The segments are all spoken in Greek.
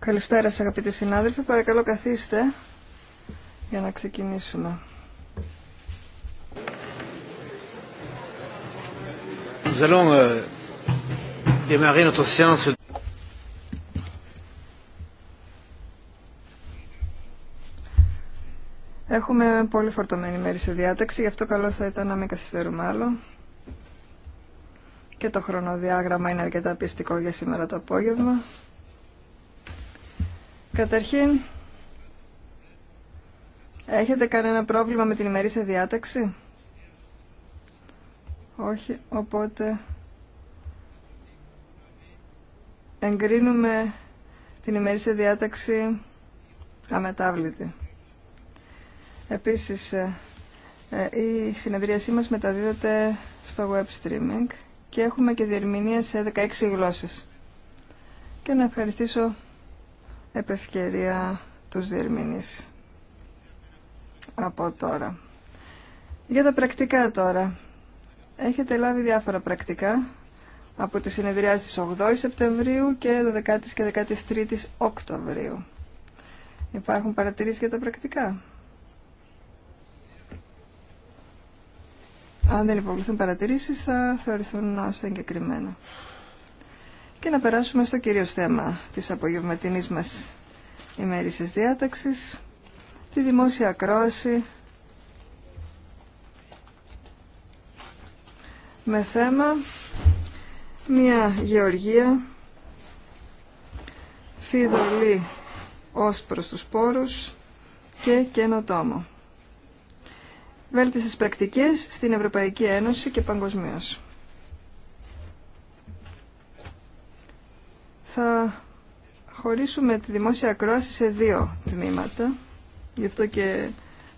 Καλησπέρα σας αγαπητοί συνάδελφοι. Παρακαλώ καθίστε για να ξεκινήσουμε. Euh, Έχουμε πολύ φορτωμένη μέρη σε διάταξη, γι' αυτό καλό θα ήταν να μην καθυστερούμε άλλο. Και το χρονοδιάγραμμα είναι αρκετά πιστικό για σήμερα το απόγευμα. Καταρχήν, έχετε κανένα πρόβλημα με την ημερήσια διάταξη? Όχι, οπότε εγκρίνουμε την ημερήσια διάταξη αμετάβλητη. Επίσης, ε, ε, η συνεδρίασή μας μεταδίδεται στο web streaming και έχουμε και διερμηνία σε 16 γλώσσες. Και να ευχαριστήσω επ' ευκαιρία τους διερμηνείς από τώρα. Για τα πρακτικά τώρα. Έχετε λάβει διάφορα πρακτικά από τις συνεδριά της 8 Σεπτεμβρίου και 12 και 13 Οκτωβρίου. Υπάρχουν παρατηρήσεις για τα πρακτικά. Αν δεν υποβληθούν παρατηρήσεις θα θεωρηθούν ως εγκεκριμένα. Και να περάσουμε στο κυρίως θέμα της απογευματινής μας ημέρησης διάταξης, τη δημόσια ακρόαση με θέμα μια γεωργία φιδωλή ως προς τους πόρους και καινοτόμο βέλτιστες πρακτικές στην Ευρωπαϊκή Ένωση και παγκοσμίω. Θα χωρίσουμε τη δημόσια ακρόαση σε δύο τμήματα, γι' αυτό και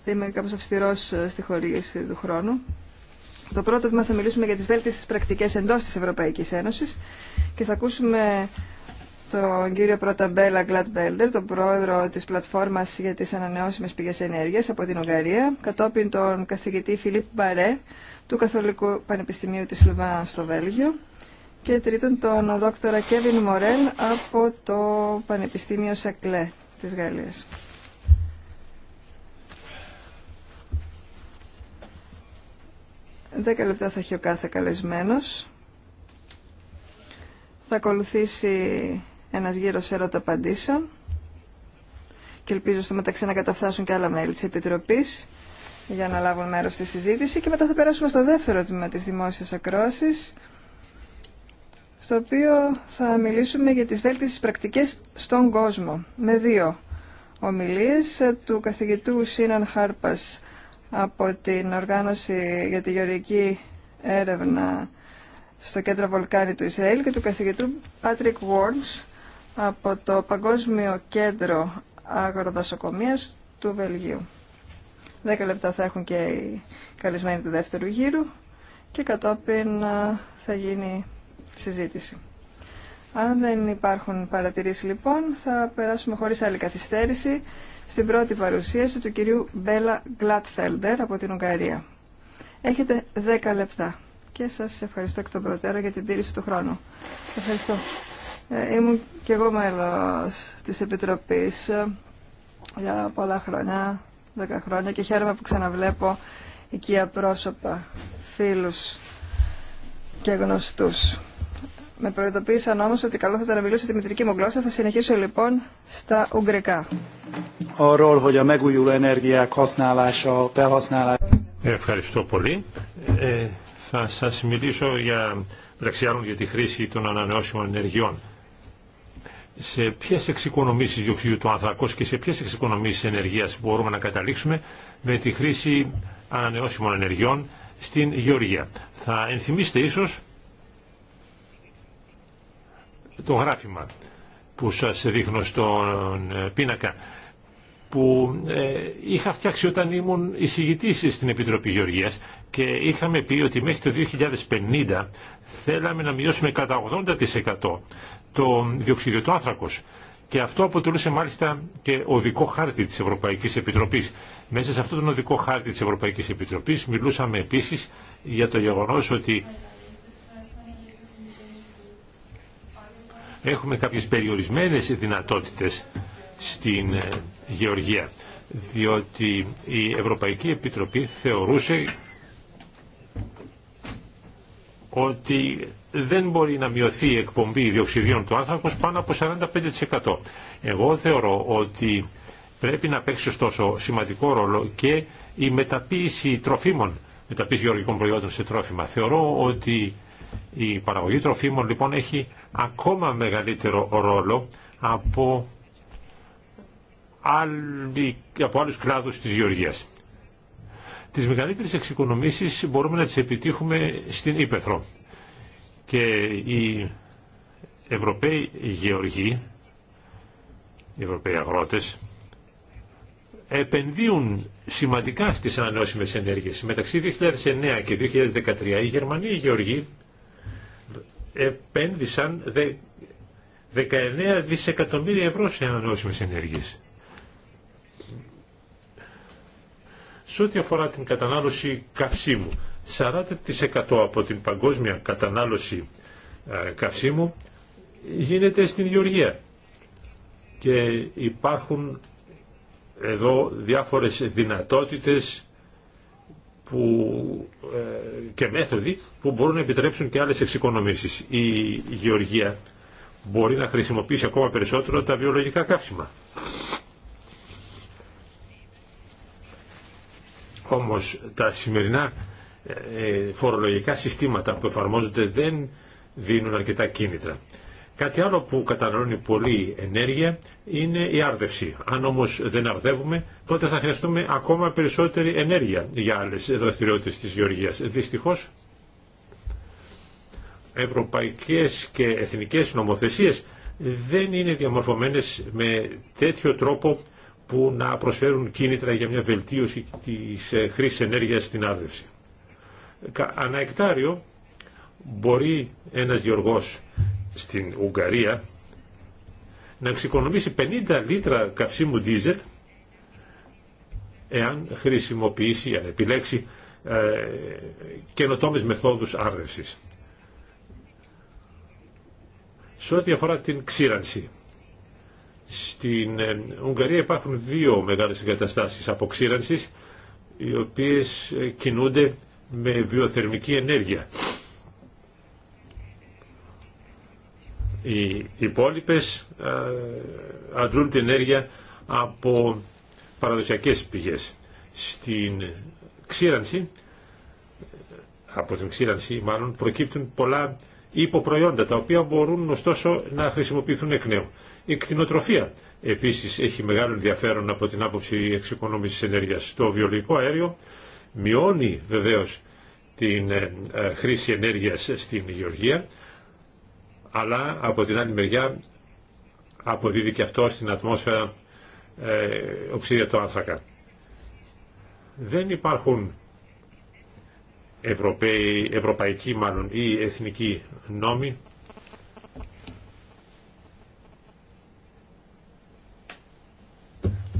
θα είμαι κάπως αυστηρός ε, στη χορήγηση του χρόνου. Το πρώτο τμήμα θα μιλήσουμε για τις βέλτιστες πρακτικές εντός της Ευρωπαϊκής Ένωσης και θα ακούσουμε τον κύριο Πρωταμπέλα Γκλατμπέλντερ, τον πρόεδρο της πλατφόρμας για τις ανανεώσιμες πηγές ενέργειας από την Ουγγαρία, κατόπιν τον καθηγητή Φιλίπ Μπαρέ του Καθολικού Πανεπιστημίου της Λουβά στο Βέλγιο και τρίτον τον δόκτωρα Κέβιν Μορέλ από το Πανεπιστήμιο Σακλέ της Γαλλίας. Δέκα λεπτά θα έχει ο κάθε καλεσμένος. Θα ακολουθήσει ένας γύρος ερώτα απαντήσεων και ελπίζω στο μεταξύ να καταφτάσουν και άλλα μέλη της Επιτροπής για να λάβουν μέρος στη συζήτηση και μετά θα περάσουμε στο δεύτερο τμήμα της δημόσιας ακρόασης στο οποίο θα μιλήσουμε για τις βέλτιστες πρακτικές στον κόσμο με δύο ομιλίες του καθηγητού Σίναν Χάρπας από την Οργάνωση για τη Γεωργική Έρευνα στο Κέντρο Βολκάνη του Ισραήλ και του καθηγητού Πάτρικ Worms από το Παγκόσμιο Κέντρο Αγροδασοκομείας του Βελγίου. Δέκα λεπτά θα έχουν και οι καλεσμένοι του δεύτερου γύρου και κατόπιν θα γίνει συζήτηση. Αν δεν υπάρχουν παρατηρήσεις λοιπόν, θα περάσουμε χωρίς άλλη καθυστέρηση στην πρώτη παρουσίαση του κυρίου Μπέλα Γκλάτφελντερ από την Ουγγαρία. Έχετε 10 λεπτά και σας ευχαριστώ εκ των προτέρων για την τήρηση του χρόνου. Ευχαριστώ. Ε, ήμουν και εγώ μέλος της Επιτροπής ε, για πολλά χρόνια, δέκα χρόνια και χαίρομαι που ξαναβλέπω οικία πρόσωπα, φίλους και γνωστούς. Με προειδοποίησαν όμως ότι καλό θα ήταν να μιλήσω τη μητρική μου γλώσσα. Θα συνεχίσω λοιπόν στα Ουγγρικά. Ευχαριστώ πολύ. Ε, θα σας μιλήσω για, μεταξύ για τη χρήση των ανανεώσιμων ενεργειών σε ποιε εξοικονομήσει διοξιδίου του άνθρακο και σε ποιε εξοικονομήσει ενεργεία μπορούμε να καταλήξουμε με τη χρήση ανανεώσιμων ενεργειών στην γεωργία. Θα ενθυμίσετε ίσω το γράφημα που σας δείχνω στον ε, πίνακα που ε, είχα φτιάξει όταν ήμουν εισηγητή στην Επιτροπή Γεωργίας και είχαμε πει ότι μέχρι το 2050 θέλαμε να μειώσουμε κατά 80% το διοξίδιο του άνθρακος. Και αυτό αποτελούσε μάλιστα και οδικό χάρτη της Ευρωπαϊκής Επιτροπής. Μέσα σε αυτόν τον οδικό χάρτη της Ευρωπαϊκής Επιτροπής μιλούσαμε επίσης για το γεγονός ότι έχουμε κάποιες περιορισμένες δυνατότητες στην ε, Γεωργία διότι η Ευρωπαϊκή Επιτροπή θεωρούσε ότι δεν μπορεί να μειωθεί η εκπομπή διοξιδίων του άνθρακος πάνω από 45%. Εγώ θεωρώ ότι πρέπει να παίξει ωστόσο σημαντικό ρόλο και η μεταποίηση τροφίμων, μεταποίηση γεωργικών προϊόντων σε τρόφιμα. Θεωρώ ότι η παραγωγή τροφίμων λοιπόν έχει ακόμα μεγαλύτερο ρόλο από, άλλη, από άλλους κλάδους της γεωργίας. Τις μεγαλύτερες εξοικονομήσεις μπορούμε να τις επιτύχουμε στην Ήπεθρο και οι Ευρωπαίοι γεωργοί, οι Ευρωπαίοι αγρότες, επενδύουν σημαντικά στις ανανεώσιμες ενέργειες. Μεταξύ 2009 και 2013 οι Γερμανοί οι γεωργοί επένδυσαν 19 δισεκατομμύρια ευρώ σε ανανεώσιμες ενέργειες. Σε ό,τι αφορά την κατανάλωση καυσίμου, 40% από την παγκόσμια κατανάλωση ε, καυσίμου γίνεται στην γεωργία και υπάρχουν εδώ διάφορες δυνατότητες που, ε, και μέθοδοι που μπορούν να επιτρέψουν και άλλες εξοικονομήσεις. Η γεωργία μπορεί να χρησιμοποιήσει ακόμα περισσότερο τα βιολογικά καύσιμα. Όμως τα σημερινά ε, φορολογικά συστήματα που εφαρμόζονται δεν δίνουν αρκετά κίνητρα. Κάτι άλλο που καταναλώνει πολύ ενέργεια είναι η άρδευση. Αν όμως δεν αρδεύουμε, τότε θα χρειαστούμε ακόμα περισσότερη ενέργεια για άλλες δραστηριότητες της γεωργίας. Δυστυχώς, ευρωπαϊκές και εθνικές νομοθεσίες δεν είναι διαμορφωμένες με τέτοιο τρόπο που να προσφέρουν κίνητρα για μια βελτίωση της ε, χρήσης ενέργειας στην άρδευση ανά εκτάριο μπορεί ένας γεωργός στην Ουγγαρία να εξοικονομήσει 50 λίτρα καυσίμου δίζελ εάν χρησιμοποιήσει, αν επιλέξει ε, καινοτόμες μεθόδους άρδευσης. Σε ό,τι αφορά την ξύρανση, στην ε, Ουγγαρία υπάρχουν δύο μεγάλες εγκαταστάσεις αποξύρανσης, οι οποίες ε, κινούνται με βιοθερμική ενέργεια. Οι υπόλοιπε ε, αντρούν την ενέργεια από παραδοσιακές πηγές. Στην ξύρανση, από την ξύρανση μάλλον, προκύπτουν πολλά υποπροϊόντα, τα οποία μπορούν ωστόσο να χρησιμοποιηθούν εκ νέου. Η κτηνοτροφία επίσης έχει μεγάλο ενδιαφέρον από την άποψη εξοικονόμησης ενέργειας. Το βιολογικό αέριο μειώνει βεβαίως την ε, ε, χρήση ενέργειας στην γεωργία, αλλά από την άλλη μεριά αποδίδει και αυτό στην ατμόσφαιρα ε, οξύδια του άνθρακα. Δεν υπάρχουν Ευρωπαίοι, ευρωπαϊκοί μάλλον ή εθνικοί νόμοι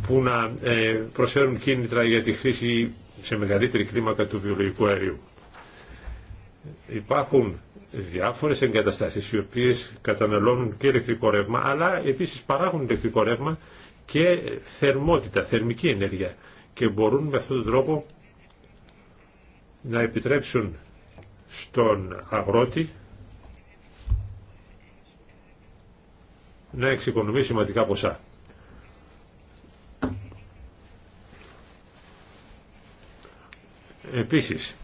που να ε, προσφέρουν κίνητρα για τη χρήση σε μεγαλύτερη κλίμακα του βιολογικού αερίου. Υπάρχουν διάφορες εγκαταστάσεις οι οποίες καταναλώνουν και ηλεκτρικό ρεύμα αλλά επίσης παράγουν ηλεκτρικό ρεύμα και θερμότητα, θερμική ενέργεια και μπορούν με αυτόν τον τρόπο να επιτρέψουν στον αγρότη να εξοικονομεί σημαντικά ποσά. Επίσης,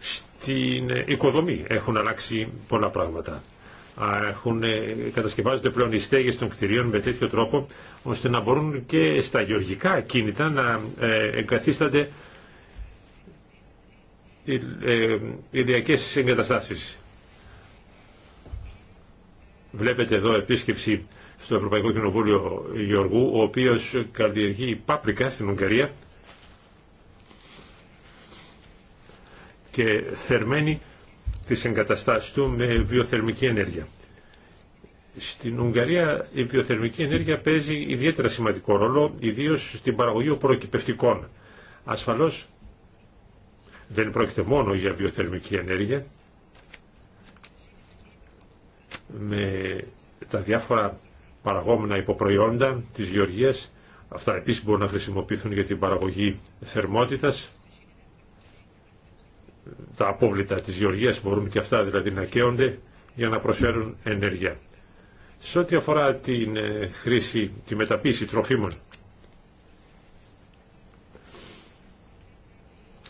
στην οικοδομή έχουν αλλάξει πολλά πράγματα. Έχουν, ε, κατασκευάζονται πλέον οι στέγες των κτηρίων με τέτοιο τρόπο ώστε να μπορούν και στα γεωργικά κίνητα να ε, εγκαθίστανται ε, ηλιακές εγκαταστάσεις. Βλέπετε εδώ επίσκεψη στο Ευρωπαϊκό Κοινοβούλιο Γεωργού, ο οποίος καλλιεργεί πάπρικα στην Ουγγαρία και θερμένη τις εγκαταστάσεις του με βιοθερμική ενέργεια. Στην Ουγγαρία η βιοθερμική ενέργεια παίζει ιδιαίτερα σημαντικό ρόλο, ιδίως στην παραγωγή οπροκυπευτικών. Ασφαλώς δεν πρόκειται μόνο για βιοθερμική ενέργεια. Με τα διάφορα παραγόμενα υποπροϊόντα της γεωργίας, αυτά επίσης μπορούν να χρησιμοποιηθούν για την παραγωγή θερμότητας, τα απόβλητα της γεωργίας μπορούν και αυτά δηλαδή να καίονται για να προσφέρουν ενέργεια. Σε ό,τι αφορά την ε, χρήση, τη μεταποίηση τροφίμων,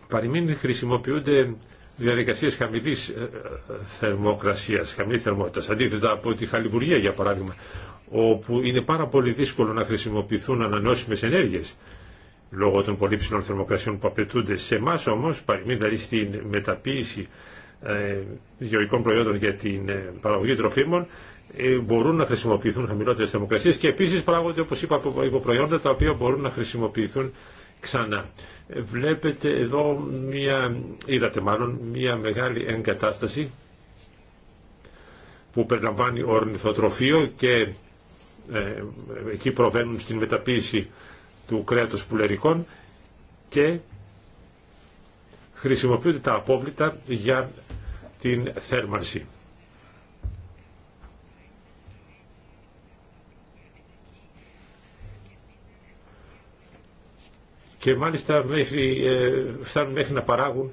παροιμήν χρησιμοποιούνται διαδικασίες χαμηλής ε, ε, θερμοκρασίας, χαμηλής θερμότητας, αντίθετα από τη χαλιβουργία για παράδειγμα, όπου είναι πάρα πολύ δύσκολο να χρησιμοποιηθούν ανανεώσιμες ενέργειες λόγω των πολύ ψηλών θερμοκρασιών που απαιτούνται σε εμά όμως, δηλαδή στην μεταποίηση ε, γεωργικών προϊόντων για την ε, παραγωγή τροφίμων, ε, μπορούν να χρησιμοποιηθούν χαμηλότερε θερμοκρασίε και επίση παράγονται, όπω είπα, υποπροϊόντα τα οποία μπορούν να χρησιμοποιηθούν ξανά. Ε, βλέπετε εδώ μία, είδατε μάλλον, μία μεγάλη εγκατάσταση που περιλαμβάνει ορνηθοτροφείο και ε, εκεί προβαίνουν στην μεταποίηση του κρέατος πουλερικών και χρησιμοποιούνται τα απόβλητα για την θέρμανση. και μάλιστα μέχρι, ε, φτάνουν μέχρι να παράγουν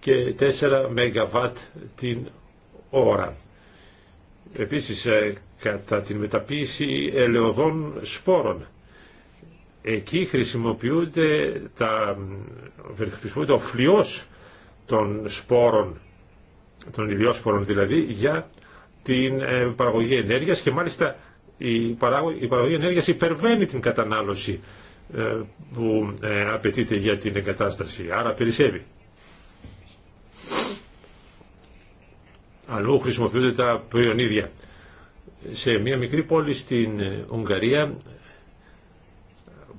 και 4 ΜΒ την ώρα. Επίσης ε, κατά την μεταποίηση ελαιοδών σπόρων. Εκεί χρησιμοποιούνται τα, χρησιμοποιούνται ο φλοιός των σπόρων, των ιδιόσπορων δηλαδή, για την ε, παραγωγή ενέργειας και μάλιστα η, παραγωγή ενέργειας υπερβαίνει την κατανάλωση ε, που ε, απαιτείται για την εγκατάσταση, άρα περισσεύει. Αλλού χρησιμοποιούνται τα πριονίδια. Σε μια μικρή πόλη στην Ουγγαρία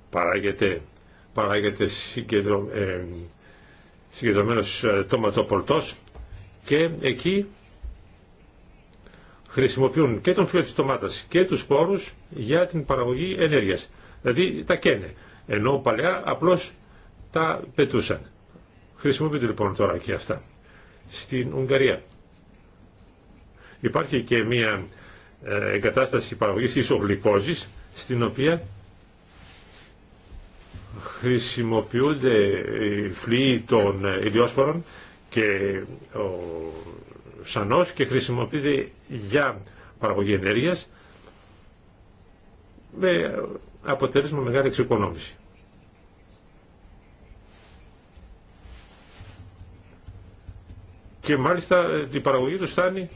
παράγεται, παράγεται συγκεντρω, ε, συγκεντρωμένος ε, τοματοπολτός και εκεί χρησιμοποιούν και τον φύλλο της τομάτας και τους σπόρους για την παραγωγή ενέργειας. Δηλαδή τα καίνε, ενώ παλιά απλώς τα πετούσαν. Χρησιμοποιούνται λοιπόν τώρα και αυτά. Στην Ουγγαρία υπάρχει και μια ε, εγκατάσταση παραγωγής ισογλυκόζης στην οποία χρησιμοποιούνται οι φλοί των ιδιόσπορων και ο σανός και χρησιμοποιείται για παραγωγή ενέργειας με αποτέλεσμα μεγάλη εξοικονόμηση. Και μάλιστα ε, η παραγωγή του φτάνει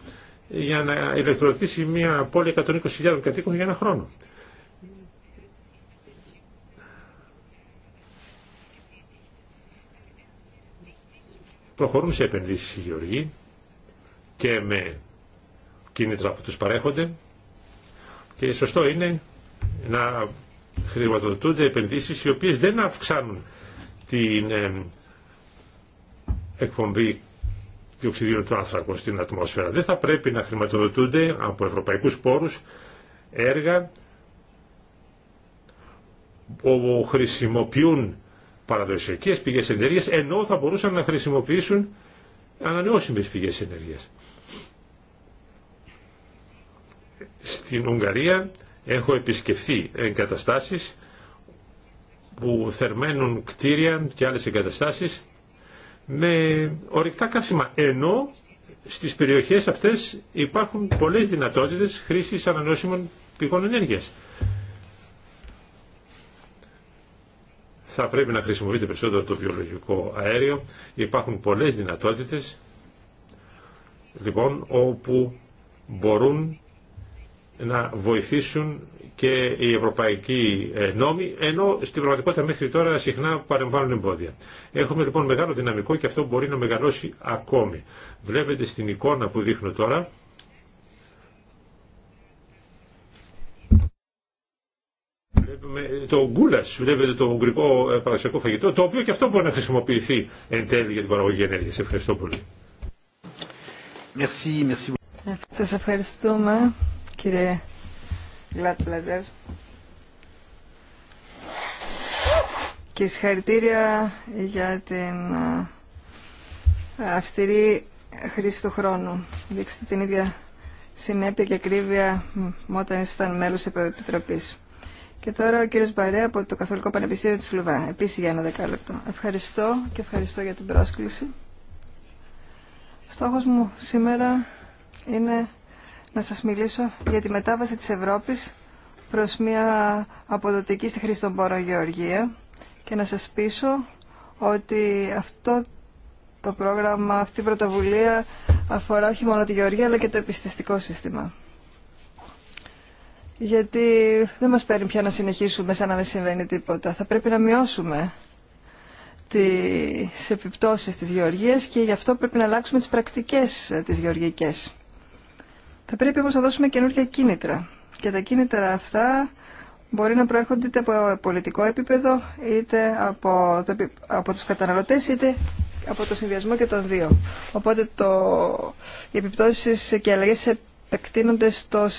για να ηλεκτροδοτήσει μια πόλη 120.000 κατοίκων για ένα χρόνο. προχωρούν σε επενδύσεις οι γεωργοί και με κίνητρα που τους παρέχονται και σωστό είναι να χρηματοδοτούνται επενδύσεις οι οποίες δεν αυξάνουν την ε, εκπομπή του διοξιδίων του άνθρακου στην ατμόσφαιρα. Δεν θα πρέπει να χρηματοδοτούνται από ευρωπαϊκούς πόρους έργα που χρησιμοποιούν παραδοσιακές πηγές ενέργειας ενώ θα μπορούσαν να χρησιμοποιήσουν ανανεώσιμες πηγές ενέργειας. Στην Ουγγαρία έχω επισκεφθεί εγκαταστάσεις που θερμαίνουν κτίρια και άλλες εγκαταστάσεις με ορυκτά καύσιμα ενώ στις περιοχές αυτές υπάρχουν πολλές δυνατότητες χρήσης ανανεώσιμων πηγών ενέργειας. θα πρέπει να χρησιμοποιείται περισσότερο το βιολογικό αέριο. Υπάρχουν πολλές δυνατότητες, λοιπόν, όπου μπορούν να βοηθήσουν και οι ευρωπαϊκοί ε, νόμοι, ενώ στην πραγματικότητα μέχρι τώρα συχνά παρεμβάλλουν εμπόδια. Έχουμε λοιπόν μεγάλο δυναμικό και αυτό μπορεί να μεγαλώσει ακόμη. Βλέπετε στην εικόνα που δείχνω τώρα, με το γκούλα, βλέπετε το ουγγρικό ε, παραδοσιακό φαγητό, το οποίο και αυτό μπορεί να χρησιμοποιηθεί εν τέλει για την παραγωγή ενέργειας. Ευχαριστώ πολύ. Merci, Σας ευχαριστούμε κύριε Γκλάτπλαντερ και συγχαρητήρια για την ε, αυστηρή χρήση του χρόνου. Δείξτε την ίδια συνέπεια και ακρίβεια όταν ήσασταν μέλος της Επιτροπής. Και τώρα ο κύριος Μπαρέ από το Καθολικό Πανεπιστήμιο της Λουβά. Επίσης για ένα δεκάλεπτο. Ευχαριστώ και ευχαριστώ για την πρόσκληση. Στόχος μου σήμερα είναι να σας μιλήσω για τη μετάβαση της Ευρώπης προς μια αποδοτική στη χρήση των πόρων γεωργία και να σας πείσω ότι αυτό το πρόγραμμα, αυτή η πρωτοβουλία αφορά όχι μόνο τη γεωργία αλλά και το επιστηστικό σύστημα γιατί δεν μας παίρνει πια να συνεχίσουμε σαν να μην συμβαίνει τίποτα. Θα πρέπει να μειώσουμε τις επιπτώσεις της γεωργίας και γι' αυτό πρέπει να αλλάξουμε τις πρακτικές ε, της γεωργικές. Θα πρέπει όμως να δώσουμε καινούργια κίνητρα και τα κίνητρα αυτά μπορεί να προέρχονται είτε από πολιτικό επίπεδο, είτε από, από τους καταναλωτές, είτε από το συνδυασμό και των δύο. Οπότε το, οι επιπτώσεις και οι αλλαγές επεκτείνονται στο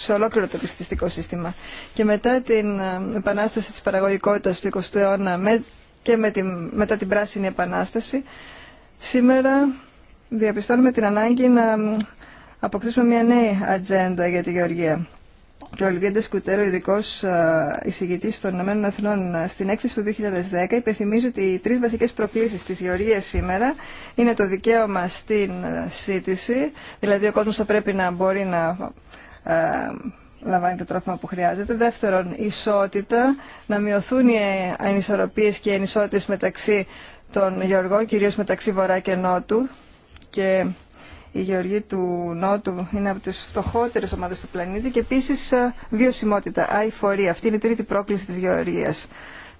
σε ολόκληρο το πιστιστικό σύστημα. Και μετά την ε, επανάσταση της παραγωγικότητας του 20ου αιώνα και με την, μετά την Πράσινη Επανάσταση, σήμερα διαπιστώνουμε την ανάγκη να αποκτήσουμε μια νέα ατζέντα για τη Γεωργία. Και ο Ολιβιέντε Κουτέρο, ειδικό ε, εισηγητή των Ηνωμένων ε, στην έκθεση του 2010, υπενθυμίζει ότι οι τρει βασικέ προκλήσει τη γεωργία σήμερα είναι το δικαίωμα στην σύντηση, δηλαδή ο κόσμο θα πρέπει να μπορεί να ε, λαμβάνει το τρόφιμα που χρειάζεται. Δεύτερον, ισότητα, να μειωθούν οι ανισορροπίες και οι ανισότητες μεταξύ των γεωργών, κυρίως μεταξύ Βορρά και Νότου. Και οι γεωργοί του Νότου είναι από τις φτωχότερες ομάδες του πλανήτη και επίσης ε, βιωσιμότητα, αηφορία. Αυτή είναι η τρίτη πρόκληση της γεωργίας.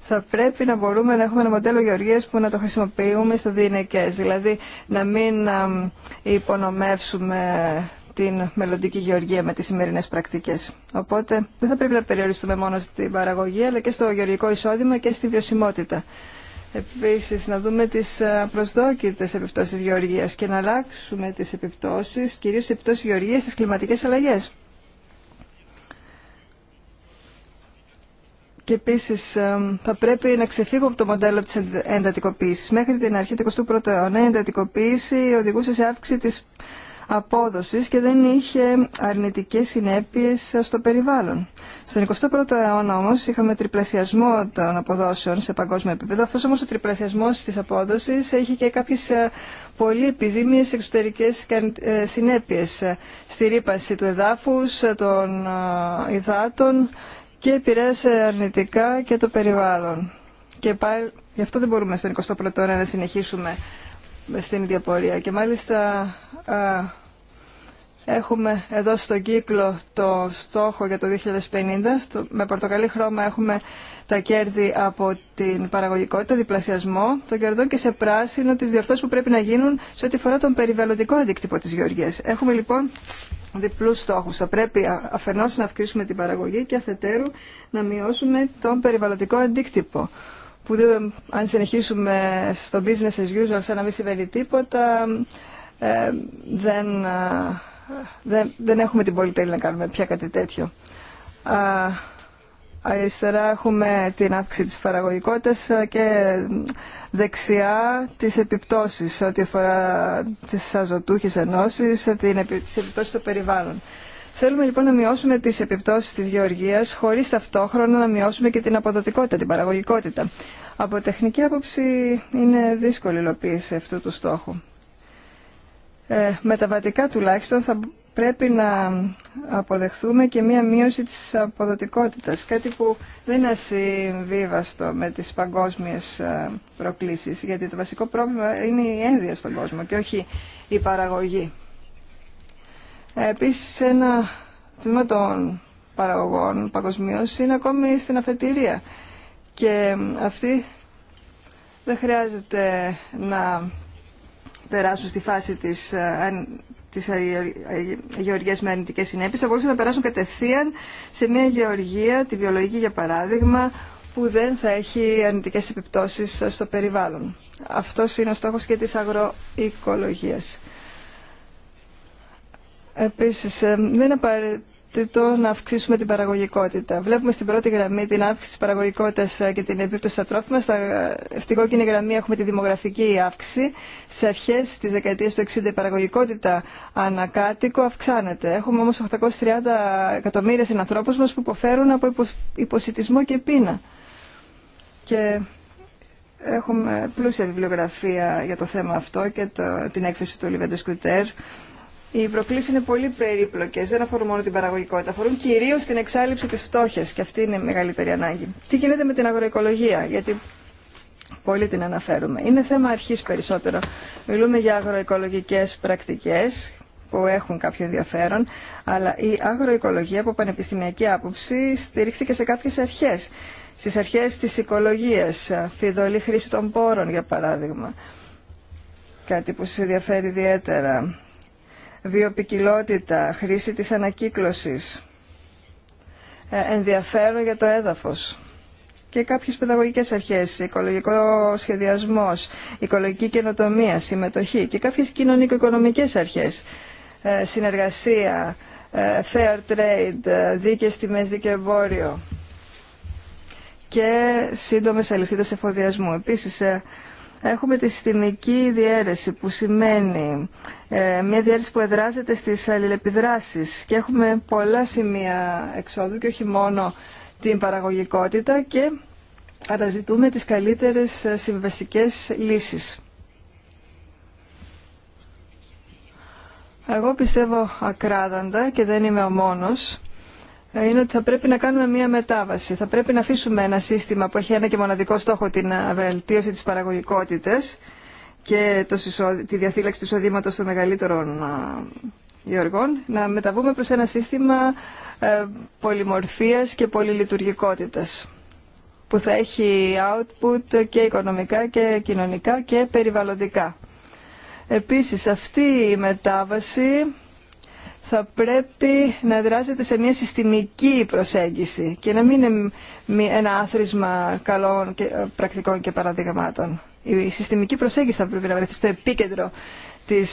Θα πρέπει να μπορούμε να έχουμε ένα μοντέλο γεωργίας που να το χρησιμοποιούμε στα διενεκές, δηλαδή να μην ε, υπονομεύσουμε την μελλοντική γεωργία με τις σημερινές πρακτικές. Οπότε δεν θα πρέπει να περιοριστούμε μόνο στην παραγωγή αλλά και στο γεωργικό εισόδημα και στη βιωσιμότητα. Επίσης να δούμε τις προσδόκητες επιπτώσεις γεωργίας και να αλλάξουμε τις επιπτώσεις, κυρίως τις επιπτώσεις γεωργίας στις κλιματικές αλλαγές. Και επίση θα πρέπει να ξεφύγουμε από το μοντέλο τη εντατικοποίηση. Μέχρι την αρχή του 21ου αιώνα η εντατικοποίηση οδηγούσε σε αύξηση τη απόδοσης και δεν είχε αρνητικές συνέπειες στο περιβάλλον. Στον 21ο αιώνα όμως είχαμε τριπλασιασμό των αποδόσεων σε παγκόσμιο επίπεδο. Αυτός όμως ο τριπλασιασμός της απόδοσης είχε και κάποιες ε, πολύ επιζήμιες εξωτερικές ε, συνέπειες ε, στη ρήπαση του εδάφους, των αποδοσεων σε παγκοσμιο επιπεδο αυτος ομως ο τριπλασιασμος της αποδοσης εχει και επηρέασε αρνητικά και το περιβάλλον. Και πάλι, γι' αυτό δεν μπορούμε στον 21ο αιώνα να συνεχίσουμε στην ίδια πορεία. Και μάλιστα Έχουμε εδώ στον κύκλο το στόχο για το 2050. με πορτοκαλί χρώμα έχουμε τα κέρδη από την παραγωγικότητα, διπλασιασμό των κερδών και σε πράσινο τις διορθώσεις που πρέπει να γίνουν σε ό,τι φορά τον περιβαλλοντικό αντίκτυπο της γεωργίας. Έχουμε λοιπόν διπλούς στόχους. Θα πρέπει αφενός να αυξήσουμε την παραγωγή και αφετέρου να μειώσουμε τον περιβαλλοντικό αντίκτυπο που αν συνεχίσουμε στο business as usual σαν να μην συμβαίνει τίποτα, ε, δεν δεν, έχουμε την πολυτέλεια να κάνουμε πια κάτι τέτοιο. Α, αριστερά έχουμε την αύξηση της παραγωγικότητας και δεξιά τις επιπτώσεις ό,τι αφορά τις αζωτούχες ενώσεις, τις επιπτώσεις των περιβάλλον. Θέλουμε λοιπόν να μειώσουμε τις επιπτώσεις της γεωργίας χωρίς ταυτόχρονα να μειώσουμε και την αποδοτικότητα, την παραγωγικότητα. Από τεχνική άποψη είναι δύσκολη υλοποίηση αυτού του στόχου. Ε, μεταβατικά τουλάχιστον θα πρέπει να αποδεχθούμε και μία μείωση της αποδοτικότητας, κάτι που δεν είναι ασυμβίβαστο με τις παγκόσμιες ε, προκλήσεις, γιατί το βασικό πρόβλημα είναι η ένδυα στον κόσμο και όχι η παραγωγή. Ε, επίσης, ένα θέμα των παραγωγών παγκοσμίω είναι ακόμη στην αφετηρία και αυτή δεν χρειάζεται να περάσουν στη φάση της, ε, της γεωργίας με αρνητικές συνέπειες, θα μπορούσαν να περάσουν κατευθείαν σε μια γεωργία, τη βιολογική για παράδειγμα, που δεν θα έχει αρνητικές επιπτώσεις στο περιβάλλον. Αυτός είναι ο στόχος και της αγροοικολογίας. Επίσης, ε, δεν είναι απαραίτητο να αυξήσουμε την παραγωγικότητα. Βλέπουμε στην πρώτη γραμμή την αύξηση τη παραγωγικότητα ε, και την επίπτωση στα τρόφιμα. Στα, ε, στην κόκκινη γραμμή έχουμε τη δημογραφική αύξηση. Σε αρχέ τη δεκαετία του 60 η παραγωγικότητα ανακάτοικο αυξάνεται. Έχουμε όμω 830 εκατομμύρια συνανθρώπου μα που υποφέρουν από υποσυτισμό και πείνα. Και έχουμε πλούσια βιβλιογραφία για το θέμα αυτό και την έκθεση του Λιβέντε Σκουτέρ οι προκλήσει είναι πολύ περίπλοκε. δεν αφορούν μόνο την παραγωγικότητα, αφορούν κυρίω την εξάλληψη τη φτώχεια και αυτή είναι η μεγαλύτερη ανάγκη. Τι γίνεται με την αγροοικολογία, γιατί πολύ την αναφέρουμε. Είναι θέμα αρχή περισσότερο. Μιλούμε για αγροοικολογικέ πρακτικέ που έχουν κάποιο ενδιαφέρον, αλλά η αγροοικολογία από πανεπιστημιακή άποψη στηρίχθηκε σε κάποιες αρχές. Στις αρχές της οικολογίας, φιδωλή χρήση των πόρων για παράδειγμα, κάτι που σας ενδιαφέρει ιδιαίτερα βιοπικιλότητα, χρήση της ανακύκλωσης, ε, ενδιαφέρον για το έδαφος και κάποιες παιδαγωγικές αρχές, οικολογικό σχεδιασμός, οικολογική καινοτομία, συμμετοχή και κάποιες κοινωνικο-οικονομικές αρχές, ε, συνεργασία, ε, fair trade, δίκαιες τιμές, δίκαιο εμπόριο και σύντομες αλυσίδες εφοδιασμού. Επίσης, έχουμε τη συστημική διαίρεση που σημαίνει ε, μια διαίρεση που εδράζεται στις αλληλεπιδράσεις και έχουμε πολλά σημεία εξόδου και όχι μόνο την παραγωγικότητα και αναζητούμε τις καλύτερες ε, συμβαστικές λύσεις. Εγώ πιστεύω ακράδαντα και δεν είμαι ο μόνος ε, είναι ότι θα πρέπει να κάνουμε μία μετάβαση. Θα πρέπει να αφήσουμε ένα σύστημα που έχει ένα και μοναδικό στόχο την ε, βελτίωση της παραγωγικότητας και το τη διαφύλαξη του εισοδήματος των μεγαλύτερων ε, γεωργών, να μεταβούμε προς ένα σύστημα πολυμορφίας και πολυλειτουργικότητας που θα έχει output και οικονομικά και κοινωνικά και περιβαλλοντικά. Επίσης αυτή η μετάβαση θα πρέπει να δράζεται σε μια συστημική προσέγγιση και να μην είναι ένα άθροισμα καλών και, ε, πρακτικών και παραδειγμάτων. Η συστημική προσέγγιση θα πρέπει να βρεθεί στο επίκεντρο ε,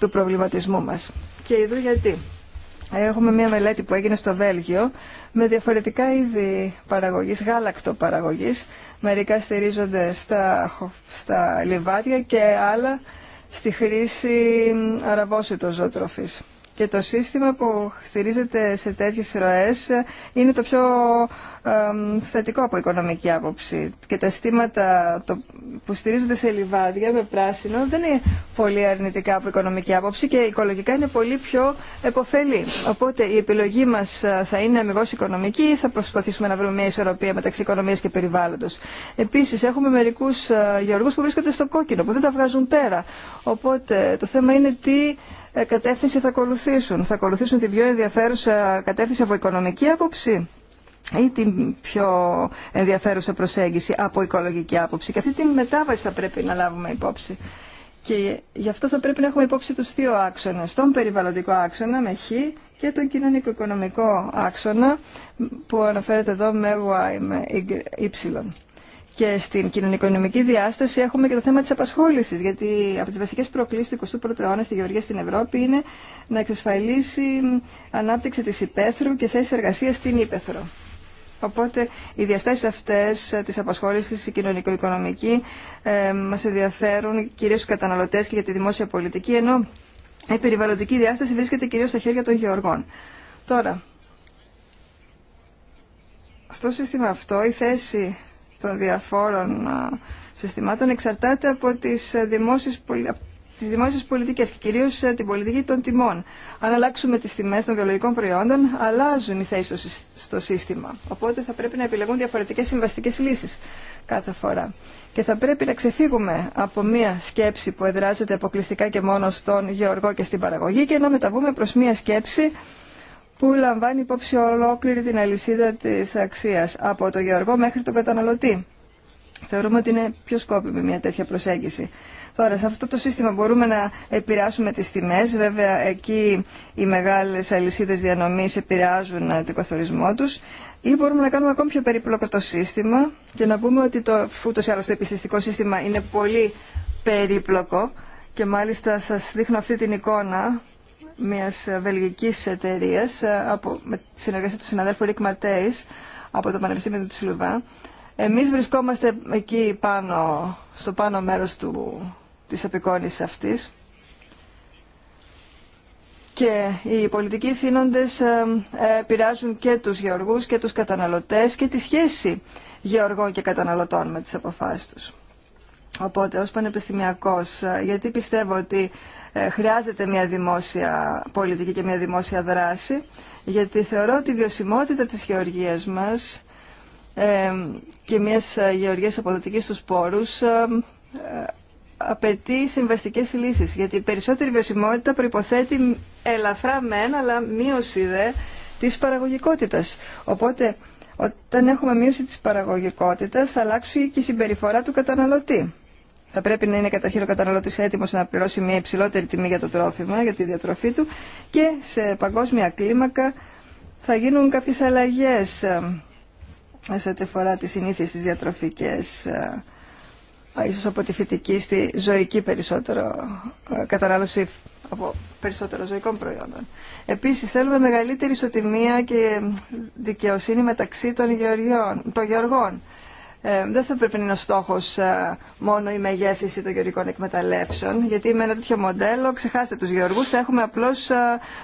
του προβληματισμού μας. Και εδώ γιατί. Έχουμε μια μελέτη που έγινε στο Βέλγιο με διαφορετικά είδη παραγωγής, γάλακτο παραγωγής. Μερικά στηρίζονται στα, στα λιβάδια και άλλα στη χρήση αραβόσιτος ζωοτροφής. Και το σύστημα που στηρίζεται σε τέτοιες ροές είναι το πιο θετικό από οικονομική άποψη. Και τα το, που στηρίζονται σε λιβάδια με πράσινο δεν είναι πολύ αρνητικά από οικονομική άποψη και οικολογικά είναι πολύ πιο επωφελή. Οπότε η επιλογή μας ε, θα είναι αμυγός οικονομική ή θα προσπαθήσουμε να βρούμε μια ισορροπία μεταξύ οικονομίας και περιβάλλοντος. Επίσης έχουμε μερικούς ε, γεωργούς που βρίσκονται στο κόκκινο, που δεν τα βγάζουν πέρα. Οπότε το θέμα είναι τι ε, κατεύθυνση θα ακολουθήσουν. Θα ακολουθήσουν την πιο ενδιαφέρουσα κατεύθυνση από οικονομική άποψη ή την πιο ενδιαφέρουσα προσέγγιση από οικολογική άποψη. Και αυτή τη μετάβαση θα πρέπει να λάβουμε υπόψη. Και γι' αυτό θα πρέπει να έχουμε υπόψη τους δύο άξονες, τον περιβαλλοντικό άξονα με χ και τον κοινωνικο-οικονομικό άξονα που αναφέρεται εδώ με y με y. Ε. Και στην κοινωνικονομική διάσταση έχουμε και το θέμα της απασχόλησης, γιατί από τις βασικές προκλήσεις του 21ου αιώνα στη Γεωργία στην Ευρώπη είναι να εξασφαλίσει ανάπτυξη της υπαίθρου και θέση εργασίας στην υπαίθρο. Οπότε οι διαστάσεις αυτές ε, της απασχόλησης, η κοινωνικο-οικονομική, ε, μας ενδιαφέρουν κυρίως στους καταναλωτές και για τη δημόσια πολιτική, ενώ η περιβαλλοντική διάσταση βρίσκεται κυρίως στα χέρια των γεωργών. Τώρα, στο σύστημα αυτό η θέση των διαφόρων ε, συστημάτων εξαρτάται από τις ε, δημόσιες, πολιτικές. Τι δημόσιε πολιτικέ και κυρίω ε, την πολιτική των τιμών. Αν αλλάξουμε τι τιμέ των βιολογικών προϊόντων, αλλάζουν οι θέσει στο σύστημα. Οπότε θα πρέπει να επιλεγούν διαφορετικέ συμβαστικέ λύσει κάθε φορά. Και θα πρέπει να ξεφύγουμε από μία σκέψη που εδράζεται αποκλειστικά και μόνο στον γεωργό και στην παραγωγή και να μεταβούμε προ μια σκεψη που λαμβανει υποψη ολοκληρη την αλυσιδα τη αξία απο το γεωργο προσέγγιση. Τώρα, σε αυτό το σύστημα μπορούμε να επηρεάσουμε τις τιμές. Βέβαια, εκεί οι μεγάλες αλυσίδες διανομής επηρεάζουν ε, τον καθορισμό τους. Ή μπορούμε να κάνουμε ακόμη πιο περίπλοκο το σύστημα και να πούμε ότι το, ούτως ή το επιστηστικό σύστημα είναι πολύ περίπλοκο και μάλιστα σας δείχνω αυτή την εικόνα μιας βελγικής εταιρείας ε, με συνεργασία του συναδέλφου Ρίκ Ματέης από το Πανεπιστήμιο του Σιλουβά. Εμείς βρισκόμαστε εκεί πάνω, στο πάνω μέρος του της απεικόνησης αυτής. Και οι πολιτικοί θύνοντες ε, ε, πειράζουν και τους γεωργούς και τους καταναλωτές και τη σχέση γεωργών και καταναλωτών με τις αποφάσεις τους. Οπότε, ως πανεπιστημιακός, ε, γιατί πιστεύω ότι χρειάζεται μια δημόσια πολιτική και μια δημόσια δράση, γιατί θεωρώ ότι η βιωσιμότητα της γεωργίας μας και μιας γεωργίας αποδοτικής στους πόρους απαιτεί συμβαστικέ λύσει, γιατί η περισσότερη βιωσιμότητα προποθέτει ελαφρά μεν, αλλά μείωση δε της παραγωγικότητας. Οπότε, όταν έχουμε μείωση τη παραγωγικότητα, θα αλλάξει και η συμπεριφορά του καταναλωτή. Θα πρέπει να είναι καταρχήν ο καταναλωτή έτοιμο να πληρώσει μια υψηλότερη τιμή για το τρόφιμα, για τη διατροφή του και σε παγκόσμια κλίμακα θα γίνουν κάποιε αλλαγέ ε, σε ό,τι αφορά τι συνήθειε τι διατροφικέ ε, ίσως από τη θετική στη ζωική περισσότερο ε, κατανάλωση από περισσότερο ζωικών προϊόντων. Επίσης θέλουμε μεγαλύτερη ισοτιμία και δικαιοσύνη μεταξύ των, των γεωργών. Ε, δεν θα πρέπει να είναι ο στόχος ε, μόνο η μεγέθυνση των γεωργικών εκμεταλλεύσεων, γιατί με ένα τέτοιο μοντέλο, ξεχάστε τους γεωργούς, έχουμε απλώς ε,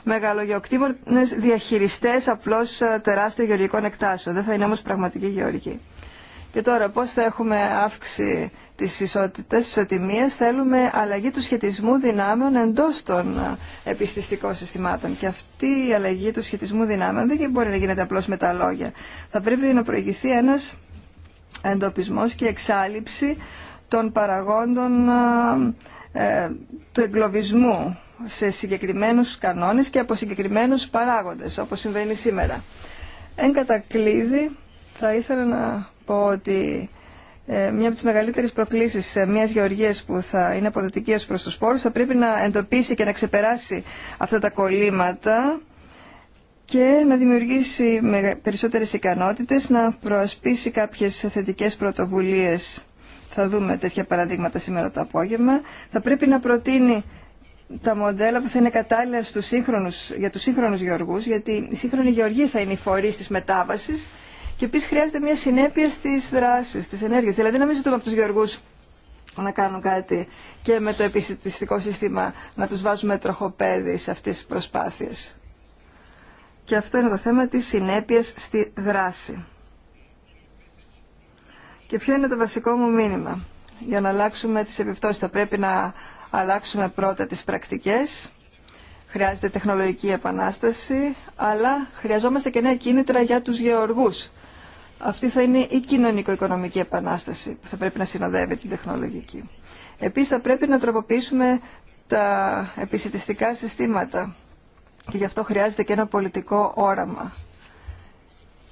μεγαλογεωκτήμονες διαχειριστές απλώς τεράστιων γεωργικών εκτάσεων. Δεν θα είναι όμως πραγματικοί γεωργοί. Και τώρα πώς θα έχουμε αύξηση της ισότητας, της ισοτιμίας, θέλουμε αλλαγή του σχετισμού δυνάμεων εντός των ε, επιστηστικών συστημάτων. Και αυτή η αλλαγή του σχετισμού δυνάμεων δεν μπορεί να γίνεται απλώς με τα λόγια. Θα πρέπει να προηγηθεί ένας εντοπισμός και εξάλληψη των παραγόντων ε, ε, του εγκλωβισμού σε συγκεκριμένους κανόνες και από συγκεκριμένους παράγοντες, όπως συμβαίνει σήμερα. Εν κατακλείδη, θα ήθελα να ότι ε, μια από τις μεγαλύτερες προκλήσεις μιας γεωργίας που θα είναι αποδοτική ως προς τους πόρους θα πρέπει να εντοπίσει και να ξεπεράσει αυτά τα κολλήματα και να δημιουργήσει περισσότερες ικανότητες, να προασπίσει κάποιες θετικές πρωτοβουλίες. Θα δούμε τέτοια παραδείγματα σήμερα το απόγευμα. Θα πρέπει να προτείνει τα μοντέλα που θα είναι κατάλληλα στους σύγχρονους, για τους σύγχρονους γεωργούς, γιατί η σύγχρονη γεωργία θα είναι οι φορείς της μετάβασης και επίση χρειάζεται μια συνέπεια στι δράσει, στι ενέργειε. Δηλαδή να μην ζητούμε από του γεωργού να κάνουν κάτι και με το επιστημιστικό σύστημα να του βάζουμε τροχοπέδι σε αυτέ τι προσπάθειες. Και αυτό είναι το θέμα τη συνέπειας στη δράση. Και ποιο είναι το βασικό μου μήνυμα. Για να αλλάξουμε τις επιπτώσεις θα πρέπει να αλλάξουμε πρώτα τις πρακτικές. Χρειάζεται τεχνολογική επανάσταση, αλλά χρειαζόμαστε και νέα κίνητρα για τους γεωργούς. Αυτή θα είναι η κοινωνικο-οικονομική επανάσταση που θα πρέπει να συνοδεύει την τεχνολογική. Επίσης θα πρέπει να τροποποιήσουμε τα επισητιστικά συστήματα και γι' αυτό χρειάζεται και ένα πολιτικό όραμα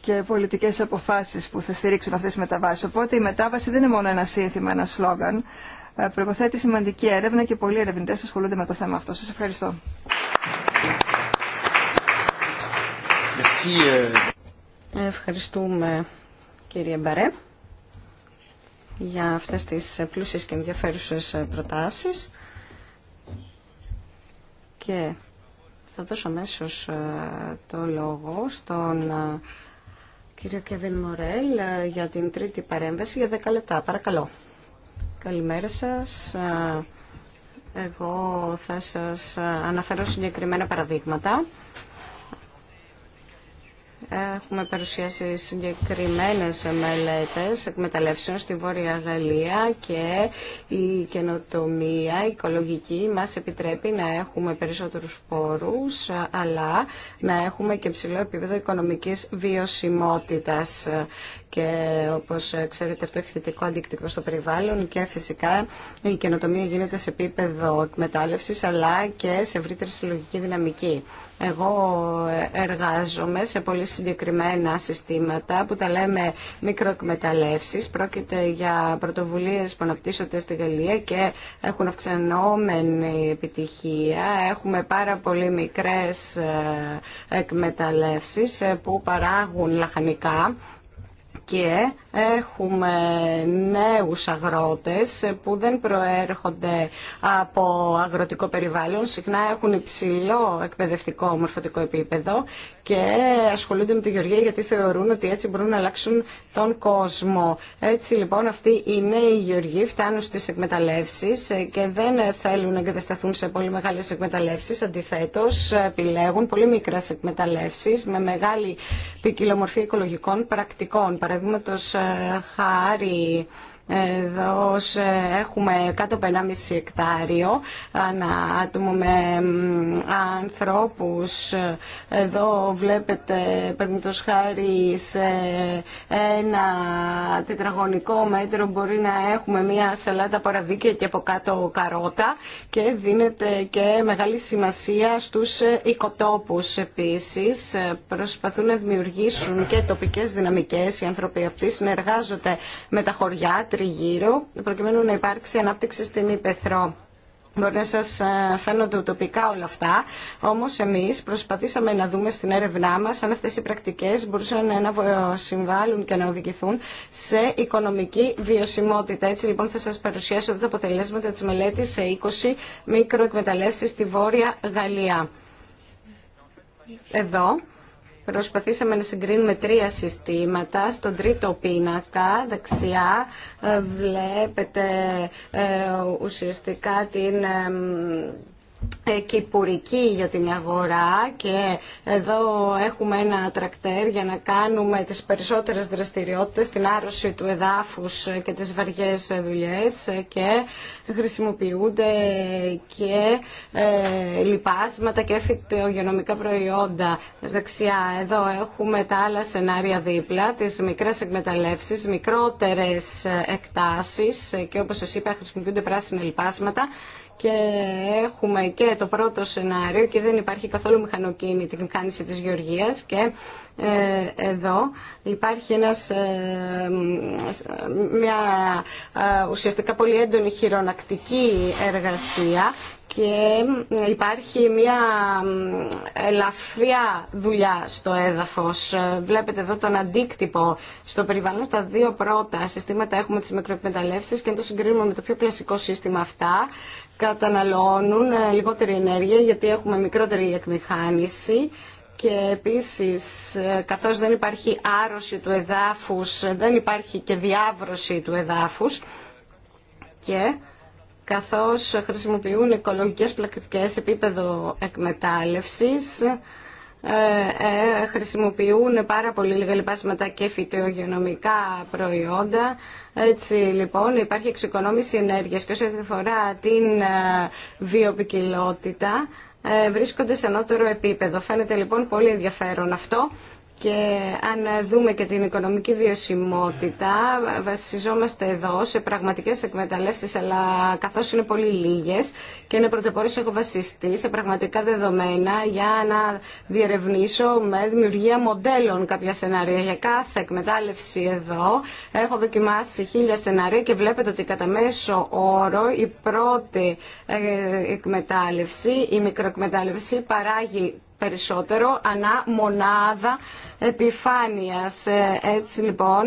και πολιτικές αποφάσεις που θα στηρίξουν αυτές τις μεταβάσεις. Οπότε η μετάβαση δεν είναι μόνο ένα σύνθημα, ένα σλόγγαν. Ε, προποθέτει σημαντική έρευνα και πολλοί ερευνητέ ασχολούνται με το θέμα αυτό. Σας ευχαριστώ. Ε. Ευχαριστούμε κύριε Μπαρέ, για αυτές τις πλούσιες και ενδιαφέρουσες προτάσεις. Και θα δώσω αμέσω ε, το λόγο στον ε, κύριο Κεβιν Μορέλ ε, για την τρίτη παρέμβαση για 10 λεπτά. Παρακαλώ. Καλημέρα σας. Εγώ θα σας αναφέρω συγκεκριμένα παραδείγματα Έχουμε παρουσιάσει συγκεκριμένες μελέτες εκμεταλλεύσεων στη Βόρεια Γαλλία και η καινοτομία η οικολογική μας επιτρέπει να έχουμε περισσότερους πόρους αλλά να έχουμε και ψηλό επίπεδο οικονομικής βιωσιμότητας και όπως ξέρετε αυτό έχει θετικό αντίκτυπο στο περιβάλλον και φυσικά η καινοτομία γίνεται σε επίπεδο εκμετάλλευση αλλά και σε ευρύτερη συλλογική δυναμική. Εγώ εργάζομαι σε πολύ συγκεκριμένα συστήματα που τα λέμε μικροεκμεταλλεύσεις. Πρόκειται για πρωτοβουλίες που αναπτύσσονται στη Γαλλία και έχουν αυξανόμενη επιτυχία. Έχουμε πάρα πολύ μικρές ε, εκμεταλλεύσεις ε, που παράγουν λαχανικά και έχουμε νέους αγρότες που δεν προέρχονται από αγροτικό περιβάλλον, συχνά έχουν υψηλό εκπαιδευτικό μορφωτικό επίπεδο και ασχολούνται με τη γεωργία γιατί θεωρούν ότι έτσι μπορούν να αλλάξουν τον κόσμο. Έτσι λοιπόν αυτοί οι νέοι γεωργοί φτάνουν στις εκμεταλλεύσεις και δεν θέλουν να εγκατασταθούν σε πολύ μεγάλες εκμεταλλεύσεις, αντιθέτως επιλέγουν πολύ μικρές εκμεταλλεύσεις με μεγάλη ποικιλομορφία οικολογικών πρακτικών. Παραδείγματος χάρη εδώ ε, έχουμε κάτω από 1,5 εκτάριο ανά άτομο με ανθρώπους. Εδώ βλέπετε το χάρη σε ένα τετραγωνικό μέτρο μπορεί να έχουμε μια σαλάτα παραβίκια και από κάτω καρότα και δίνεται και μεγάλη σημασία στους ε, οικοτόπους επίσης. Ε, προσπαθούν να δημιουργήσουν και τοπικές δυναμικές οι άνθρωποι αυτοί συνεργάζονται με τα χωριά τριγύρω, προκειμένου να υπάρξει ανάπτυξη στην υπεθρο, Μπορεί να σας ε, φαίνονται ουτοπικά όλα αυτά, όμως εμείς προσπαθήσαμε να δούμε στην έρευνά μας αν αυτές οι πρακτικές μπορούσαν να συμβάλλουν και να οδηγηθούν σε οικονομική βιωσιμότητα. Έτσι λοιπόν θα σας παρουσιάσω τα αποτελέσματα της μελέτης σε 20 μικροεκμεταλλεύσεις στη Βόρεια Γαλλία. Εδώ Προσπαθήσαμε να συγκρίνουμε τρία συστήματα. Στον τρίτο πίνακα, δεξιά, ε, βλέπετε ε, ουσιαστικά την ε, ε, κυπουρική για την αγορά και εδώ έχουμε ένα τρακτέρ για να κάνουμε τις περισσότερες δραστηριότητες, την άρρωση του εδάφους και τις βαριές δουλειές και χρησιμοποιούνται και ε, λιπάσματα και φυτογενομικά προϊόντα. Δεξιά εδώ έχουμε τα άλλα σενάρια δίπλα, τις μικρές εκμεταλλεύσεις, μικρότερες εκτάσεις και όπως σας είπα χρησιμοποιούνται πράσινα λιπάσματα και έχουμε και το πρώτο σενάριο και δεν υπάρχει καθόλου μηχανοκίνητη μηχάνηση της γεωργίας και ε, εδώ υπάρχει ε, ε, μια ουσιαστικά πολύ έντονη χειρονακτική εργασία και υπάρχει μια ελαφριά δουλειά στο έδαφος. Ε, βλέπετε εδώ τον αντίκτυπο στο περιβάλλον. Στα δύο πρώτα συστήματα έχουμε τις μικροεκμεταλλεύσεις και αν το συγκρίνουμε με το πιο κλασικό σύστημα αυτά, καταναλώνουν ε, λιγότερη ενέργεια γιατί έχουμε μικρότερη εκμηχάνηση και επίσης ε, καθώς δεν υπάρχει άρρωση του εδάφους, δεν υπάρχει και διάβρωση του εδάφους και καθώς χρησιμοποιούν οικολογικές πλακτικές επίπεδο εκμετάλλευσης, ε, ε, χρησιμοποιούν πάρα πολύ λίγα λοιπάσματα και φυτογενομικά προϊόντα. Έτσι λοιπόν υπάρχει εξοικονόμηση ενέργειας και όσο αφορά την ε, βιοπικιλότητα ε, βρίσκονται σε ανώτερο επίπεδο. Φαίνεται λοιπόν πολύ ενδιαφέρον αυτό και αν δούμε και την οικονομική βιωσιμότητα, βασιζόμαστε εδώ σε πραγματικές εκμεταλλεύσεις, αλλά καθώς είναι πολύ λίγες και είναι πρωτοπόρες έχω βασιστεί σε πραγματικά δεδομένα για να διερευνήσω με δημιουργία μοντέλων κάποια σενάρια. Για κάθε εκμετάλλευση εδώ έχω δοκιμάσει χίλια σενάρια και βλέπετε ότι κατά μέσο όρο η πρώτη ε, εκμετάλλευση, η μικροεκμετάλλευση παράγει περισσότερο ανά μονάδα επιφάνειας. Ε, έτσι λοιπόν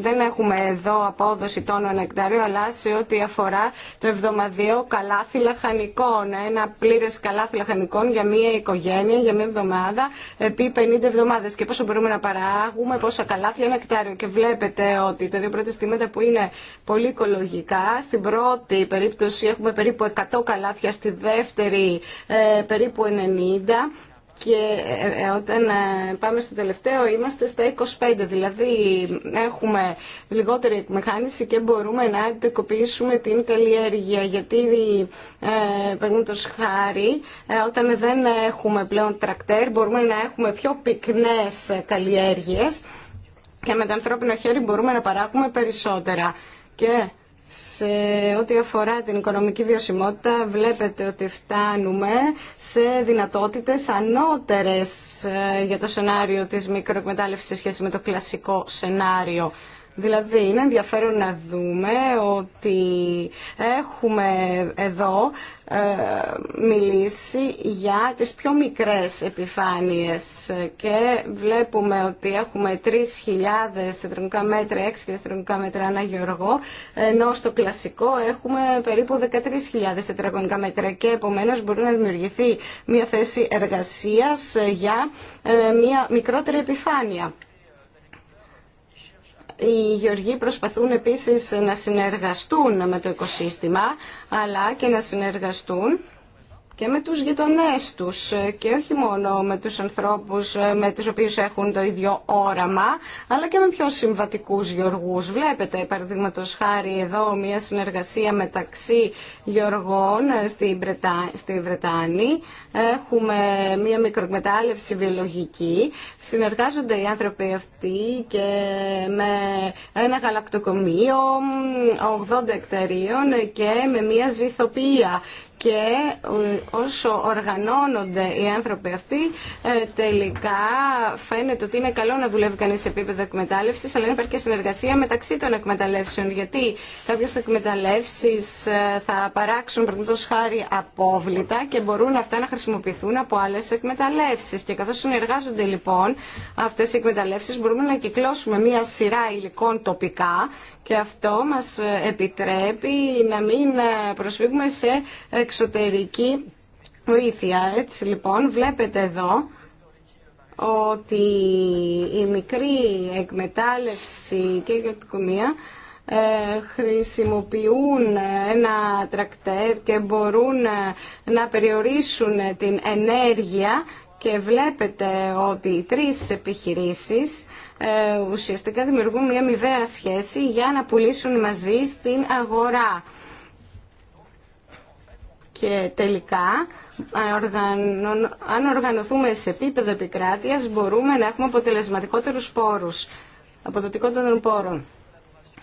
δεν έχουμε εδώ απόδοση των νεκταρίου αλλά σε ό,τι αφορά το εβδομαδιαίο καλάθι λαχανικών. Ένα πλήρες καλάθι λαχανικών για μία οικογένεια, για μία εβδομάδα επί 50 εβδομάδες και πόσο μπορούμε να παράγουμε, πόσα καλάθια νεκτάριο. Και βλέπετε ότι τα δύο πρώτα στήματα που είναι πολύ οικολογικά, στην πρώτη περίπτωση έχουμε περίπου 100 καλάθια, στη δεύτερη ε, περίπου 90 και ε, ε, ε, όταν πάμε στο τελευταίο είμαστε στα 25, δηλαδή έχουμε λιγότερη εκμεχάνηση και μπορούμε να αντικοποιήσουμε την καλλιέργεια. Γιατί, ε, παραδείγματο χάρη, όταν δεν έχουμε πλέον τρακτέρ μπορούμε να έχουμε πιο πυκνές καλλιέργειες και με το ανθρώπινο χέρι μπορούμε να παράγουμε περισσότερα. Και σε ό,τι αφορά την οικονομική βιωσιμότητα βλέπετε ότι φτάνουμε σε δυνατότητες ανώτερες ε, για το σενάριο της μικροεκμετάλλευσης σε σχέση με το κλασικό σενάριο. Δηλαδή είναι ενδιαφέρον να δούμε ότι έχουμε εδώ ε, μιλήσει για τις πιο μικρές επιφάνειες και βλέπουμε ότι έχουμε 3.000 τετραγωνικά μέτρα, 6.000 τετραγωνικά μέτρα ανά γεωργό, ενώ στο κλασικό έχουμε περίπου 13.000 τετραγωνικά μέτρα και επομένως μπορεί να δημιουργηθεί μια θέση εργασίας για ε, μια μικρότερη επιφάνεια. Οι γεωργοί προσπαθούν επίσης να συνεργαστούν με το οικοσύστημα, αλλά και να συνεργαστούν και με τους γειτονές τους ε, και όχι μόνο με τους ανθρώπους ε, με τους οποίους έχουν το ίδιο όραμα αλλά και με πιο συμβατικούς γεωργούς. Βλέπετε παραδείγματο χάρη εδώ μια συνεργασία μεταξύ γεωργών ε, στη, στη Βρετάνη. Έχουμε μια μικροκμετάλλευση βιολογική. Συνεργάζονται οι άνθρωποι αυτοί και με ένα γαλακτοκομείο 80 εκταρίων και με μια ζηθοποιία και ε, όσο οργανώνονται οι άνθρωποι αυτοί, ε, τελικά φαίνεται ότι είναι καλό να δουλεύει κανεί σε επίπεδο εκμετάλλευση, αλλά υπάρχει και συνεργασία μεταξύ των εκμεταλλεύσεων. Γιατί κάποιε εκμεταλλεύσει ε, θα παράξουν, παραδείγματο χάρη, απόβλητα και μπορούν αυτά να χρησιμοποιηθούν από άλλε εκμεταλλεύσει. Και καθώ συνεργάζονται λοιπόν αυτέ οι εκμεταλλεύσει, μπορούμε να κυκλώσουμε μία σειρά υλικών τοπικά και αυτό μας ε, επιτρέπει να μην ε, προσφύγουμε σε εξωτερική βοήθεια. Έτσι λοιπόν βλέπετε εδώ ότι η μικρή εκμετάλλευση και η γεωτικομία ε, χρησιμοποιούν ένα τρακτέρ και μπορούν να περιορίσουν την ενέργεια και βλέπετε ότι οι τρεις επιχειρήσεις ε, ουσιαστικά δημιουργούν μια μηβαία σχέση για να πουλήσουν μαζί στην αγορά. Και τελικά, αν οργανωθούμε σε επίπεδο επικράτειας, μπορούμε να έχουμε αποτελεσματικότερους πόρους, αποδοτικότερων πόρων.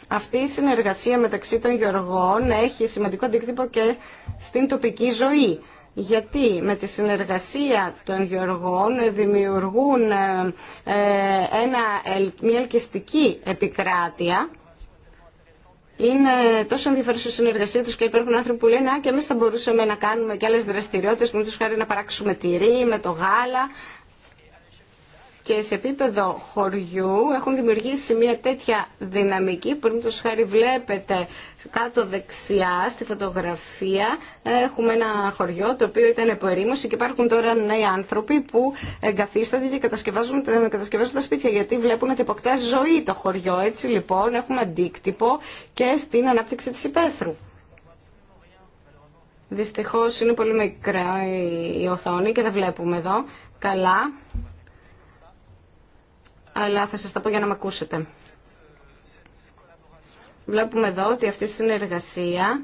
Αυτή η συνεργασία μεταξύ των γεωργών έχει σημαντικό αντίκτυπο και στην τοπική ζωή γιατί με τη συνεργασία των γεωργών δημιουργούν ε, ε, μια ελκυστική επικράτεια είναι τόσο ενδιαφέρουσα η συνεργασία του και υπάρχουν άνθρωποι που λένε Α, και εμεί θα μπορούσαμε να κάνουμε και άλλε δραστηριότητε, που χάρη να παράξουμε τυρί με το γάλα, και σε επίπεδο χωριού έχουν δημιουργήσει μια τέτοια δυναμική που το χάρη βλέπετε κάτω δεξιά στη φωτογραφία έχουμε ένα χωριό το οποίο ήταν υποερήμωση και υπάρχουν τώρα νέοι άνθρωποι που εγκαθίστανται και κατασκευάζουν, κατασκευάζουν τα σπίτια γιατί βλέπουν ότι αποκτά ζωή το χωριό έτσι λοιπόν έχουμε αντίκτυπο και στην ανάπτυξη της υπαίθρου. Δυστυχώς είναι πολύ μικρά η οθόνη και δεν βλέπουμε εδώ καλά αλλά θα σας τα πω για να με ακούσετε. Βλέπουμε εδώ ότι αυτή η συνεργασία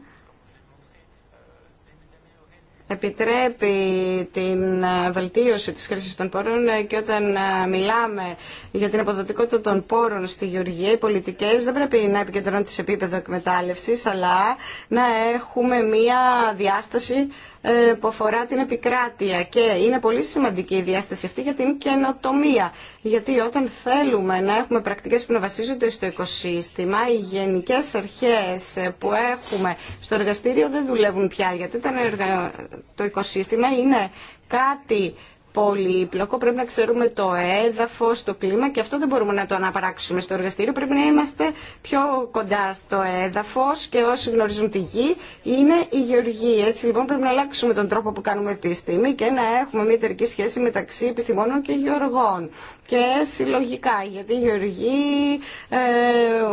επιτρέπει την βελτίωση της χρήσης των πόρων και όταν μιλάμε για την αποδοτικότητα των πόρων στη γεωργία, οι πολιτικές δεν πρέπει να επικεντρώνουν σε επίπεδο εκμετάλλευσης, αλλά να έχουμε μία διάσταση ε, που αφορά την επικράτεια και είναι πολύ σημαντική η διάσταση αυτή για την καινοτομία. Γιατί όταν θέλουμε να έχουμε πρακτικές που να βασίζονται στο οικοσύστημα, οι γενικές αρχές που έχουμε στο εργαστήριο δεν δουλεύουν πια. Γιατί το οικοσύστημα είναι κάτι πολύπλοκο, πρέπει να ξέρουμε το έδαφος, το κλίμα και αυτό δεν μπορούμε να το αναπαράξουμε στο εργαστήριο. Πρέπει να είμαστε πιο κοντά στο έδαφος και όσοι γνωρίζουν τη γη είναι η γεωργοί. Έτσι λοιπόν πρέπει να αλλάξουμε τον τρόπο που κάνουμε επιστήμη και να έχουμε μια εταιρική σχέση μεταξύ επιστημόνων και γεωργών και συλλογικά, γιατί οι γεωργοί ε,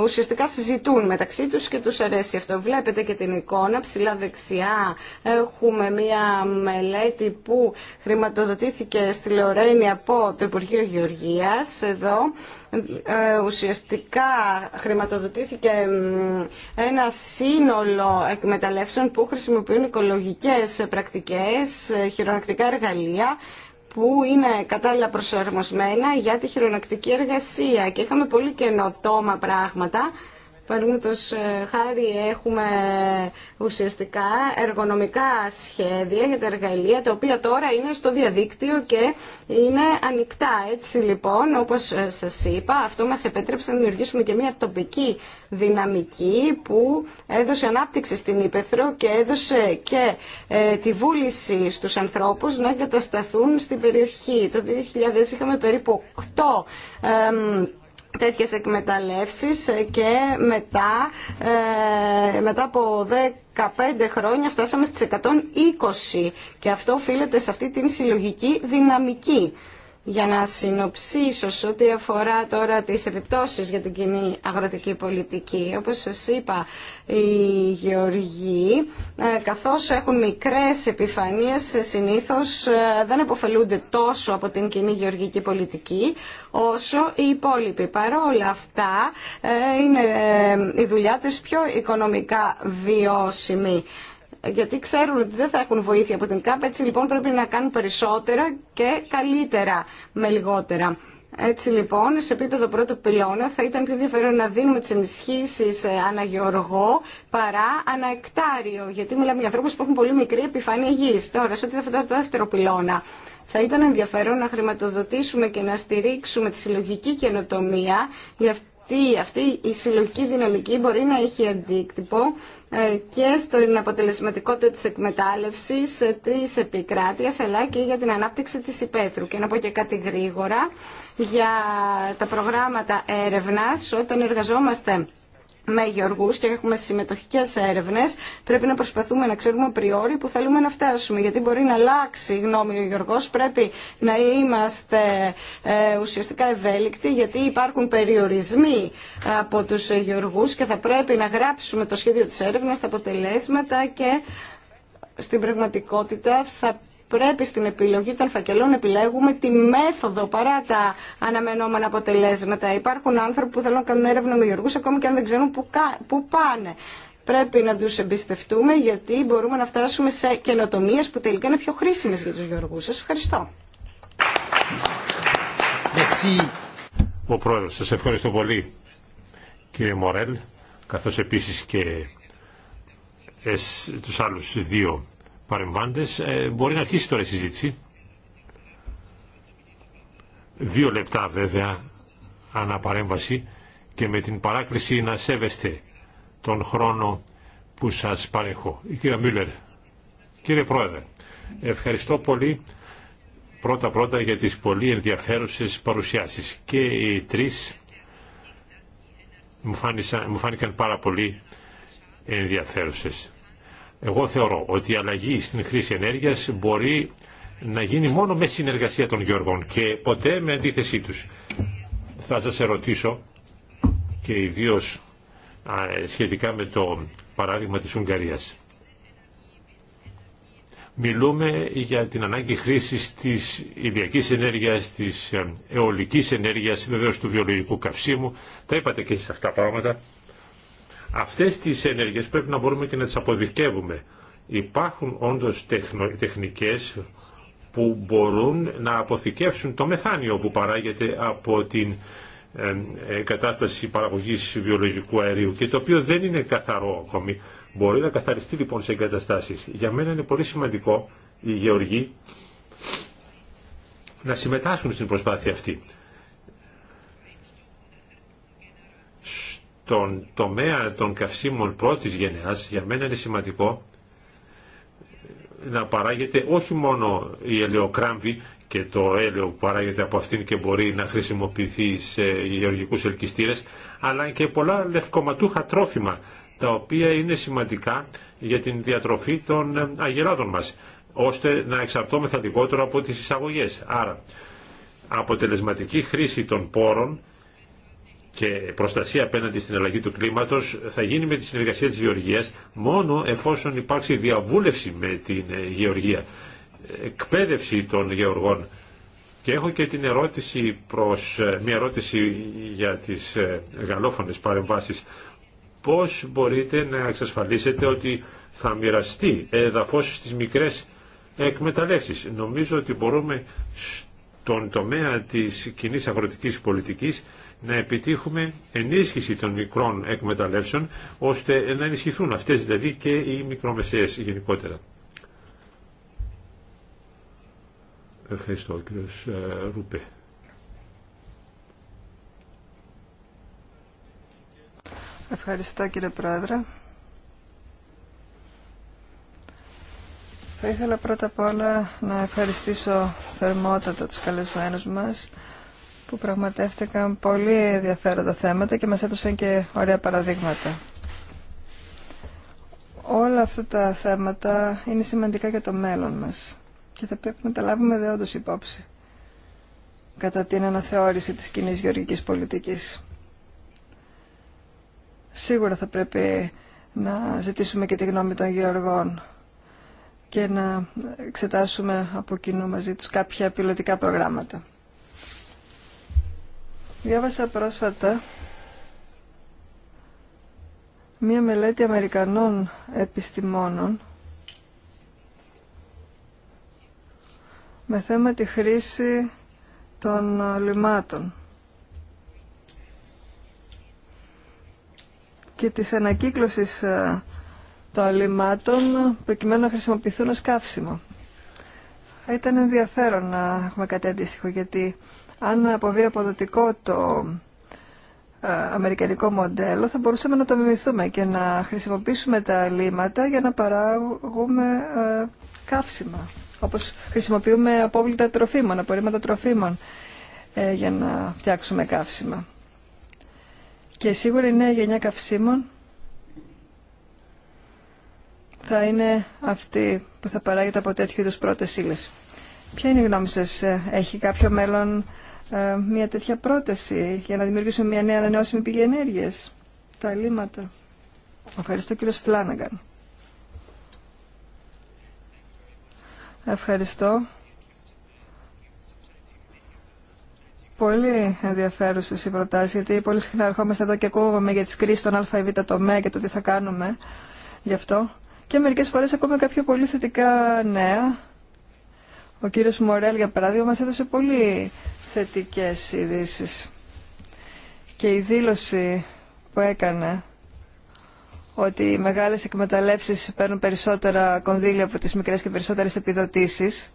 ουσιαστικά συζητούν μεταξύ τους και τους αρέσει αυτό. Βλέπετε και την εικόνα ψηλά δεξιά. Έχουμε μία μελέτη που χρηματοδοτήθηκε στη Λορένη από το Υπουργείο Γεωργίας εδώ. Ε, ουσιαστικά χρηματοδοτήθηκε ένα σύνολο εκμεταλλεύσεων που χρησιμοποιούν οικολογικές πρακτικές, ε, χειρονακτικά εργαλεία που είναι κατάλληλα προσαρμοσμένα για τη χειρονακτική εργασία και είχαμε πολύ καινοτόμα πράγματα Παραδείγματος ε, χάρη έχουμε ουσιαστικά εργονομικά σχέδια για τα εργαλεία τα οποία τώρα είναι στο διαδίκτυο και είναι ανοιχτά. Έτσι λοιπόν όπως ε, σας είπα αυτό μας επέτρεψε να δημιουργήσουμε και μια τοπική δυναμική που έδωσε ανάπτυξη στην Ήπεθρο και έδωσε και ε, τη βούληση στους ανθρώπους να εγκατασταθούν στην περιοχή. Το 2000 είχαμε περίπου 8 τέτοιες εκμεταλλεύσεις και μετά, ε, μετά από 15 χρόνια φτάσαμε στις 120 και αυτό οφείλεται σε αυτή την συλλογική δυναμική. Για να συνοψίσω ό,τι αφορά τώρα τις επιπτώσεις για την κοινή αγροτική πολιτική, όπως σας είπα, οι γεωργοί, ε, καθώς έχουν μικρές επιφανίες, ε, συνήθως ε, δεν αποφελούνται τόσο από την κοινή γεωργική πολιτική, όσο οι υπόλοιποι. Παρόλα αυτά, είναι η δουλειά της πιο οικονομικά βιώσιμη γιατί ξέρουν ότι δεν θα έχουν βοήθεια από την ΚΑΠ, έτσι λοιπόν πρέπει να κάνουν περισσότερα και καλύτερα με λιγότερα. Έτσι λοιπόν, σε επίπεδο πρώτου πυλώνα θα ήταν πιο ενδιαφέρον να δίνουμε τι ενισχύσει ε, αναγεωργό παρά αναεκτάριο, γιατί μιλάμε για ανθρώπου που έχουν πολύ μικρή επιφάνεια γη. Τώρα, σε ό,τι αφορά το δεύτερο πυλώνα, θα ήταν ενδιαφέρον να χρηματοδοτήσουμε και να στηρίξουμε τη συλλογική καινοτομία, γιατί αυτή η συλλογική δυναμική μπορεί να έχει αντίκτυπο ε, και στην αποτελεσματικότητα της εκμετάλλευσης ε, της επικράτειας αλλά και για την ανάπτυξη της υπαίθρου. Και να πω και κάτι γρήγορα για τα προγράμματα έρευνας όταν εργαζόμαστε με γεωργούς και έχουμε συμμετοχικές έρευνες, πρέπει να προσπαθούμε να ξέρουμε πριόρι που θέλουμε να φτάσουμε, γιατί μπορεί να αλλάξει η γνώμη ο γεωργός, πρέπει να είμαστε ε, ουσιαστικά ευέλικτοι, γιατί υπάρχουν περιορισμοί από τους γεωργούς και θα πρέπει να γράψουμε το σχέδιο της έρευνας, τα αποτελέσματα και στην πραγματικότητα θα πρέπει στην επιλογή των φακελών να επιλέγουμε τη μέθοδο παρά τα αναμενόμενα αποτελέσματα. Υπάρχουν άνθρωποι που θέλουν να κάνουν έρευνα με γεωργούς ακόμη και αν δεν ξέρουν που πάνε. Πρέπει να τους εμπιστευτούμε γιατί μπορούμε να φτάσουμε σε καινοτομίες που τελικά είναι πιο χρήσιμες για τους γεωργούς. Σας ευχαριστώ. Ο Πρόεδρος, σας ευχαριστώ πολύ κύριε Μορέλ, καθώς επίσης και τους άλλους δύο παρεμβάντες. Ε, μπορεί να αρχίσει τώρα η συζήτηση. Δύο λεπτά βέβαια αναπαρέμβαση και με την παράκληση να σέβεστε τον χρόνο που σας παρέχω. Η κυρια Μίλλερ. Κύριε Πρόεδρε, ευχαριστώ πολύ πρώτα-πρώτα για τις πολύ ενδιαφέρουσες παρουσιάσεις και οι τρεις μου, μου φάνηκαν πάρα πολύ ενδιαφέρουσες. Εγώ θεωρώ ότι η αλλαγή στην χρήση ενέργειας μπορεί να γίνει μόνο με συνεργασία των Γιώργων και ποτέ με αντίθεσή τους. Θα σας ερωτήσω και ιδίω σχετικά με το παράδειγμα της Ουγγαρίας. Μιλούμε για την ανάγκη χρήσης της ηλιακής ενέργειας, της ε, αιωλικής ενέργειας, βεβαίως του βιολογικού καυσίμου. Τα είπατε και σε αυτά πράγματα. Αυτές τις ενέργειες πρέπει να μπορούμε και να τις αποδικεύουμε. Υπάρχουν όντως τεχνικές που μπορούν να αποθηκεύσουν το μεθάνιο που παράγεται από την ε, κατάσταση παραγωγής βιολογικού αερίου και το οποίο δεν είναι καθαρό ακόμη. Μπορεί να καθαριστεί λοιπόν σε εγκαταστάσεις. Για μένα είναι πολύ σημαντικό οι γεωργοί να συμμετάσχουν στην προσπάθεια αυτή. τον τομέα των καυσίμων πρώτης γενεάς για μένα είναι σημαντικό να παράγεται όχι μόνο η ελαιοκράμβη και το έλαιο που παράγεται από αυτήν και μπορεί να χρησιμοποιηθεί σε γεωργικούς ελκυστήρες, αλλά και πολλά λευκοματούχα τρόφιμα, τα οποία είναι σημαντικά για την διατροφή των αγελάδων μας, ώστε να εξαρτώμεθα λιγότερο από τις εισαγωγές. Άρα, αποτελεσματική χρήση των πόρων και προστασία απέναντι στην αλλαγή του κλίματος θα γίνει με τη συνεργασία της Γεωργίας μόνο εφόσον υπάρξει διαβούλευση με την ε, Γεωργία, εκπαίδευση των Γεωργών. Και έχω και την ερώτηση προς, ε, μια ερώτηση για τις ε, γαλλόφωνες παρεμβάσεις. Πώς μπορείτε να εξασφαλίσετε ότι θα μοιραστεί εδαφός στις μικρές εκμεταλλεύσεις. Νομίζω ότι μπορούμε στον τομέα της κοινής αγροτικής πολιτικής να επιτύχουμε ενίσχυση των μικρών εκμεταλλεύσεων ώστε να ενισχυθούν αυτές δηλαδή και οι μικρομεσαίες γενικότερα. Ευχαριστώ κύριο ε, Ρούπε. Ευχαριστώ κύριε Πρόεδρε. Θα ήθελα πρώτα απ' όλα να ευχαριστήσω θερμότατα τους καλεσμένους μας που πραγματεύτηκαν πολύ ενδιαφέροντα θέματα και μας έδωσαν και ωραία παραδείγματα. Όλα αυτά τα θέματα είναι σημαντικά για το μέλλον μας και θα πρέπει να τα λάβουμε δεόντως υπόψη κατά την αναθεώρηση της κοινή γεωργικής πολιτικής. Σίγουρα θα πρέπει να ζητήσουμε και τη γνώμη των γεωργών και να εξετάσουμε από κοινού μαζί τους κάποια πιλωτικά προγράμματα. Διάβασα πρόσφατα μία μελέτη Αμερικανών επιστημόνων με θέμα τη χρήση των λιμάτων και της ανακύκλωσης ε, των λιμάτων προκειμένου να χρησιμοποιηθούν ως καύσιμο. Ήταν ενδιαφέρον να έχουμε κάτι αντίστοιχο γιατί αν αποβεί αποδοτικό το ε, αμερικανικό μοντέλο, θα μπορούσαμε να το μιμηθούμε και να χρησιμοποιήσουμε τα λίματα για να παράγουμε ε, καύσιμα. Όπως χρησιμοποιούμε απόβλητα τροφίμων, απορρίμματα τροφίμων ε, για να φτιάξουμε καύσιμα. Και σίγουρα η νέα γενιά καυσίμων θα είναι αυτή που θα παράγεται από τέτοιου είδους πρώτες ύλες. Ποια είναι η γνώμη σας, έχει κάποιο μέλλον ε, μια τέτοια πρόταση για να δημιουργήσουμε μια νέα ανανεώσιμη πηγή ενέργειας. Τα ελλείμματα. Ευχαριστώ κύριος Φλάνναγκαν. Ευχαριστώ. Πολύ ενδιαφέρουσε οι προτάσει, γιατί πολύ συχνά ερχόμαστε εδώ και ακούγαμε για τι κρίσει των ΑΒ τομέα και το τι θα κάνουμε γι' αυτό. Και μερικέ φορέ ακούμε κάποια πολύ θετικά νέα. Ο κύριος Μορέλ, για παράδειγμα, μας έδωσε πολύ θετικές ειδήσει. Και η δήλωση που έκανε ότι οι μεγάλες εκμεταλλεύσεις παίρνουν περισσότερα κονδύλια από τις μικρές και περισσότερες επιδοτήσεις.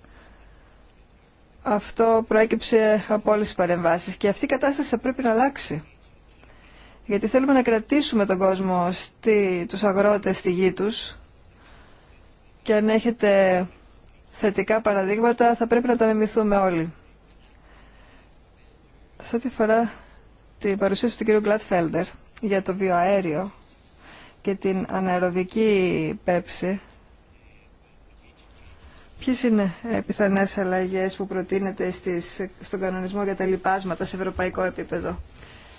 Αυτό προέκυψε από όλες τις παρεμβάσεις και αυτή η κατάσταση θα πρέπει να αλλάξει. Γιατί θέλουμε να κρατήσουμε τον κόσμο, στη, τους αγρότες στη γη τους και αν έχετε θετικά παραδείγματα θα πρέπει να τα μιμηθούμε όλοι. Σε ό,τι αφορά την παρουσίαση του κ. Γκλάτφελντερ για το βιοαέριο και την αναεροβική πέψη, Ποιε είναι οι ε, πιθανέ αλλαγέ που προτείνεται στον κανονισμό για τα λοιπάσματα σε ευρωπαϊκό επίπεδο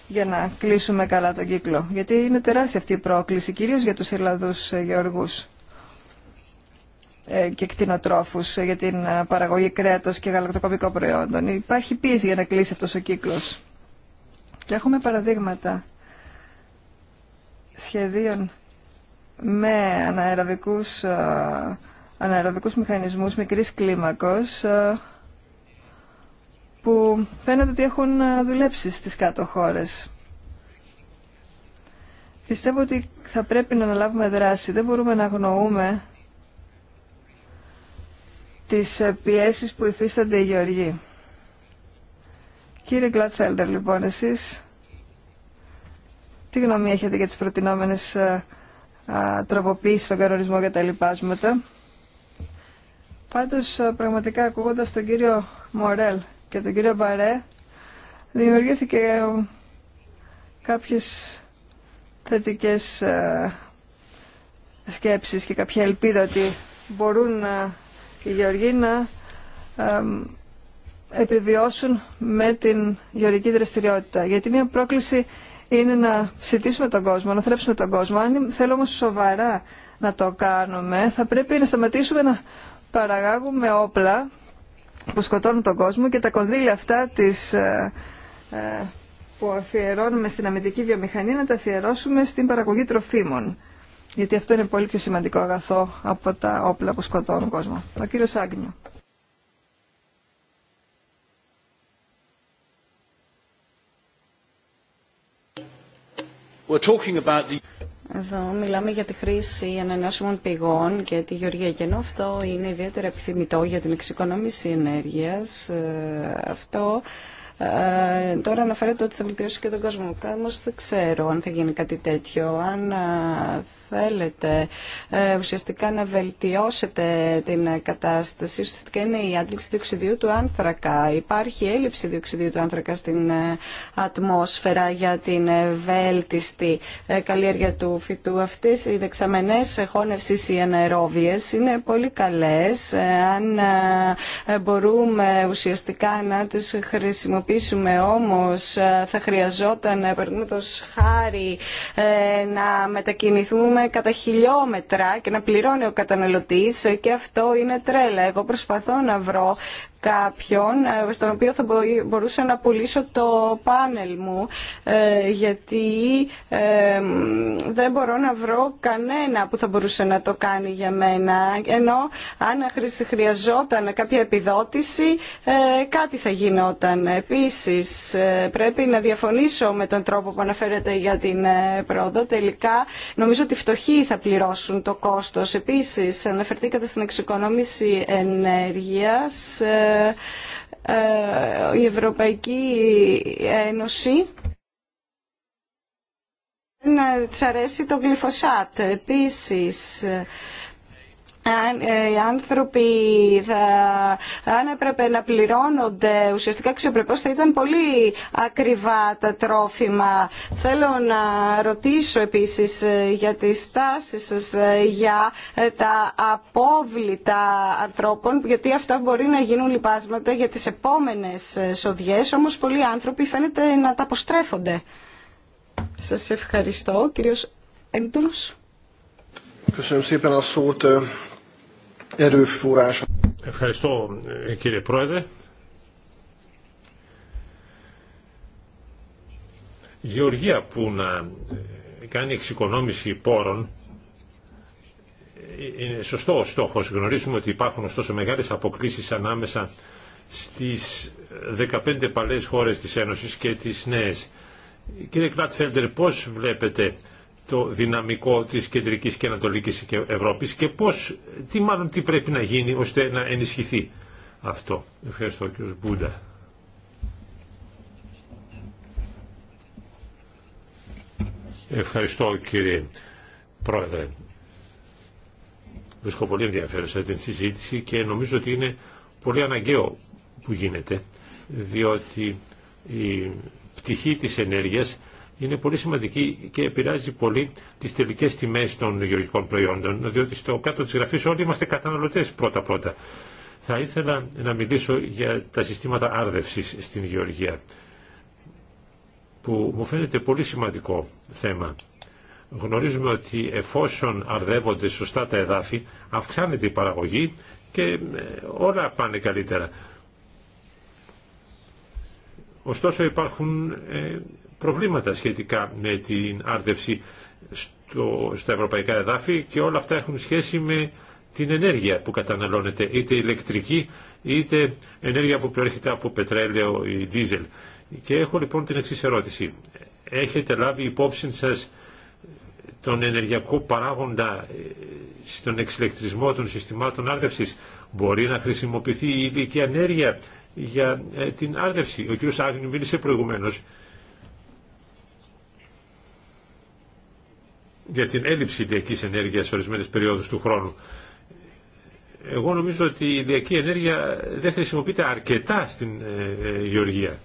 για να κλείσουμε καλά τον κύκλο. Γιατί είναι τεράστια αυτή η πρόκληση, κυρίως για τους Ελλαδούς ε, γεωργούς. Ε, και κτηνοτρόφου για την ε, παραγωγή κρέατος και γαλακτοκομικών προϊόντων. Υπάρχει πίεση για να κλείσει αυτός ο κύκλος. Και έχουμε παραδείγματα σχεδίων με αναεραβικούς, ε, αναεραβικούς μηχανισμούς μικρής κλίμακος που φαίνεται ότι έχουν δουλέψει στις κάτω χώρες. Πιστεύω ότι θα πρέπει να αναλάβουμε δράση. Δεν μπορούμε να αγνοούμε τις ε, πιέσεις που υφίστανται οι γεωργοί. Κύριε Γκλάτφελντερ, λοιπόν, εσείς τι γνώμη έχετε για τις προτινόμενες ε, τροποποίησεις στον κανονισμό για τα λοιπάσματα. Πάντως, ε, πραγματικά, ακούγοντας τον κύριο Μορέλ και τον κύριο Μπαρέ, δημιουργήθηκε κάποιες θετικές σκέψεις και κάποια ελπίδα ότι μπορούν να οι γεωργοί να επιβιώσουν με την γεωργική δραστηριότητα. Γιατί μια πρόκληση είναι να ψητήσουμε τον κόσμο, να θρέψουμε τον κόσμο. Αν θέλω όμως σοβαρά να το κάνουμε, θα πρέπει να σταματήσουμε να παραγάγουμε όπλα που σκοτώνουν τον κόσμο και τα κονδύλια αυτά της, ε, ε, που αφιερώνουμε στην αμυντική βιομηχανία να τα αφιερώσουμε στην παραγωγή τροφίμων γιατί αυτό είναι πολύ πιο σημαντικό αγαθό από τα όπλα που σκοτώνουν κόσμο. Ο κύριος Άγνιο. Εδώ μιλάμε για τη χρήση ανανεώσιμων πηγών και τη γεωργία. Και ενώ αυτό είναι ιδιαίτερα επιθυμητό για την εξοικονόμηση ενέργειας, ε, αυτό ε, τώρα αναφέρεται ότι θα βελτιώσει και τον κόσμο. Όμω δεν ξέρω αν θα γίνει κάτι τέτοιο. Αν ε, θέλετε ε, ουσιαστικά να βελτιώσετε την κατάσταση, ουσιαστικά είναι η άντληξη διοξιδίου του άνθρακα. Υπάρχει έλλειψη διοξιδίου του άνθρακα στην ε, ατμόσφαιρα για την ε, βέλτιστη καλλιέργεια του φυτού. αυτής. οι δεξαμενές χώνευση ή αναερόβιε είναι πολύ καλές. Αν μπορούμε ουσιαστικά να τις χρησιμοποιήσουμε όμως θα χρειαζόταν, παραδείγματο χάρη, να μετακινηθούμε κατά χιλιόμετρα και να πληρώνει ο καταναλωτής και αυτό είναι τρέλα. Εγώ προσπαθώ να βρω κάποιον ε, στον οποίο θα μπορούσα να πουλήσω το πάνελ μου ε, γιατί ε, δεν μπορώ να βρω κανένα που θα μπορούσε να το κάνει για μένα ενώ αν χρειαζόταν κάποια επιδότηση κάτι θα γινόταν. Επίσης πρέπει να διαφωνήσω με τον τρόπο που αναφέρεται για την πρόοδο. Τελικά νομίζω ότι οι φτωχοί θα πληρώσουν το κόστος. Επίσης αναφερθήκατε στην εξοικονόμηση ενέργειας ε, ε, η Ευρωπαϊκή Ένωση να της αρέσει το γλυφοσάτ. Επίσης, ε, οι άνθρωποι θα, αν έπρεπε να πληρώνονται ουσιαστικά αξιοπρεπώς θα ήταν πολύ ακριβά τα τρόφιμα. Θέλω να ρωτήσω επίσης ε, για τις τάσεις σας ε, για τα απόβλητα ανθρώπων γιατί αυτά μπορεί να γίνουν λοιπάσματα για τις επόμενες σοδιές όμως πολλοί άνθρωποι φαίνεται να τα αποστρέφονται. Σας ευχαριστώ. Κύριος Έντρους. Ευχαριστώ ε, κύριε Πρόεδρε. Γεωργία που να ε, κάνει εξοικονόμηση πόρων ε, είναι σωστό ο στόχος. Γνωρίζουμε ότι υπάρχουν ωστόσο μεγάλες αποκλήσεις ανάμεσα στις 15 παλές χώρες της Ένωσης και τις νέες. Κύριε Κλάτφελντερ, πώς βλέπετε το δυναμικό της κεντρικής και ανατολικής Ευρώπης και πώς, τι μάλλον τι πρέπει να γίνει ώστε να ενισχυθεί αυτό. Ευχαριστώ κύριος Μπούντα. Ευχαριστώ κύριε Πρόεδρε. Βρίσκω πολύ ενδιαφέρουσα την συζήτηση και νομίζω ότι είναι πολύ αναγκαίο που γίνεται διότι η πτυχή της ενέργειας είναι πολύ σημαντική και επηρεάζει πολύ τις τελικές τιμές των γεωργικών προϊόντων, διότι στο κάτω της γραφής όλοι είμαστε καταναλωτές πρώτα-πρώτα. Θα ήθελα να μιλήσω για τα συστήματα άρδευσης στην γεωργία, που μου φαίνεται πολύ σημαντικό θέμα. Γνωρίζουμε ότι εφόσον αρδεύονται σωστά τα εδάφη, αυξάνεται η παραγωγή και ε, όλα πάνε καλύτερα. Ωστόσο υπάρχουν ε, προβλήματα σχετικά με την άρδευση στο, στα ευρωπαϊκά εδάφη και όλα αυτά έχουν σχέση με την ενέργεια που καταναλώνεται, είτε ηλεκτρική είτε ενέργεια που προέρχεται από πετρέλαιο ή δίζελ. Και έχω λοιπόν την εξή ερώτηση. Έχετε λάβει υπόψη σας τον ενεργειακό παράγοντα ε, στον εξελεκτρισμό των συστημάτων άρδευσης. Μπορεί να χρησιμοποιηθεί η ηλικία ενέργεια για ε, την άρδευση. Ο κ. Άγνη μίλησε προηγουμένως για την έλλειψη ηλιακής ενέργειας σε ορισμένες περιόδους του χρόνου. Εγώ νομίζω ότι η ηλιακή ενέργεια δεν χρησιμοποιείται αρκετά στην ε, ε, γεωργία.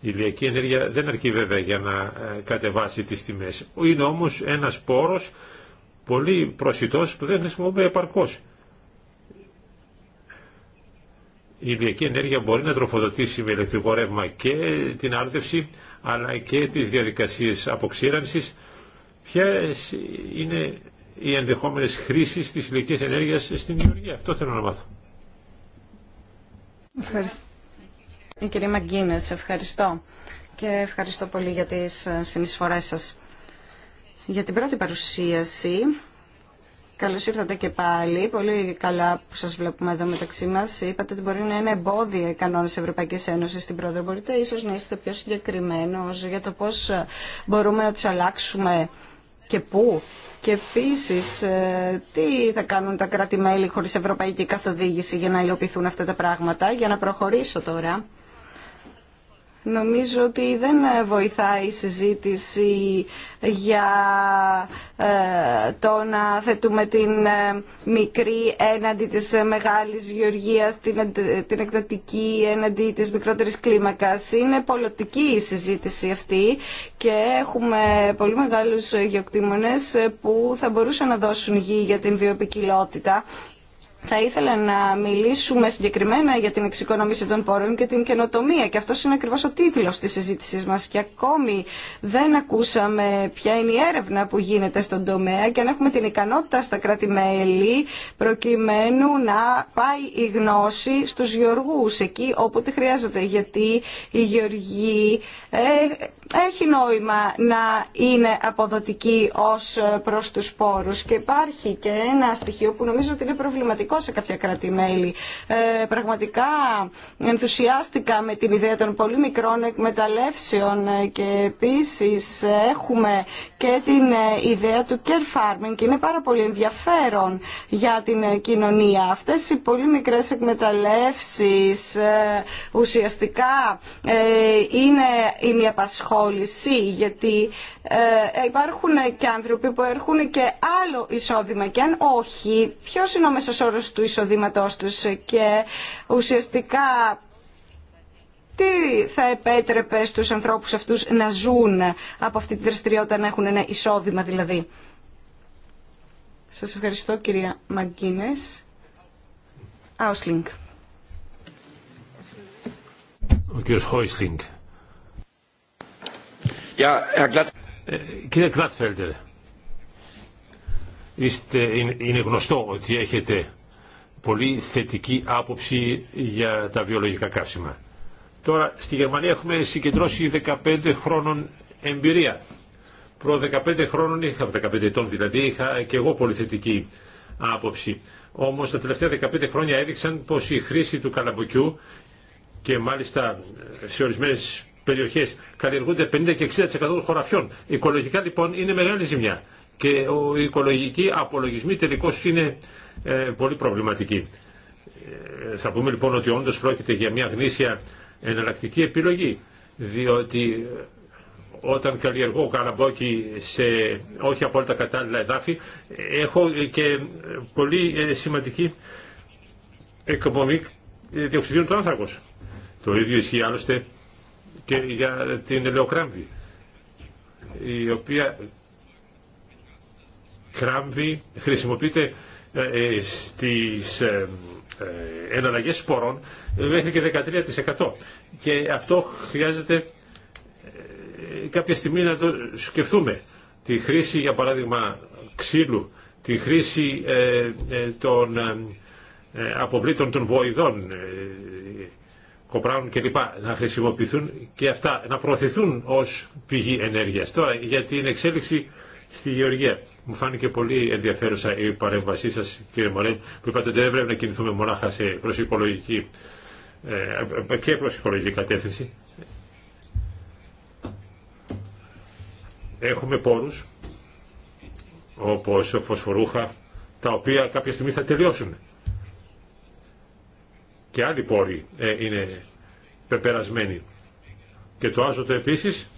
Η ηλιακή ενέργεια δεν αρκεί βέβαια για να ε, κατεβάσει τις τιμές. Είναι όμως ένας πόρος πολύ προσιτός που δεν χρησιμοποιείται επαρκώς. η ηλιακή ενέργεια μπορεί να τροφοδοτήσει με ηλεκτρικό ρεύμα και την άρδευση αλλά και τις διαδικασίες αποξήρανσης. Ποιες είναι οι ενδεχόμενες χρήσεις της ηλιακής ενέργειας στην Γεωργία. Αυτό θέλω να μάθω. Ευχαριστώ. Μαγκίνες, ευχαριστώ. Και ευχαριστώ πολύ για τις συνεισφορές σας. Για την πρώτη παρουσίαση Καλώ ήρθατε και πάλι. Πολύ καλά που σα βλέπουμε εδώ μεταξύ μα. Είπατε ότι μπορεί να είναι εμπόδια οι κανόνε Ευρωπαϊκή Ένωση στην πρόεδρο. Μπορείτε ίσω να είστε πιο συγκεκριμένο για το πώ μπορούμε να του αλλάξουμε και πού. Και επίση, ε, τι θα κάνουν τα κράτη-μέλη χωρί ευρωπαϊκή καθοδήγηση για να υλοποιηθούν αυτά τα πράγματα. Για να προχωρήσω τώρα Νομίζω ότι δεν βοηθάει η συζήτηση για ε, το να θέτουμε την ε, μικρή έναντι της μεγάλης γεωργίας, την, ε, την εκτατική έναντι της μικρότερης κλίμακας. Είναι πολιτική η συζήτηση αυτή και έχουμε πολύ μεγάλους γεωκτήμονες που θα μπορούσαν να δώσουν γη για την βιοπικιλότητα θα ήθελα να μιλήσουμε συγκεκριμένα για την εξοικονόμηση των πόρων και την καινοτομία και αυτό είναι ακριβώς ο τίτλο της συζήτησή μας και ακόμη δεν ακούσαμε ποια είναι η έρευνα που γίνεται στον τομέα και αν έχουμε την ικανότητα στα κράτη-μέλη προκειμένου να πάει η γνώση στους γεωργού. εκεί όπου τη χρειάζεται γιατί οι γεωργοί ε, έχει νόημα να είναι αποδοτική ως προς τους πόρους και υπάρχει και ένα στοιχείο που νομίζω ότι είναι προβληματικό σε κάποια κράτη-μέλη. Ε, πραγματικά ενθουσιάστηκα με την ιδέα των πολύ μικρών εκμεταλλεύσεων ε, και επίσης έχουμε και την ε, ιδέα του care farming και είναι πάρα πολύ ενδιαφέρον για την κοινωνία. Αυτές οι πολύ μικρές εκμεταλλεύσεις ουσιαστικά είναι η απασχόληση γιατί ε, υπάρχουν και άνθρωποι που έρχουν και άλλο εισόδημα και αν όχι, ποιος είναι ο μέσος όρος του εισοδήματός τους και ουσιαστικά τι θα επέτρεπε στους ανθρώπους αυτούς να ζουν από αυτή τη δραστηριότητα, να έχουν ένα εισόδημα δηλαδή. Σας ευχαριστώ κυρία Μαγκίνες. Άουσλινγκ. Ο κύριος Χόισλινγκ. Ε, κύριε Κρατφέλτερ, είναι γνωστό ότι έχετε πολύ θετική άποψη για τα βιολογικά καύσιμα. Τώρα στη Γερμανία έχουμε συγκεντρώσει 15 χρόνων εμπειρία. Προ 15 χρόνων είχα, 15 ετών δηλαδή, είχα και εγώ πολύ θετική άποψη. Όμως τα τελευταία 15 χρόνια έδειξαν πως η χρήση του καλαμποκιού και μάλιστα σε ορισμένες περιοχέ καλλιεργούνται 50 και 60% των χωραφιών. Οικολογικά λοιπόν είναι μεγάλη ζημιά και ο οικολογικοί απολογισμοί τελικώ είναι ε, πολύ προβληματικοί. Ε, θα πούμε λοιπόν ότι όντω πρόκειται για μια γνήσια εναλλακτική επιλογή διότι ε, όταν καλλιεργώ καραμπόκι σε όχι απόλυτα κατάλληλα εδάφη έχω και πολύ ε, σημαντική εκπομπή διοξιδίων του άνθρακος. Το ίδιο ισχύει άλλωστε και για την ελαιοκράμβη η οποία κράμβη χρησιμοποιείται ε, ε, στις ε, εναλλαγές σπορών μέχρι και 13% και αυτό χρειάζεται κάποια στιγμή να το σκεφτούμε τη χρήση για παράδειγμα ξύλου τη χρήση των αποβλήτων των βοηδών κοπράουν κλπ. να χρησιμοποιηθούν και αυτά, να προωθηθούν ως πηγή ενέργειας. Τώρα για την εξέλιξη στη Γεωργία. Μου φάνηκε πολύ ενδιαφέρουσα η παρέμβασή σας κύριε Μωρέν που είπατε ότι δεν πρέπει να κινηθούμε μονάχα σε προσυκολογική ε, και κατεύθυνση. Έχουμε πόρους όπως φωσφορούχα τα οποία κάποια στιγμή θα τελειώσουν και άλλοι πόροι ε, είναι πεπερασμένοι. Και το άζωτο επίσης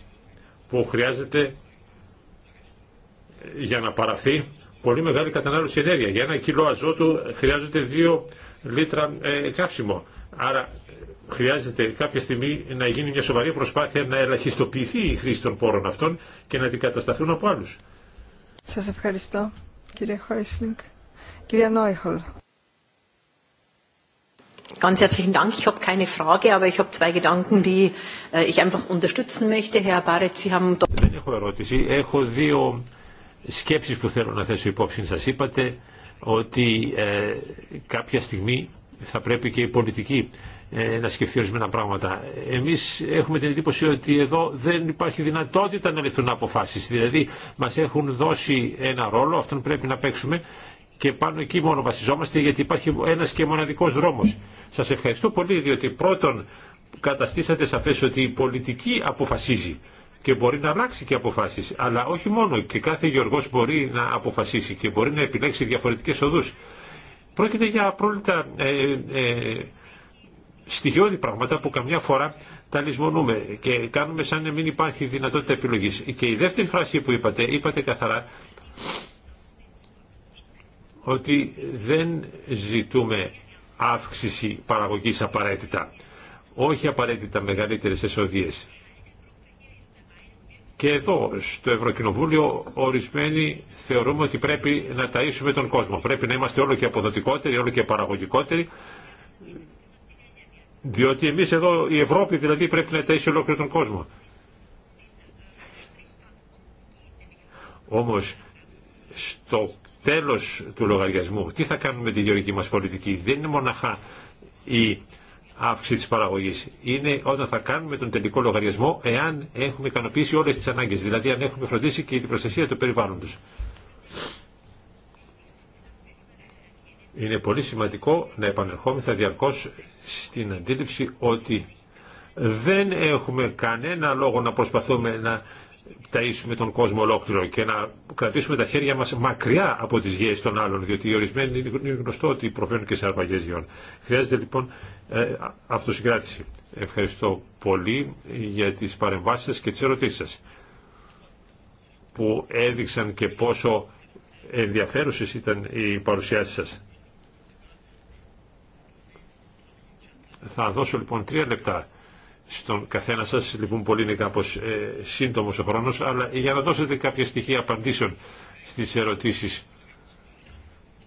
που χρειάζεται ε, για να παραθεί πολύ μεγάλη κατανάλωση ενέργεια. Για ένα κιλό αζώτου χρειάζεται δύο λίτρα ε, καύσιμο. Άρα χρειάζεται κάποια στιγμή να γίνει μια σοβαρή προσπάθεια να ελαχιστοποιηθεί η χρήση των πόρων αυτών και να αντικατασταθούν από άλλους. Σας ευχαριστώ κύριε Χόισλινγκ. Κυρία Νόιχολ. Ganz herzlichen Dank. Ich habe keine Frage, aber ich habe zwei Gedanken, die äh, ich einfach unterstützen möchte. Herr haben... Δεν έχω ερώτηση. Έχω δύο σκέψεις που θέλω να θέσω υπόψη. Σας είπατε ότι ε, κάποια στιγμή θα πρέπει και η πολιτική ε, να σκεφτεί ορισμένα πράγματα. Εμείς έχουμε την εντύπωση ότι εδώ δεν υπάρχει δυνατότητα να λυθούν αποφάσεις. Δηλαδή μας έχουν δώσει ένα ρόλο, αυτόν πρέπει να παίξουμε και πάνω εκεί μόνο βασιζόμαστε γιατί υπάρχει ένας και μοναδικός δρόμος. Σας ευχαριστώ πολύ διότι πρώτον καταστήσατε σαφές ότι η πολιτική αποφασίζει και μπορεί να αλλάξει και αποφάσεις, αλλά όχι μόνο και κάθε γεωργός μπορεί να αποφασίσει και μπορεί να επιλέξει διαφορετικές οδούς. Πρόκειται για απρόλυτα ε, ε, στοιχειώδη πράγματα που καμιά φορά τα λησμονούμε και κάνουμε σαν να μην υπάρχει δυνατότητα επιλογής. Και η δεύτερη φράση που είπατε, είπατε καθαρά ότι δεν ζητούμε αύξηση παραγωγής απαραίτητα, όχι απαραίτητα μεγαλύτερες εσοδίες. Και εδώ στο Ευρωκοινοβούλιο ορισμένοι θεωρούμε ότι πρέπει να ταΐσουμε τον κόσμο. Πρέπει να είμαστε όλο και αποδοτικότεροι, όλο και παραγωγικότεροι, διότι εμείς εδώ η Ευρώπη δηλαδή πρέπει να ταΐσει ολόκληρο τον κόσμο. Όμως στο τέλος του λογαριασμού, τι θα κάνουμε με τη γεωργική μας πολιτική. Δεν είναι μοναχά η αύξηση της παραγωγής. Είναι όταν θα κάνουμε τον τελικό λογαριασμό εάν έχουμε ικανοποιήσει όλες τις ανάγκες. Δηλαδή αν έχουμε φροντίσει και την προστασία του περιβάλλοντος. Είναι πολύ σημαντικό να επανερχόμεθα διαρκώς στην αντίληψη ότι δεν έχουμε κανένα λόγο να προσπαθούμε να ταΐσουμε τον κόσμο ολόκληρο και να κρατήσουμε τα χέρια μας μακριά από τις γέες των άλλων, διότι οι ορισμένοι είναι γνωστό ότι προβαίνουν και σε αρπαγές γεών. Χρειάζεται λοιπόν ε, αυτοσυγκράτηση. Ευχαριστώ πολύ για τις παρεμβάσεις σας και τις ερωτήσεις σας που έδειξαν και πόσο ενδιαφέρουσες ήταν οι παρουσιάσεις σας. Θα δώσω λοιπόν τρία λεπτά στον καθένα σας. Λοιπόν, πολύ είναι κάπως ε, σύντομος ο χρόνος, αλλά για να δώσετε κάποια στοιχεία απαντήσεων στις ερωτήσεις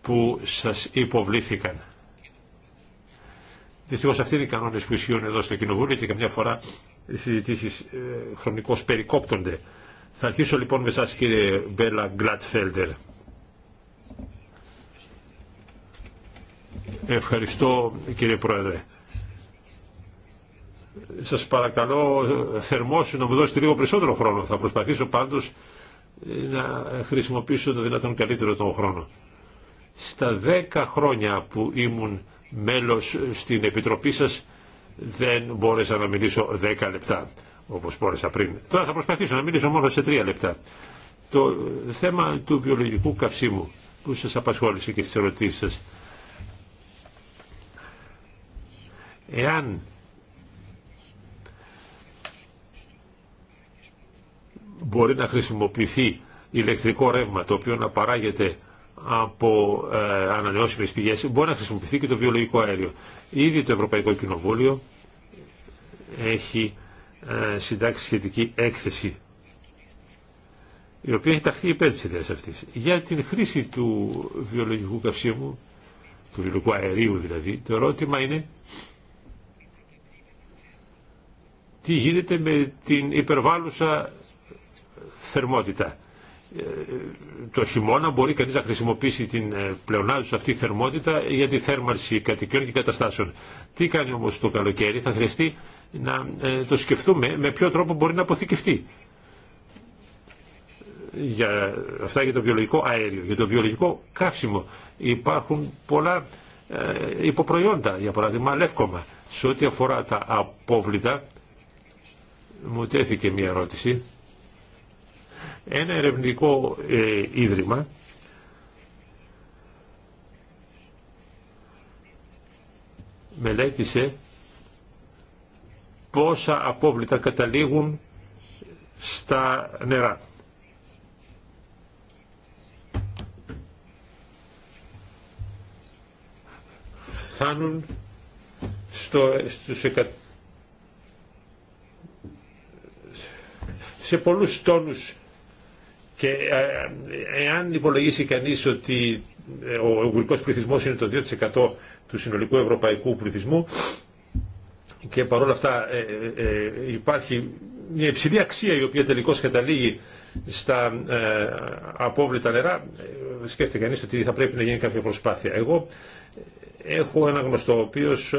που σας υποβλήθηκαν. Δυστυχώ αυτοί είναι οι κανόνες που ισχύουν εδώ στο Κοινοβούλιο και καμιά φορά οι συζητήσεις ε, χρονικώς περικόπτονται. Θα αρχίσω λοιπόν με σας κύριε Μπέλα Γκλατφέλτερ Ευχαριστώ κύριε Πρόεδρε. Σας παρακαλώ θερμός να μου δώσετε λίγο περισσότερο χρόνο. Θα προσπαθήσω πάντως ε, να χρησιμοποιήσω το δυνατόν καλύτερο τον χρόνο. Στα δέκα χρόνια που ήμουν μέλος στην Επιτροπή σας δεν μπόρεσα να μιλήσω δέκα λεπτά όπως μπόρεσα πριν. Τώρα θα προσπαθήσω να μιλήσω μόνο σε τρία λεπτά. Το θέμα του βιολογικού καυσίμου που σας απασχόλησε και στις ερωτήσεις σας. Εάν μπορεί να χρησιμοποιηθεί ηλεκτρικό ρεύμα το οποίο να παράγεται από ε, ανανεώσιμες πηγές μπορεί να χρησιμοποιηθεί και το βιολογικό αέριο. Ήδη το Ευρωπαϊκό Κοινοβούλιο έχει ε, συντάξει σχετική έκθεση η οποία έχει ταχθεί υπέρ της ιδέας αυτής. Για την χρήση του βιολογικού καυσίμου, του βιολογικού αερίου δηλαδή, το ερώτημα είναι τι γίνεται με την υπερβάλλουσα θερμότητα. Ε, το χειμώνα μπορεί κανείς να χρησιμοποιήσει την ε, πλεονάζουσα αυτή θερμότητα για τη θέρμανση κατοικιών και καταστάσεων. Τι κάνει όμως το καλοκαίρι, θα χρειαστεί να ε, το σκεφτούμε με ποιο τρόπο μπορεί να αποθηκευτεί. Για, αυτά για το βιολογικό αέριο, για το βιολογικό καύσιμο. Υπάρχουν πολλά υποπροϊόντα, για παράδειγμα λεύκομα. Σε ό,τι αφορά τα απόβλητα, μου τέθηκε μια ερώτηση ένα ερευνητικό ε, ίδρυμα μελέτησε πόσα απόβλητα καταλήγουν στα νερά. Φτάνουν στο, στους σε πολλούς τόνους και ε, εάν υπολογίσει κανείς ότι ε, ο εγγουρικός πληθυσμός είναι το 2% του συνολικού ευρωπαϊκού πληθυσμού και παρόλα αυτά ε, υπάρχει μια υψηλή αξία η οποία τελικώς καταλήγει στα απόβλητα νερά, σκέφτεται κανείς ότι θα πρέπει να γίνει κάποια προσπάθεια. Εγώ έχω ένα γνωστό ο οποίος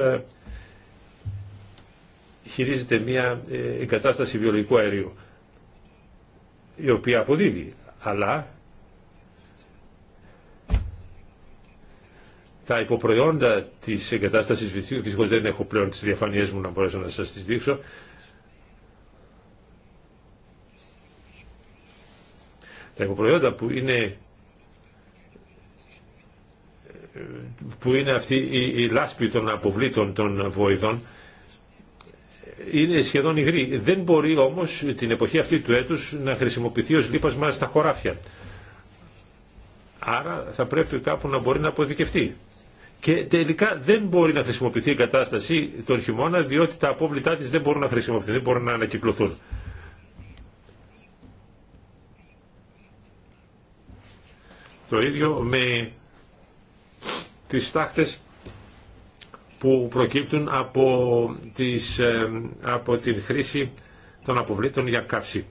χειρίζεται μια εγκατάσταση βιολογικού αερίου η οποία αποδίδει, αλλά τα υποπροϊόντα της εγκατάστασης βυθίου, δυστυχώς δεν έχω πλέον τις διαφανειές μου να μπορέσω να σας τις δείξω, τα υποπροϊόντα που είναι που είναι αυτή η, η λάσπη των αποβλήτων των βοηδών είναι σχεδόν υγρή. Δεν μπορεί όμως την εποχή αυτή του έτους να χρησιμοποιηθεί ως λίπασμα στα χωράφια. Άρα θα πρέπει κάπου να μπορεί να αποδικευτεί. Και τελικά δεν μπορεί να χρησιμοποιηθεί η κατάσταση τον χειμώνα διότι τα απόβλητά της δεν μπορούν να χρησιμοποιηθούν, δεν μπορούν να ανακυκλωθούν. Το ίδιο με τις στάχτες που προκύπτουν από, τις, ε, από την χρήση των αποβλήτων για καύση.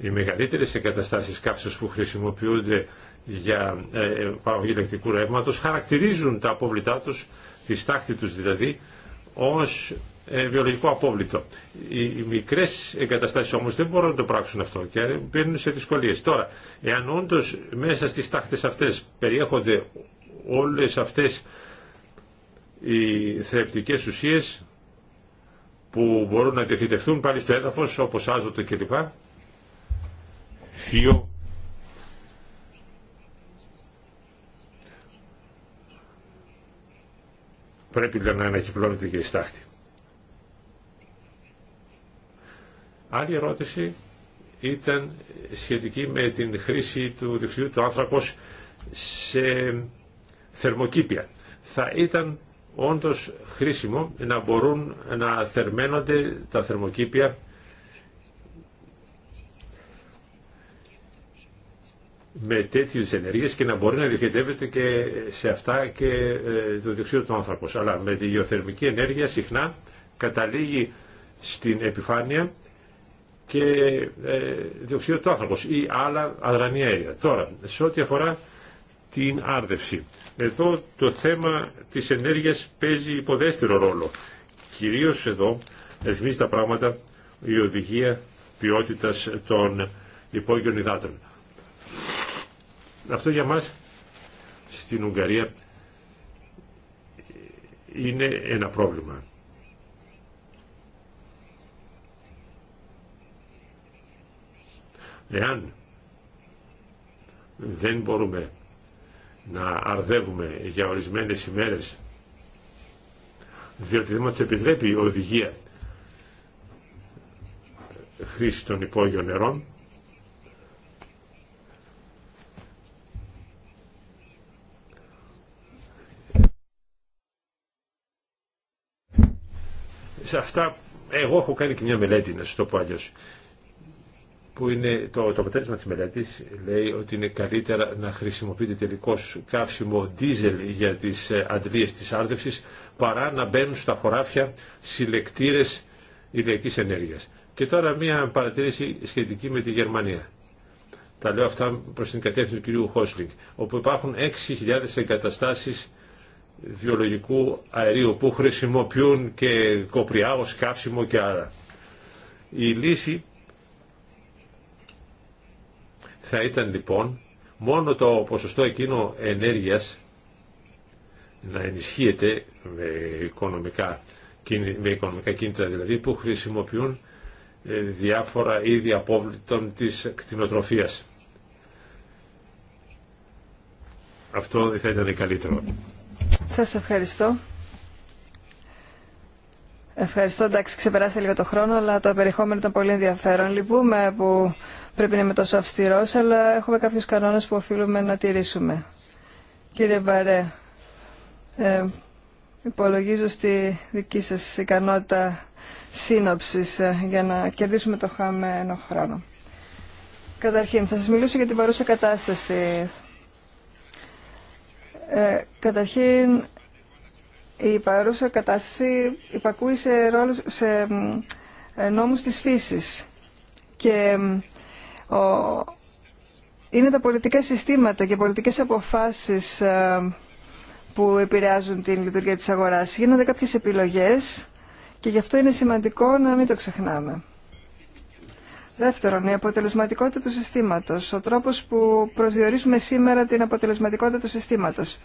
Οι μεγαλύτερες εγκαταστάσεις καύσης που χρησιμοποιούνται για ε, παραγωγή ηλεκτρικού ρεύματος χαρακτηρίζουν τα αποβλητά τους, τη στάχτη τους δηλαδή, ως ε, βιολογικό απόβλητο. Οι μικρέ εγκαταστάσει όμως δεν μπορούν να το πράξουν αυτό και μπαίνουν σε δυσκολίε. Τώρα, εάν όντω μέσα στις τάχτε αυτές περιέχονται όλες αυτές οι θρεπτικέ ουσίες που μπορούν να διοχετευτούν πάλι στο έδαφος όπως άζωτο κλπ. Θείο. Πρέπει να ανακυπλώνεται και η στάχτη. Άλλη ερώτηση ήταν σχετική με την χρήση του διοξιδίου του άνθρακος σε θερμοκήπια. Θα ήταν όντως χρήσιμο να μπορούν να θερμαίνονται τα θερμοκήπια με τέτοιες ενέργειες και να μπορεί να διοχετεύεται και σε αυτά και ε, το διευθυντήτου του άνθρακος. Αλλά με τη γεωθερμική ενέργεια συχνά καταλήγει στην επιφάνεια και ε, διοξείδιο του άνθρακος ή άλλα αδρανή αέρια. Τώρα, σε ό,τι αφορά την άρδευση. Εδώ το θέμα της ενέργειας παίζει υποδέστερο ρόλο. Κυρίως εδώ ρυθμίζει τα πράγματα η οδηγία ποιότητας των υπόγειων υδάτων. Αυτό για μας στην Ουγγαρία είναι ένα πρόβλημα. Εάν δεν μπορούμε να αρδεύουμε για ορισμένες ημέρες διότι δεν μας επιτρέπει η οδηγία χρήση των υπόγειων νερών σε αυτά εγώ έχω κάνει και μια μελέτη να σας το πω αλλιώς που είναι το, το αποτέλεσμα της μελέτης λέει ότι είναι καλύτερα να χρησιμοποιείται τελικώς καύσιμο δίζελ για τις ε, αντλίες της άρδευσης παρά να μπαίνουν στα χωράφια συλλεκτήρες ηλιακής ενέργειας. Και τώρα μια παρατήρηση σχετική με τη Γερμανία. Τα λέω αυτά προς την κατεύθυνση του κυρίου Χόσλινγκ, όπου υπάρχουν 6.000 εγκαταστάσεις βιολογικού αερίου που χρησιμοποιούν και κοπριάγος, καύσιμο και άλλα. Η λύση θα ήταν λοιπόν μόνο το ποσοστό εκείνο ενέργειας να ενισχύεται με οικονομικά, με οικονομικά κίνητρα δηλαδή που χρησιμοποιούν ε, διάφορα είδη απόβλητων της κτηνοτροφίας. Αυτό θα ήταν καλύτερο. Σας ευχαριστώ. Ευχαριστώ. Εντάξει, ξεπεράσατε λίγο το χρόνο, αλλά το περιεχόμενο ήταν πολύ ενδιαφέρον. Λυπούμε που πρέπει να είμαι τόσο αυστηρό, αλλά έχουμε κάποιους κανόνες που οφείλουμε να τηρήσουμε. Κύριε Μπαρέ, ε, υπολογίζω στη δική σας ικανότητα σύνοψης ε, για να κερδίσουμε το χαμένο χρόνο. Καταρχήν, θα σας μιλήσω για την παρούσα κατάσταση. Ε, καταρχήν, η παρούσα κατάσταση υπακούει σε, ρόλους, σε ε, νόμους της φύσης και είναι τα πολιτικά συστήματα και πολιτικές αποφάσεις ε, που επηρεάζουν την λειτουργία της αγοράς. Γίνονται κάποιες επιλογές και γι' αυτό είναι σημαντικό να μην το ξεχνάμε. Δεύτερον, η αποτελεσματικότητα του συστήματος. Ο τρόπος που προσδιορίζουμε σήμερα την αποτελεσματικότητα του συστήματος.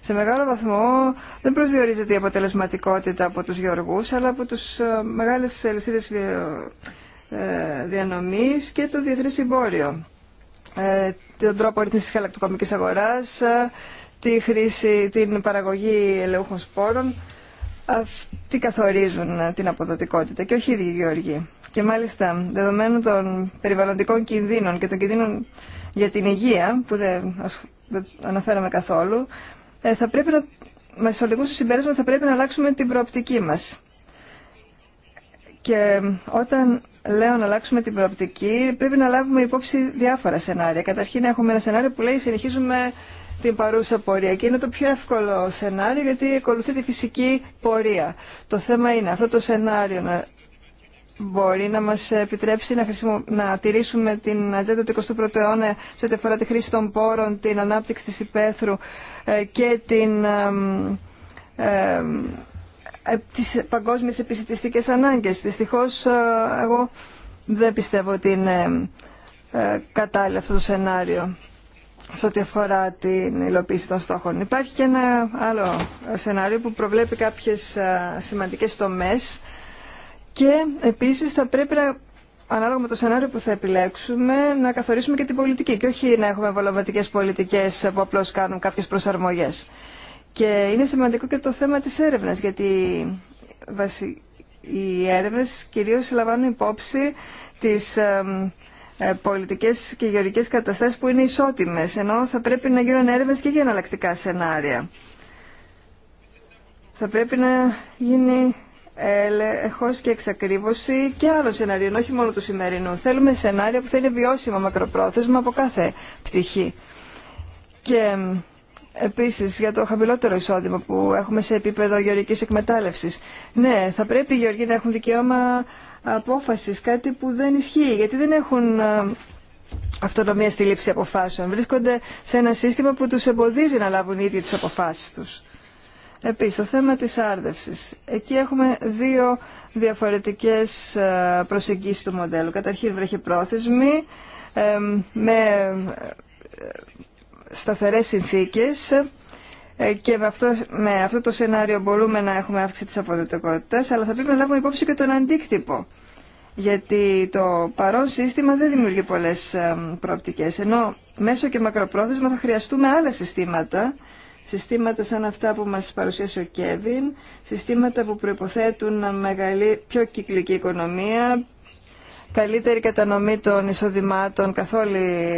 Σε μεγάλο βαθμό δεν προσδιορίζεται η αποτελεσματικότητα από τους γεωργούς, αλλά από τους ε, μεγάλες αλυσίδες ε, ε, διανομής και το διεθνές εμπόριο. Ε, τον τρόπο ρύθμισης τη χαλακτοκομικής αγοράς, ε, τη χρήση, την παραγωγή ελαιούχων σπόρων. Αυτοί καθορίζουν την αποδοτικότητα και όχι οι ίδιοι Και μάλιστα, δεδομένου των περιβαλλοντικών κινδύνων και των κινδύνων για την υγεία, που δεν, αναφέραμε καθόλου, θα πρέπει να με σωλικούς συμπέρασμα θα πρέπει να αλλάξουμε την προοπτική μας. Και όταν λέω να αλλάξουμε την προοπτική, πρέπει να λάβουμε υπόψη διάφορα σενάρια. Καταρχήν έχουμε ένα σενάριο που λέει συνεχίζουμε την παρούσα πορεία και είναι το πιο εύκολο σενάριο γιατί ακολουθεί τη φυσική πορεία. Το θέμα είναι αυτό το σενάριο να μπορεί να μας επιτρέψει να, χρησιμο... να τηρήσουμε την ατζέντα του 21ου αιώνα σε ό,τι αφορά τη χρήση των πόρων, την ανάπτυξη της υπαίθρου ε, και την ε, τις παγκόσμιες επιστημιστικές ανάγκες. Δυστυχώς ε, εγώ δεν πιστεύω ότι είναι ε, κατάλληλο αυτό το σενάριο σε ό,τι αφορά την υλοποίηση των στόχων. Υπάρχει και ένα άλλο σενάριο που προβλέπει κάποιες σημαντικές τομές και επίσης θα πρέπει να ανάλογα με το σενάριο που θα επιλέξουμε, να καθορίσουμε και την πολιτική και όχι να έχουμε βολοματικές πολιτικές που απλώς κάνουν κάποιες προσαρμογές. Και είναι σημαντικό και το θέμα της έρευνας, γιατί οι έρευνες κυρίως λαμβάνουν υπόψη τις ε, πολιτικές και γεωρικές καταστάσεις που είναι ισότιμες, ενώ θα πρέπει να γίνουν έρευνες και για εναλλακτικά σενάρια. Θα πρέπει να γίνει ελεγχός και εξακρίβωση και άλλων σενάριων, όχι μόνο του σημερινού. Θέλουμε σενάρια που θα είναι βιώσιμα μακροπρόθεσμα από κάθε πτυχή. Και Επίσης, για το χαμηλότερο εισόδημα που έχουμε σε επίπεδο γεωργικής εκμετάλλευσης. Ναι, θα πρέπει οι γεωργοί να έχουν δικαίωμα απόφασης, κάτι που δεν ισχύει, γιατί δεν έχουν ε, αυτονομία στη λήψη αποφάσεων. Βρίσκονται σε ένα σύστημα που τους εμποδίζει να λάβουν ήδη τις αποφάσεις τους. Επίσης, το θέμα της άρδευσης. Εκεί έχουμε δύο διαφορετικές ε, προσεγγίσεις του μοντέλου. Καταρχήν βρέχει πρόθεσμη, ε, με σταθερές συνθήκες ε, και με αυτό, με αυτό το σενάριο μπορούμε να έχουμε αύξηση της αποδοτικότητας, αλλά θα πρέπει να λάβουμε υπόψη και τον αντίκτυπο. Γιατί το παρόν σύστημα δεν δημιουργεί πολλές ε, προοπτικές, ενώ μέσω και μακροπρόθεσμα θα χρειαστούμε άλλα συστήματα, συστήματα σαν αυτά που μας παρουσίασε ο Κέβιν, συστήματα που προϋποθέτουν μεγαλή, πιο κυκλική οικονομία, καλύτερη κατανομή των εισοδημάτων καθ' όλη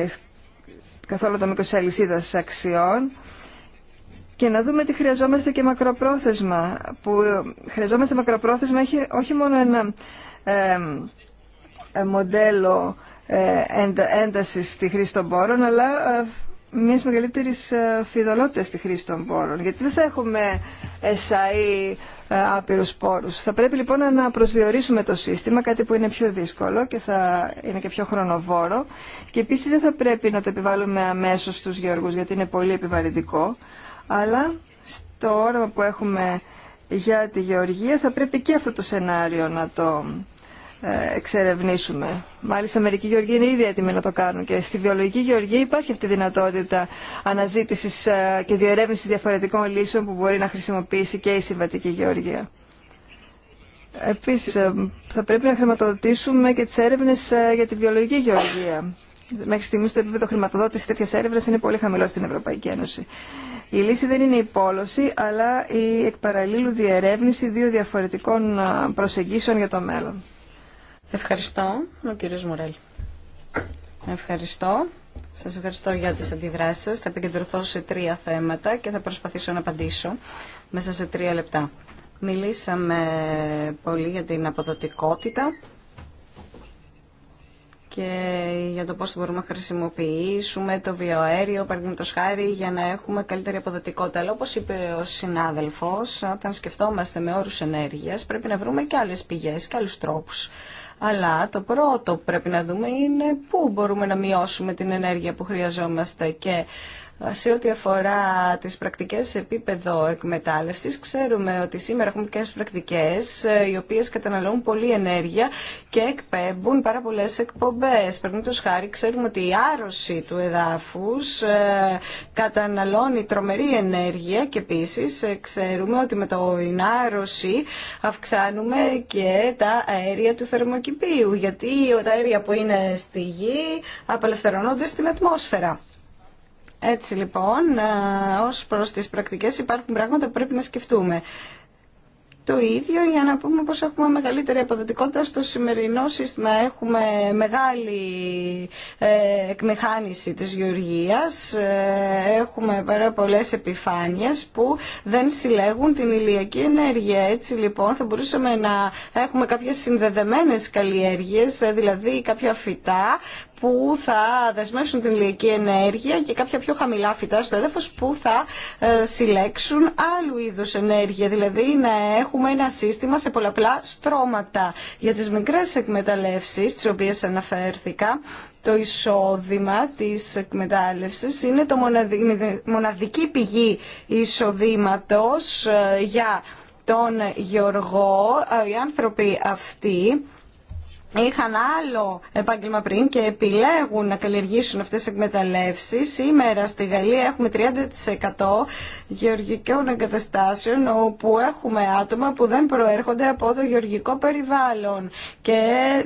καθόλου το μήκος αλυσίδα αξιών και να δούμε τι χρειαζόμαστε και μακροπρόθεσμα. Που χρειαζόμαστε μακροπρόθεσμα έχει όχι μόνο ένα ε, μοντέλο ε, έντασης στη χρήση των πόρων, αλλά ε, μια μεγαλύτερη ε, φιδωλότητα στη χρήση των πόρων. Γιατί δεν θα έχουμε εσάι ε, άπειρου πόρου. Θα πρέπει λοιπόν να προσδιορίσουμε το σύστημα, κάτι που είναι πιο δύσκολο και θα είναι και πιο χρονοβόρο. Και επίση δεν θα πρέπει να το επιβάλλουμε αμέσω στου γεωργού, γιατί είναι πολύ επιβαρυντικό. Αλλά στο όραμα που έχουμε για τη γεωργία θα πρέπει και αυτό το σενάριο να το εξερευνήσουμε. Μάλιστα, μερικοί γεωργοί είναι ήδη έτοιμοι να το κάνουν και στη βιολογική γεωργία υπάρχει αυτή η δυνατότητα αναζήτηση ε, και διερεύνηση διαφορετικών λύσεων που μπορεί να χρησιμοποιήσει και η συμβατική γεωργία. Επίση, ε, θα πρέπει να χρηματοδοτήσουμε και τι έρευνε ε, για τη βιολογική γεωργία. Μέχρι στιγμή το επίπεδο χρηματοδότηση τέτοια έρευνα είναι πολύ χαμηλό στην Ευρωπαϊκή Ένωση. Η λύση δεν είναι η πόλωση, αλλά η εκπαραλλήλου διερεύνηση δύο διαφορετικών προσεγγίσεων για το μέλλον. Ευχαριστώ, ο κύριος Μουρέλ. Ευχαριστώ. Σας ευχαριστώ για τις αντιδράσεις σας. Θα επικεντρωθώ σε τρία θέματα και θα προσπαθήσω να απαντήσω μέσα σε τρία λεπτά. Μιλήσαμε πολύ για την αποδοτικότητα και για το πώς μπορούμε να χρησιμοποιήσουμε το βιοαέριο, παραδείγματος χάρη, για να έχουμε καλύτερη αποδοτικότητα. Αλλά όπως είπε ο συνάδελφος, όταν σκεφτόμαστε με όρους ενέργειας, πρέπει να βρούμε και άλλες πηγές και άλλους τρόπους αλλά το πρώτο που πρέπει να δούμε είναι πού μπορούμε να μειώσουμε την ενέργεια που χρειαζόμαστε και σε ό,τι αφορά τι πρακτικές σε επίπεδο εκμετάλλευση, ξέρουμε ότι σήμερα έχουμε και πρακτικές ε, οι οποίες καταναλώνουν πολλή ενέργεια και εκπέμπουν πάρα πολλές εκπομπές. Παραδείγματο χάρη, ξέρουμε ότι η άρρωση του εδάφους ε, καταναλώνει τρομερή ενέργεια και επίσης ε, ξέρουμε ότι με την άρρωση αυξάνουμε και τα αέρια του θερμοκηπίου, γιατί τα αέρια που είναι στη γη απελευθερώνονται στην ατμόσφαιρα. Έτσι λοιπόν, ε, ως προς τις πρακτικές υπάρχουν πράγματα που πρέπει να σκεφτούμε. Το ίδιο για να πούμε πως έχουμε μεγαλύτερη αποδοτικότητα στο σημερινό σύστημα. Έχουμε μεγάλη ε, εκμηχάνηση της γεωργίας, ε, έχουμε πάρα πολλές επιφάνειες που δεν συλλέγουν την ηλιακή ενέργεια. Έτσι λοιπόν θα μπορούσαμε να έχουμε κάποιες συνδεδεμένες καλλιέργειες, δηλαδή κάποια φυτά που θα δεσμεύσουν την ηλιακή ενέργεια και κάποια πιο χαμηλά φυτά στο έδαφο που θα ε, συλλέξουν άλλου είδους ενέργεια. Δηλαδή να έχουμε ένα σύστημα σε πολλαπλά στρώματα. Για τις μικρές εκμεταλλεύσεις, τις οποίε αναφέρθηκα, το εισόδημα της εκμετάλλευσης είναι το μοναδική πηγή εισοδήματος ε, για τον Γεωργό. Οι άνθρωποι αυτοί είχαν άλλο επάγγελμα πριν και επιλέγουν να καλλιεργήσουν αυτές τις εκμεταλλεύσει. Σήμερα στη Γαλλία έχουμε 30% γεωργικών εγκαταστάσεων όπου έχουμε άτομα που δεν προέρχονται από το γεωργικό περιβάλλον και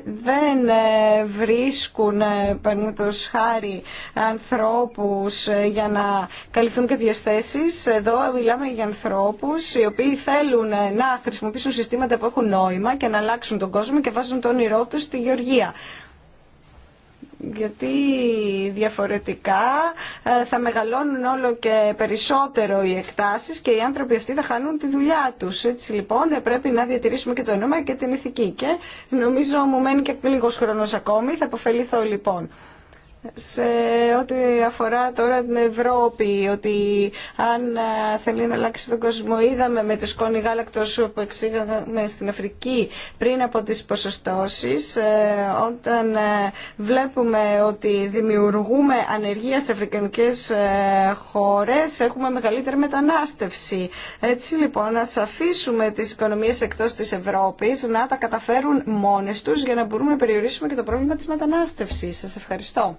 δεν ε, βρίσκουν ε, το χάρη ανθρώπους ε, για να καλυφθούν κάποιες θέσει. Εδώ μιλάμε για ανθρώπου οι οποίοι θέλουν να χρησιμοποιήσουν συστήματα που έχουν νόημα και να αλλάξουν τον κόσμο και βάζουν το όνειρό στη Γεωργία γιατί διαφορετικά ε, θα μεγαλώνουν όλο και περισσότερο οι εκτάσεις και οι άνθρωποι αυτοί θα χάνουν τη δουλειά τους. Έτσι λοιπόν ε, πρέπει να διατηρήσουμε και το νόημα και την ηθική. Και νομίζω μου μένει και λίγος χρόνος ακόμη, θα αποφεληθώ λοιπόν σε ό,τι αφορά τώρα την Ευρώπη, ότι αν ε, θέλει να αλλάξει τον κόσμο, είδαμε με τη σκόνη γάλακτος που εξήγαμε στην Αφρική πριν από τις ποσοστώσεις, ε, όταν ε, βλέπουμε ότι δημιουργούμε ανεργία σε αφρικανικές χώρες, έχουμε μεγαλύτερη μετανάστευση. Έτσι λοιπόν, να αφήσουμε τις οικονομίες εκτός της Ευρώπης να τα καταφέρουν μόνες τους για να μπορούμε να περιορίσουμε και το πρόβλημα της μετανάστευσης. Σας ευχαριστώ.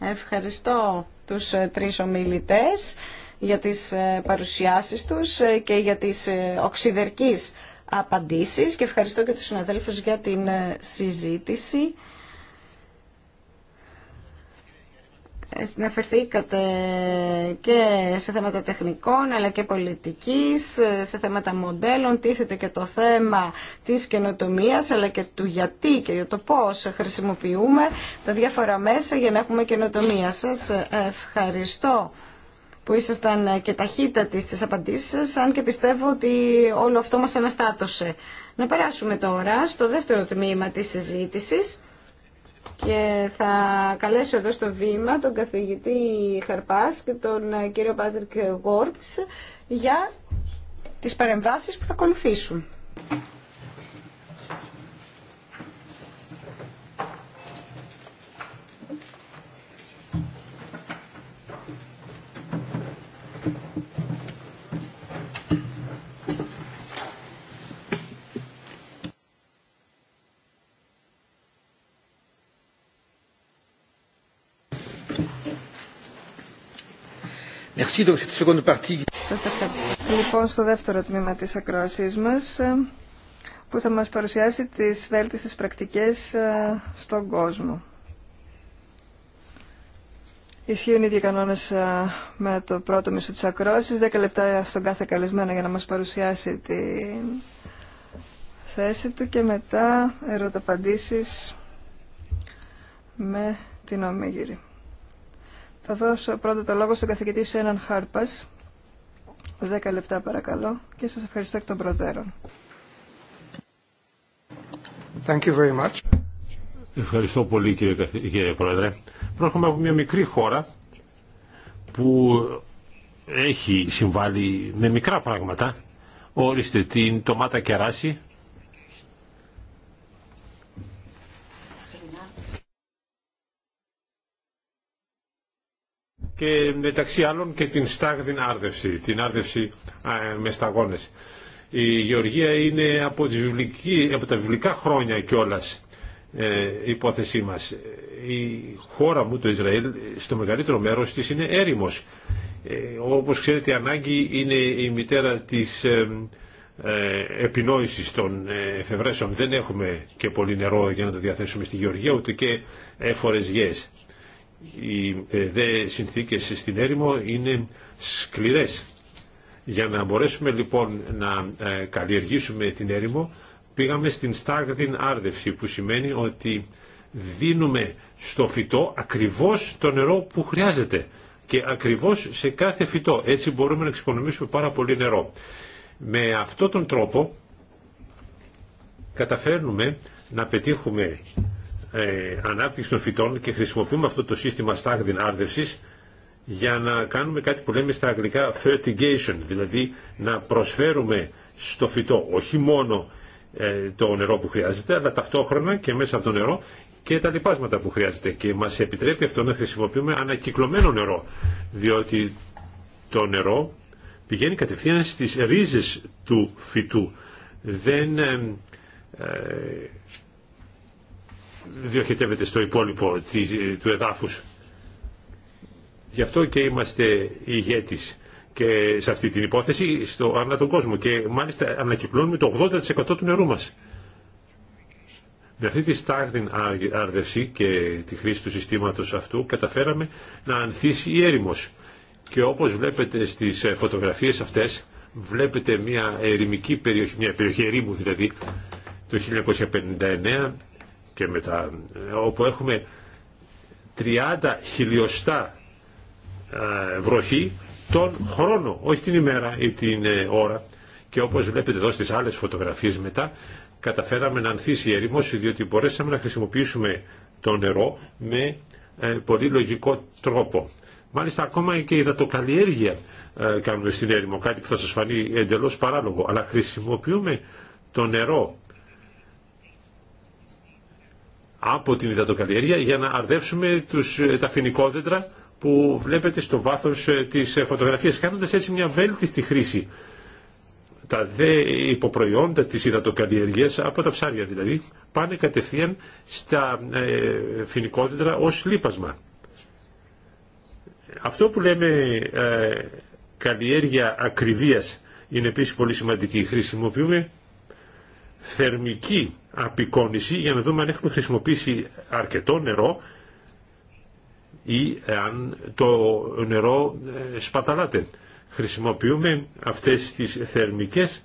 Ευχαριστώ τους ε, τρεις ομιλητές για τις ε, παρουσιάσεις τους ε, και για τις οξυδερκείς απαντήσεις και ευχαριστώ και τους συναδέλφους για την συζήτηση. κατε και σε θέματα τεχνικών αλλά και πολιτικής, σε θέματα μοντέλων, τίθεται και το θέμα της καινοτομία, αλλά και του γιατί και για το πώς χρησιμοποιούμε τα διάφορα μέσα για να έχουμε καινοτομία. Σας ευχαριστώ που ήσασταν και ταχύτατοι στις απαντήσεις σας, αν και πιστεύω ότι όλο αυτό μας αναστάτωσε. Να περάσουμε τώρα στο δεύτερο τμήμα της συζήτησης και θα καλέσω εδώ στο βήμα τον καθηγητή Χαρπάς και τον ε, κύριο Πάτρικ Γόρπς για τις παρεμβάσεις που θα ακολουθήσουν. Merci. Σας ευχαριστώ. Λοιπόν, στο δεύτερο τμήμα της ακρόασής μας, ε, που θα μας παρουσιάσει τις βέλτιστες πρακτικές ε, στον κόσμο. Ισχύουν οι ίδιοι κανόνε ε, με το πρώτο μισό τη ακρόαση. 10 λεπτά στον κάθε καλεσμένο για να μα παρουσιάσει τη θέση του και μετά απαντήσει με την ομίγυρη. Θα δώσω πρώτα το λόγο στον καθηγητή Σέναν Χάρπας. Δέκα λεπτά παρακαλώ και σας ευχαριστώ εκ των προτέρων. Thank you very much. Ευχαριστώ πολύ κύριε, κύριε Πρόεδρε. Πρόκειται από μια μικρή χώρα που έχει συμβάλει με μικρά πράγματα. Όριστε την τομάτα κεράσι και μεταξύ άλλων και την στάγδιν άρδευση, την άρδευση με σταγόνες. Η Γεωργία είναι από, τα βιβλικά χρόνια κιόλα ε, υπόθεσή μας. Η χώρα μου, το Ισραήλ, στο μεγαλύτερο μέρος της είναι έρημος. Ε, όπως ξέρετε, η ανάγκη είναι η μητέρα της ε, ε επινόησης των ε, εφευρέσεων. Δεν έχουμε και πολύ νερό για να το διαθέσουμε στη Γεωργία, ούτε και εφορεσιές οι ε, δε συνθήκες στην έρημο είναι σκληρές. Για να μπορέσουμε λοιπόν να ε, καλλιεργήσουμε την έρημο πήγαμε στην στάγδιν άρδευση που σημαίνει ότι δίνουμε στο φυτό ακριβώς το νερό που χρειάζεται και ακριβώς σε κάθε φυτό. Έτσι μπορούμε να εξοικονομήσουμε πάρα πολύ νερό. Με αυτόν τον τρόπο καταφέρνουμε να πετύχουμε ε, ανάπτυξη των φυτών και χρησιμοποιούμε αυτό το σύστημα στάγδιν άρδευσης για να κάνουμε κάτι που λέμε στα αγγλικά fertigation, δηλαδή να προσφέρουμε στο φυτό όχι μόνο ε, το νερό που χρειάζεται, αλλά ταυτόχρονα και μέσα από το νερό και τα λοιπάσματα που χρειάζεται. Και μας επιτρέπει αυτό να χρησιμοποιούμε ανακυκλωμένο νερό, διότι το νερό πηγαίνει κατευθείαν στις ρίζες του φυτού. Δεν ε, ε, διοχετεύεται στο υπόλοιπο του εδάφους. Γι' αυτό και είμαστε ηγέτης και σε αυτή την υπόθεση στο ανά τον κόσμο και μάλιστα ανακυκλώνουμε το 80% του νερού μας. Με αυτή τη στάγνη άρδευση και τη χρήση του συστήματος αυτού καταφέραμε να ανθίσει η έρημος. Και όπως βλέπετε στις ε, φωτογραφίες αυτές, βλέπετε μια ερημική περιοχή, μια περιοχή ερήμου δηλαδή, το 1959 και μετά όπου έχουμε 30 χιλιοστά ε, βροχή τον χρόνο, όχι την ημέρα ή την ε, ώρα. Και όπως βλέπετε εδώ στις άλλες φωτογραφίες μετά, καταφέραμε να ανθίσει η ερήμωση, διότι μπορέσαμε να χρησιμοποιήσουμε το νερό με ε, πολύ λογικό τρόπο. Μάλιστα ακόμα και η δατοκαλλιέργεια κάνουμε στην έρημο, κάτι που θα σας φανεί εντελώς παράλογο, αλλά χρησιμοποιούμε το νερό από την υδατοκαλλιέργεια για να αρδεύσουμε τους, ε, τα φοινικόδεντρα που βλέπετε στο βάθος ε, της ε, φωτογραφίας κάνοντας έτσι μια βέλτιστη χρήση τα δε υποπροϊόντα της υδατοκαλλιέργειας, από τα ψάρια δηλαδή πάνε κατευθείαν στα ε, φοινικόδεντρα ως λίπασμα. Αυτό που λέμε καλλιέργεια ακριβίας είναι επίσης πολύ σημαντική. Χρησιμοποιούμε θερμική για να δούμε αν έχουμε χρησιμοποιήσει αρκετό νερό ή αν το νερό ε, σπαταλάται. Χρησιμοποιούμε αυτές τις θερμικές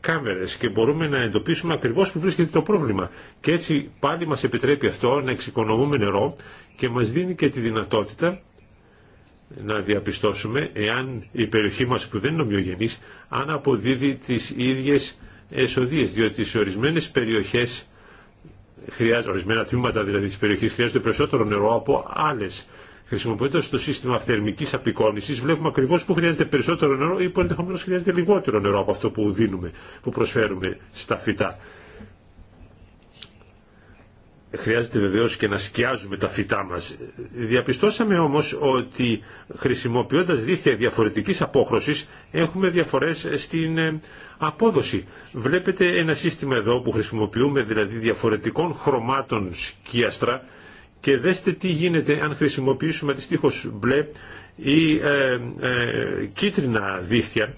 κάμερες και μπορούμε να εντοπίσουμε ακριβώς που βρίσκεται το πρόβλημα. Και έτσι πάλι μας επιτρέπει αυτό να εξοικονομούμε νερό και μας δίνει και τη δυνατότητα να διαπιστώσουμε εάν η περιοχή μας που δεν είναι ομοιογενής αν αποδίδει τις ίδιες εσοδίε, διότι σε ορισμένες περιοχές, ορισμένα τμήματα δηλαδή της περιοχής, χρειάζεται περισσότερο νερό από άλλες. Χρησιμοποιώντας το σύστημα θερμικής απεικόνησης βλέπουμε ακριβώς που χρειάζεται περισσότερο νερό ή που ενδεχομένως χρειάζεται λιγότερο νερό από αυτό που δίνουμε, που προσφέρουμε στα φυτά. Χρειάζεται βεβαίως και να σκιάζουμε τα φυτά μας. Διαπιστώσαμε όμως ότι χρησιμοποιώντας δίχτυα διαφορετικής απόχρωσης έχουμε διαφορές στην ε, απόδοση. Βλέπετε ένα σύστημα εδώ που χρησιμοποιούμε δηλαδή διαφορετικών χρωμάτων σκίαστρα και δέστε τι γίνεται αν χρησιμοποιήσουμε στίχος μπλε ή ε, ε, κίτρινα δίχτυα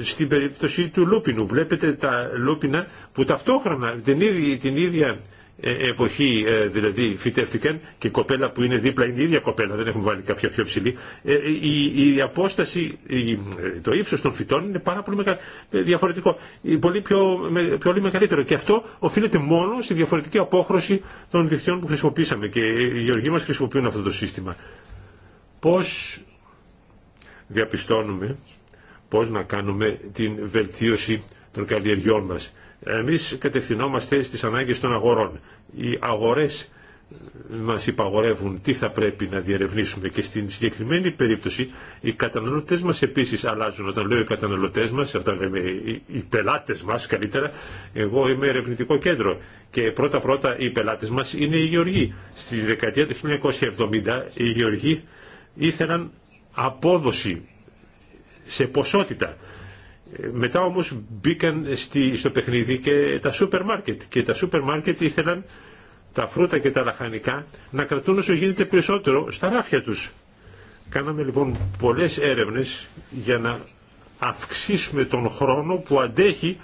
στην περίπτωση του λούπινου. Βλέπετε τα λούπινα που ταυτόχρονα την ίδια, την ίδια ε, εποχή ε, δηλαδή φυτεύτηκαν και η κοπέλα που είναι δίπλα είναι η ίδια κοπέλα, δεν έχουν βάλει κάποια πιο ψηλή. Ε, η, η απόσταση, το ύψος των φυτών είναι πάρα πολύ μεγα, διαφορετικό, πολύ πιο, πολύ μεγαλύτερο και αυτό οφείλεται μόνο στη διαφορετική απόχρωση των δικτυών που χρησιμοποίησαμε και οι γεωργοί μας χρησιμοποιούν αυτό το σύστημα. Πώς διαπιστώνουμε, πώς να κάνουμε την βελτίωση των καλλιεργιών μας. Εμείς κατευθυνόμαστε στις ανάγκες των αγορών οι αγορές μας υπαγορεύουν τι θα πρέπει να διερευνήσουμε και στην συγκεκριμένη περίπτωση οι καταναλωτές μας επίσης αλλάζουν όταν λέω οι καταναλωτές μας όταν λέμε οι πελάτες μας καλύτερα εγώ είμαι ερευνητικό κέντρο και πρώτα πρώτα οι πελάτες μας είναι οι γεωργοί στις δεκαετία του 1970 οι γεωργοί ήθελαν απόδοση σε ποσότητα μετά όμως μπήκαν στη, στο παιχνίδι και τα σούπερ μάρκετ και τα σούπερ μάρκετ ήθελαν τα φρούτα και τα λαχανικά να κρατούν όσο γίνεται περισσότερο στα ράφια τους. Κάναμε λοιπόν πολλές έρευνες για να αυξήσουμε τον χρόνο που αντέχει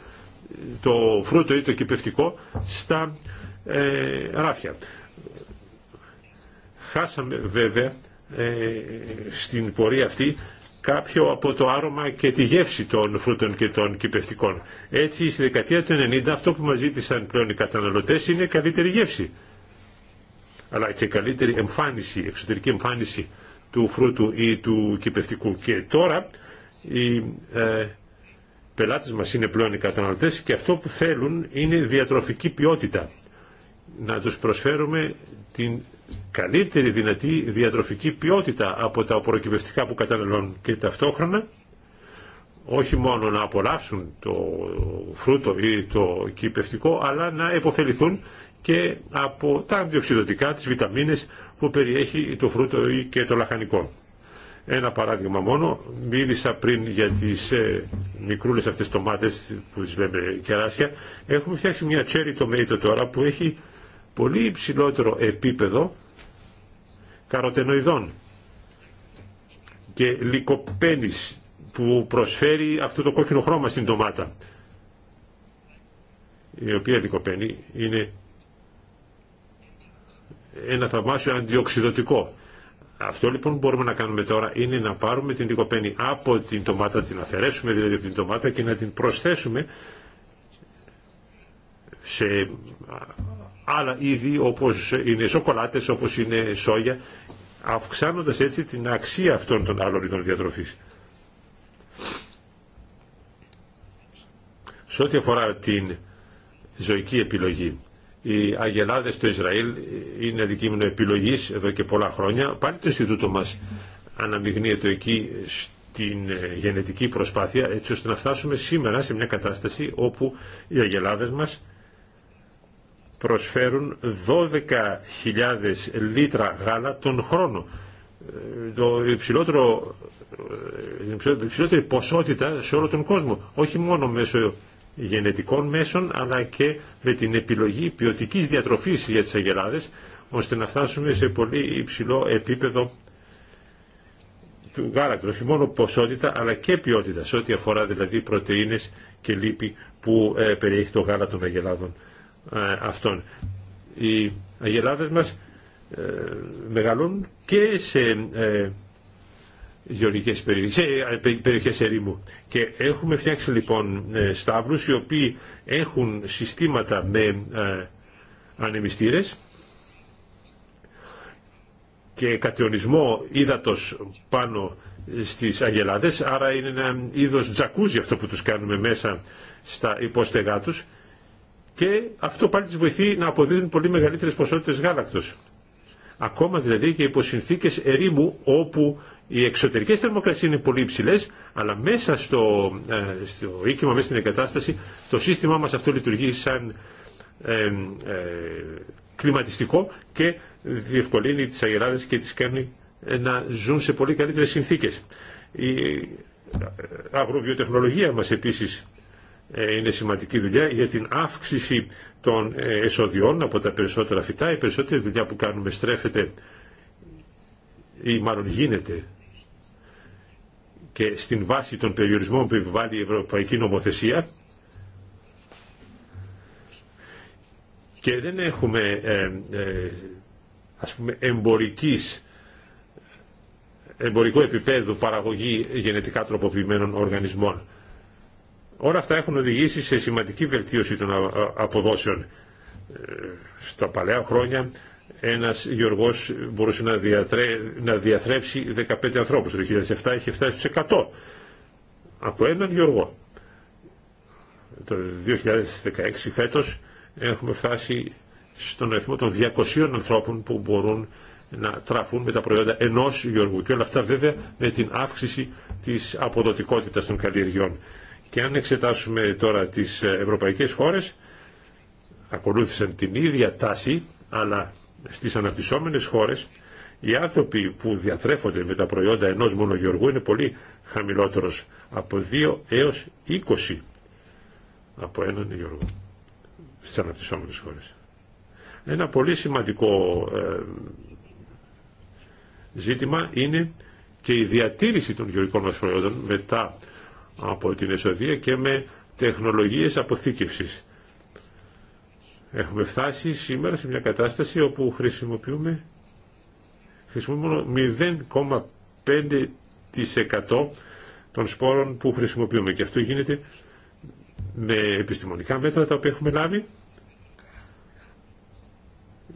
το φρούτο ή το κυπευτικό στα ε, ράφια. Χάσαμε βέβαια ε, στην πορεία αυτή κάποιο από το άρωμα και τη γεύση των φρούτων και των κυπευτικών. Έτσι, στη δεκαετία του 90 αυτό που μας ζήτησαν πλέον οι καταναλωτές είναι καλύτερη γεύση. Αλλά και καλύτερη εμφάνιση, εξωτερική εμφάνιση του φρούτου ή του κυπευτικού. Και τώρα οι ε, πελάτες μας είναι πλέον οι καταναλωτές και αυτό που θέλουν είναι διατροφική ποιότητα. Να τους προσφέρουμε την καλύτερη δυνατή διατροφική ποιότητα από τα προκυπευτικά που καταναλώνουν και ταυτόχρονα όχι μόνο να απολαύσουν το φρούτο ή το κυπευτικό αλλά να επωφεληθούν και από τα αντιοξυδοτικά, τις βιταμίνες που περιέχει το φρούτο ή και το λαχανικό. Ένα παράδειγμα μόνο, μίλησα πριν για τις ε, μικρούλες αυτές τομάτες που τις λέμε κεράσια. Έχουμε φτιάξει μια cherry tomato τώρα που έχει πολύ υψηλότερο επίπεδο καροτενοειδών και λικοπένης που προσφέρει αυτό το κόκκινο χρώμα στην ντομάτα η οποία λικοπένη είναι ένα θαυμάσιο αντιοξυδοτικό. Αυτό λοιπόν που μπορούμε να κάνουμε τώρα είναι να πάρουμε την λικοπένη από την ντομάτα, την αφαιρέσουμε δηλαδή από την ντομάτα και να την προσθέσουμε σε άλλα είδη όπως είναι σοκολάτες, όπως είναι σόγια αυξάνοντας έτσι την αξία αυτών των άλλων ειδών διατροφής. Σε ό,τι αφορά την ζωική επιλογή, οι αγελάδες του Ισραήλ είναι αντικείμενο επιλογής εδώ και πολλά χρόνια. Πάλι το Ινστιτούτο μας αναμειγνύεται εκεί στην ε, γενετική προσπάθεια έτσι ώστε να φτάσουμε σήμερα σε μια κατάσταση όπου οι αγελάδες μας προσφέρουν 12.000 λίτρα γάλα τον χρόνο. Ε, το υψηλότερο, ε, η υψηλότερη ποσότητα σε όλο τον κόσμο. Όχι μόνο μέσω γενετικών μέσων, αλλά και με την επιλογή ποιοτική διατροφής για τις αγελάδες, ώστε να φτάσουμε σε πολύ υψηλό επίπεδο του γάλακτος, όχι μόνο ποσότητα αλλά και ποιότητα, σε ό,τι αφορά δηλαδή πρωτεΐνες και λίπη που ε, περιέχει το γάλα των αγελάδων. Ε, αυτών. Οι αγελάδες μας ε, μεγαλούν και σε ε, γεωργικές περιοχές, σε περιοχές ερήμου. Και έχουμε φτιάξει λοιπόν σταύρους οι οποίοι έχουν συστήματα με ανεμιστήρες και κατεωνισμό ύδατος πάνω στις αγελάδες, άρα είναι ένα είδος τζακούζι αυτό που τους κάνουμε μέσα στα υπόστεγά τους και αυτό πάλι τις βοηθεί να αποδίδουν πολύ μεγαλύτερες ποσότητες γάλακτος. Ακόμα δηλαδή και υπό συνθήκες ερήμου όπου οι εξωτερικές θερμοκρασίες είναι πολύ υψηλέ, αλλά μέσα στο, ε, στο οίκημα, μέσα στην εγκατάσταση, το σύστημά μας αυτό λειτουργεί σαν ε, ε, κλιματιστικό και διευκολύνει τις αγελάδες και τις κάνει να ζουν σε πολύ καλύτερες συνθήκες. Η αγροβιοτεχνολογία μας επίσης ε, είναι σημαντική δουλειά για την αύξηση των ε, εσοδιών από τα περισσότερα φυτά. Η περισσότερη δουλειά που κάνουμε στρέφεται ή μάλλον γίνεται και στην βάση των περιορισμών που επιβάλλει η Ευρωπαϊκή Νομοθεσία και δεν έχουμε ε, ε ας πούμε εμπορικής εμπορικό επίπεδο παραγωγή γενετικά τροποποιημένων οργανισμών. Όλα αυτά έχουν οδηγήσει σε σημαντική βελτίωση των αποδόσεων. Ε, στα παλαιά χρόνια ένας γεωργός μπορούσε να, διατρέ... να διαθρέψει 15 ανθρώπους. Το 2007 είχε φτάσει στους 100 από έναν γεωργό. Το 2016 φέτος έχουμε φτάσει στον αριθμό των 200 ανθρώπων που μπορούν να τραφούν με τα προϊόντα ενός γεωργού. Και όλα αυτά βέβαια με την αύξηση της αποδοτικότητας των καλλιεργιών. Και αν εξετάσουμε τώρα τις ευρωπαϊκές χώρες, ακολούθησαν την ίδια τάση, αλλά στις αναπτυσσόμενες χώρες οι άνθρωποι που διατρέφονται με τα προϊόντα ενός μονογεωργού είναι πολύ χαμηλότερος, από 2 έως 20 από έναν γεωργό στις αναπτυσσόμενες χώρες. Ένα πολύ σημαντικό ε, ζήτημα είναι και η διατήρηση των γεωργικών μας προϊόντων μετά από την εσοδεία και με τεχνολογίες αποθήκευσης. Έχουμε φτάσει σήμερα σε μια κατάσταση όπου χρησιμοποιούμε, χρησιμοποιούμε 0,5% των σπόρων που χρησιμοποιούμε και αυτό γίνεται με επιστημονικά μέτρα τα οποία έχουμε λάβει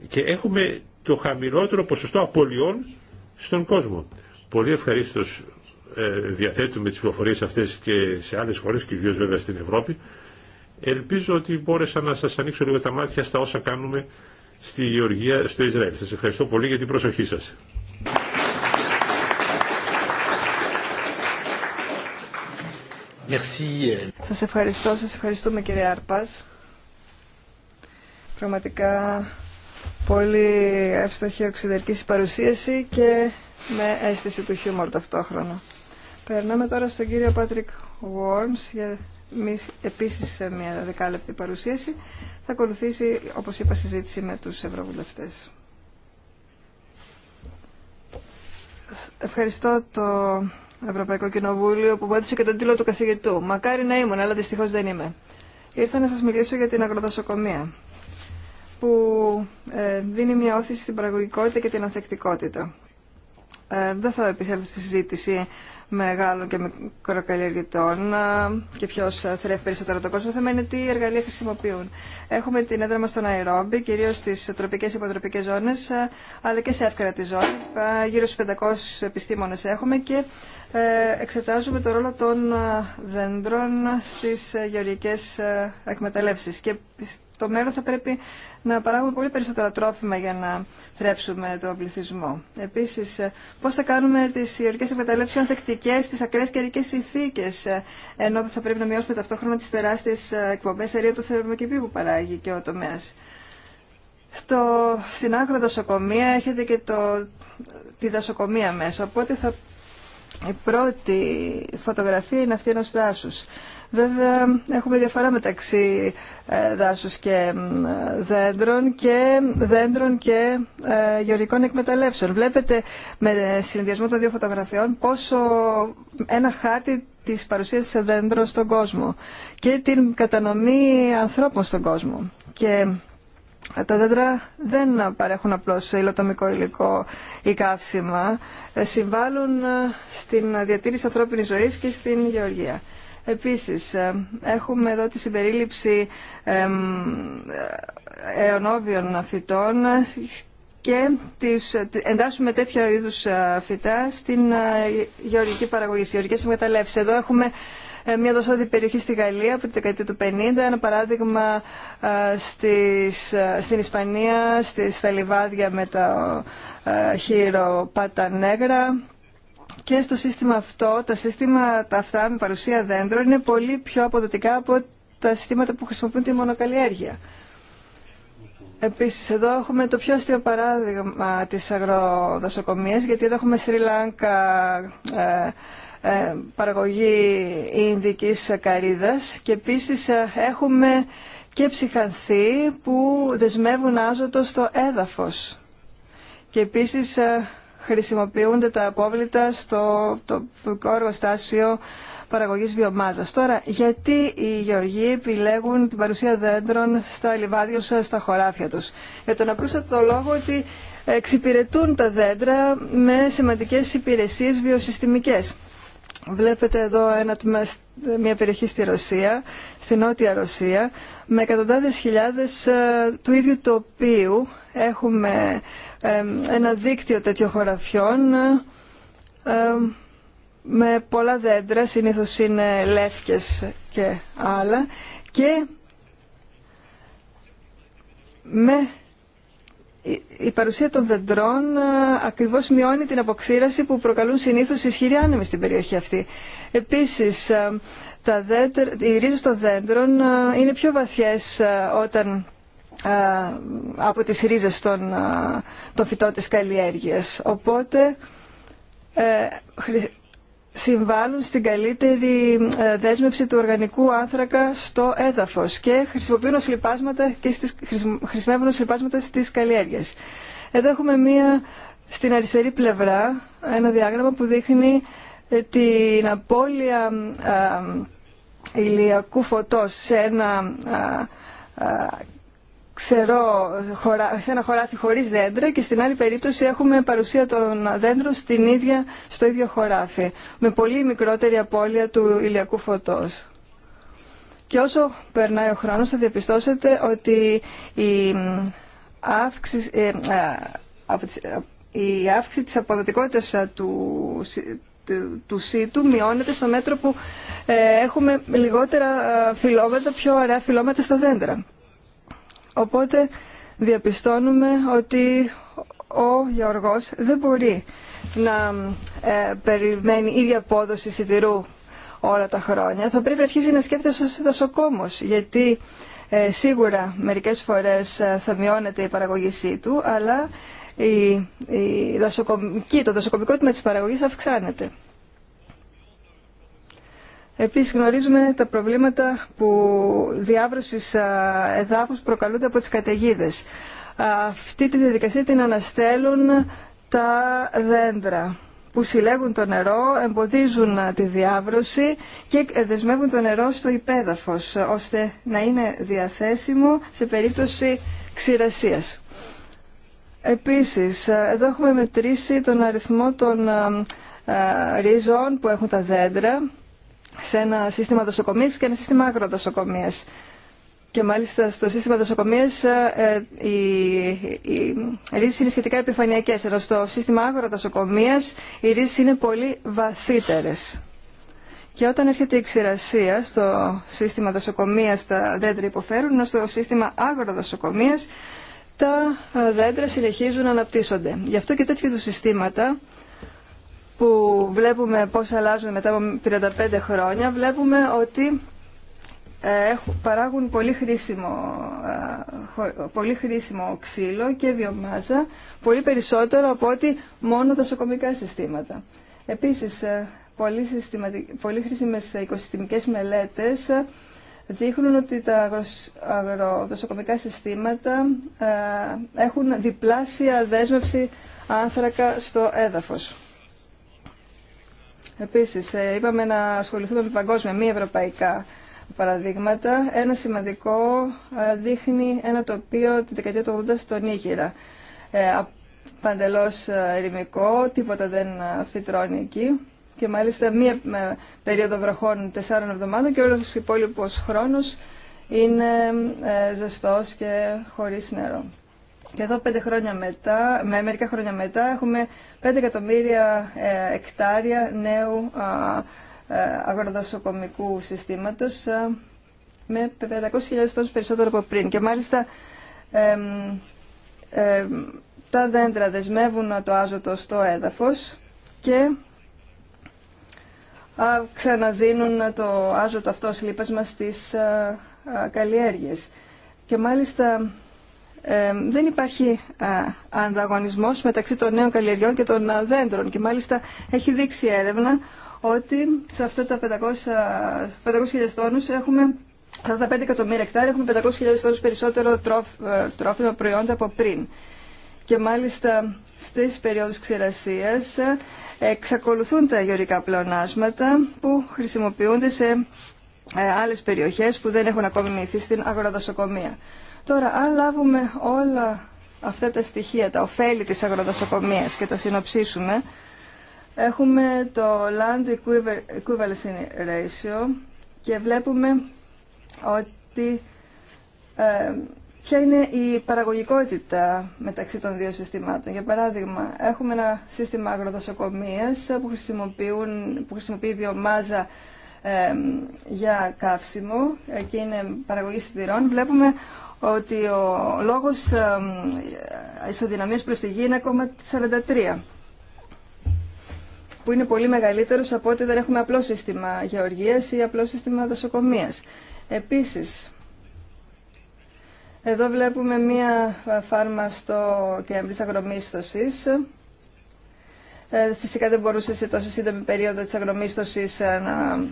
και έχουμε το χαμηλότερο ποσοστό απολειών στον κόσμο. Πολύ ευχαρίστως ε, διαθέτουμε τις πληροφορίες αυτές και σε άλλες χώρες και ιδίως βέβαια στην Ευρώπη. Ελπίζω ότι μπόρεσα να σας ανοίξω λίγο τα μάτια στα όσα κάνουμε στη Γεωργία, στο Ισραήλ. Σας ευχαριστώ πολύ για την προσοχή σας. Merci. Σας ευχαριστώ, σας ευχαριστούμε κύριε Άρπας. Πραγματικά πολύ εύστοχη οξυδερκής παρουσίαση και με αίσθηση του χιούμορ ταυτόχρονα. Περνάμε τώρα στον κύριο Πάτρικ Βόρμς για επίσης σε μια δεκάλεπτη παρουσίαση. Θα ακολουθήσει, όπως είπα, συζήτηση με τους ευρωβουλευτές. Ευχαριστώ το Ευρωπαϊκό Κοινοβούλιο που βάτησε και τον τίτλο του καθηγητού. Μακάρι να ήμουν, αλλά δυστυχώ δεν είμαι. Ήρθα να σας μιλήσω για την αγροδοσοκομεία που ε, δίνει μια όθηση στην παραγωγικότητα και την ανθεκτικότητα. Ε, δεν θα επισέλθω στη συζήτηση μεγάλων και μικροκαλλιεργητών ε, και ποιο ε, θρέφει περισσότερο το κόσμο. Το θέμα είναι τι εργαλεία χρησιμοποιούν. Έχουμε την έδρα μα στον Αϊρόμπι, κυρίω στι τροπικέ και υποτροπικέ ζώνε, αλλά και σε τη ζώνη. Γύρω στου 500 επιστήμονε έχουμε και εξετάζουμε το ρόλο των δέντρων στι γεωργικέ εκμεταλλεύσει. Και το μέλλον θα πρέπει να παράγουμε πολύ περισσότερα τρόφιμα για να θρέψουμε τον πληθυσμό. Επίση, ε, πώ θα κάνουμε τι ιερικέ εκμεταλλεύσει ανθεκτικέ στι ακραίε καιρικέ συνθήκε ε, ενώ θα πρέπει να μειώσουμε ταυτόχρονα τι τεράστιε ε, εκπομπέ αερίου του θερμοκηπίου που παράγει και ο τομέα. Στο, στην άγρο δασοκομεία έχετε και το, τη δασοκομεία μέσα, οπότε θα η πρώτη φωτογραφία είναι αυτή ενός δάσους. Βέβαια, έχουμε διαφορά μεταξύ ε, δάσους και δέντρων και δέντρων και ε, γεωργικών εκμεταλλεύσεων. Βλέπετε με συνδυασμό των δύο φωτογραφιών πόσο ένα χάρτη της παρουσίας δέντρων στον κόσμο και την κατανομή ανθρώπων στον κόσμο. Και ε, τα δέντρα δεν παρέχουν απλώς υλοτομικό υλικό ή καύσιμα, συμβάλλουν στην διατήρηση ανθρώπινης ζωής και στην γεωργία. Επίσης, ε, έχουμε εδώ τη συμπερίληψη αιωνόβιων φυτών και τις, εντάσσουμε τέτοια είδους ε, φυτά στην ε, γεωργική παραγωγή, στις γεωργικές Εδώ έχουμε μια δοσόδη περιοχή στη Γαλλία από τη δεκαετία του 50, ένα παράδειγμα στην Ισπανία, στις, στα λιβάδια με τα χείρο Πατανέγρα, και στο σύστημα αυτό, τα σύστηματα αυτά με παρουσία δέντρων είναι πολύ πιο αποδοτικά από τα συστήματα που χρησιμοποιούν τη μονοκαλλιέργεια. Επίσης, εδώ έχουμε το πιο αστείο παράδειγμα της αγροδασοκομείας, γιατί εδώ έχουμε Σρι Λάνκα, ε, ε παραγωγή Ινδικής καρύδας και επίσης ε, έχουμε και ψυχανθή που δεσμεύουν άζωτο στο έδαφος. Και επίσης ε, χρησιμοποιούνται τα απόβλητα στο τοπικό στάσιο παραγωγής βιομάζας. Τώρα, γιατί οι γεωργοί επιλέγουν την παρουσία δέντρων στα λιβάδια σας, στα χωράφια τους. Για τον απλούστατο λόγο ότι εξυπηρετούν τα δέντρα με σημαντικές υπηρεσίες βιοσυστημικές. Βλέπετε εδώ ένα, μια περιοχή στη Ρωσία, στη Νότια Ρωσία, με εκατοντάδες χιλιάδες ε, του ίδιου τοπίου έχουμε ένα δίκτυο τέτοιων χωραφιών με πολλά δέντρα, συνήθως είναι λεύκες και άλλα και με η παρουσία των δεντρών ε, ακριβώς μειώνει την αποξήραση που προκαλούν συνήθως ισχυροί άνεμοι στην περιοχή αυτή. Επίσης, ε, τα δέντρα, οι ρίζες των δέντρων ε, είναι πιο βαθιές όταν από τις ρίζες των, των φυτών της καλλιέργειας. Οπότε ε, συμβάλλουν στην καλύτερη ε, δέσμευση του οργανικού άνθρακα στο έδαφος και χρησιμοποιούν ως και στις, χρησιμεύουν ως στις καλλιέργειες. Εδώ έχουμε μία στην αριστερή πλευρά ένα διάγραμμα που δείχνει ε, την απώλεια ηλιακού φωτός σε ένα ξερό, σε ένα χωράφι χωρίς δέντρα και στην άλλη περίπτωση έχουμε παρουσία των δέντρων στην ίδια, στο ίδιο χωράφι, με πολύ μικρότερη απώλεια του ηλιακού φωτός. Και όσο περνάει ο χρόνος θα διαπιστώσετε ότι η αύξηση, ε, ε, η αύξηση της αποδοτικότητας του, του ΣΥΤΟΥ μειώνεται στο μέτρο που ε, έχουμε λιγότερα φυλώματα, πιο ωραία φυλώματα στα δέντρα. Οπότε διαπιστώνουμε ότι ο Γεωργός δεν μπορεί να ε, περιμένει ίδια απόδοση σιτηρού όλα τα χρόνια. Θα πρέπει να αρχίσει να σκέφτεται ως δασοκόμος, γιατί ε, σίγουρα μερικές φορές ε, θα μειώνεται η παραγωγή του, αλλά η, η δασοκομική, το δασοκομικό τμήμα της παραγωγής αυξάνεται. Επίσης γνωρίζουμε τα προβλήματα που διάβρωσης εδάφους προκαλούνται από τις καταιγίδε. Αυτή τη διαδικασία την αναστέλουν τα δέντρα που συλλέγουν το νερό, εμποδίζουν τη διάβρωση και ε, δεσμεύουν το νερό στο υπέδαφος, ώστε να είναι διαθέσιμο σε περίπτωση ξηρασίας. Επίσης, εδώ έχουμε μετρήσει τον αριθμό των ρίζων που έχουν τα δέντρα σε ένα σύστημα δοσοκομείας και ένα σύστημα αγροδοσοκομείας. Και μάλιστα στο σύστημα δοσοκομείας ε, ε, οι, οι είναι σχετικά επιφανειακές, ενώ στο σύστημα αγροδοσοκομείας οι ρίζες είναι πολύ βαθύτερες. Και όταν έρχεται η ξηρασία στο σύστημα δοσοκομείας τα δέντρα υποφέρουν, ενώ στο σύστημα αγροδοσοκομείας τα ε, δέντρα συνεχίζουν να αναπτύσσονται. Γι' αυτό και τέτοιου συστήματα που βλέπουμε πώς αλλάζουν μετά από 35 χρόνια, βλέπουμε ότι ε, παράγουν ε, πολύ χρήσιμο, ξύλο και βιομάζα, πολύ περισσότερο από ότι μόνο τα σοκομικά συστήματα. Επίσης, ε, πολύ, πολύ χρήσιμες οικοσυστημικές μελέτες δείχνουν ότι τα αγροδοσοκομικά συστήματα έχουν διπλάσια δέσμευση άνθρακα στο έδαφος. Επίσης, ε, είπαμε να ασχοληθούμε με παγκόσμια, μη ευρωπαϊκά παραδείγματα. Ένα σημαντικό ε, δείχνει ένα τοπίο τη δεκαετία του 80 στον Νίγηρα. Ε, παντελώς ε, ερημικό, τίποτα δεν φυτρώνει εκεί και μάλιστα μία περίοδο βροχών τεσσάρων εβδομάδων και όλος ο υπόλοιπος χρόνος είναι ζεστός και χωρίς νερό. Και εδώ χρόνια μετά, με μερικά χρόνια μετά έχουμε 5 εκατομμύρια ε, εκτάρια νέου ε, αγροδοσοκομικού συστήματος με 500.000 τόνους περισσότερο από πριν. Και μάλιστα τα δέντρα δεσμεύουν το άζωτο στο έδαφος και ξαναδίνουν το άζωτο αυτό λίπασμα στις καλλιέργειες. Και μάλιστα δεν υπάρχει ανταγωνισμός μεταξύ των νέων καλλιεργιών και των δέντρων και μάλιστα έχει δείξει έρευνα ότι σε αυτά τα 500.000 500 τόνους έχουμε αυτά τα 5 εκατομμύρια εκτάρια έχουμε 500.000 τόνους περισσότερο ε, τρόφιμα προϊόντα από πριν. Και μάλιστα στις περιόδους ξηρασίας ε, εξακολουθούν τα γεωρικά πλεονάσματα που χρησιμοποιούνται σε ε, άλλες περιοχές που δεν έχουν ακόμη μυθεί στην αγροδασοκομεία. Τώρα, αν λάβουμε όλα αυτά τα στοιχεία, τα ωφέλη της αγροδοσοκομείας και τα συνοψίσουμε, έχουμε το Land Equivalency Ratio και βλέπουμε ότι ε, ποια είναι η παραγωγικότητα μεταξύ των δύο συστημάτων. Για παράδειγμα, έχουμε ένα σύστημα αγροδοσοκομείας που, χρησιμοποιούν, που χρησιμοποιεί βιομάζα ε, για καύσιμο και είναι παραγωγή σιδηρών, βλέπουμε ότι ο λόγος ε, ε, ισοδυναμίας προς τη γη είναι ακόμα 43 που είναι πολύ μεγαλύτερος από ότι δεν έχουμε απλό σύστημα γεωργίας ή απλό σύστημα δασοκομείας. Επίσης, εδώ βλέπουμε μία φάρμα στο Αγρομίσθωσης. αγρομίστοσης. Ε, φυσικά δεν μπορούσε σε τόσο σύντομη περίοδο της αγρομίστοσης να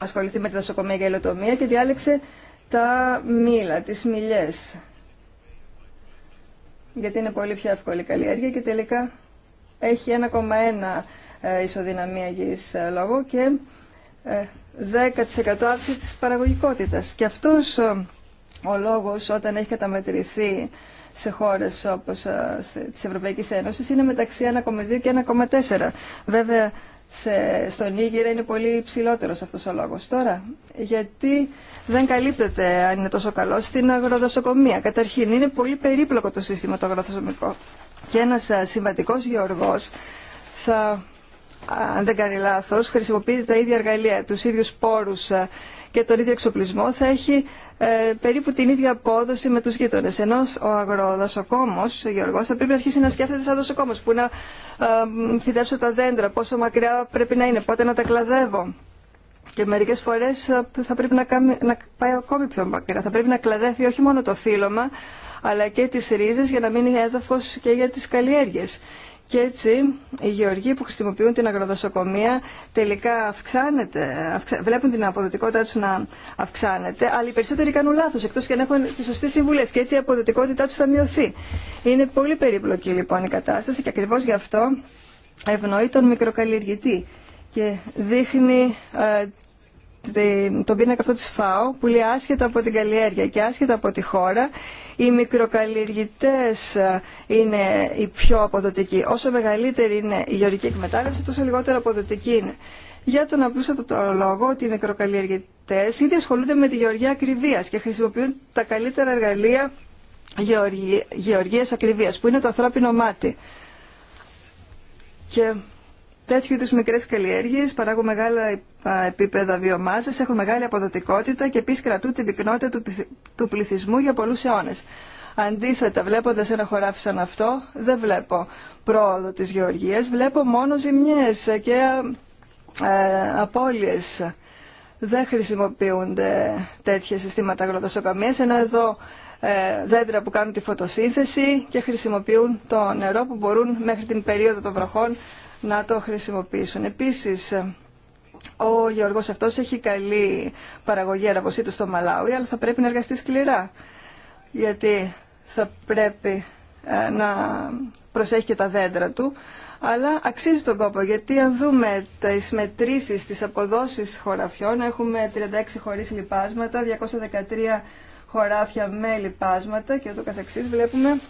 ασχοληθεί με τη δασοκομεία και υλοτομία και διάλεξε τα μήλα, τις μιλιές. Γιατί είναι πολύ πιο εύκολη η καλλιέργεια και τελικά έχει 1,1 ε, ισοδυναμία γης ε, λόγω και 10% ε, αύξηση της παραγωγικότητας. Και αυτός ο λόγος όταν έχει καταμετρηθεί σε χώρες όπως της Ευρωπαϊκής Ένωσης είναι μεταξύ 1,2 και 1,4. Βέβαια, σε, στον Νίγηρα είναι πολύ υψηλότερος αυτός ο λόγος. Τώρα, γιατί δεν καλύπτεται, αν είναι τόσο καλό, στην αγροδασοκομεία. Καταρχήν, είναι πολύ περίπλοκο το σύστημα το αγροδασοκομικό. Και ένα συμβατικός γεωργό θα, αν δεν κάνει λάθο, χρησιμοποιεί τα ίδια εργαλεία, του ίδιου πόρου και τον ίδιο εξοπλισμό, θα έχει ε, περίπου την ίδια απόδοση με του γείτονε. Ενώ ο αγροδασοκόμος, ο Γεωργό, θα πρέπει να αρχίσει να σκέφτεται σαν δασοκόμος, που να ε, τα δέντρα, πόσο μακριά πρέπει να είναι, πότε να τα κλαδεύω και μερικές φορές ε, θα πρέπει να, κάνει, να πάει ακόμη πιο μακριά. Θα πρέπει να κλαδεύει όχι μόνο το φύλλωμα, αλλά και τις ρίζες για να μείνει έδαφος και για τις καλλιέργειες. Και έτσι οι γεωργοί που χρησιμοποιούν την αγροδοσοκομεία τελικά αυξάνεται, βλέπουν την αποδοτικότητά τους να αυξάνεται, αλλά οι περισσότεροι κάνουν λάθος, εκτός και να έχουν τις σωστές συμβουλές και έτσι η αποδοτικότητά τους θα μειωθεί. Είναι πολύ περίπλοκη λοιπόν η κατάσταση και ακριβώς γι' αυτό ευνοεί τον μικροκαλλιεργητή και δείχνει ε, τον πίνακα αυτό της ΦΑΟ που λέει άσχετα από την καλλιέργεια και άσχετα από τη χώρα οι μικροκαλλιεργητές ε, είναι οι πιο αποδοτικοί. Όσο μεγαλύτερη είναι η γεωρική εκμετάλλευση τόσο λιγότερο αποδοτική είναι. Για τον απλούστατο το λόγο ότι οι μικροκαλλιεργητές ήδη ασχολούνται με τη γεωργία ακριβίας και χρησιμοποιούν τα καλύτερα εργαλεία γεωργίας ακριβίας που είναι το ανθρώπινο μάτι. Και τέτοιου είδου μικρέ καλλιέργειε παράγουν μεγάλα επίπεδα βιομάζα, έχουν μεγάλη αποδοτικότητα και επίση κρατούν την πυκνότητα του πληθυσμού για πολλού αιώνε. Αντίθετα, βλέποντα ένα χωράφι σαν αυτό, δεν βλέπω πρόοδο τη γεωργία, βλέπω μόνο ζημιέ και ε, απώλειε. Δεν χρησιμοποιούνται τέτοια συστήματα αγροδοσοκαμία. Ένα εδώ ε, δέντρα που κάνουν τη φωτοσύνθεση και χρησιμοποιούν το νερό που μπορούν μέχρι την περίοδο των βροχών να το χρησιμοποιήσουν. Επίσης, ο Γεωργός αυτός έχει καλή παραγωγή αραβοσίτου στο Μαλάουι, αλλά θα πρέπει να εργαστεί σκληρά, γιατί θα πρέπει ε, να προσέχει και τα δέντρα του, αλλά αξίζει τον κόπο, γιατί αν δούμε τις μετρήσεις, της αποδόσεις χωραφιών, έχουμε 36 χωρίς λιπάσματα, 213 χωράφια με λιπάσματα και ούτω καθεξής, βλέπουμε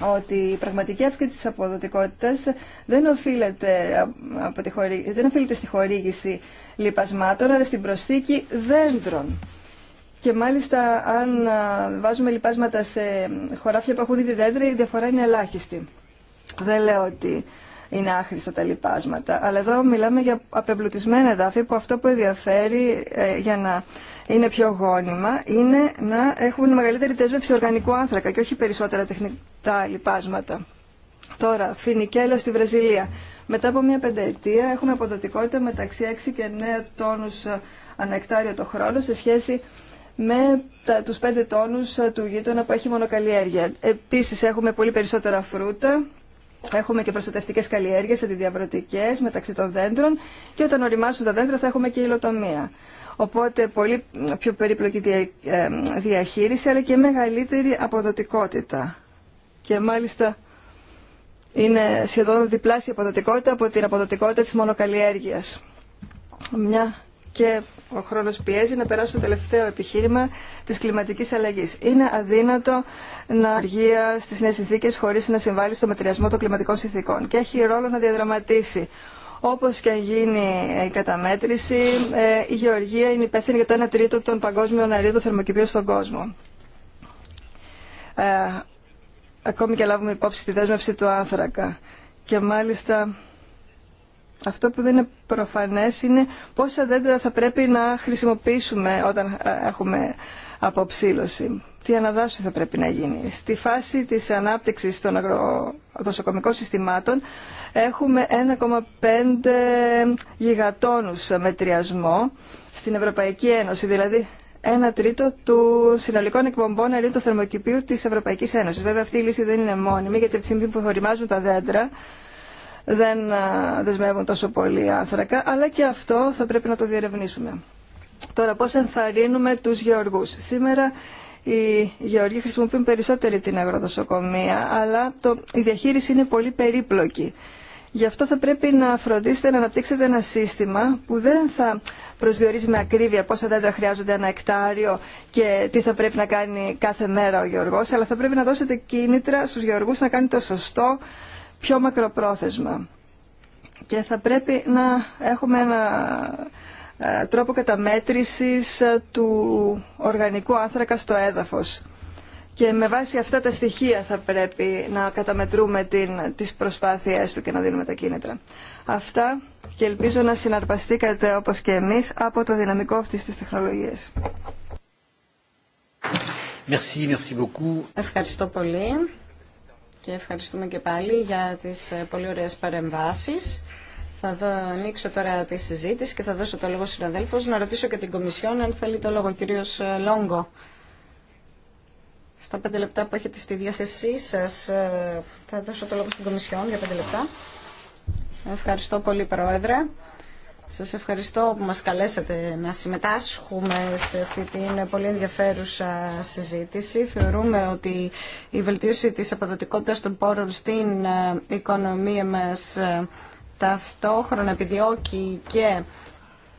ότι η πραγματική αύξηση της αποδοτικότητας δεν οφείλεται, από τη χορή, δεν οφείλεται στη χορήγηση λιπασμάτων, αλλά στην προσθήκη δέντρων. Και μάλιστα αν βάζουμε λιπάσματα σε χωράφια που έχουν ήδη δέντρα, η διαφορά είναι ελάχιστη. Δεν λέω ότι είναι άχρηστα τα λοιπάσματα. Αλλά εδώ μιλάμε για απεμπλουτισμένα εδάφη που αυτό που ενδιαφέρει ε, για να είναι πιο γόνιμα είναι να έχουν μεγαλύτερη δέσμευση οργανικού άνθρακα και όχι περισσότερα τεχνητά λοιπάσματα. Τώρα, φινικέλο στη Βραζιλία. Μετά από μια πενταετία έχουμε αποδοτικότητα μεταξύ 6 και 9 τόνους ε, ανεκτάριο το χρόνο σε σχέση με τα, τους 5 τόνους ε, του γείτονα που έχει μονοκαλλιέργεια. Επίσης έχουμε πολύ περισσότερα φρούτα Έχουμε και προστατευτικέ καλλιέργειε, αντιδιαβρωτικέ μεταξύ των δέντρων και όταν οριμάσουν τα δέντρα θα έχουμε και υλοτομία. Οπότε πολύ πιο περίπλοκη ε, διαχείριση αλλά και μεγαλύτερη αποδοτικότητα. Και μάλιστα είναι σχεδόν διπλάσια αποδοτικότητα από την αποδοτικότητα της μονοκαλλιέργειας. Μια και ο χρόνο πιέζει να περάσω το τελευταίο επιχείρημα τη κλιματική αλλαγή. Είναι αδύνατο να αργεί στι νέε συνθήκε χωρί να συμβάλλει στο μετριασμό των κλιματικών συνθήκων και έχει ρόλο να διαδραματίσει. όπω και αν γίνει η καταμέτρηση, ε, η γεωργία είναι υπεύθυνη για το 1 τρίτο των παγκόσμιων αερίων θερμοκηπίων στον κόσμο. Ε, ακόμη και λάβουμε υπόψη τη δέσμευση του άνθρακα. Και μάλιστα αυτό που δεν είναι προφανές είναι πόσα δέντρα θα πρέπει να χρησιμοποιήσουμε όταν ε, έχουμε αποψήλωση. Τι αναδάσου θα πρέπει να γίνει. Στη φάση της ανάπτυξης των αγροδοσοκομικών συστημάτων έχουμε 1,5 γιγατόνους μετριασμό στην Ευρωπαϊκή Ένωση, δηλαδή 1 τρίτο του συνολικών εκπομπών αερίου του θερμοκηπίου της Ευρωπαϊκής Ένωσης. Βέβαια αυτή η λύση δεν είναι μόνιμη, γιατί από τη στιγμή που θορυμάζουν τα δέντρα δεν δεσμεύουν τόσο πολύ άνθρακα, αλλά και αυτό θα πρέπει να το διερευνήσουμε. Τώρα, πώς ενθαρρύνουμε τους γεωργούς. Σήμερα οι γεωργοί χρησιμοποιούν περισσότερη την αγροδοσοκομεία, αλλά το, η διαχείριση είναι πολύ περίπλοκη. Γι' αυτό θα πρέπει να φροντίσετε να αναπτύξετε ένα σύστημα που δεν θα προσδιορίζει με ακρίβεια πόσα δέντρα χρειάζονται ένα εκτάριο και τι θα πρέπει να κάνει κάθε μέρα ο γεωργός, αλλά θα πρέπει να δώσετε κίνητρα στους γεωργούς να κάνουν το σωστό, πιο μακροπρόθεσμα. Και θα πρέπει να έχουμε ένα ε, τρόπο καταμέτρησης ε, του οργανικού άνθρακα στο έδαφος. Και με βάση αυτά τα στοιχεία θα πρέπει να καταμετρούμε την, τις προσπάθειές του και να δίνουμε τα κίνητρα. Αυτά και ελπίζω να συναρπαστήκατε όπως και εμείς από το δυναμικό αυτής της τεχνολογίας. Merci, merci beaucoup. Ευχαριστώ πολύ και ευχαριστούμε και πάλι για τις ε, πολύ ωραίες παρεμβάσεις. Θα δω, ανοίξω τώρα τη συζήτηση και θα δώσω το λόγο στους να ρωτήσω και την Κομισιόν αν θέλει το λόγο. Κύριος ε, Λόγκο, στα πέντε λεπτά που έχετε στη διάθεσή σας ε, θα δώσω το λόγο στην Κομισιόν για πέντε λεπτά. Ευχαριστώ πολύ Πρόεδρε. Σας ευχαριστώ που μας καλέσατε να συμμετάσχουμε σε αυτή την πολύ ενδιαφέρουσα συζήτηση. Θεωρούμε ότι η βελτίωση της αποδοτικότητας των πόρων στην ε, οικονομία μας ε, ταυτόχρονα επιδιώκει και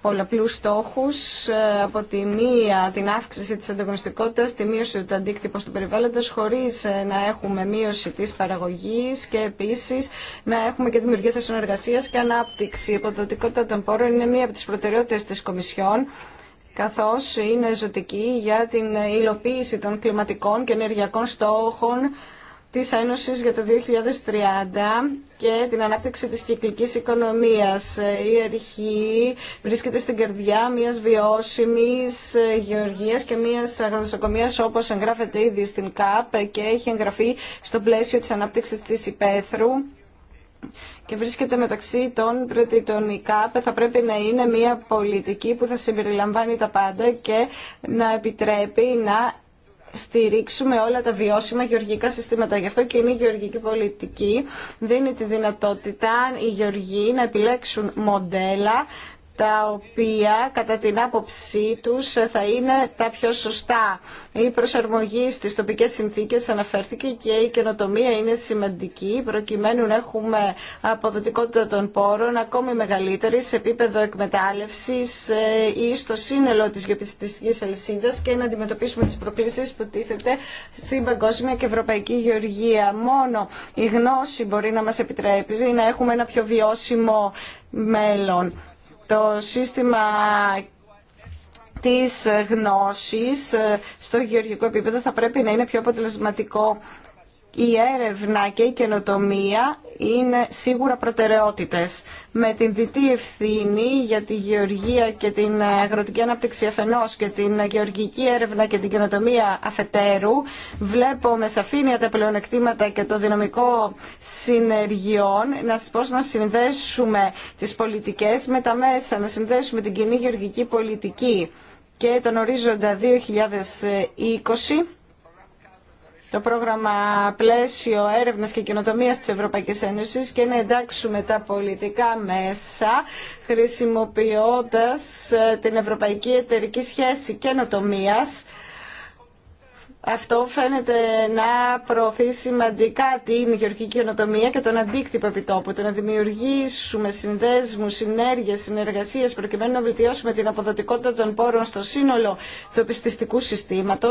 πολλαπλούς στόχους, ε, από τη μία την αύξηση της ανταγωνιστικότητας, τη μείωση του αντίκτυπου του περιβάλλοντος, χωρίς ε, να έχουμε μείωση της παραγωγής και επίσης να έχουμε και δημιουργία θέσεων εργασίας και ανάπτυξη. Η υποδοτικότητα των πόρων είναι μία από τις προτεραιότητες της Κομισιόν καθώς είναι ζωτική για την υλοποίηση των κλιματικών και ενεργειακών στόχων της Ένωσης για το 2030 και την ανάπτυξη της κυκλικής οικονομίας. Η αρχή βρίσκεται στην καρδιά μιας βιώσιμης γεωργίας και μιας αγροδοσοκομείας όπως εγγράφεται ήδη στην ΚΑΠ και έχει εγγραφεί στο πλαίσιο της ανάπτυξης της υπαίθρου και βρίσκεται μεταξύ των πρετήτων. Η ΚΑΠ θα πρέπει να είναι μια πολιτική που θα συμπεριλαμβάνει τα πάντα και να επιτρέπει να στηρίξουμε όλα τα βιώσιμα γεωργικά συστήματα. Γι' αυτό και είναι η γεωργική πολιτική δίνει τη δυνατότητα οι γεωργοί να επιλέξουν μοντέλα τα οποία κατά την άποψή τους θα είναι τα πιο σωστά. Η προσαρμογή στις τοπικές συνθήκες αναφέρθηκε και η καινοτομία είναι σημαντική προκειμένου να έχουμε αποδοτικότητα των πόρων ακόμη μεγαλύτερη σε επίπεδο εκμετάλλευσης ε, ή στο σύνολο της γεωπιστικής αλυσίδας και να αντιμετωπίσουμε τις προκλήσεις που τίθεται στην παγκόσμια και ευρωπαϊκή γεωργία. Μόνο η γνώση μπορεί να μας επιτρέπει να έχουμε ένα πιο βιώσιμο μέλλον το σύστημα της γνώσης στο γεωργικό επίπεδο θα πρέπει να είναι πιο αποτελεσματικό η έρευνα και η καινοτομία είναι σίγουρα προτεραιότητες. Με την διτή ευθύνη για τη γεωργία και την αγροτική ανάπτυξη αφενός και την γεωργική έρευνα και την καινοτομία αφετέρου, βλέπω με σαφήνεια τα πλεονεκτήματα και το δυναμικό συνεργειών, να σας να συνδέσουμε τις πολιτικές με τα μέσα, να συνδέσουμε την κοινή γεωργική πολιτική και τον ορίζοντα 2020 το πρόγραμμα πλαίσιο έρευνας και καινοτομίας της Ευρωπαϊκής Ένωσης και να εντάξουμε τα πολιτικά μέσα χρησιμοποιώντας ε, την Ευρωπαϊκή Εταιρική Σχέση Καινοτομίας αυτό φαίνεται να προωθεί σημαντικά την γεωργική καινοτομία και τον αντίκτυπο επιτόπου. Το να δημιουργήσουμε συνδέσμους, συνέργειε, συνεργασίες προκειμένου να βελτιώσουμε την αποδοτικότητα των πόρων στο σύνολο του επιστηστικού συστήματο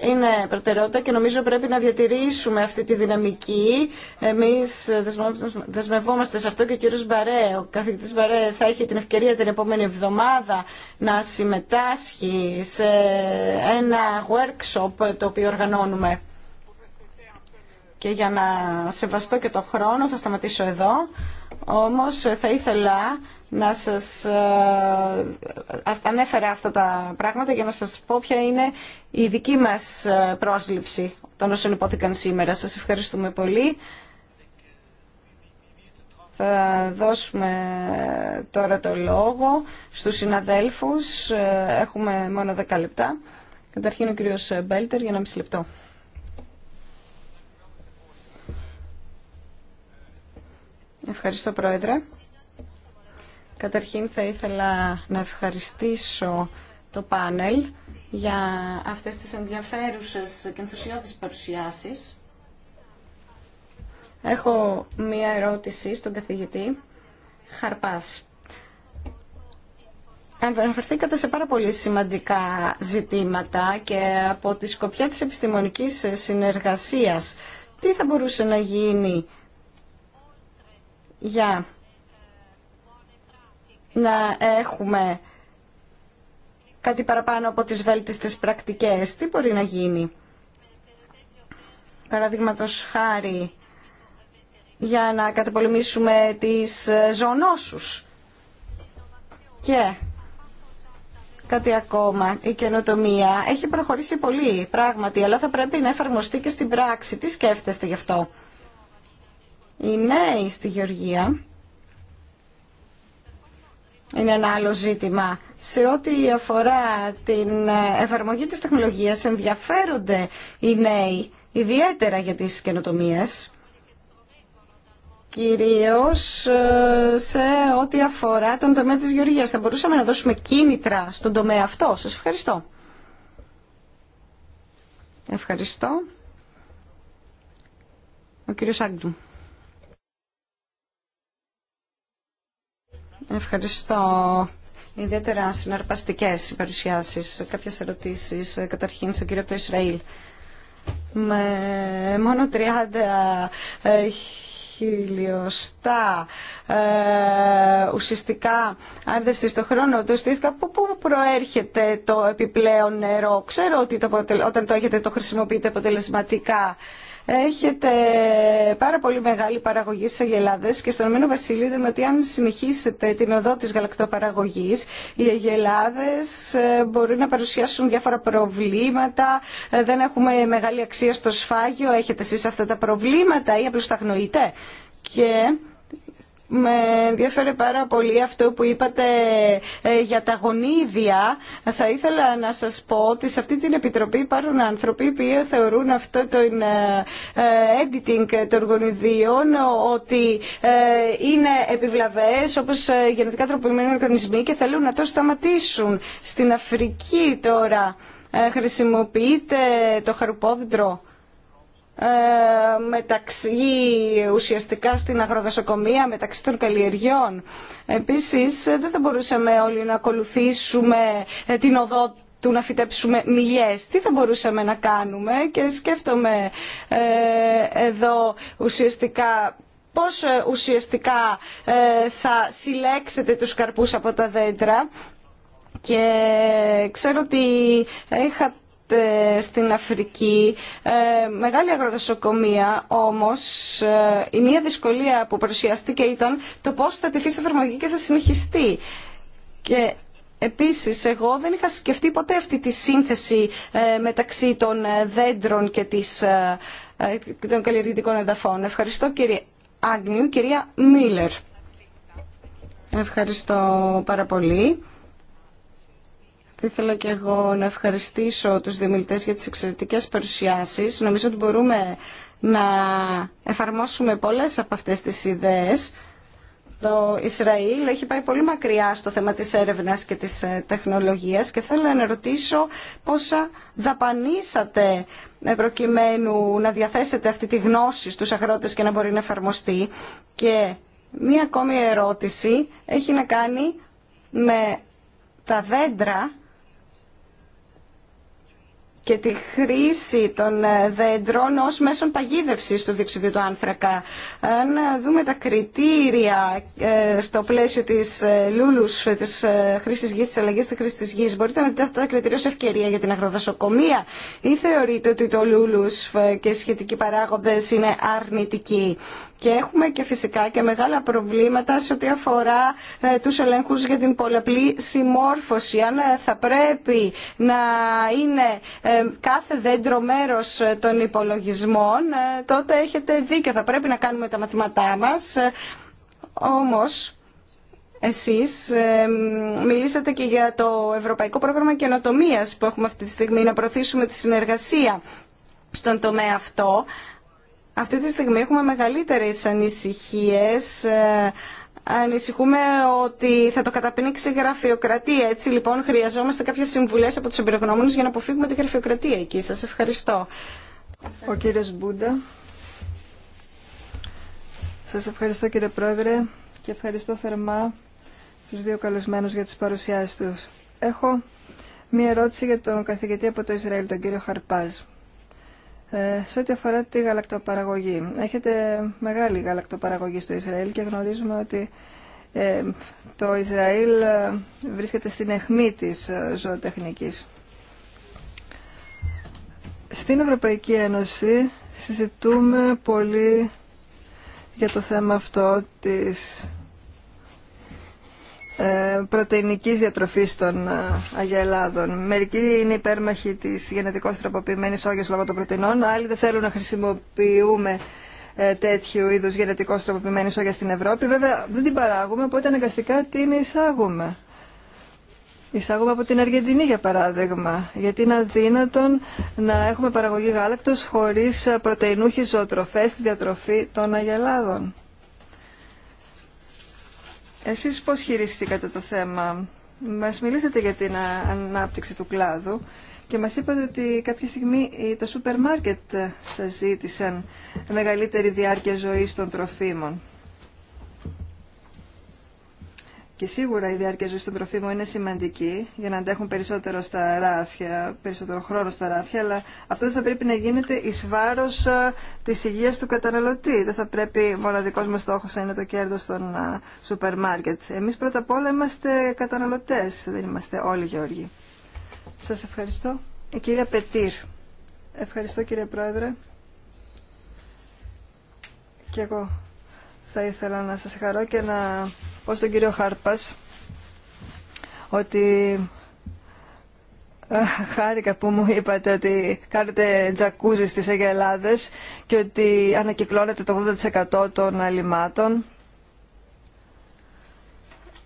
είναι προτεραιότητα και νομίζω πρέπει να διατηρήσουμε αυτή τη δυναμική. Εμείς δεσμευόμαστε σε αυτό και ο κύριος Μπαρέ, ο καθηγητής Μπαρέ θα έχει την ευκαιρία την επόμενη εβδομάδα να συμμετάσχει σε ένα workshop το οποίο οργανώνουμε. Και για να σεβαστώ και το χρόνο θα σταματήσω εδώ. Όμως θα ήθελα να σας ε, ανέφερα αυτά τα πράγματα για να σας πω ποια είναι η δική μας ε, πρόσληψη των όσων υπόθηκαν σήμερα. Σας ευχαριστούμε πολύ. Θα δώσουμε ε, τώρα το λόγο στους συναδέλφους. Έχουμε μόνο 10 λεπτά. Καταρχήν ο κύριος Μπέλτερ για ένα μισή λεπτό. Ευχαριστώ Πρόεδρε. Καταρχήν θα ήθελα να ευχαριστήσω το πάνελ για αυτές τις ενδιαφέρουσες και ενθουσιώδεις παρουσιάσεις. Έχω μία ερώτηση στον καθηγητή Χαρπάς. Αναφερθήκατε σε πάρα πολύ σημαντικά ζητήματα και από τη σκοπιά της επιστημονικής συνεργασίας. Τι θα μπορούσε να γίνει για να έχουμε κάτι παραπάνω από τις βέλτιστες πρακτικές. Τι μπορεί να γίνει. Παραδείγματο χάρη για να καταπολεμήσουμε τις ζωνόσους. Και κάτι ακόμα, η καινοτομία έχει προχωρήσει πολύ πράγματι, αλλά θα πρέπει να εφαρμοστεί και στην πράξη. Τι σκέφτεστε γι' αυτό. Οι νέοι στη Γεωργία είναι ένα άλλο ζήτημα. Σε ό,τι αφορά την ε, εφαρμογή της τεχνολογίας ενδιαφέρονται οι νέοι ιδιαίτερα για τις καινοτομίε κυρίως ε, σε ό,τι αφορά τον τομέα της γεωργίας. Θα μπορούσαμε να δώσουμε κίνητρα στον τομέα αυτό. Σας ευχαριστώ. Ευχαριστώ. Ο κύριος Άγκτου. Ευχαριστώ. Ιδιαίτερα συναρπαστικέ οι παρουσιάσεις. Κάποιες ερωτήσεις, καταρχήν στον κύριο από το Ισραήλ. Με μόνο 30 ε, χιλιοστά ε, ουσιαστικά άρδευση στο χρόνο του στήθηκα από πού προέρχεται το επιπλέον νερό. Ξέρω ότι το, όταν το έχετε το χρησιμοποιείτε αποτελεσματικά έχετε πάρα πολύ μεγάλη παραγωγή στι αγελάδε και στον Ηνωμένο Βασίλειο είδαμε ότι αν συνεχίσετε την οδό τη γαλακτοπαραγωγή, οι αγελάδε ε, μπορεί να παρουσιάσουν διάφορα προβλήματα, ε, δεν έχουμε μεγάλη αξία στο σφάγιο. Έχετε εσεί αυτά τα προβλήματα ή απλώ τα γνωρείτε. Και με ενδιαφέρε πάρα πολύ αυτό που είπατε ε, για τα γονίδια. Θα ήθελα να σας πω ότι σε αυτή την επιτροπή υπάρχουν άνθρωποι που θεωρούν αυτό το ε, ε, editing των γονιδίων ότι είναι επιβλαβές όπως γενετικά τροποποιημένοι οργανισμοί και θέλουν να το σταματήσουν. Στην Αφρική τώρα χρησιμοποιείται το χαρουπόδεντρο ε, μεταξύ ουσιαστικά στην αγροδοσοκομεία, μεταξύ των καλλιεργιών. Επίσης δεν θα μπορούσαμε όλοι να ακολουθήσουμε ε, την οδό του να φυτέψουμε μιλιές. Τι θα μπορούσαμε να κάνουμε και σκέφτομαι ε, εδώ ουσιαστικά πώς ε, ουσιαστικά θα συλλέξετε τους καρπούς από τα δέντρα και ξέρω ότι είχα ε, στην Αφρική, ε, μεγάλη αγροδοσοκομεία, όμως ε, η μία δυσκολία που παρουσιάστηκε ήταν το πώς θα τεθεί σε εφαρμογή και θα συνεχιστεί. Και Επίσης, εγώ δεν είχα σκεφτεί ποτέ αυτή τη σύνθεση μεταξύ των δέντρων και της, των καλλιεργητικών εδαφών. Ευχαριστώ κύριε Άγνιου, κυρία Μίλλερ. Ευχαριστώ πάρα πολύ. Θα ήθελα και εγώ να ευχαριστήσω τους δημιουργητές για τις εξαιρετικές παρουσιάσεις. Νομίζω ότι μπορούμε να εφαρμόσουμε πολλές από αυτές τις ιδέες. Το Ισραήλ έχει πάει πολύ μακριά στο θέμα της έρευνας και της ε, τεχνολογίας και θέλω να ρωτήσω πόσα δαπανίσατε ε, προκειμένου να διαθέσετε αυτή τη γνώση στους αγρότες και να μπορεί να εφαρμοστεί. Και μία ακόμη ερώτηση έχει να κάνει με τα δέντρα και τη χρήση των ε, δέντρων ως μέσον παγίδευσης του διοξιδίου του άνθρακα. Αν ε, δούμε τα κριτήρια ε, στο πλαίσιο της λούλους, της χρήσης γης, της αλλαγής της χρήσης της μπορείτε να δείτε αυτά τα κριτήρια ως ευκαιρία για την αγροδοσοκομεία ή θεωρείτε ότι το λούλους και οι σχετικοί παράγοντες είναι αρνητικοί και έχουμε και φυσικά και μεγάλα προβλήματα σε ό,τι αφορά ε, τους ελέγχους για την πολλαπλή συμμόρφωση. Αν ε, θα πρέπει να είναι ε, κάθε δέντρο μέρος των υπολογισμών, τότε έχετε δίκιο. Θα πρέπει να κάνουμε τα μαθήματά μας. Όμως, εσείς μιλήσατε και για το Ευρωπαϊκό Πρόγραμμα Καινοτομίας που έχουμε αυτή τη στιγμή να προωθήσουμε τη συνεργασία στον τομέα αυτό. Αυτή τη στιγμή έχουμε μεγαλύτερες ανησυχίες ε, ανησυχούμε ότι θα το καταπνίξει η γραφειοκρατία. Έτσι λοιπόν χρειαζόμαστε κάποιες συμβουλές από τους εμπειρογνώμονες για να αποφύγουμε τη γραφειοκρατία εκεί. Σας ευχαριστώ. Ο κύριος Μπούντα. Σας ευχαριστώ κύριε Πρόεδρε και ευχαριστώ θερμά τους δύο καλεσμένους για τις παρουσιάσεις τους. Έχω μία ερώτηση για τον καθηγητή από το Ισραήλ, τον κύριο Χαρπάζ. Ε, σε ό,τι αφορά τη γαλακτοπαραγωγή. Έχετε μεγάλη γαλακτοπαραγωγή στο Ισραήλ και γνωρίζουμε ότι ε, το Ισραήλ ε, βρίσκεται στην αιχμή της ζωοτεχνικής. Στην Ευρωπαϊκή Ένωση συζητούμε πολύ για το θέμα αυτό της ε, πρωτεϊνικής διατροφής των ε, αγελάδων. Μερικοί είναι υπέρμαχοι της γενετικώς τροποποιημένης όγιας λόγω των πρωτεϊνών, άλλοι δεν θέλουν να χρησιμοποιούμε ε, τέτοιου είδους γενετικώς τροποποιημένης όγιας στην Ευρώπη. Βέβαια δεν την παράγουμε, οπότε αναγκαστικά την εισάγουμε. Εισάγουμε από την Αργεντινή για παράδειγμα, γιατί είναι αδύνατον να έχουμε παραγωγή γάλακτος χωρίς πρωτεϊνούχες ζωοτροφές στη διατροφή των αγελάδων. Εσείς πώς χειριστήκατε το θέμα. Μας μιλήσατε για την ανάπτυξη του κλάδου και μας είπατε ότι κάποια στιγμή τα σούπερ μάρκετ σας ζήτησαν μεγαλύτερη διάρκεια ζωής των τροφίμων. Και σίγουρα η διάρκεια ζωής των τροφίμων είναι σημαντική για να αντέχουν περισσότερο στα ράφια, περισσότερο χρόνο στα ράφια, αλλά αυτό δεν θα πρέπει να γίνεται εις βάρος της υγείας του καταναλωτή. Δεν θα πρέπει μοναδικός μας στόχος να είναι το κέρδος των σούπερ μάρκετ. Εμείς πρώτα απ' όλα είμαστε καταναλωτές, δεν είμαστε όλοι Γεώργοι. Σας ευχαριστώ. Η κυρία Πετήρ. Ευχαριστώ κύριε Πρόεδρε. Και εγώ θα ήθελα να σας χαρώ και να πω τον κύριο Χάρπας ότι χάρηκα που μου είπατε ότι κάνετε τζακούζι στις Αγελάδες και ότι ανακυκλώνετε το 80% των αλλημάτων.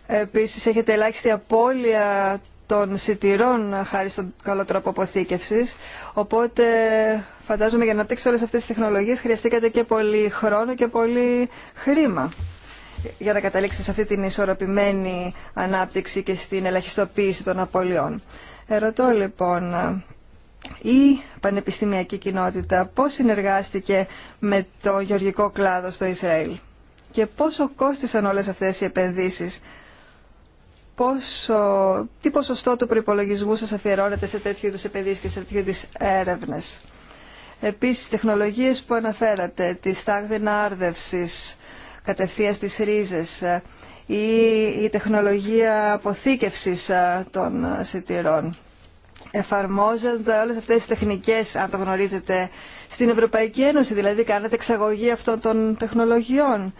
Επίσης έχετε ελάχιστη απώλεια των σιτηρών χάρη στον καλό τρόπο αποθήκευσης. Οπότε φαντάζομαι για να αναπτύξετε όλες αυτές τις τεχνολογίες χρειαστήκατε και πολύ χρόνο και πολύ χρήμα για να καταλήξετε σε αυτή την ισορροπημένη ανάπτυξη και στην ελαχιστοποίηση των απολειών. Ερωτώ λοιπόν, η πανεπιστημιακή κοινότητα πώς συνεργάστηκε με το γεωργικό κλάδο στο Ισραήλ και πόσο κόστισαν όλες αυτές οι επενδύσεις, πόσο, τι ποσοστό του προπολογισμού σας αφιερώνεται σε τέτοιου είδους επενδύσεις και σε τέτοιου είδους έρευνες. Επίσης, τεχνολογίες που αναφέρατε, τη στάγδινα άρδευσης, κατευθείαν στις ρίζες ε, ή η τεχνολογία αποθήκευσης ε, των ε, σιτηρών. Εφαρμόζονται όλες αυτές τις τεχνικές, αν το γνωρίζετε, στην Ευρωπαϊκή Ένωση, δηλαδή κάνετε εξαγωγή αυτών των τεχνολογιών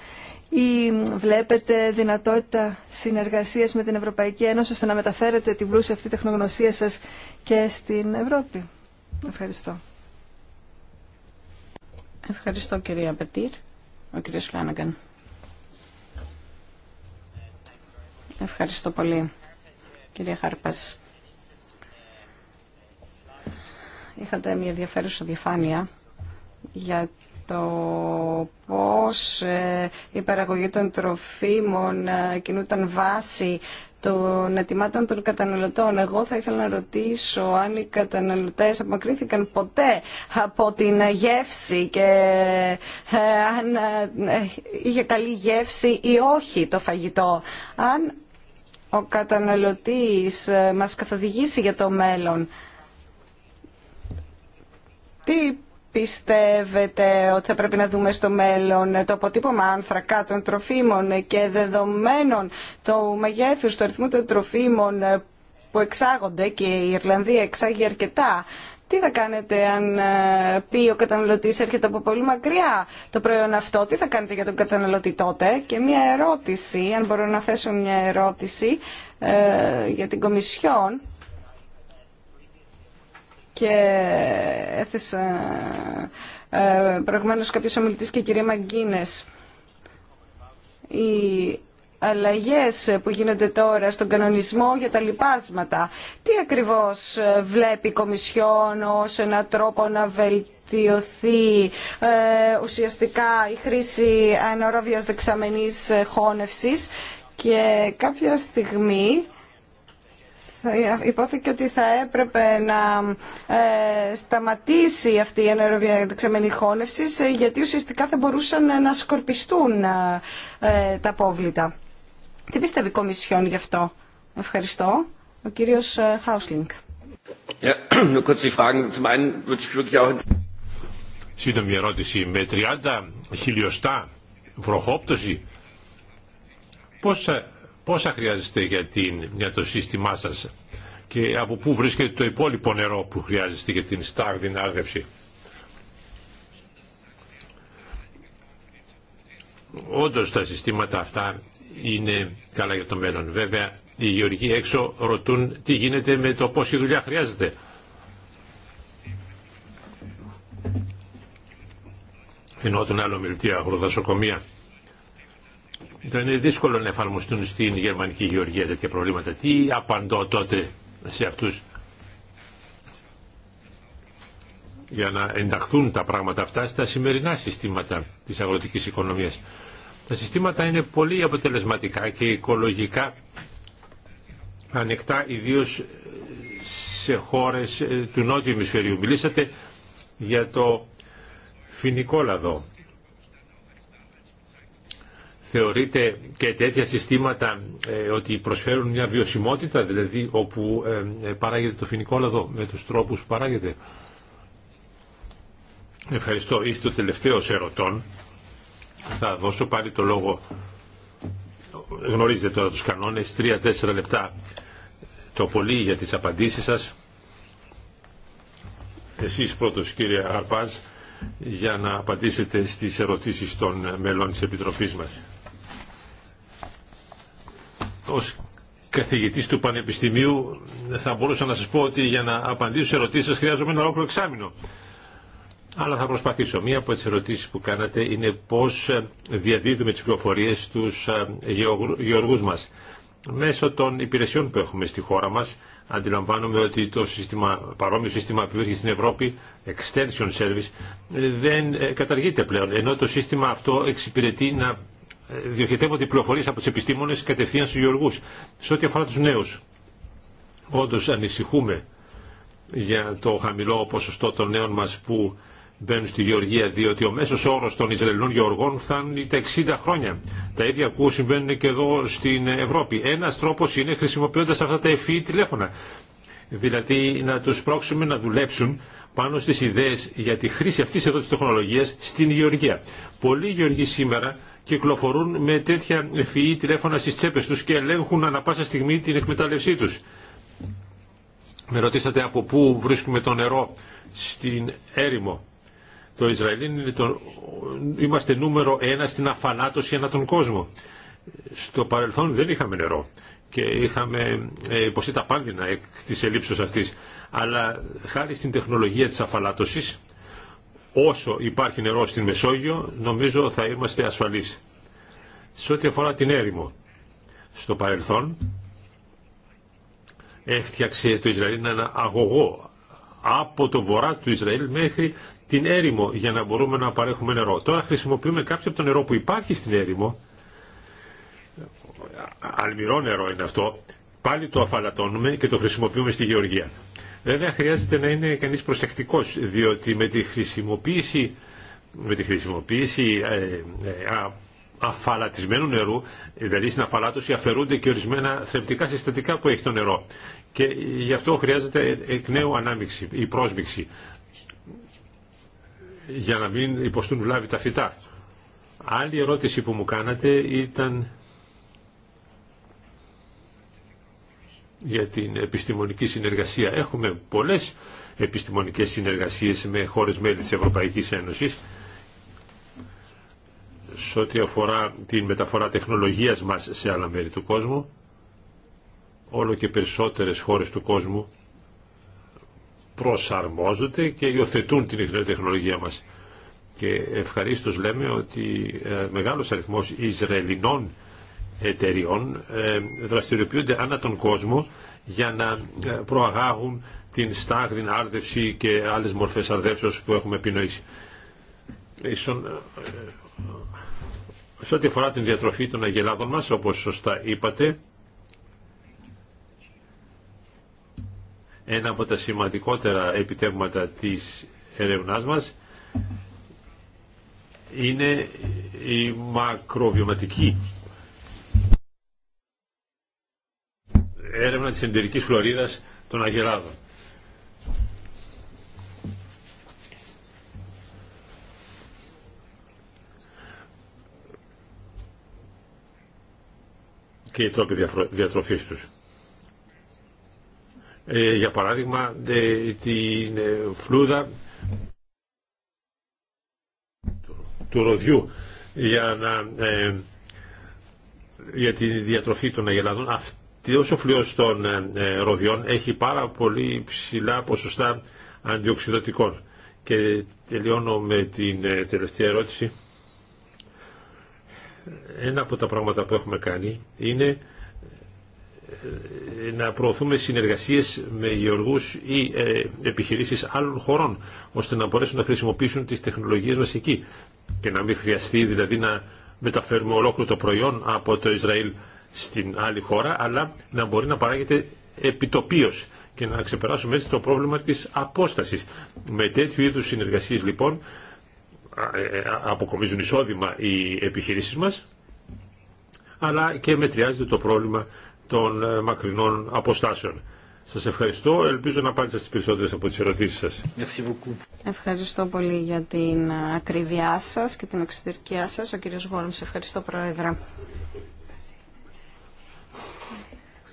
ή βλέπετε δυνατότητα συνεργασίας με την Ευρωπαϊκή Ένωση ώστε να μεταφέρετε την πλούσια αυτή τεχνογνωσία σας και στην Ευρώπη. Ευχαριστώ. Ευχαριστώ κυρία Πετήρ. Ο κύριος Ευχαριστώ πολύ, κυρία Χάρπας. Είχατε μια ενδιαφέρουσα διαφάνεια για το πώς ε, η παραγωγή των τροφίμων ε, κινούταν βάση των ετοιμάτων των καταναλωτών. Εγώ θα ήθελα να ρωτήσω αν οι καταναλωτές απομακρύνθηκαν ποτέ από την γεύση και ε, αν είχε καλή γεύση ή όχι το φαγητό. Αν ο καταναλωτής ε, μας καθοδηγήσει για το μέλλον. Τι πιστεύετε ότι θα πρέπει να δούμε στο μέλλον ε, το αποτύπωμα άνθρακα των τροφίμων και δεδομένων το μεγέθους, του αριθμού των τροφίμων ε, που εξάγονται και η Ιρλανδία εξάγει αρκετά τι θα κάνετε αν ε, πει ο καταναλωτής έρχεται από πολύ μακριά το προϊόν αυτό, τι θα κάνετε για τον καταναλωτή τότε. Και μια ερώτηση, αν μπορώ να θέσω μια ερώτηση ε, για την Κομισιόν και έθεσα ε, ε, προηγουμένως κάποιος ομιλητής και η κυρία Μαγκίνες. Η αλλαγές που γίνονται τώρα στον κανονισμό για τα λοιπάσματα. Τι ακριβώς βλέπει η Κομισιόν ως έναν τρόπο να βελτιωθεί ε, ουσιαστικά η χρήση ανορόβιας δεξαμενής χώνευσης και κάποια στιγμή υπόθηκε ότι θα έπρεπε να ε, σταματήσει αυτή η ανεροβία δεξαμενή χώνευση, ε, γιατί ουσιαστικά θα μπορούσαν να σκορπιστούν τα πόβλητα. Τι πιστεύει η Κομισιόν γι' αυτό. Ευχαριστώ. Ο κύριος Χάουσλινγκ. Σύντομη ερώτηση. Με 30 χιλιοστά βροχόπτωση πόσα, πόσα χρειάζεστε για, την, για το σύστημά σας και από πού βρίσκεται το υπόλοιπο νερό που χρειάζεστε για την στάγδιν άρδευση. Όντως τα συστήματα αυτά είναι καλά για το μέλλον. Βέβαια, οι γεωργοί έξω ρωτούν τι γίνεται με το πόση δουλειά χρειάζεται. Ενώ τον άλλο μιλτή αγροδασοκομεία. Ήταν δύσκολο να εφαρμοστούν στην γερμανική γεωργία τέτοια προβλήματα. Τι απαντώ τότε σε αυτούς για να ενταχθούν τα πράγματα αυτά στα σημερινά συστήματα της αγροτικής οικονομίας. Τα συστήματα είναι πολύ αποτελεσματικά και οικολογικά ανεκτά ιδίως σε χώρες ε, του νότιου ημισφαιρίου. Μιλήσατε για το φοινικό λαδό. Θεωρείτε και τέτοια συστήματα ε, ότι προσφέρουν μια βιωσιμότητα, δηλαδή όπου ε, παράγεται το φοινικό λαδό με τους τρόπους που παράγεται. Ευχαριστώ. Είστε ο τελευταίος ερωτών. Θα δώσω πάλι το λόγο. Γνωρίζετε τώρα τους κανόνες, 3-4 λεπτά το πολύ για τις απαντήσεις σας. Εσείς πρώτος κύριε Αρπάζ για να απαντήσετε στις ερωτήσεις των μελών της Επιτροπής μας. Ως καθηγητής του Πανεπιστημίου θα μπορούσα να σας πω ότι για να απαντήσω σε ερωτήσεις σας χρειάζομαι ένα ολόκληρο εξάμεινο αλλά θα προσπαθήσω. Μία από τις ερωτήσεις που κάνατε είναι πώς ε, διαδίδουμε τις πληροφορίες στους ε, γεωργούς μας. Μέσω των υπηρεσιών που έχουμε στη χώρα μας, αντιλαμβάνομαι ότι το σύστημα, παρόμοιο σύστημα που υπήρχε στην Ευρώπη, extension service, δεν ε, καταργείται πλέον, ενώ το σύστημα αυτό εξυπηρετεί να διοχετεύονται οι πληροφορίες από τους επιστήμονες κατευθείαν στους γεωργούς. Σε ό,τι αφορά τους νέους, όντως ανησυχούμε για το χαμηλό ποσοστό των νέων μας που μπαίνουν στη γεωργία, διότι ο μέσος όρος των Ισραηλινών γεωργών φτάνει τα 60 χρόνια. Τα ίδια που συμβαίνουν και εδώ στην Ευρώπη. Ένας τρόπος είναι χρησιμοποιώντας αυτά τα ευφυή τηλέφωνα. Δηλαδή να τους πρόξουμε να δουλέψουν πάνω στις ιδέες για τη χρήση αυτής εδώ της τεχνολογίας στην γεωργία. Πολλοί γεωργοί σήμερα κυκλοφορούν με τέτοια ευφυή τηλέφωνα στις τσέπες τους και ελέγχουν ανα πάσα στιγμή την εκμετάλλευσή τους. Με ρωτήσατε από πού βρίσκουμε το νερό στην έρημο. Το Ισραήλ είναι το... είμαστε νούμερο ένα στην αφανάτωση ανά τον κόσμο. Στο παρελθόν δεν είχαμε νερό και είχαμε ε, υποστεί τα πάνδυνα εκ της ελλείψεως αυτής. Αλλά χάρη στην τεχνολογία της αφαλάτωσης, όσο υπάρχει νερό στην Μεσόγειο, νομίζω θα είμαστε ασφαλείς. Σε ό,τι αφορά την έρημο, στο παρελθόν έφτιαξε το Ισραήλ ένα αγωγό από το βορρά του Ισραήλ μέχρι την έρημο για να μπορούμε να παρέχουμε νερό. Τώρα χρησιμοποιούμε κάποιο από το νερό που υπάρχει στην έρημο, αλμυρό νερό είναι αυτό, πάλι το αφαλατώνουμε και το χρησιμοποιούμε στη γεωργία. Βέβαια χρειάζεται να είναι κανείς προσεκτικός, διότι με τη χρησιμοποίηση, με τη χρησιμοποίηση ε, ε, α, αφαλατισμένου νερού, δηλαδή στην αφαλάτωση αφαιρούνται και ορισμένα θρεπτικά συστατικά που έχει το νερό. Και γι' αυτό χρειάζεται εκ νέου ανάμειξη ή πρόσμιξη για να μην υποστούν βλάβη τα φυτά. Άλλη ερώτηση που μου κάνατε ήταν για την επιστημονική συνεργασία. Έχουμε πολλές επιστημονικές συνεργασίες με χώρες μέλη της Ευρωπαϊκής Ένωσης σε ό,τι αφορά την μεταφορά τεχνολογίας μας σε άλλα μέρη του κόσμου. Όλο και περισσότερες χώρες του κόσμου προσαρμόζονται και υιοθετούν την τεχνολογία μας. Και ευχαρίστως λέμε ότι ε, μεγάλος αριθμός Ισραηλινών εταιριών ε, δραστηριοποιούνται ανά τον κόσμο για να ε, προαγάγουν την στάγδιν άρδευση και άλλες μορφές αρδεύσεως που έχουμε επινοήσει. Ίσον, σε ό,τι αφορά την διατροφή των αγελάδων μας, όπως σωστά είπατε, ένα από τα σημαντικότερα επιτεύγματα της ερευνάς μας είναι η μακροβιωματική έρευνα της εντερικής χλωρίδας των αγελάδων. και οι τρόποι διατροφής τους. Ε, για παράδειγμα την ε, φλούδα του ροδιού για, να, ε, για τη διατροφή των αγελάδων. Αυτός ο φλοιός των ροδιών έχει πάρα πολύ ψηλά ποσοστά αντιοξυδοτικών. Και τελειώνω με την τελευταία ερώτηση. Ένα από τα πράγματα που έχουμε κάνει είναι να προωθούμε συνεργασίες με γεωργούς ή ε, επιχειρήσεις άλλων χωρών ώστε να μπορέσουν να χρησιμοποιήσουν τις τεχνολογίες μας εκεί και να μην χρειαστεί δηλαδή να μεταφέρουμε ολόκληρο το προϊόν από το Ισραήλ στην άλλη χώρα αλλά να μπορεί να παράγεται επιτοπίως και να ξεπεράσουμε έτσι το πρόβλημα της απόστασης. Με τέτοιου είδους συνεργασίες λοιπόν ε, ε, αποκομίζουν εισόδημα οι επιχειρήσεις μας αλλά και μετριάζεται το πρόβλημα των ε, μακρινών αποστάσεων. Σας ευχαριστώ. Ελπίζω να απάντησα στις περισσότερε από τι ερωτήσει σα. Ευχαριστώ πολύ για την ακριβιά σα και την εξωτερικιά σα, Ο κύριος Βόρμς, ευχαριστώ Πρόεδρε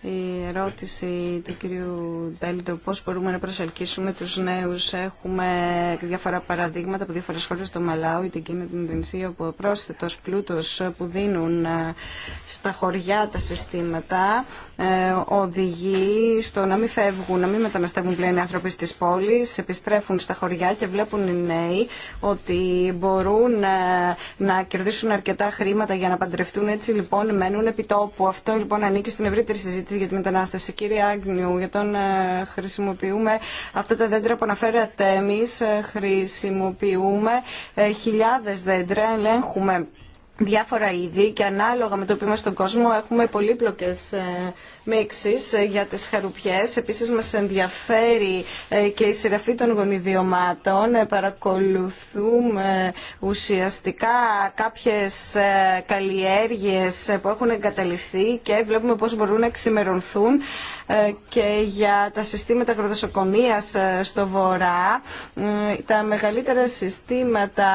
η ερώτηση του κυρίου Μπέλντο πώς μπορούμε να προσελκύσουμε τους νέους. Έχουμε διάφορα παραδείγματα από διάφορες χώρες στο Μαλάου, ή την Κίνα, την Ινδονησία, όπου ο πρόσθετος πλούτος που δίνουν ε, στα χωριά τα συστήματα ε, οδηγεί στο να μην φεύγουν, να μην μεταναστεύουν πλέον οι άνθρωποι στις πόλεις, επιστρέφουν στα χωριά και βλέπουν οι νέοι ότι μπορούν ε, να κερδίσουν αρκετά χρήματα για να παντρευτούν. Έτσι λοιπόν μένουν τόπου. Αυτό λοιπόν ανήκει στην ευρύτερη συζήτηση για τη μετανάστευση. Κύριε Άγνιου, για τον ε, χρησιμοποιούμε αυτά τα δέντρα που αναφέρατε εμείς, ε, χρησιμοποιούμε ε, χιλιάδες δέντρα, ελέγχουμε διάφορα είδη και ανάλογα με το που είμαστε στον κόσμο έχουμε πολύπλοκες ε, μίξεις ε, για τις χαρουπιές. Επίσης μας ενδιαφέρει ε, και η σειραφή των γονιδιωμάτων. Παρακολουθούμε ουσιαστικά κάποιες καλλιέργειες που έχουν εγκαταλειφθεί και βλέπουμε πώς μπορούν να εξημερωνθούν ε, και για τα συστήματα αγροδοσοκομείας ε, στο Βορρά. Τα μεγαλύτερα συστήματα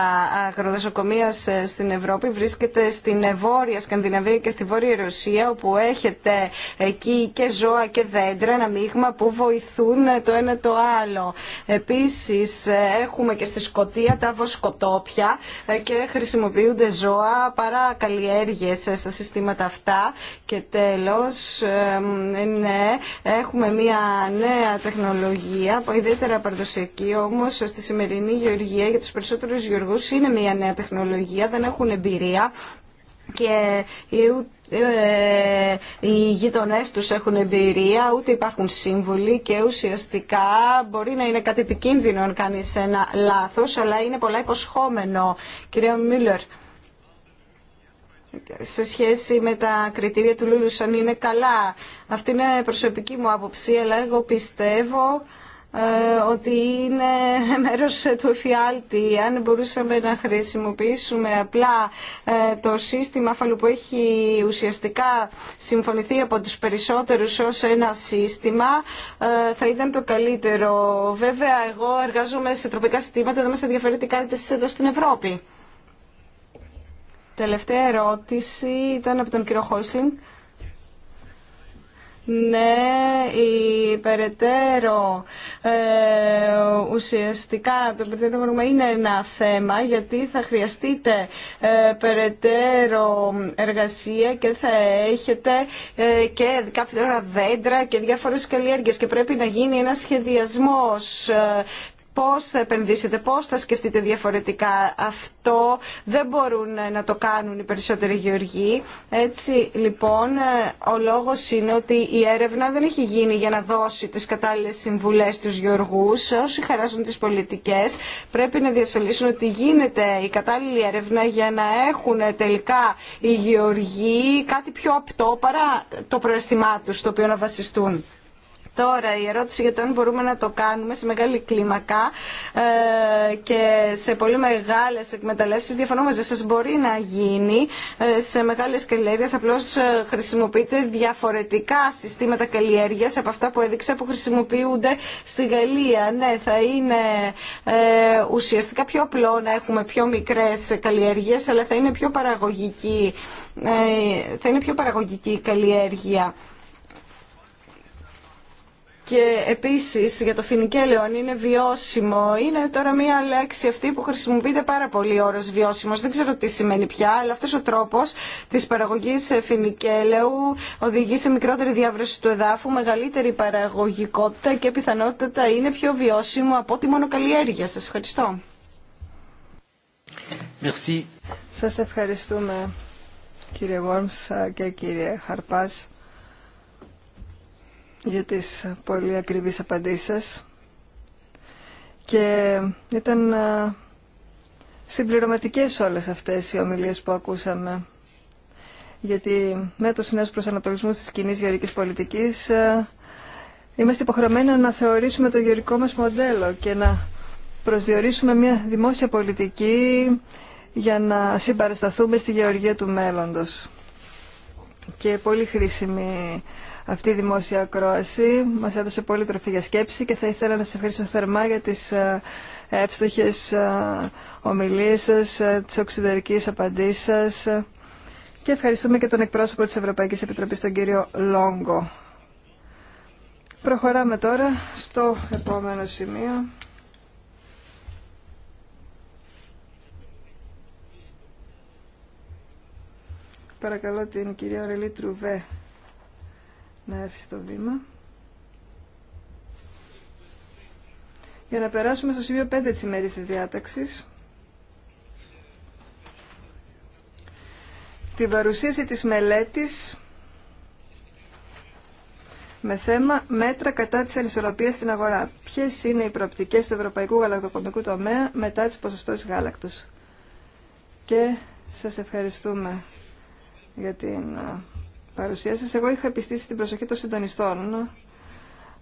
αγροδοσοκομείας ε, στην Ευρώπη βρίσκεται στην Βόρεια Σκανδιναβία και στη Βόρεια Ρωσία, όπου έχετε εκεί και ζώα και δέντρα, ένα μείγμα που βοηθούν το ένα το άλλο. Επίσης έχουμε και στη Σκοτία τα βοσκοτόπια και χρησιμοποιούνται ζώα παρά καλλιέργειες στα συστήματα αυτά. Και τέλος, ναι, Έχουμε μια νέα τεχνολογία, ιδιαίτερα παραδοσιακή όμως στη σημερινή γεωργία για τους περισσότερους γεωργούς είναι μια νέα τεχνολογία, δεν έχουν εμπειρία και οι ε, γειτονέ τους έχουν εμπειρία, ούτε υπάρχουν σύμβουλοι και ουσιαστικά μπορεί να είναι κάτι επικίνδυνο αν κάνεις ένα λάθος, αλλά είναι πολλά υποσχόμενο. Κυρία Μίλλερ σε σχέση με τα κριτήρια του Λούλου είναι καλά. Αυτή είναι προσωπική μου άποψη, αλλά εγώ πιστεύω ε, ότι είναι μέρος του εφιάλτη. Αν μπορούσαμε να χρησιμοποιήσουμε απλά ε, το σύστημα αφαλού που έχει ουσιαστικά συμφωνηθεί από τους περισσότερους ως ένα σύστημα, ε, θα ήταν το καλύτερο. Βέβαια, εγώ εργάζομαι σε τροπικά συστήματα, δεν μας ενδιαφέρει τι κάνετε εσείς εδώ στην Ευρώπη. Τελευταία ερώτηση ήταν από τον κύριο Χόισλινγκ. Ναι, η περαιτέρω ε, ουσιαστικά το περαιτέρω πρόγραμμα είναι ένα θέμα γιατί θα χρειαστείτε ε, περαιτέρω εργασία και θα έχετε ε, και κάποια δέντρα και διάφορες καλλιέργειες και πρέπει να γίνει ένας σχεδιασμός ε, πώς θα επενδύσετε, πώς θα σκεφτείτε διαφορετικά. Αυτό δεν μπορούν να το κάνουν οι περισσότεροι γεωργοί. Έτσι λοιπόν ο λόγος είναι ότι η έρευνα δεν έχει γίνει για να δώσει τις κατάλληλες συμβουλές στους γεωργούς. Όσοι χαράζουν τις πολιτικές πρέπει να διασφαλίσουν ότι γίνεται η κατάλληλη έρευνα για να έχουν τελικά οι γεωργοί κάτι πιο απτό παρά το προαισθημά τους στο οποίο να βασιστούν. Τώρα η ερώτηση για το αν μπορούμε να το κάνουμε σε μεγάλη κλίμακα ε, και σε πολύ μεγάλες εκμεταλλεύσεις διαφωνώ μαζί σας μπορεί να γίνει ε, σε μεγάλες καλλιέργειες απλώς ε, χρησιμοποιείται διαφορετικά συστήματα καλλιέργειας από αυτά που έδειξα που χρησιμοποιούνται στη Γαλλία. Ναι, θα είναι ε, ουσιαστικά πιο απλό να έχουμε πιο μικρές καλλιέργειες αλλά θα είναι πιο παραγωγική, ε, θα είναι πιο παραγωγική η καλλιέργεια. Και επίσης για το φινικέλαιο, είναι βιώσιμο, είναι τώρα μία λέξη αυτή που χρησιμοποιείται πάρα πολύ όρος βιώσιμος. Δεν ξέρω τι σημαίνει πια, αλλά αυτός ο τρόπος της παραγωγής φινικέλαιου οδηγεί σε μικρότερη διάβρωση του εδάφου, μεγαλύτερη παραγωγικότητα και πιθανότητα είναι πιο βιώσιμο από τη μονοκαλλιέργεια. Σας ευχαριστώ. Merci. ευχαριστούμε κύριε Βόρμς και κύριε Χαρπάς για τις πολύ ακριβείς απαντήσεις σας και ήταν συμπληρωματικές όλες αυτές οι ομιλίες που ακούσαμε γιατί με το νέους προσανατολισμούς της κοινή γεωρικής πολιτικής είμαστε υποχρεωμένοι να θεωρήσουμε το γεωρικό μας μοντέλο και να προσδιορίσουμε μια δημόσια πολιτική για να συμπαρασταθούμε στη γεωργία του μέλλοντος. Και πολύ χρήσιμη αυτή η δημόσια ακρόαση μας έδωσε πολύ τροφή για σκέψη και θα ήθελα να σας ευχαριστήσω θερμά για τις ε, εύστοχες ε, ομιλίες σας, ε, τις οξυδερικές απαντήσεις σας και ευχαριστούμε και τον εκπρόσωπο της Ευρωπαϊκής Επιτροπής, τον κύριο Λόγκο. Προχωράμε τώρα στο επόμενο σημείο. Παρακαλώ την κυρία Ρελή Τρουβέ να έρθει στο βήμα. Για να περάσουμε στο σημείο 5 της ημέρης της διάταξης. Την παρουσίαση της μελέτης με θέμα μέτρα κατά της ανισορροπίας στην αγορά. Ποιες είναι οι προοπτικές του ευρωπαϊκού γαλακτοκομικού τομέα μετά τις ποσοστώσεις γάλακτος. Και σας ευχαριστούμε για την παρουσία Εγώ είχα επιστήσει την προσοχή των συντονιστών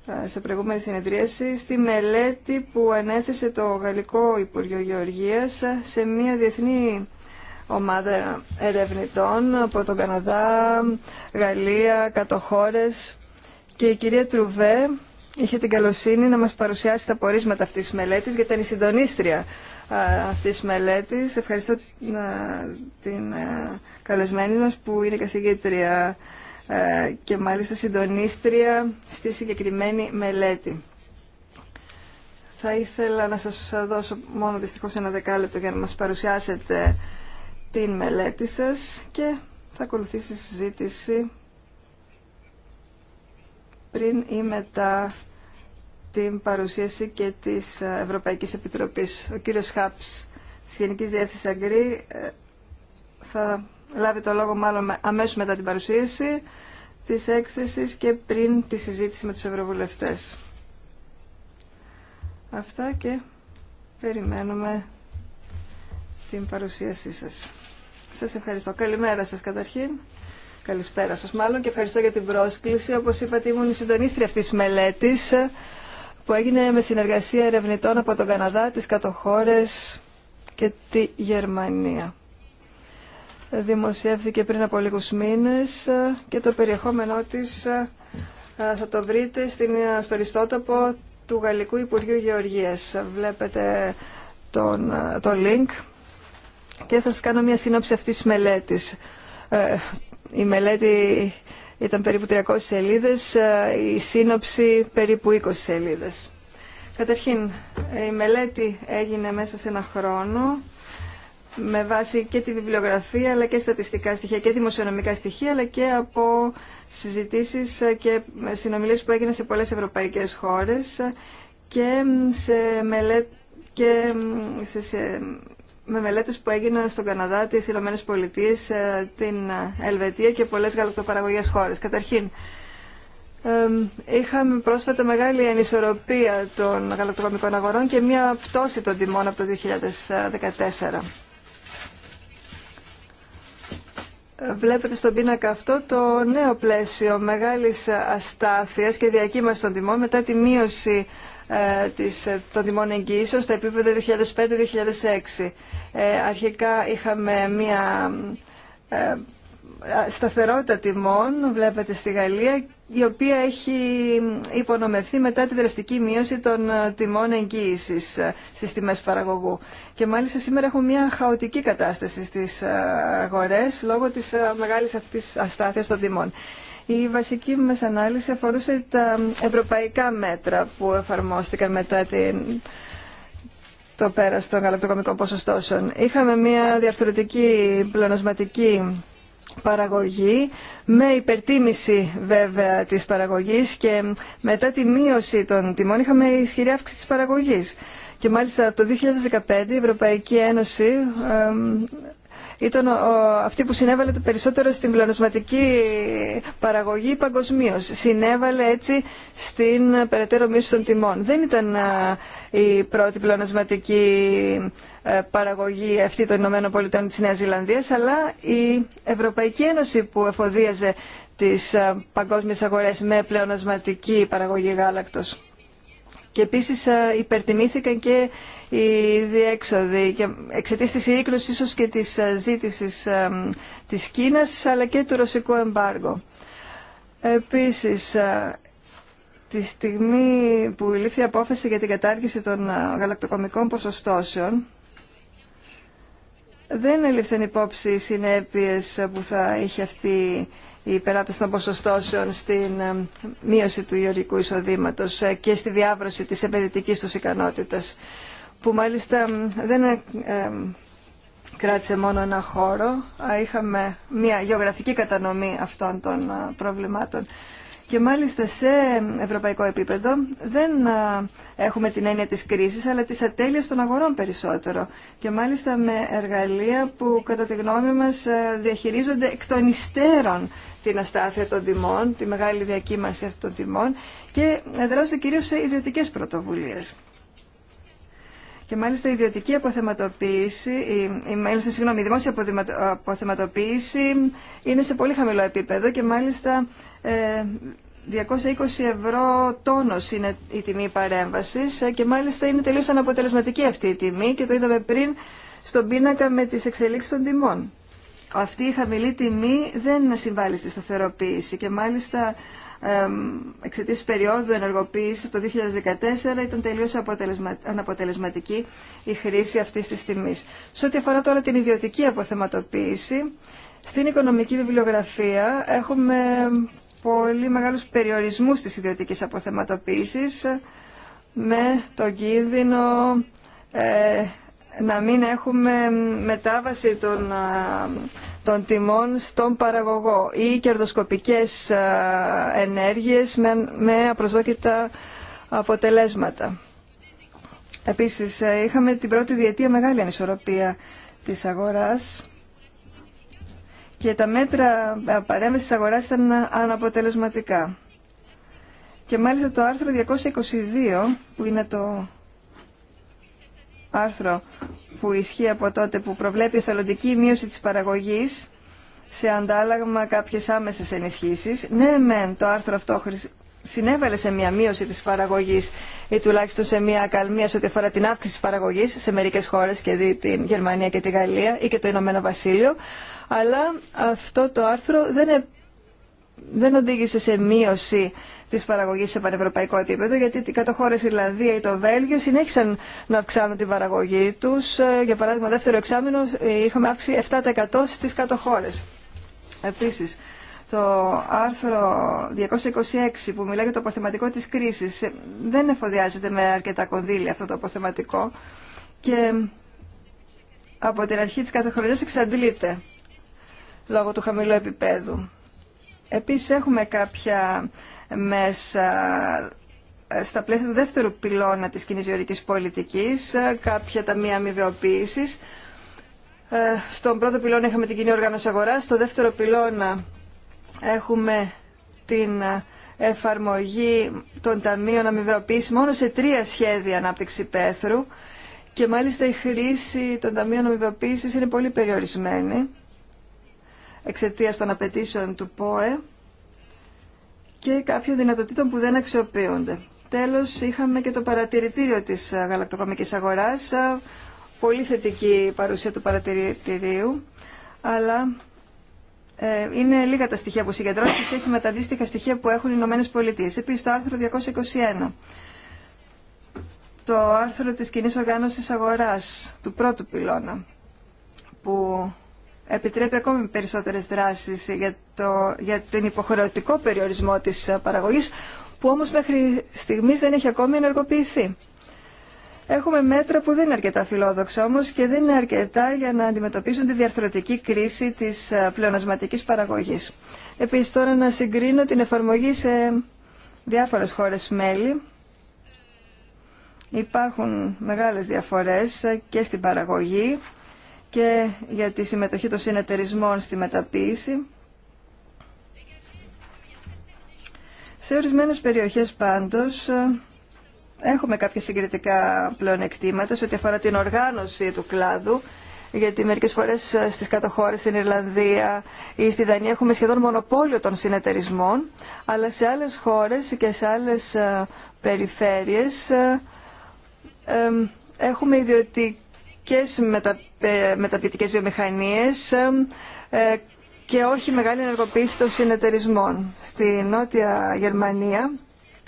ε, σε προηγούμενη συνεδρίαση στη μελέτη που ανέθεσε το Γαλλικό Υπουργείο Γεωργίας σε μια διεθνή ομάδα ερευνητών από τον Καναδά, Γαλλία, κατοχώρες και η κυρία Τρουβέ είχε την καλοσύνη να μας παρουσιάσει τα πορίσματα αυτής της μελέτης γιατί ήταν η συντονίστρια αυτής της μελέτης. Ευχαριστώ ε, την ε, καλεσμένη μας που είναι καθηγήτρια ε, και μάλιστα συντονίστρια στη συγκεκριμένη μελέτη. Θα ήθελα να σας δώσω μόνο δυστυχώς ένα δεκάλεπτο για να μας παρουσιάσετε την μελέτη σας και θα ακολουθήσει η συζήτηση πριν ή μετά την παρουσίαση και της Ευρωπαϊκής Επιτροπής. Ο κύριος Χάπς της Γενικής Διεύθυνσης Αγκρή ε, θα λάβει το λόγο μάλλον αμέσως μετά την παρουσίαση της έκθεσης και πριν τη συζήτηση με τους Ευρωβουλευτές. Αυτά και περιμένουμε την παρουσίασή σας. Σας ευχαριστώ. Καλημέρα σας καταρχήν. Καλησπέρα σας μάλλον και ευχαριστώ για την πρόσκληση. Όπως είπατε ήμουν η συντονίστρια αυτής της μελέτης που έγινε με συνεργασία ερευνητών από τον Καναδά, τις κατοχώρες και τη Γερμανία. Δημοσιεύθηκε πριν από λίγους μήνες και το περιεχόμενό της ε, θα το βρείτε στην, ε, στο του Γαλλικού Υπουργείου Γεωργίας. Βλέπετε τον, ε, το link και θα σας κάνω μια σύνοψη αυτής της μελέτης. η μελέτη ήταν περίπου 300 σελίδες, ε, η σύνοψη περίπου 20 σελίδες. Καταρχήν, η μελέτη έγινε μέσα σε ένα χρόνο με βάση και τη βιβλιογραφία αλλά και στατιστικά στοιχεία και δημοσιονομικά στοιχεία αλλά και από συζητήσεις και συνομιλίες που έγιναν σε πολλές ευρωπαϊκές χώρες και σε μελέτη και σε με μελέτες που έγιναν στον Καναδά, τις Ηνωμένε Πολιτείε, ε, την ε, Ελβετία και πολλές γαλακτοπαραγωγές χώρες. Καταρχήν, είχαμε πρόσφατα μεγάλη ανισορροπία των γαλακτοκομικών αγορών και μια πτώση των τιμών από το 2014. Βλέπετε στον πίνακα αυτό το νέο πλαίσιο μεγάλης αστάθειας και διακύμαση των τιμών μετά τη μείωση ε, ε, των τιμών εγγύησεων στα επίπεδα 2005-2006. Ε, αρχικά είχαμε μία σταθερότητα τιμών, βλέπετε στη Γαλλία, η οποία έχει υπονομευθεί μετά τη δραστική μείωση των τιμών εγγύησης στις τιμές παραγωγού. Και μάλιστα σήμερα έχουμε μια χαοτική κατάσταση στις αγορές λόγω της μεγάλης αυτής αστάθειας των τιμών. Η βασική μας ανάλυση αφορούσε τα ευρωπαϊκά μέτρα που εφαρμόστηκαν μετά την το πέρας των γαλακτοκομικών ποσοστώσεων. Είχαμε μια διαρθρωτική πλονοσματική παραγωγή με υπερτίμηση βέβαια της παραγωγής και μετά τη μείωση των τιμών είχαμε ισχυρή αύξηση της παραγωγής. Και μάλιστα το 2015 η Ευρωπαϊκή Ένωση ήταν αυτή που συνέβαλε το περισσότερο στην πλανοσματική παραγωγή παγκοσμίω. Συνέβαλε έτσι στην περαιτέρω μείωση των τιμών. Δεν ήταν η πρώτη πλανοσματική ε, παραγωγή αυτή των Ηνωμένων Πολιτών της Νέας Ζηλανδίας, αλλά η Ευρωπαϊκή Ένωση που εφοδίαζε τις παγκόσμιες αγορές με πλεονασματική παραγωγή γάλακτος. Και επίσης υπερτιμήθηκαν και η διέξοδοι και εξαιτίας της ίσω ίσως και της ε, ζήτησης ε, της Κίνας αλλά και του ρωσικού εμπάργου. Επίσης, ε, τη στιγμή που λήφθη η απόφαση για την κατάργηση των γαλακτοκομικών ποσοστώσεων, δεν έλειψαν υπόψη οι συνέπειες που θα είχε αυτή η περάτωση των ποσοστώσεων στην μείωση του ιωρικού εισοδήματος και στη διάβρωση της επενδυτικής τους ικανότητας που μάλιστα δεν ε, κράτησε μόνο ένα χώρο, είχαμε μια γεωγραφική κατανομή αυτών των ε, προβλημάτων. Και μάλιστα σε ευρωπαϊκό επίπεδο δεν ε, έχουμε την έννοια της κρίσης, αλλά της ατέλειας των αγορών περισσότερο. Και μάλιστα με εργαλεία που κατά τη γνώμη μας διαχειρίζονται εκ των υστέρων την αστάθεια των τιμών, τη μεγάλη διακύμαση αυτών των τιμών και δράζονται κυρίως σε ιδιωτικές πρωτοβουλίες. Και μάλιστα η ιδιωτική αποθεματοποίηση, η, μάλιστα, δημόσια αποθεματοποίηση είναι σε πολύ χαμηλό επίπεδο και μάλιστα 220 ε, ευρώ τόνος είναι η τιμή παρέμβασης ε, και μάλιστα είναι τελείως αναποτελεσματική αυτή η τιμή και το είδαμε πριν στον πίνακα με τις εξελίξεις των τιμών. Αυτή η χαμηλή τιμή δεν συμβάλλει στη σταθεροποίηση και μάλιστα εξαιτία περίοδου ενεργοποίηση το 2014 ήταν τελείω αναποτελεσματική η χρήση αυτή τη τιμή. Σε ό,τι αφορά τώρα την ιδιωτική αποθεματοποίηση, στην οικονομική βιβλιογραφία έχουμε πολύ μεγάλους περιορισμούς της ιδιωτικής αποθεματοποίησης με τον κίνδυνο ε, να μην έχουμε μετάβαση των των τιμών στον παραγωγό ή κερδοσκοπικές ε, ενέργειες με απροσδόκητα αποτελέσματα. Επίσης, ε, είχαμε την πρώτη διετία μεγάλη ανισορροπία της αγοράς και τα μέτρα ε, παρέμβασης της αγοράς ήταν αναποτελεσματικά. Και μάλιστα το άρθρο 222, που είναι το άρθρο που ισχύει από τότε που προβλέπει η θελοντική μείωση της παραγωγής σε αντάλλαγμα κάποιες άμεσες ενισχύσεις. Ναι, μεν, το άρθρο αυτό συνέβαλε σε μια μείωση της παραγωγής ή τουλάχιστον σε μια ακαλμία σε ό,τι αφορά την αύξηση της παραγωγής σε μερικές χώρες και δει την Γερμανία και τη Γαλλία ή και το Ηνωμένο Βασίλειο αλλά αυτό το άρθρο δεν, ε- δεν οδήγησε σε μείωση της παραγωγής σε πανευρωπαϊκό επίπεδο, γιατί οι κατοχώρες Ιρλανδία ή το Βέλγιο συνέχισαν να αυξάνουν την παραγωγή τους. Ε, για παράδειγμα, δεύτερο εξάμεινο ε, είχαμε αύξηση 7% στι κατοχώρε. Επίσης, το άρθρο 226 που μιλάει για το αποθεματικό της κρίσης ε, δεν εφοδιάζεται με αρκετά κονδύλια αυτό το αποθεματικό και από την αρχή της κάθε εξαντλείται λόγω του χαμηλού επίπεδου. Επίσης έχουμε κάποια μέσα ε, στα πλαίσια του δεύτερου πυλώνα της κοινής γεωρικής πολιτικής, ε, κάποια ταμεία αμοιβαιοποίησης. Ε, στον πρώτο πυλώνα είχαμε την κοινή οργάνωση αγοράς, στο δεύτερο πυλώνα έχουμε την εφαρμογή των ταμείων αμοιβεοποίησης μόνο σε τρία σχέδια ανάπτυξη πέθρου και μάλιστα η χρήση των ταμείων αμοιβεοποίησης είναι πολύ περιορισμένη εξαιτίας των απαιτήσεων του ΠΟΕ και κάποιων δυνατοτήτων που δεν αξιοποιούνται. Τέλος, είχαμε και το παρατηρητήριο της ε, γαλακτοκομικής αγοράς, ε, πολύ θετική παρουσία του παρατηρητηρίου, αλλά ε, είναι λίγα τα στοιχεία που συγκεντρώνουν σε σχέση με τα αντίστοιχα στοιχεία που έχουν οι Ηνωμένε Πολιτείε. Επίση, το άρθρο 221. Το άρθρο τη κοινή Οργάνωση αγορά, του πρώτου πυλώνα που επιτρέπει ακόμη περισσότερες δράσεις για, το, για τον υποχρεωτικό περιορισμό της παραγωγής που όμως μέχρι στιγμής δεν έχει ακόμη ενεργοποιηθεί. Έχουμε μέτρα που δεν είναι αρκετά φιλόδοξα όμως και δεν είναι αρκετά για να αντιμετωπίσουν τη διαρθρωτική κρίση της πλεονασματικής παραγωγής. Επίσης τώρα να συγκρίνω την εφαρμογή σε διάφορες χώρες μέλη. Υπάρχουν μεγάλες διαφορές και στην παραγωγή και για τη συμμετοχή των συνεταιρισμών στη μεταποίηση. Σε ορισμένες περιοχές πάντως έχουμε κάποια συγκριτικά πλεονεκτήματα σε ό,τι αφορά την οργάνωση του κλάδου γιατί μερικές φορές ε, στις κατοχώρες, στην Ιρλανδία ή στη Δανία έχουμε σχεδόν μονοπόλιο των συνεταιρισμών, αλλά σε άλλες χώρες και σε άλλες ε, περιφέρειες ε, έχουμε ιδιωτική και μετα... Ε, βιομηχανίες ε, ε, και όχι μεγάλη ενεργοποίηση των συνεταιρισμών. Στη Νότια Γερμανία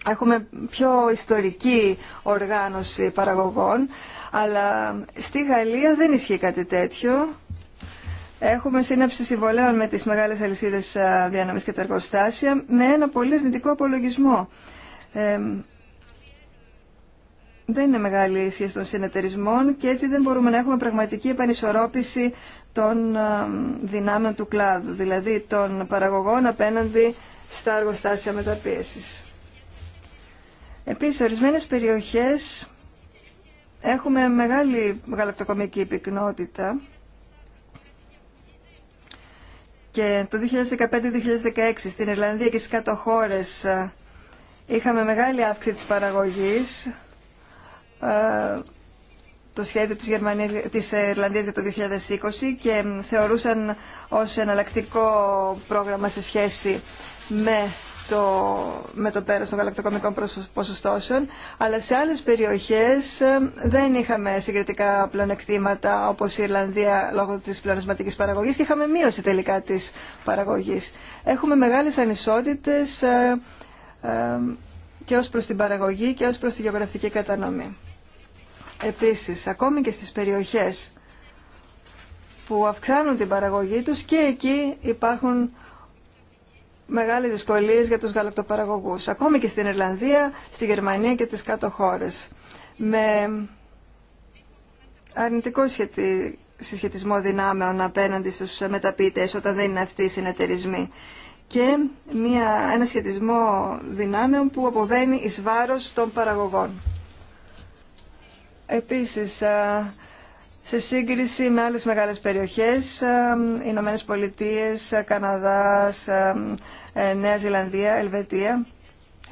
έχουμε πιο ιστορική οργάνωση παραγωγών, αλλά στη Γαλλία δεν ισχύει κάτι τέτοιο. Έχουμε σύναψη συμβολέων με τις μεγάλες αλυσίδες διανομής και τα εργοστάσια με ένα πολύ αρνητικό απολογισμό δεν είναι μεγάλη η σχέση των συνεταιρισμών και έτσι δεν μπορούμε να έχουμε πραγματική επανισορρόπηση των ε, δυνάμεων του κλάδου, δηλαδή των παραγωγών απέναντι στα αργοστάσια μεταπίεσης. Επίσης, σε ορισμένες περιοχές έχουμε μεγάλη γαλακτοκομική πυκνότητα και το 2015-2016 στην Ιρλανδία και στις κάτω χώρες ε, είχαμε μεγάλη αύξηση της παραγωγής ε, το σχέδιο της, Γερμανίας, της Ιρλανδίας για το 2020 και θεωρούσαν ως εναλλακτικό πρόγραμμα σε σχέση με το, με το πέρας των γαλακτοκομικών ποσοστώσεων, αλλά σε άλλες περιοχές ε, δεν είχαμε συγκριτικά πλεονεκτήματα όπως η Ιρλανδία λόγω της πλονεσματικής παραγωγής και είχαμε μείωση τελικά της παραγωγής. Έχουμε μεγάλες ανισότητες ε, και ως προς την παραγωγή και ως προς τη γεωγραφική κατανομή. Επίσης, ακόμη και στις περιοχές που αυξάνουν την παραγωγή τους και εκεί υπάρχουν μεγάλες δυσκολίες για τους γαλακτοπαραγωγούς. Ακόμη και στην Ιρλανδία, στη Γερμανία και τις κάτω χώρες. Με αρνητικό σχετι... συσχετισμό δυνάμεων απέναντι στους μεταποιητές όταν δεν είναι αυτοί οι συνεταιρισμοί και μια, ένα σχετισμό δυνάμεων που αποβαίνει εις βάρος των παραγωγών. Επίσης, σε σύγκριση με άλλες μεγάλες περιοχές, Ηνωμένε Πολιτείε, Καναδάς, ε, Νέα Ζηλανδία, Ελβετία,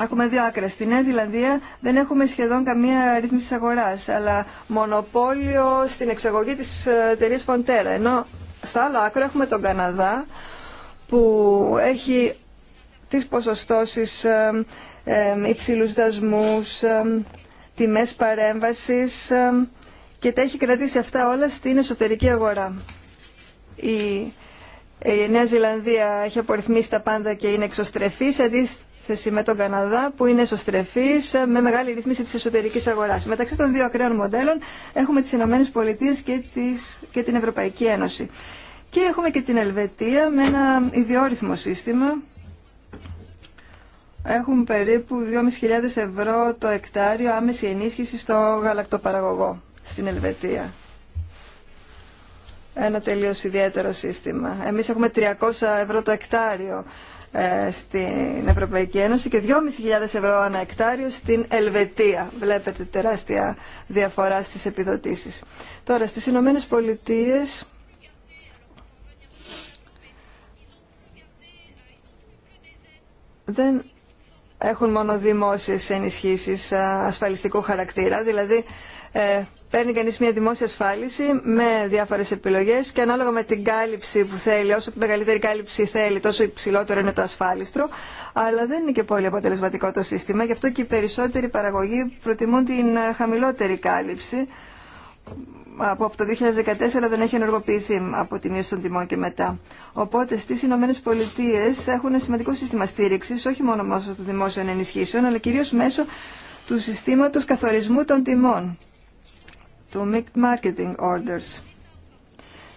Έχουμε δύο άκρε. Στη Νέα Ζηλανδία δεν έχουμε σχεδόν καμία ρύθμιση τη αγορά, αλλά μονοπόλιο στην εξαγωγή της ε, εταιρεία Φοντέρα. Ενώ στο άλλο άκρο έχουμε τον Καναδά, που έχει τις ποσοστώσεις, ε, υψηλούς δασμούς, τιμές παρέμβασης και τα έχει κρατήσει αυτά όλα στην εσωτερική αγορά. Η, η Νέα Ζηλανδία έχει απορριθμίσει τα πάντα και είναι εξωστρεφής, αντίθεση με τον Καναδά που είναι εσωστρεφή με μεγάλη ρυθμίση της εσωτερικής αγοράς. Μεταξύ των δύο ακραίων μοντέλων έχουμε τις Ηνωμένε Πολιτείε και, και την Ευρωπαϊκή Ένωση. Και έχουμε και την Ελβετία με ένα ιδιόρυθμο σύστημα έχουν περίπου 2.500 ευρώ το εκτάριο άμεση ενίσχυση στο γαλακτοπαραγωγό στην Ελβετία. Ένα τελείω ιδιαίτερο σύστημα. Εμείς έχουμε 300 ευρώ το εκτάριο ε, στην Ευρωπαϊκή Ένωση και 2.500 ευρώ ανά εκτάριο στην Ελβετία. Βλέπετε τεράστια διαφορά στις επιδοτήσεις. Τώρα, στις Ηνωμένε Πολιτείες... Δεν έχουν μόνο δημόσιες ενισχύσεις ασφαλιστικού χαρακτήρα, δηλαδή ε, παίρνει κανείς μια δημόσια ασφάλιση με διάφορες επιλογές και ανάλογα με την κάλυψη που θέλει, όσο μεγαλύτερη κάλυψη θέλει, τόσο υψηλότερο είναι το ασφάλιστρο, αλλά δεν είναι και πολύ αποτελεσματικό το σύστημα, γι' αυτό και οι περισσότεροι παραγωγοί προτιμούν την ε, χαμηλότερη κάλυψη, που από το 2014 δεν έχει ενεργοποιηθεί από τη μείωση των τιμών και μετά. Οπότε στι Ηνωμένε Πολιτείε έχουν σημαντικό σύστημα στήριξη, όχι μόνο μέσω των δημόσιων ενισχύσεων, αλλά κυρίω μέσω του συστήματο καθορισμού των τιμών, του Mixed Marketing Orders.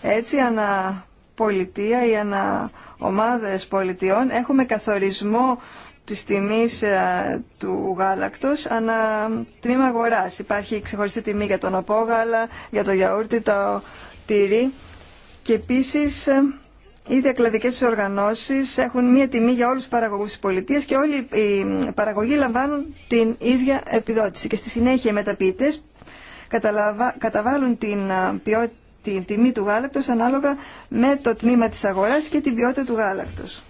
Έτσι, ανά πολιτεία ή ανά ομάδες πολιτιών έχουμε καθορισμό της τιμής ε, του γάλακτος ανά τμήμα αγορά. Υπάρχει ξεχωριστή τιμή για τον απογάλα για το γιαούρτι, το τυρί και επίσης οι ε, διακλαδικές οργανώσεις έχουν μία τιμή για όλους τους παραγωγούς της πολιτείας και όλοι οι παραγωγοί λαμβάνουν την ίδια επιδότηση. Και στη συνέχεια οι μεταποιητές καταβάλουν την, ε, την τιμή του γάλακτος ανάλογα με το τμήμα της αγοράς και την ποιότητα του γάλακτος.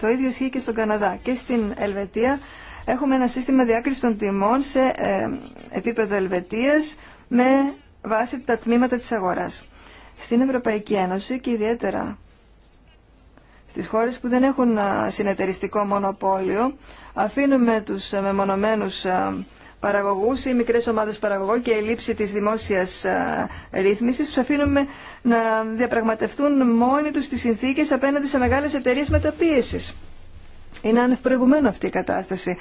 Το ίδιο ισχύει και στον Καναδά. Και στην Ελβετία έχουμε ένα σύστημα διάκριση των τιμών σε ε, επίπεδο Ελβετίας με βάση τα τμήματα της αγοράς. Στην Ευρωπαϊκή Ένωση και ιδιαίτερα στις χώρες που δεν έχουν συνεταιριστικό μονοπόλιο αφήνουμε τους ε, μεμονωμένους ε, οι ή μικρές ομάδες παραγωγών και η λήψη της δημόσιας ε, ρύθμιση, του αφήνουμε να διαπραγματευτούν μόνοι του τις συνθήκες απέναντι σε μεγάλες εταιρείε μεταπίεση. Είναι ανευπροηγουμένο αυτή η κατάσταση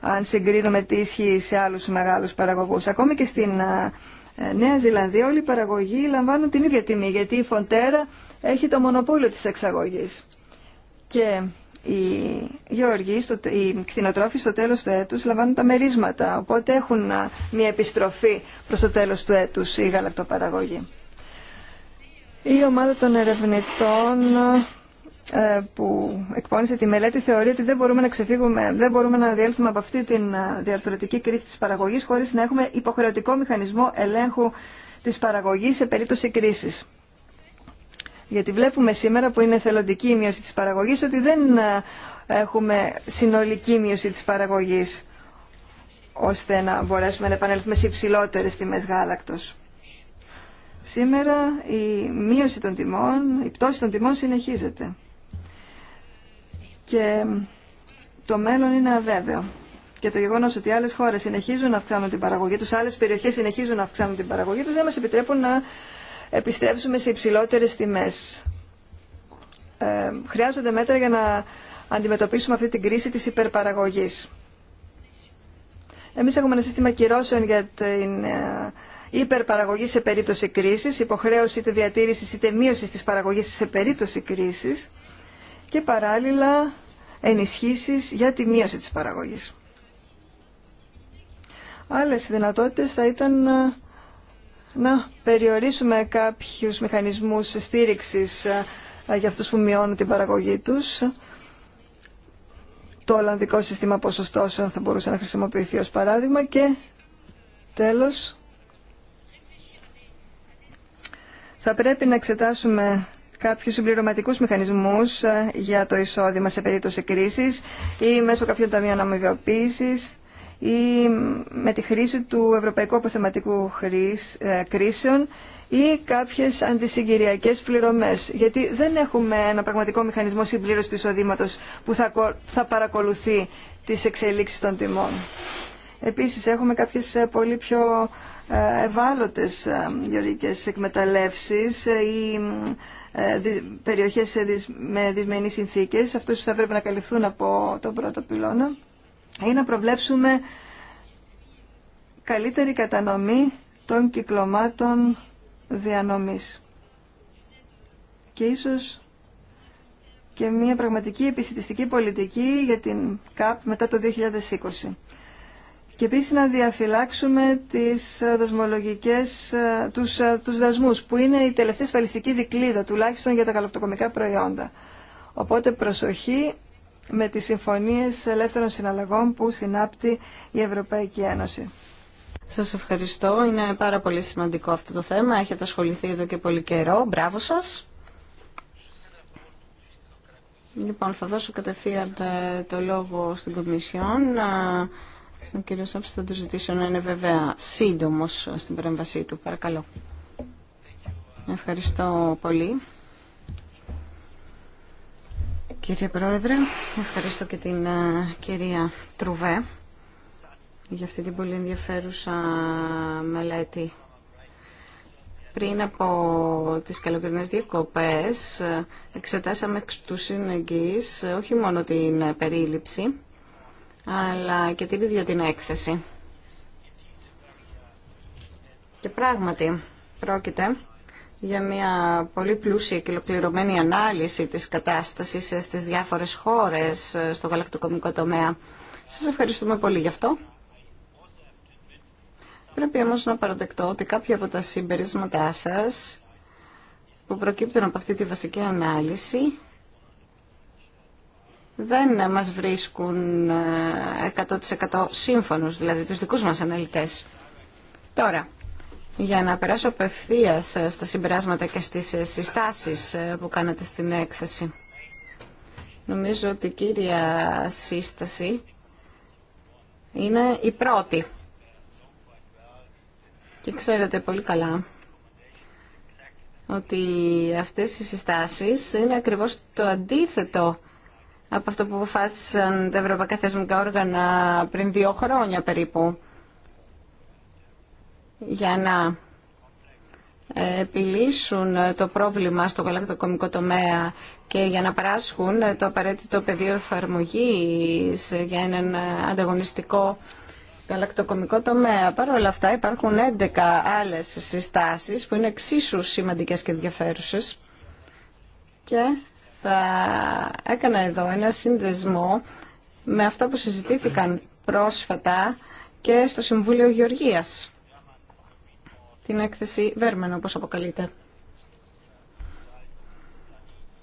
αν συγκρίνουμε τι ισχύει σε άλλους μεγάλους παραγωγούς. Ακόμη και στην ε, ε, Νέα Ζηλανδία όλοι οι παραγωγοί λαμβάνουν την ίδια τιμή γιατί η Φοντέρα έχει το μονοπόλιο τη εξαγωγή. Και οι γεωργοί, οι κτηνοτρόφοι στο τέλος του έτους λαμβάνουν τα μερίσματα, οπότε έχουν μια επιστροφή προς το τέλος του έτους η γαλακτοπαραγωγή. Η ομάδα των ερευνητών ε, που εκπώνησε τη μελέτη θεωρεί ότι δεν μπορούμε να ξεφύγουμε, δεν μπορούμε να διέλθουμε από αυτή τη διαρθρωτική κρίση της παραγωγής χωρίς να έχουμε υποχρεωτικό μηχανισμό ελέγχου της παραγωγής σε περίπτωση κρίσης. Γιατί βλέπουμε σήμερα που είναι θελοντική η μείωση της παραγωγής ότι δεν ε, έχουμε συνολική μείωση της παραγωγής ώστε να μπορέσουμε να επανέλθουμε σε υψηλότερε τιμές γάλακτος. Σήμερα η μείωση των τιμών, η πτώση των τιμών συνεχίζεται. Και ε, το μέλλον είναι αβέβαιο. Και το γεγονό ότι άλλε χώρε συνεχίζουν να αυξάνουν την παραγωγή του, άλλε περιοχέ συνεχίζουν να αυξάνουν την παραγωγή του, δεν μα επιτρέπουν να επιστρέψουμε σε υψηλότερες τιμές. Ε, χρειάζονται μέτρα για να αντιμετωπίσουμε αυτή την κρίση της υπερπαραγωγής. Εμείς έχουμε ένα σύστημα κυρώσεων για την ε, υπερπαραγωγή σε περίπτωση κρίσης, υποχρέωση είτε διατήρησης είτε μείωσης της παραγωγής σε περίπτωση κρίσης και παράλληλα ενισχύσεις για τη μείωση της παραγωγής. Άλλες δυνατότητες θα ήταν ε, να περιορίσουμε κάποιους μηχανισμούς στήριξης ε, ε, για αυτούς που μειώνουν την παραγωγή τους. Το Ολλανδικό Σύστημα Ποσοστώσεων θα μπορούσε να χρησιμοποιηθεί ως παράδειγμα και τέλος θα πρέπει να εξετάσουμε κάποιους συμπληρωματικούς μηχανισμούς ε, για το εισόδημα σε περίπτωση κρίσης ή μέσω κάποιων ταμείων αμοιβιοποίησης ή με τη χρήση του Ευρωπαϊκού Αποθεματικού ε, Κρίσεων ή κάποιες αντισυγκυριακές πληρωμές. Γιατί δεν έχουμε ένα πραγματικό μηχανισμό συμπλήρωσης του εισοδήματο που θα, θα παρακολουθεί τις εξελίξεις των τιμών. Επίσης έχουμε κάποιες ε, πολύ πιο ε, ευάλωτες γεωργικές εκμεταλλεύσεις ή περιοχές με δυσμενείς συνθήκες. αυτός θα πρέπει να καλυφθούν από τον πρώτο πυλώνα ή να προβλέψουμε καλύτερη κατανομή των κυκλωμάτων διανομής. Και ίσως και μια πραγματική επισητιστική πολιτική για την ΚΑΠ μετά το 2020. Και επίσης να διαφυλάξουμε τις ε, δασμολογικές, ε, τους, ε, τους δασμούς, που είναι η τελευταία ασφαλιστική δικλίδα, τουλάχιστον για τα καλοπτοκομικά προϊόντα. Οπότε προσοχή με τις συμφωνίες ελεύθερων συναλλαγών που συνάπτει η Ευρωπαϊκή Ένωση. Σας ευχαριστώ. Είναι πάρα πολύ σημαντικό αυτό το θέμα. Έχετε ασχοληθεί εδώ και πολύ καιρό. Μπράβο σας. Λοιπόν, θα δώσω κατευθείαν ε, το λόγο στην Κομισιόν. Στον κύριο Σάψη θα του ζητήσω να είναι βέβαια σύντομος στην παρέμβασή του. Παρακαλώ. Ευχαριστώ πολύ. Κύριε Πρόεδρε, ευχαριστώ και την ε, κυρία Τρουβέ για αυτή την πολύ ενδιαφέρουσα μελέτη. Πριν από τις καλοκαιρινές διακοπές ε, εξετάσαμε εξ του συνεγγύης ε, όχι μόνο την περίληψη αλλά και την ίδια την έκθεση. Και πράγματι πρόκειται για μια πολύ πλούσια και ολοκληρωμένη ανάλυση της κατάστασης στις διάφορες χώρες στο γαλακτοκομικό τομέα. Σας ευχαριστούμε πολύ γι' αυτό. Πρέπει όμως να παραδεκτώ ότι κάποια από τα συμπερίσματά σας που προκύπτουν από αυτή τη βασική ανάλυση δεν μας βρίσκουν 100% ε, σύμφωνους, δηλαδή τους δικούς μας αναλυτές. Τώρα, για να περάσω απευθεία ε, στα συμπεράσματα και στις ε, συστάσεις ε, που κάνατε στην έκθεση. Νομίζω ότι η κύρια σύσταση είναι η πρώτη. Και ξέρετε πολύ καλά ότι αυτές οι συστάσεις είναι ακριβώς το αντίθετο από αυτό που αποφάσισαν τα ευρωπαϊκά θεσμικά όργανα πριν δύο χρόνια περίπου για να ε, επιλύσουν ε, το πρόβλημα στο γαλακτοκομικό τομέα και για να παράσχουν ε, το απαραίτητο πεδίο εφαρμογή για έναν ανταγωνιστικό γαλακτοκομικό τομέα. Παρ' όλα αυτά υπάρχουν 11 άλλες συστάσεις που είναι εξίσου σημαντικές και ενδιαφέρουσες και θα έκανα εδώ ένα σύνδεσμο με αυτά που συζητήθηκαν πρόσφατα και στο Συμβούλιο Γεωργίας την έκθεση Βέρμαν, όπως αποκαλείται.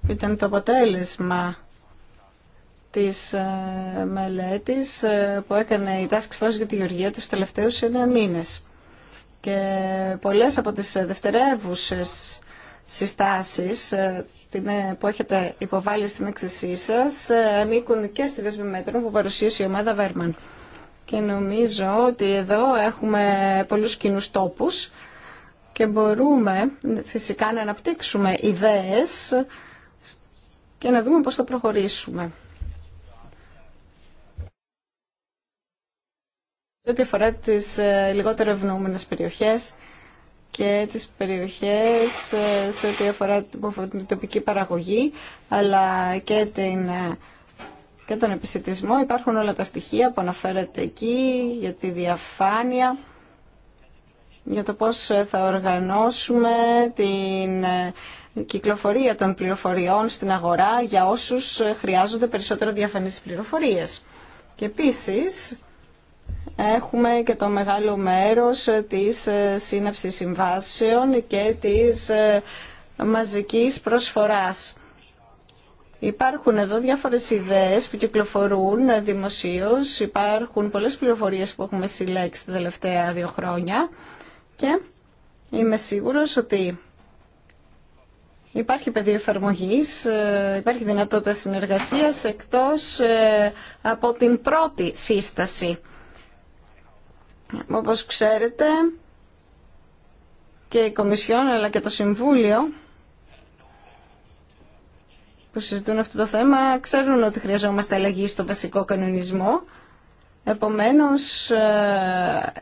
Ήταν το αποτέλεσμα της ε, μελέτης ε, που έκανε η Task Force για τη Γεωργία τους τελευταίους εννέα μήνες. Και πολλές από τις δευτερεύουσες συστάσεις ε, που έχετε υποβάλει στην έκθεσή σας ανήκουν και στη δεσμή που παρουσίασε η ομάδα Βέρμαν. Και νομίζω ότι εδώ έχουμε πολλούς κοινούς τόπους και μπορούμε φυσικά να αναπτύξουμε ιδέες και να δούμε πώς θα προχωρήσουμε. Σε ό,τι αφορά τις ε, λιγότερο ευνοούμενες περιοχές και τις περιοχές ε, σε ό,τι αφορά την τοπική παραγωγή αλλά και, ε, και τον επισητισμό υπάρχουν όλα τα στοιχεία που αναφέρεται εκεί για τη διαφάνεια για το πώς θα οργανώσουμε την ε, κυκλοφορία των πληροφοριών στην αγορά για όσους χρειάζονται περισσότερο διαφανείς πληροφορίες. Και επίσης έχουμε και το μεγάλο μέρος της ε, σύναψης συμβάσεων και της ε, μαζικής προσφοράς. Υπάρχουν εδώ διάφορες ιδέες που κυκλοφορούν δημοσίως, υπάρχουν πολλές πληροφορίες που έχουμε συλλέξει τα τελευταία δύο χρόνια και είμαι σίγουρος ότι Υπάρχει πεδίο εφαρμογή, ε, υπάρχει δυνατότητα συνεργασίας εκτός ε, από την πρώτη σύσταση. Όπως ξέρετε και η Κομισιόν αλλά και το Συμβούλιο που συζητούν αυτό το θέμα ξέρουν ότι χρειαζόμαστε αλλαγή στο βασικό κανονισμό. Επομένως ε,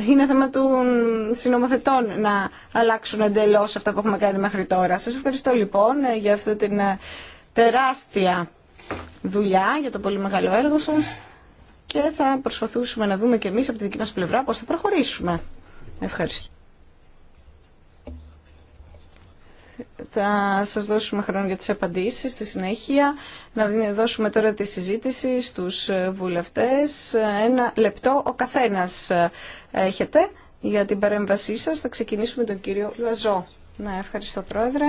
είναι θέμα του συνομοθετών να αλλάξουν εντελώ αυτά που έχουμε κάνει μέχρι τώρα. Σας ευχαριστώ λοιπόν για αυτή την ε, τεράστια δουλειά, για το πολύ μεγάλο έργο σας και θα προσπαθήσουμε να δούμε και εμείς από τη δική μας πλευρά πώς θα προχωρήσουμε. Ευχαριστώ. Θα σας δώσουμε χρόνο για τις απαντήσεις στη συνέχεια. Να δώσουμε τώρα τη συζήτηση στους βουλευτές. Ένα λεπτό ο καθένας ε, έχετε για την παρέμβασή σας. Θα ξεκινήσουμε τον κύριο Λουαζό. Να ευχαριστώ πρόεδρε.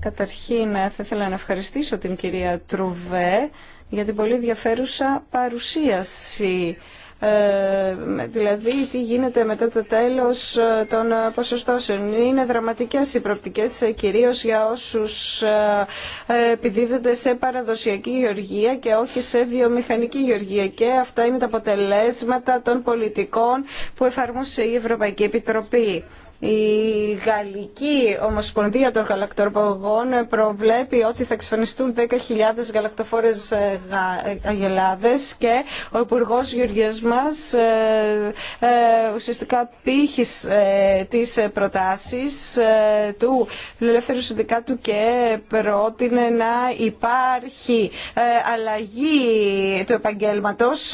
Καταρχήν ε, θα ήθελα να ευχαριστήσω την κυρία Τρουβέ για την πολύ ενδιαφέρουσα παρουσίαση ε, δηλαδή τι γίνεται μετά το τέλος ε, των ε, ποσοστώσεων. Είναι δραματικές οι προπτικές κυρίως για όσους επιδίδονται σε παραδοσιακή γεωργία και όχι σε βιομηχανική γεωργία και αυτά είναι τα αποτελέσματα των πολιτικών που εφαρμόσε η Ευρωπαϊκή Επιτροπή. Η Γαλλική Ομοσπονδία των Γαλακτοπογών προβλέπει ότι θα εξφανιστούν 10.000 γαλακτοφόρες ε, ε, αγελάδες και ο υπουργό Γεωργίας μας ε, ουσιαστικά πύχησε τις προτάσεις του Ελεύθερου Συνδικάτου και πρότεινε να υπάρχει αλλαγή του επαγγέλματος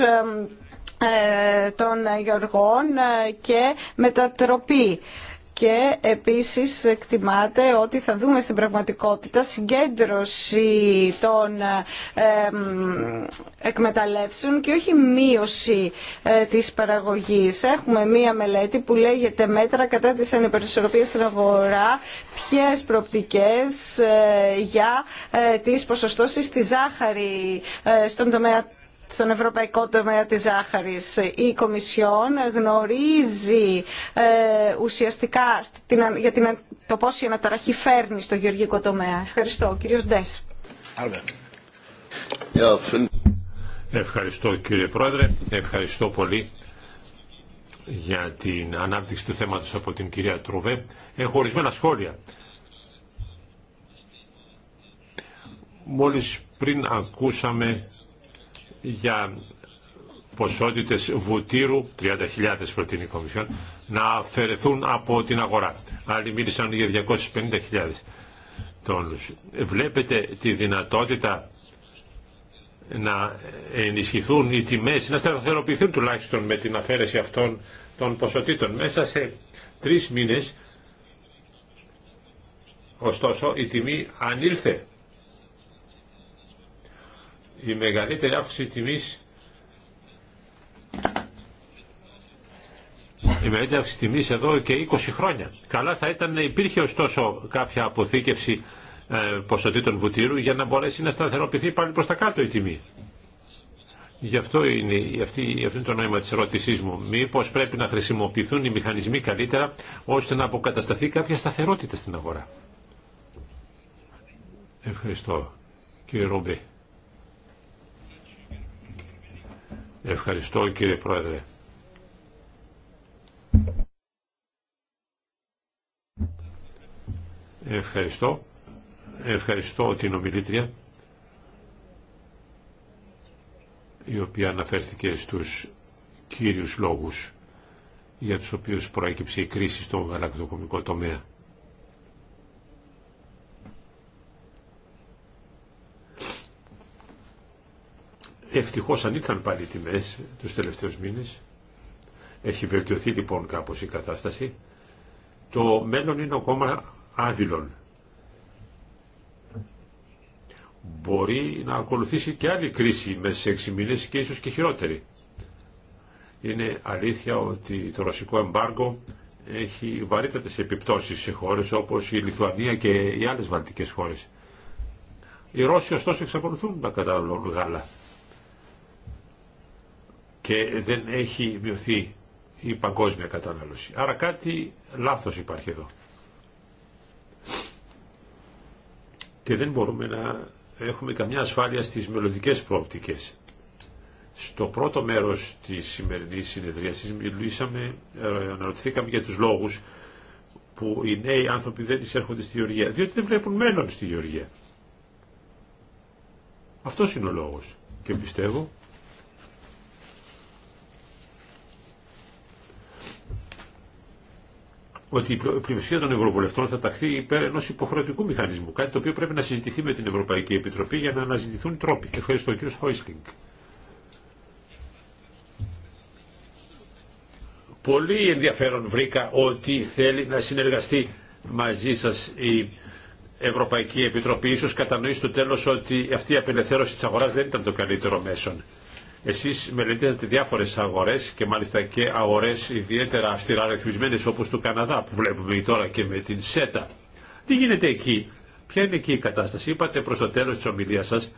των γεωργών και μετατροπή και επίσης εκτιμάται ότι θα δούμε στην πραγματικότητα συγκέντρωση των εκμεταλλεύσεων και όχι μείωση ε, της παραγωγής. Έχουμε μία μελέτη που λέγεται μέτρα κατά της ανεπερισορροπίας στην αγορά, ποιες προοπτικές ε, για ε, τις ποσοστώσεις στη ζάχαρη στον τομέα στον ευρωπαϊκό τομέα της ζάχαρης. Η Κομισιόν γνωρίζει ε, ουσιαστικά την, για το πώς η αναταραχή φέρνει στο γεωργικό τομέα. Ευχαριστώ. Κύριος Ντές. Ευχαριστώ κύριε Πρόεδρε. Ευχαριστώ πολύ για την ανάπτυξη του θέματος από την κυρία Τρουβέ. Έχω ορισμένα σχόλια. Μόλις πριν ακούσαμε για ποσότητες βουτύρου, 30.000 προτείνει η Κομισιόν, να αφαιρεθούν από την αγορά. Άλλοι μίλησαν για 250.000 τόνους. Βλέπετε τη δυνατότητα να ενισχυθούν οι τιμές, να σταθεροποιηθούν τουλάχιστον με την αφαίρεση αυτών των ποσοτήτων. Μέσα σε τρεις μήνες, ωστόσο, η τιμή ανήλθε η μεγαλύτερη αύξηση τιμής η μεγαλύτερη αύξηση τιμής εδώ και 20 χρόνια. Καλά θα ήταν να υπήρχε ωστόσο κάποια αποθήκευση ε, ποσοτήτων βουτύρου για να μπορέσει να σταθεροποιηθεί πάλι προς τα κάτω η τιμή. Γι' αυτό είναι, αυτή, αυτό το νόημα της ερώτησή μου. Μήπως πρέπει να χρησιμοποιηθούν οι μηχανισμοί καλύτερα ώστε να αποκατασταθεί κάποια σταθερότητα στην αγορά. Ευχαριστώ κύριε Ρομπέ. Ευχαριστώ κύριε Πρόεδρε. Ευχαριστώ. Ευχαριστώ την ομιλήτρια η οποία αναφέρθηκε στους κύριους λόγους για τους οποίους προέκυψε η κρίση στον γαλακτοκομικό τομέα. και αν ήταν πάλι οι τιμέ του τελευταίους μήνε. Έχει βελτιωθεί λοιπόν κάπως η κατάσταση. Το μέλλον είναι ακόμα άδειλον. Μπορεί να ακολουθήσει και άλλη κρίση μέσα σε έξι μήνες και ίσως και χειρότερη. Είναι αλήθεια ότι το ρωσικό εμπάργκο έχει βαρύτατες επιπτώσεις σε χώρες όπως η Λιθουανία και οι άλλες βαλτικές χώρες. Οι Ρώσοι ωστόσο εξακολουθούν να καταναλώνουν γάλα και δεν έχει μειωθεί η παγκόσμια κατανάλωση. Άρα κάτι λάθος υπάρχει εδώ. Και δεν μπορούμε να έχουμε καμιά ασφάλεια στις μελλοντικέ πρόπτικες. Στο πρώτο μέρος της σημερινής συνεδρίασης μιλήσαμε, ε, αναρωτηθήκαμε για τους λόγους που οι νέοι άνθρωποι δεν εισέρχονται στη Γεωργία, διότι δεν βλέπουν μέλλον στη Γεωργία. Αυτός είναι ο λόγος. Και πιστεύω ότι η πλειοψηφία των Ευρωβουλευτών θα ταχθεί υπέρ ενό υποχρεωτικού μηχανισμού. Κάτι το οποίο πρέπει να συζητηθεί με την Ευρωπαϊκή Επιτροπή για να αναζητηθούν τρόποι. Ευχαριστώ, κύριο Χόισλινγκ. Πολύ ενδιαφέρον βρήκα ότι θέλει να συνεργαστεί μαζί σας η Ευρωπαϊκή Επιτροπή. Ίσως κατανοεί στο τέλο ότι αυτή η απελευθέρωση τη αγορά δεν ήταν το καλύτερο μέσον. Εσείς μελετήσατε διάφορες αγορές και μάλιστα και αγορές ιδιαίτερα αυστηρά ρυθμισμένες όπως του Καναδά που βλέπουμε τώρα και με την ΣΕΤΑ. Τι γίνεται εκεί, ποια είναι εκεί η κατάσταση. Είπατε προς το τέλος της ομιλίας σας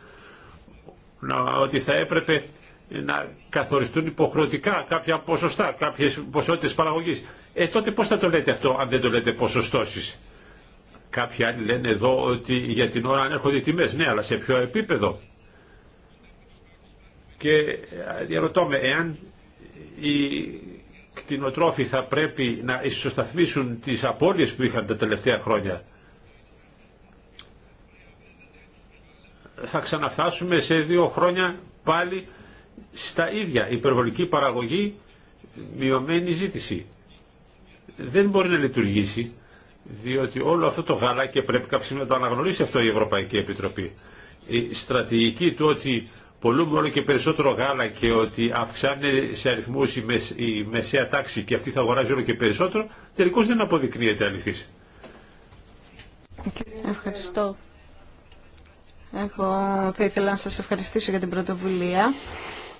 ότι θα έπρεπε να καθοριστούν υποχρεωτικά κάποια ποσοστά, κάποιες ποσότητες παραγωγής. Ε, τότε πώς θα το λέτε αυτό αν δεν το λέτε ποσοστώσεις. Κάποιοι άλλοι λένε εδώ ότι για την ώρα ανέρχονται οι τιμές. Ναι, αλλά σε ποιο επίπεδο. Και ε, διαρωτώ με, εάν οι κτηνοτρόφοι θα πρέπει να ισοσταθμίσουν τις απώλειες που είχαν τα τελευταία χρόνια, θα ξαναφτάσουμε σε δύο χρόνια πάλι στα ίδια. Υπερβολική παραγωγή, μειωμένη ζήτηση. Δεν μπορεί να λειτουργήσει, διότι όλο αυτό το γάλα και πρέπει κάποιος να το αναγνωρίσει αυτό η Ευρωπαϊκή Επιτροπή. Η στρατηγική του ότι Πολύ μόνο και περισσότερο γάλα και ότι αυξάνει σε αριθμού η, μεσ... η, μεσαία τάξη και αυτή θα αγοράζει όλο και περισσότερο, τελικώ δεν αποδεικνύεται αληθή. Ευχαριστώ. Εγώ θα ήθελα να σας ευχαριστήσω για την πρωτοβουλία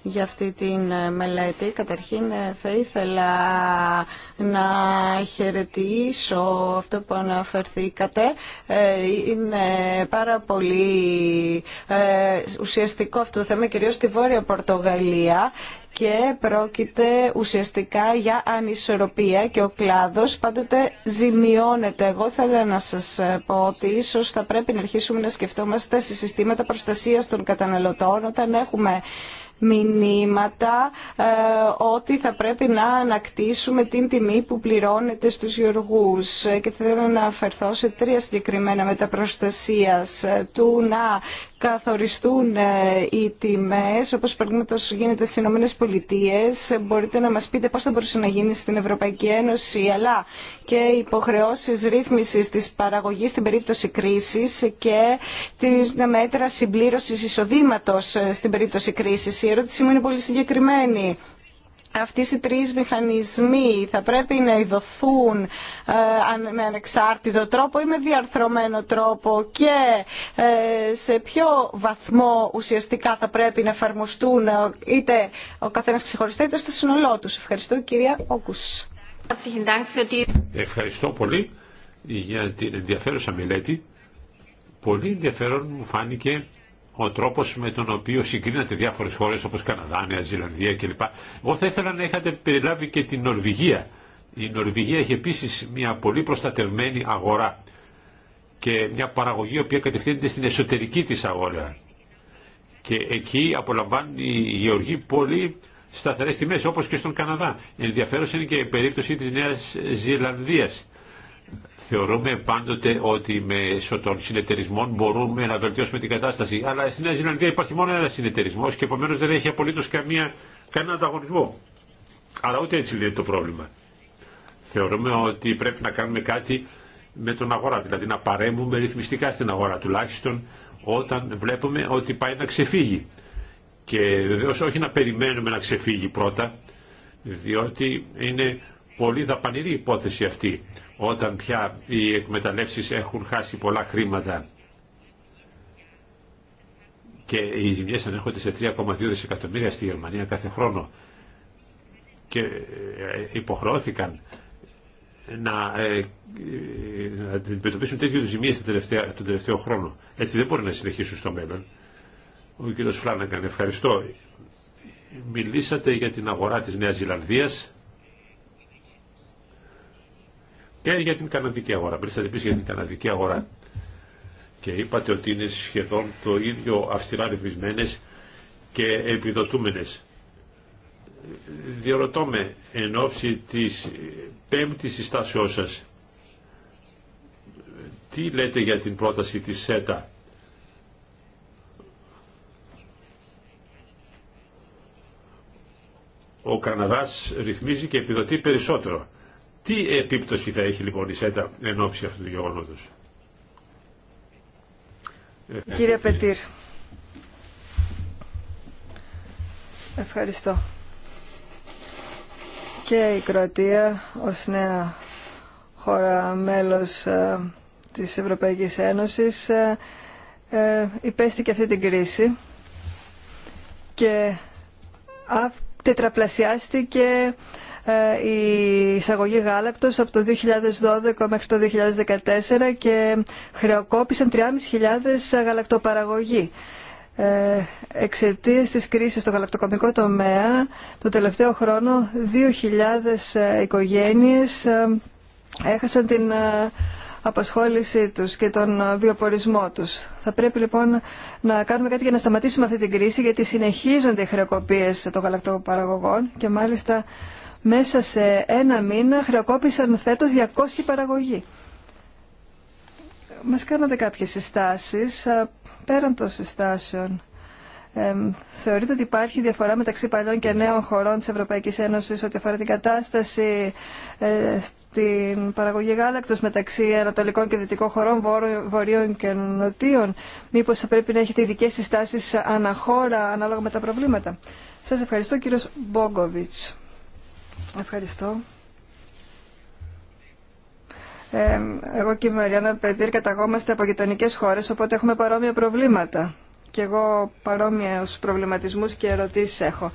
για αυτή την ε, μελέτη. Καταρχήν ε, θα ήθελα να χαιρετήσω αυτό που αναφερθήκατε. Ε, είναι πάρα πολύ ουσιαστικό αυτό το θέμα, κυρίως στη Βόρεια Πορτογαλία και πρόκειται ουσιαστικά για ανισορροπία και ο κλάδος πάντοτε ζημιώνεται. Εγώ θέλω να σας πω ότι ίσως θα πρέπει να αρχίσουμε να σκεφτόμαστε σε συστήματα προστασίας των καταναλωτών όταν έχουμε μηνύματα ε, ότι θα πρέπει να ανακτήσουμε την τιμή που πληρώνεται στους γεωργούς ε, και θέλω να αφερθώ σε τρία συγκεκριμένα μεταπροστασίας ε, του να καθοριστούν ε, οι τιμές, όπως παραδείγματο γίνεται στις Ηνωμένες Μπορείτε να μας πείτε πώς θα μπορούσε να γίνει στην Ευρωπαϊκή Ένωση, αλλά και υποχρεώσεις ρύθμισης της παραγωγής στην περίπτωση κρίσης και τη μέτρα συμπλήρωσης εισοδήματος ε, στην περίπτωση κρίσης. Η ερώτησή μου είναι πολύ συγκεκριμένη αυτοί οι τρεις μηχανισμοί θα πρέπει να ειδωθούν ε, με ανεξάρτητο τρόπο ή με διαρθρωμένο τρόπο και ε, σε ποιο βαθμό ουσιαστικά θα πρέπει να εφαρμοστούν ε, είτε ο καθένας ξεχωριστά στο σύνολό τους. Ευχαριστώ κυρία Όκους. Ευχαριστώ πολύ για την ενδιαφέρουσα μελέτη. Πολύ ενδιαφέρον μου φάνηκε ο τρόπο με τον οποίο συγκρίνατε διάφορες χώρες όπως Καναδά, Νέα Ζηλανδία κλπ. Εγώ θα ήθελα να είχατε περιλάβει και την Νορβηγία. Η Νορβηγία έχει επίσης μια πολύ προστατευμένη αγορά και μια παραγωγή η οποία κατευθύνεται στην εσωτερική της αγορά. Και εκεί απολαμβάνουν οι γεωργοί πολύ σταθερέ τιμέ, όπω και στον Καναδά. Ενδιαφέρον είναι και η περίπτωση τη νέα Ζηλανδία θεωρούμε πάντοτε ότι μέσω των συνεταιρισμών μπορούμε να βελτιώσουμε την κατάσταση. Αλλά στην Νέα Ζηλανδία υπάρχει μόνο ένα συνεταιρισμό και επομένω δεν έχει απολύτω κανένα ανταγωνισμό. Αλλά ούτε έτσι λύνεται το πρόβλημα. Θεωρούμε ότι πρέπει να κάνουμε κάτι με τον αγορά, δηλαδή να παρέμβουμε ρυθμιστικά στην αγορά, τουλάχιστον όταν βλέπουμε ότι πάει να ξεφύγει. Και βεβαίω όχι να περιμένουμε να ξεφύγει πρώτα, διότι είναι πολύ δαπανηρή υπόθεση αυτή όταν πια οι εκμεταλλεύσεις έχουν χάσει πολλά χρήματα και οι ζημιές ανέχονται σε 3,2 δισεκατομμύρια στη Γερμανία κάθε χρόνο και ε, υποχρεώθηκαν να, ε, να αντιμετωπίσουν τέτοιου ζημίες τον τελευταίο χρόνο. Έτσι δεν μπορεί να συνεχίσουν στο μέλλον. Ο κ. Φλάνναγκαν, ευχαριστώ. Μιλήσατε για την αγορά τη Νέα Ζηλανδίας και για την καναδική αγορά. Μιλήσατε επίση για την καναδική αγορά και είπατε ότι είναι σχεδόν το ίδιο αυστηρά ρυθμισμένε και επιδοτούμενες. Διερωτώ με εν ώψη τη πέμπτη συστάσεώ σα, τι λέτε για την πρόταση της ΣΕΤΑ. Ο Καναδάς ρυθμίζει και επιδοτεί περισσότερο. Τι επίπτωση θα έχει λοιπόν η ΣΕΤΑ εν ώψη αυτού του γεγονότο. Ε, κύριε Πετήρ. Ευχαριστώ. Και η Κροατία ως νέα χώρα μέλος ε, της Ευρωπαϊκής Ένωσης ε, υπέστη και αυτή την κρίση και τετραπλασιάστηκε ε, η εισαγωγή γάλακτος από το 2012 μέχρι το 2014 και χρεοκόπησαν 3.500 γαλακτοπαραγωγοί. Ε, Εξαιτία της κρίσης στο γαλακτοκομικό τομέα, το τελευταίο χρόνο 2.000 ε, οικογένειες ε, έχασαν την απασχόλησή τους και τον βιοπορισμό τους. Θα πρέπει λοιπόν να κάνουμε κάτι για να σταματήσουμε αυτή την κρίση, γιατί συνεχίζονται οι χρεοκοπίες των γαλακτοπαραγωγών και μάλιστα μέσα σε ένα μήνα χρεοκόπησαν φέτος 200 παραγωγή. Μας κάνατε κάποιες συστάσεις, πέραν των συστάσεων. Ε, θεωρείτε ότι υπάρχει διαφορά μεταξύ παλιών και νέων χωρών της Ευρωπαϊκής Ένωσης ό,τι αφορά την κατάσταση ε, στην παραγωγή γάλακτος μεταξύ ανατολικών και δυτικών χωρών, βορείων και νοτίων. Μήπως θα πρέπει να έχετε ειδικέ συστάσεις αναχώρα ανάλογα με τα προβλήματα. Σας ευχαριστώ κύριος Μπόγκοβιτς. Ευχαριστώ. εγώ και η Μαριάννα Πεντήρ καταγόμαστε από γειτονικέ χώρες, οπότε έχουμε παρόμοια προβλήματα. Και εγώ παρόμοιους προβληματισμούς και ερωτήσεις έχω.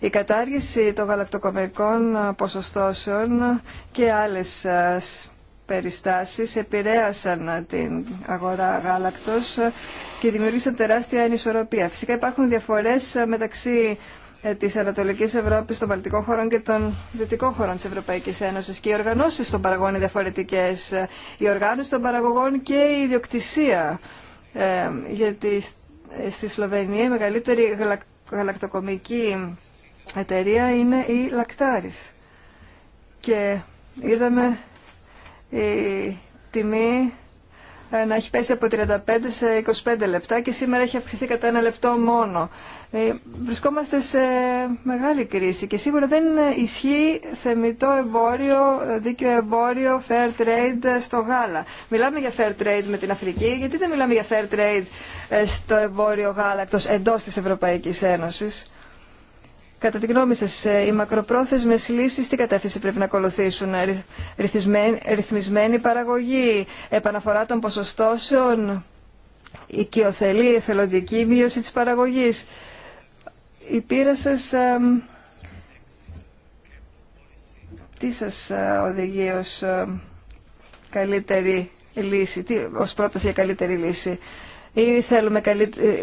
Η κατάργηση των γαλακτοκομικών ποσοστώσεων και άλλες ε, περιστάσεις επηρέασαν την αγορά γάλακτος και δημιούργησαν τεράστια ανισορροπία. Φυσικά υπάρχουν διαφορές ε, μεταξύ ε, τη Ανατολική Ευρώπη των Βαλτικών χωρών και των Δυτικών χωρών τη Ευρωπαϊκή Ένωση και οι οργανώσει των παραγωγών είναι διαφορετικές, η οργάνωση των παραγωγών και η ιδιοκτησία. Ε, γιατί στη Σλοβενία η μεγαλύτερη γαλακτοκομική εταιρεία είναι η Λακτάρη. Και είδαμε η τιμή ε, να έχει πέσει από 35 σε 25 λεπτά και σήμερα έχει αυξηθεί κατά ένα λεπτό μόνο. Ε, βρισκόμαστε σε μεγάλη κρίση και σίγουρα δεν ισχύει θεμητό εμπόριο, δίκαιο εμπόριο, fair trade στο γάλα. Μιλάμε για fair trade με την Αφρική, γιατί δεν μιλάμε για fair trade ε, στο εμπόριο γάλακτος εντός της Ευρωπαϊκής Ένωσης. Κατά τη γνώμη σας, ε, οι μακροπρόθεσμες λύσεις τι κατεύθυνση πρέπει να ακολουθήσουν, ε, ρυθμισμένη παραγωγή, επαναφορά των ποσοστώσεων, οικειοθελή, εθελοντική μείωση της παραγωγής. Η πείρα σας, τι σας ε, οδηγεί ως καλύτερη λύση, πρόταση για καλύτερη λύση ή θέλουμε,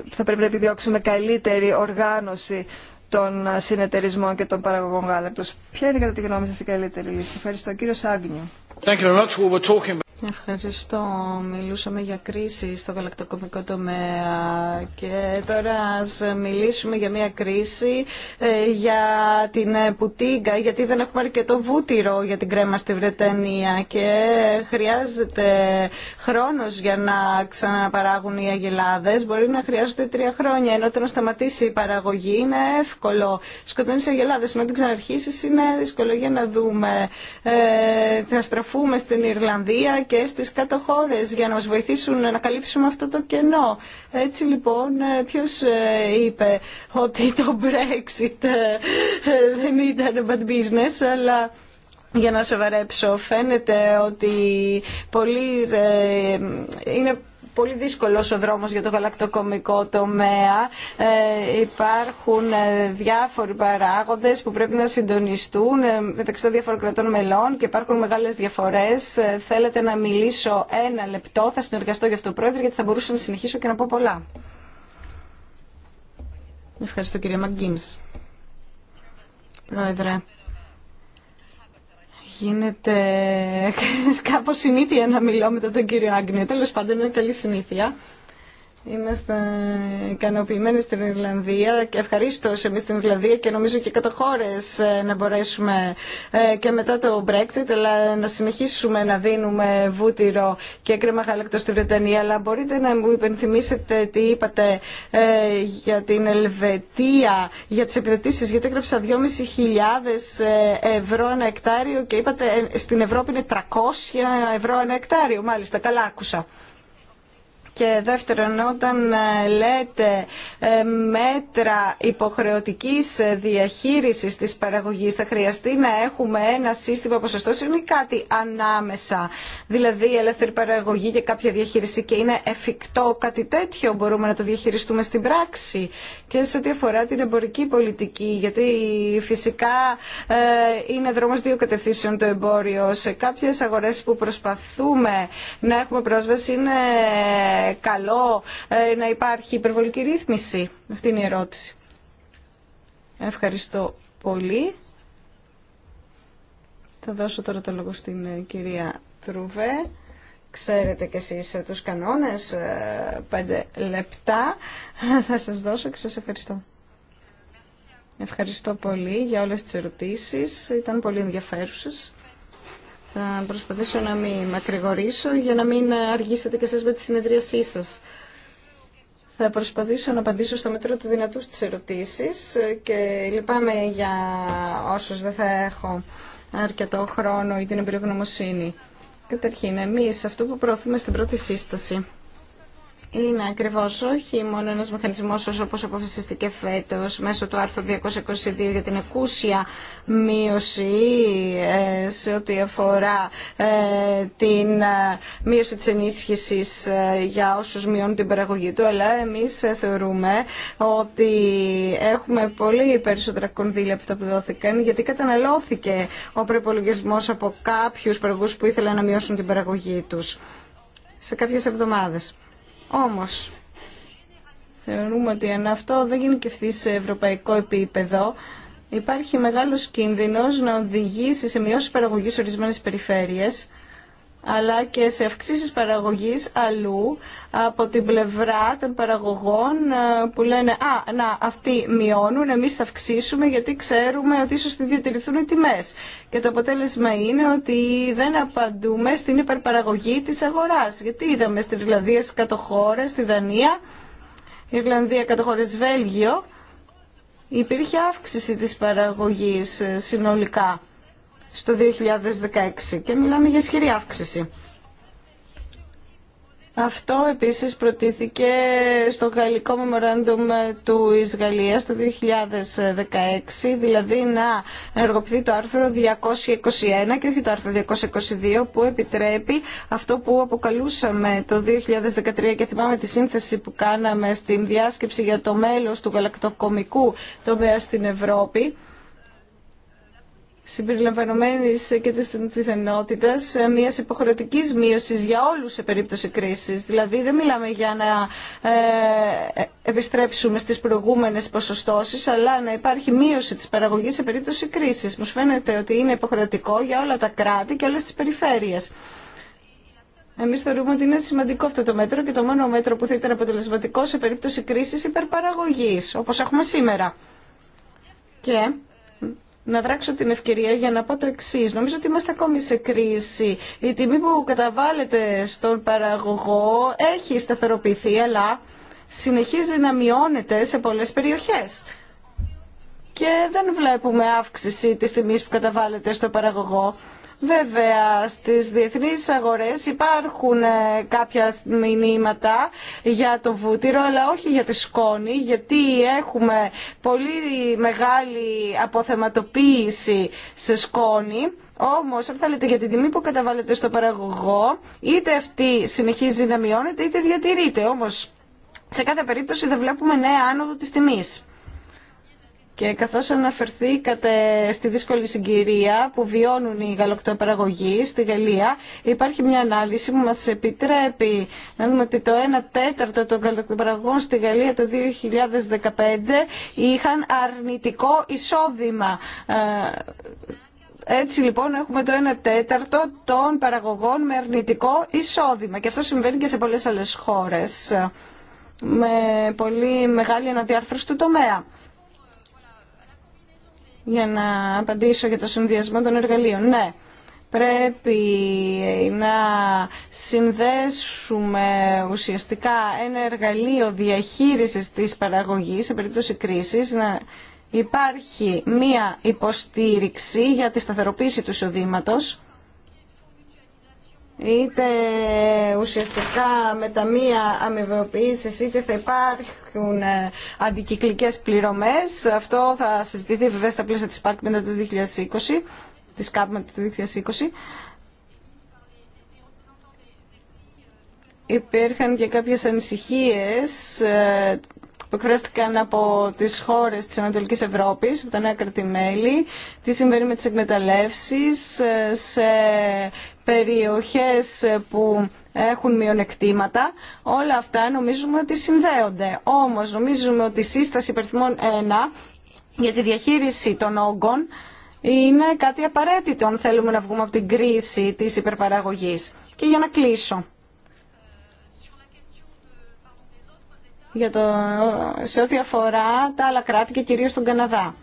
θα πρέπει να επιδιώξουμε καλύτερη οργάνωση των συνεταιρισμών και των παραγωγών γάλακτος. Ποια είναι κατά τη γνώμη σας η καλύτερη λύση. Ευχαριστώ. Κύριο Σάγνιου. Ευχαριστώ. Μιλούσαμε για κρίση στο γαλακτοκομικό τομέα και τώρα ας μιλήσουμε για μια κρίση ε, για την ε, πουτίγκα γιατί δεν έχουμε αρκετό βούτυρο για την κρέμα στη Βρετανία και χρειάζεται χρόνος για να ξαναπαράγουν οι αγελάδες. Μπορεί να χρειάζονται τρία χρόνια ενώ όταν να σταματήσει η παραγωγή είναι εύκολο. Σκοτώνεις αγελάδες ενώ την ξαναρχίσεις είναι δύσκολο για να δούμε. Ε, θα στραφούμε στην Ιρλανδία και στις κάτω για να μας βοηθήσουν να καλύψουμε αυτό το κενό. Έτσι λοιπόν, ε, ποιος ε, είπε ότι το Brexit ε, δεν ήταν bad business, αλλά... Για να σοβαρέψω, φαίνεται ότι πολλοί είναι πολύ δύσκολος ο δρόμος για το γαλακτοκομικό τομέα. Ε, υπάρχουν ε, διάφοροι παράγοντες που πρέπει να συντονιστούν ε, μεταξύ των διαφορών κρατών μελών και υπάρχουν μεγάλες διαφορές. θέλετε να μιλήσω ένα λεπτό, θα συνεργαστώ γι' αυτό πρόεδρε γιατί θα μπορούσα να συνεχίσω και να πω πολλά. Ευχαριστώ κυρία Μαγκίνης. Πρόεδρε, γίνεται κάπως συνήθεια να μιλώ μετά τον κύριο Άγνιο. Τέλος πάντων είναι καλή συνήθεια. Είμαστε ικανοποιημένοι στην Ιρλανδία και ευχαρίστω εμεί στην Ιρλανδία και νομίζω και κατά χώρε ε, να μπορέσουμε ε, και μετά το Brexit αλλά να συνεχίσουμε να δίνουμε βούτυρο και κρέμα γάλακτο στη Βρετανία. Αλλά μπορείτε να μου υπενθυμίσετε τι είπατε ε, για την Ελβετία, για τι επιδοτήσει, γιατί έγραψα 2.500 ευρώ ένα εκτάριο και είπατε στην Ευρώπη είναι 300 ευρώ ένα εκτάριο. Μάλιστα, καλά άκουσα. Και δεύτερον, όταν ε, λέτε ε, μέτρα υποχρεωτικής διαχείρισης της παραγωγής, θα χρειαστεί να έχουμε ένα σύστημα ποσοστώσεων ή κάτι ανάμεσα. Δηλαδή, η ελεύθερη παραγωγή και κάποια διαχείριση και είναι εφικτό κάτι τέτοιο, μπορούμε να το διαχειριστούμε στην πράξη. Και σε ό,τι αφορά την εμπορική πολιτική, γιατί φυσικά ε, είναι δρόμος δύο κατευθύνσεων το εμπόριο. Σε κάποιες αγορές που προσπαθούμε να έχουμε πρόσβαση είναι καλό ε, να υπάρχει υπερβολική ρύθμιση. Αυτή είναι η ερώτηση. Ευχαριστώ πολύ. Θα δώσω τώρα το λόγο στην ε, κυρία Τρούβε. Ξέρετε και εσείς ε, τους κανόνες, πέντε λεπτά. Θα σας δώσω και σας ευχαριστώ. Ευχαριστώ πολύ για όλες τις ερωτήσεις. Ήταν πολύ ενδιαφέρουσες. Θα προσπαθήσω να μην ακρηγορήσω για να μην αργήσετε και εσείς με τη συνεδρίασή σας. Θα προσπαθήσω να απαντήσω στο μέτρο του δυνατού στις ερωτήσεις και λυπάμαι για όσους δεν θα έχω αρκετό χρόνο ή την εμπειρογνωμοσύνη. Καταρχήν, εμείς αυτό που προωθούμε στην πρώτη σύσταση είναι ακριβώ όχι μόνο ένα μηχανισμό όπω αποφασίστηκε φέτο μέσω του άρθρου 222 για την εκούσια μείωση ε, σε ό,τι αφορά ε, την ε, μείωση τη ενίσχυση για όσου μειώνουν την παραγωγή του. Αλλά εμεί θεωρούμε ότι έχουμε πολύ περισσότερα κονδύλια από τα που δόθηκαν γιατί καταναλώθηκε ο προπολογισμό από κάποιου παραγωγού που ήθελαν να μειώσουν την παραγωγή του σε κάποιες εβδομάδες. Όμως, θεωρούμε ότι αν αυτό δεν γίνει και σε ευρωπαϊκό επίπεδο, υπάρχει μεγάλος κίνδυνος να οδηγήσει σε μειώσεις παραγωγής ορισμένες περιφέρειες, αλλά και σε αυξήσει παραγωγής αλλού από την πλευρά των παραγωγών ε, που λένε «Α, να, αυτοί μειώνουν, εμείς θα αυξήσουμε γιατί ξέρουμε ότι ίσω θα διατηρηθούν οι τιμές». Και το αποτέλεσμα είναι ότι δεν απαντούμε στην υπερπαραγωγή της αγοράς. Γιατί είδαμε στην Ιρλανδία, στις κατοχώρες, στη Δανία, Ιρλανδία, κατοχώρες Βέλγιο, υπήρχε αύξηση της παραγωγή ε, συνολικά στο 2016 και μιλάμε για ισχυρή αύξηση. Αυτό επίσης προτίθηκε στο γαλλικό memorandum του Ισγαλίας το 2016, δηλαδή να ενεργοποιηθεί το άρθρο 221 και όχι το άρθρο 222 που επιτρέπει αυτό που αποκαλούσαμε το 2013 και θυμάμαι τη σύνθεση που κάναμε στην διάσκεψη για το μέλος του γαλακτοκομικού τομέα στην Ευρώπη συμπεριλαμβανομένης και τη τυθενότητας ε, μια υποχρεωτική μείωση για όλου σε περίπτωση κρίση. Δηλαδή δεν μιλάμε για να ε, επιστρέψουμε στι προηγούμενε ποσοστώσεις, αλλά να υπάρχει μείωση τη παραγωγή σε περίπτωση κρίση. Μου φαίνεται ότι είναι υποχρεωτικό για όλα τα κράτη και όλε τι περιφέρειες. Εμεί θεωρούμε ότι είναι σημαντικό αυτό το μέτρο και το μόνο μέτρο που θα ήταν αποτελεσματικό σε περίπτωση κρίση υπερπαραγωγή, όπω έχουμε σήμερα. Και να δράξω την ευκαιρία για να πω το εξή. Νομίζω ότι είμαστε ακόμη σε κρίση. Η τιμή που καταβάλλεται στον παραγωγό έχει σταθεροποιηθεί, αλλά συνεχίζει να μειώνεται σε πολλές περιοχές. Και δεν βλέπουμε αύξηση της τιμής που καταβάλλεται στον παραγωγό. Βέβαια, στις διεθνείς αγορές υπάρχουν ε, κάποια μηνύματα για το βούτυρο, αλλά όχι για τη σκόνη, γιατί έχουμε πολύ μεγάλη αποθεματοποίηση σε σκόνη. Όμω, αν θέλετε για την τιμή που καταβάλλεται στο παραγωγό, είτε αυτή συνεχίζει να μειώνεται, είτε διατηρείται. Όμω, σε κάθε περίπτωση δεν βλέπουμε νέα άνοδο τη τιμή. Και καθώς αναφερθήκατε στη δύσκολη συγκυρία που βιώνουν οι γαλοκτοπαραγωγοί στη Γαλλία, υπάρχει μια ανάλυση που μας επιτρέπει να δούμε ότι το 1 τέταρτο των γαλοκτοπαραγωγών στη Γαλλία το 2015 είχαν αρνητικό εισόδημα. Ε, έτσι λοιπόν έχουμε το 1 τέταρτο των παραγωγών με αρνητικό εισόδημα και αυτό συμβαίνει και σε πολλές άλλες χώρες με πολύ μεγάλη αναδιάρθρωση του τομέα για να απαντήσω για το συνδυασμό των εργαλείων. Ναι, πρέπει να συνδέσουμε ουσιαστικά ένα εργαλείο διαχείρισης της παραγωγής σε περίπτωση κρίσης, να υπάρχει μία υποστήριξη για τη σταθεροποίηση του εισοδήματος είτε ουσιαστικά με τα μία είτε θα υπάρχουν ε, αντικυκλικές πληρωμές. Αυτό θα συζητηθεί βέβαια στα πλαίσια της ΠΑΚ μετά το 2020, της ΚΑΠ μετά το 2020. Υπήρχαν και κάποιες ανησυχίες ε, που εκφράστηκαν από τις χώρες της Ανατολικής Ευρώπης, από τα νέα κρατημέλη, τι συμβαίνει με τις εκμεταλλεύσεις ε, σε περιοχές που έχουν μειονεκτήματα. Όλα αυτά νομίζουμε ότι συνδέονται. Όμως νομίζουμε ότι η σύσταση υπερθυμών 1 για τη διαχείριση των όγκων είναι κάτι απαραίτητο αν θέλουμε να βγούμε από την κρίση της υπερπαραγωγής. Και για να κλείσω. για το, σε ό,τι αφορά τα άλλα κράτη και κυρίως τον Καναδά.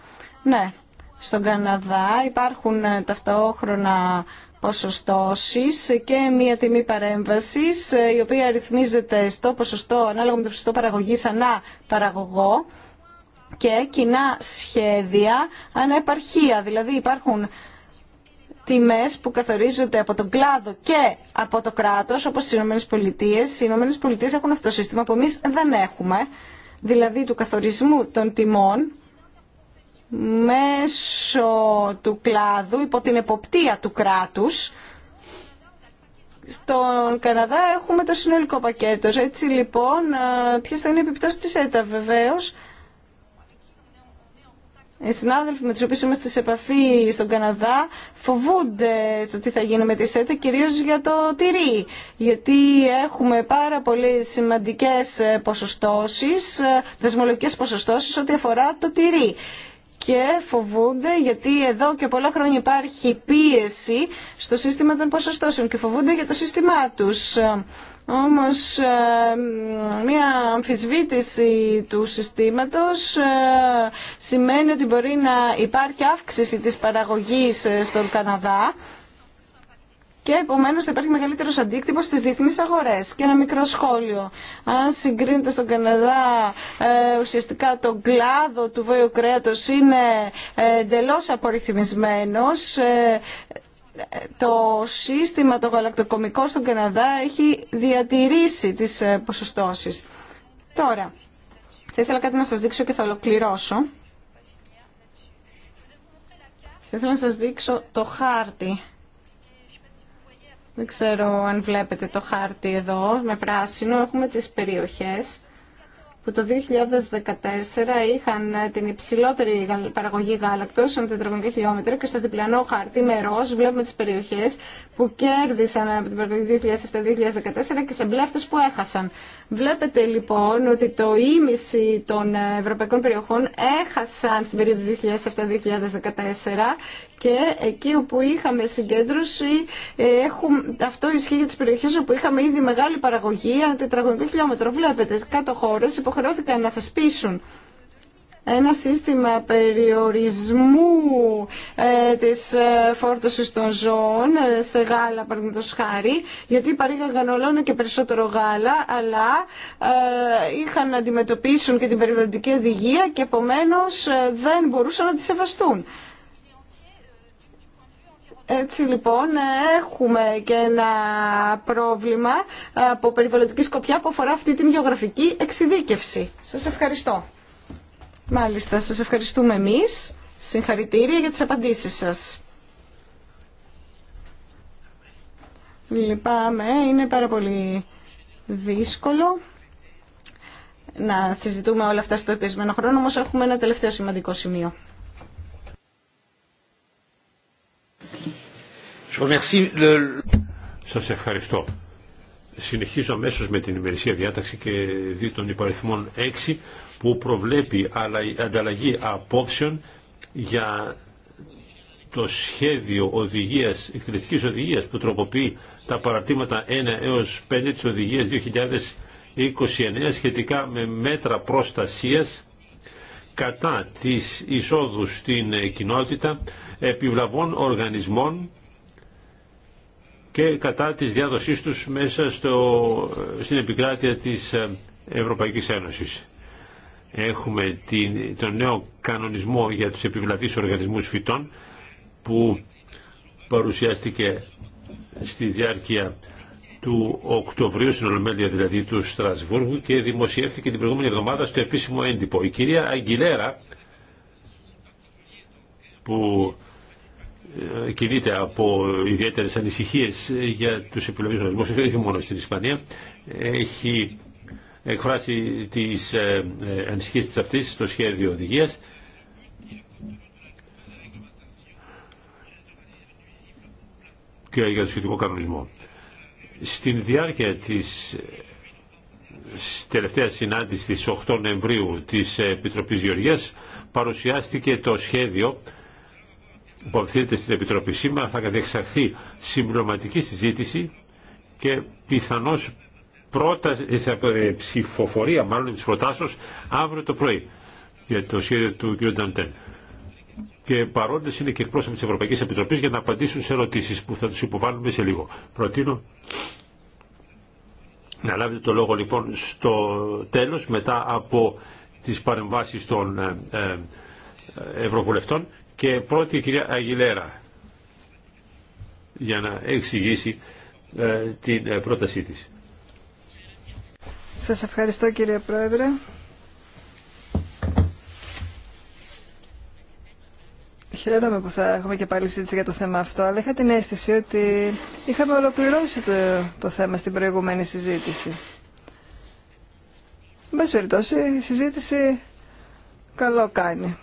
Ναι, στον Καναδά υπάρχουν ε, ταυτόχρονα ποσοστώσεις και μία τιμή παρέμβασης ε, η οποία αριθμίζεται στο ποσοστό ανάλογα με το ποσοστό παραγωγής ανά παραγωγό και κοινά σχέδια ανά επαρχία. Δηλαδή υπάρχουν τιμές που καθορίζονται από τον κλάδο και από το κράτος, όπως στις Ηνωμένες Πολιτείες. Οι Ηνωμένες Πολιτείες έχουν αυτό το σύστημα που εμεί δεν έχουμε, δηλαδή του καθορισμού των τιμών μέσω του κλάδου, υπό την εποπτεία του κράτους. Στον Καναδά έχουμε το συνολικό πακέτο. Έτσι λοιπόν, ε, ποιε θα είναι οι επιπτώσει τη ΕΤΑ βεβαίω οι συνάδελφοι με τους οποίους είμαστε σε επαφή στον Καναδά φοβούνται το τι θα γίνει με τη ΣΕΤΑ, κυρίως για το τυρί. Γιατί έχουμε πάρα πολύ σημαντικές ποσοστώσεις, ε, δεσμολογικές ποσοστώσεις ό,τι αφορά το τυρί. Και φοβούνται, γιατί εδώ και πολλά χρόνια υπάρχει πίεση στο σύστημα των ποσοστώσεων και φοβούνται για το σύστημά τους. Όμως ε, μια αμφισβήτηση του συστήματος ε, σημαίνει ότι μπορεί να υπάρχει αύξηση της παραγωγής ε, στον Καναδά και επομένως θα υπάρχει μεγαλύτερος αντίκτυπος στις διεθνείς αγορές. Και ένα μικρό σχόλιο. Αν συγκρίνεται στον Καναδά ουσιαστικά το κλάδο του βόλου είναι εντελώς απορριθμισμένος, το σύστημα το γαλακτοκομικό στον Καναδά έχει διατηρήσει τις ε, ποσοστώσεις. Τώρα, θα ήθελα κάτι να σας δείξω και θα ολοκληρώσω. Θα ήθελα να σας δείξω το χάρτη. Δεν ξέρω αν βλέπετε το χάρτη εδώ, με πράσινο. Έχουμε τις περιοχές που το 2014 είχαν την υψηλότερη παραγωγή γάλακτος ανά τετραγωνικό χιλιόμετρο και στο διπλανό χάρτη με ροζ βλέπουμε τις περιοχές που κέρδισαν από την παραγωγή 2007-2014 και σε μπλε που έχασαν. Βλέπετε λοιπόν ότι το ίμιση των ευρωπαϊκών περιοχών έχασαν την περίοδο 2007-2014 και εκεί όπου είχαμε συγκέντρωση, ε, έχουν, αυτό ισχύει για τις περιοχές όπου είχαμε ήδη μεγάλη παραγωγή, τετραγωνικό χιλιόμετρο. Βλέπετε, κάτω χώρες υποχρεώθηκαν να θεσπίσουν ένα σύστημα περιορισμού ε, της ε, φόρτωσης των ζώων ε, σε γάλα, παραδείγματος χάρη, γιατί παρήγαγαν ολόνα και περισσότερο γάλα, αλλά είχαν να αντιμετωπίσουν και την περιβαλλοντική οδηγία και επομένως δεν μπορούσαν να τη σεβαστούν. Έτσι λοιπόν έχουμε και ένα πρόβλημα από περιβαλλοντική σκοπιά που αφορά αυτή την γεωγραφική εξειδίκευση. Σας ευχαριστώ. Μάλιστα, σας ευχαριστούμε εμείς. Συγχαρητήρια για τις απαντήσεις σας. Λυπάμαι, είναι πάρα πολύ δύσκολο να συζητούμε όλα αυτά στο επισμένο χρόνο, όμως έχουμε ένα τελευταίο σημαντικό σημείο. Σας ευχαριστώ. Συνεχίζω αμέσω με την ημερησία διάταξη και δι των υπαριθμών 6 που προβλέπει ανταλλαγή απόψεων για το σχέδιο οδηγίας, εκτελεστικής οδηγίας που τροποποιεί τα παρατήματα 1 έως 5 της οδηγίας 2029 σχετικά με μέτρα προστασίας κατά της εισόδου στην κοινότητα επιβλαβών οργανισμών και κατά της διάδοσής τους μέσα στο, στην επικράτεια της ε, Ευρωπαϊκής Ένωσης. Έχουμε την, τον νέο κανονισμό για τους επιβλαβείς οργανισμούς φυτών που παρουσιάστηκε στη διάρκεια του Οκτωβρίου στην Ολομέλεια δηλαδή του Στρασβούργου και δημοσιεύθηκε την προηγούμενη εβδομάδα στο επίσημο έντυπο. Η κυρία Αγγιλέρα που ε, κινείται από ιδιαίτερες ανησυχίες για τους επιλογές ορισμούς, όχι μόνο στην Ισπανία. Έχει εκφράσει τις ε, ε, ανησυχίες της αυτής στο σχέδιο οδηγίας. και για το σχετικό κανονισμό. Στην διάρκεια της τελευταίας συνάντησης της 8 Νοεμβρίου της Επιτροπής Γεωργίας παρουσιάστηκε το σχέδιο που υποβληθείτε στην Επιτροπή σήμερα θα κατεξαρθεί συμπληρωματική συζήτηση και πιθανώς πρώτα, ε, θα, ε, ψηφοφορία μάλλον της προτάσεως αύριο το πρωί για το σχέδιο του κ. Νταντέν. Και παρόντες είναι και εκπρόσωποι της Ευρωπαϊκής Επιτροπής για να απαντήσουν σε ερωτήσεις που θα τους υποβάλουμε σε λίγο. Προτείνω να λάβετε το λόγο λοιπόν στο τέλος μετά από τις παρεμβάσεις των ε, Ευρωβουλευτών και πρώτη η κυρία Αγγιλέρα για να εξηγήσει ε, την ε, πρότασή της. Σας ευχαριστώ κύριε Πρόεδρε. Χαίρομαι που θα έχουμε και πάλι συζήτηση για το θέμα αυτό, αλλά είχα την αίσθηση ότι είχαμε ολοκληρώσει το, το θέμα στην προηγούμενη συζήτηση. Με περιπτώσει, η συζήτηση καλό κάνει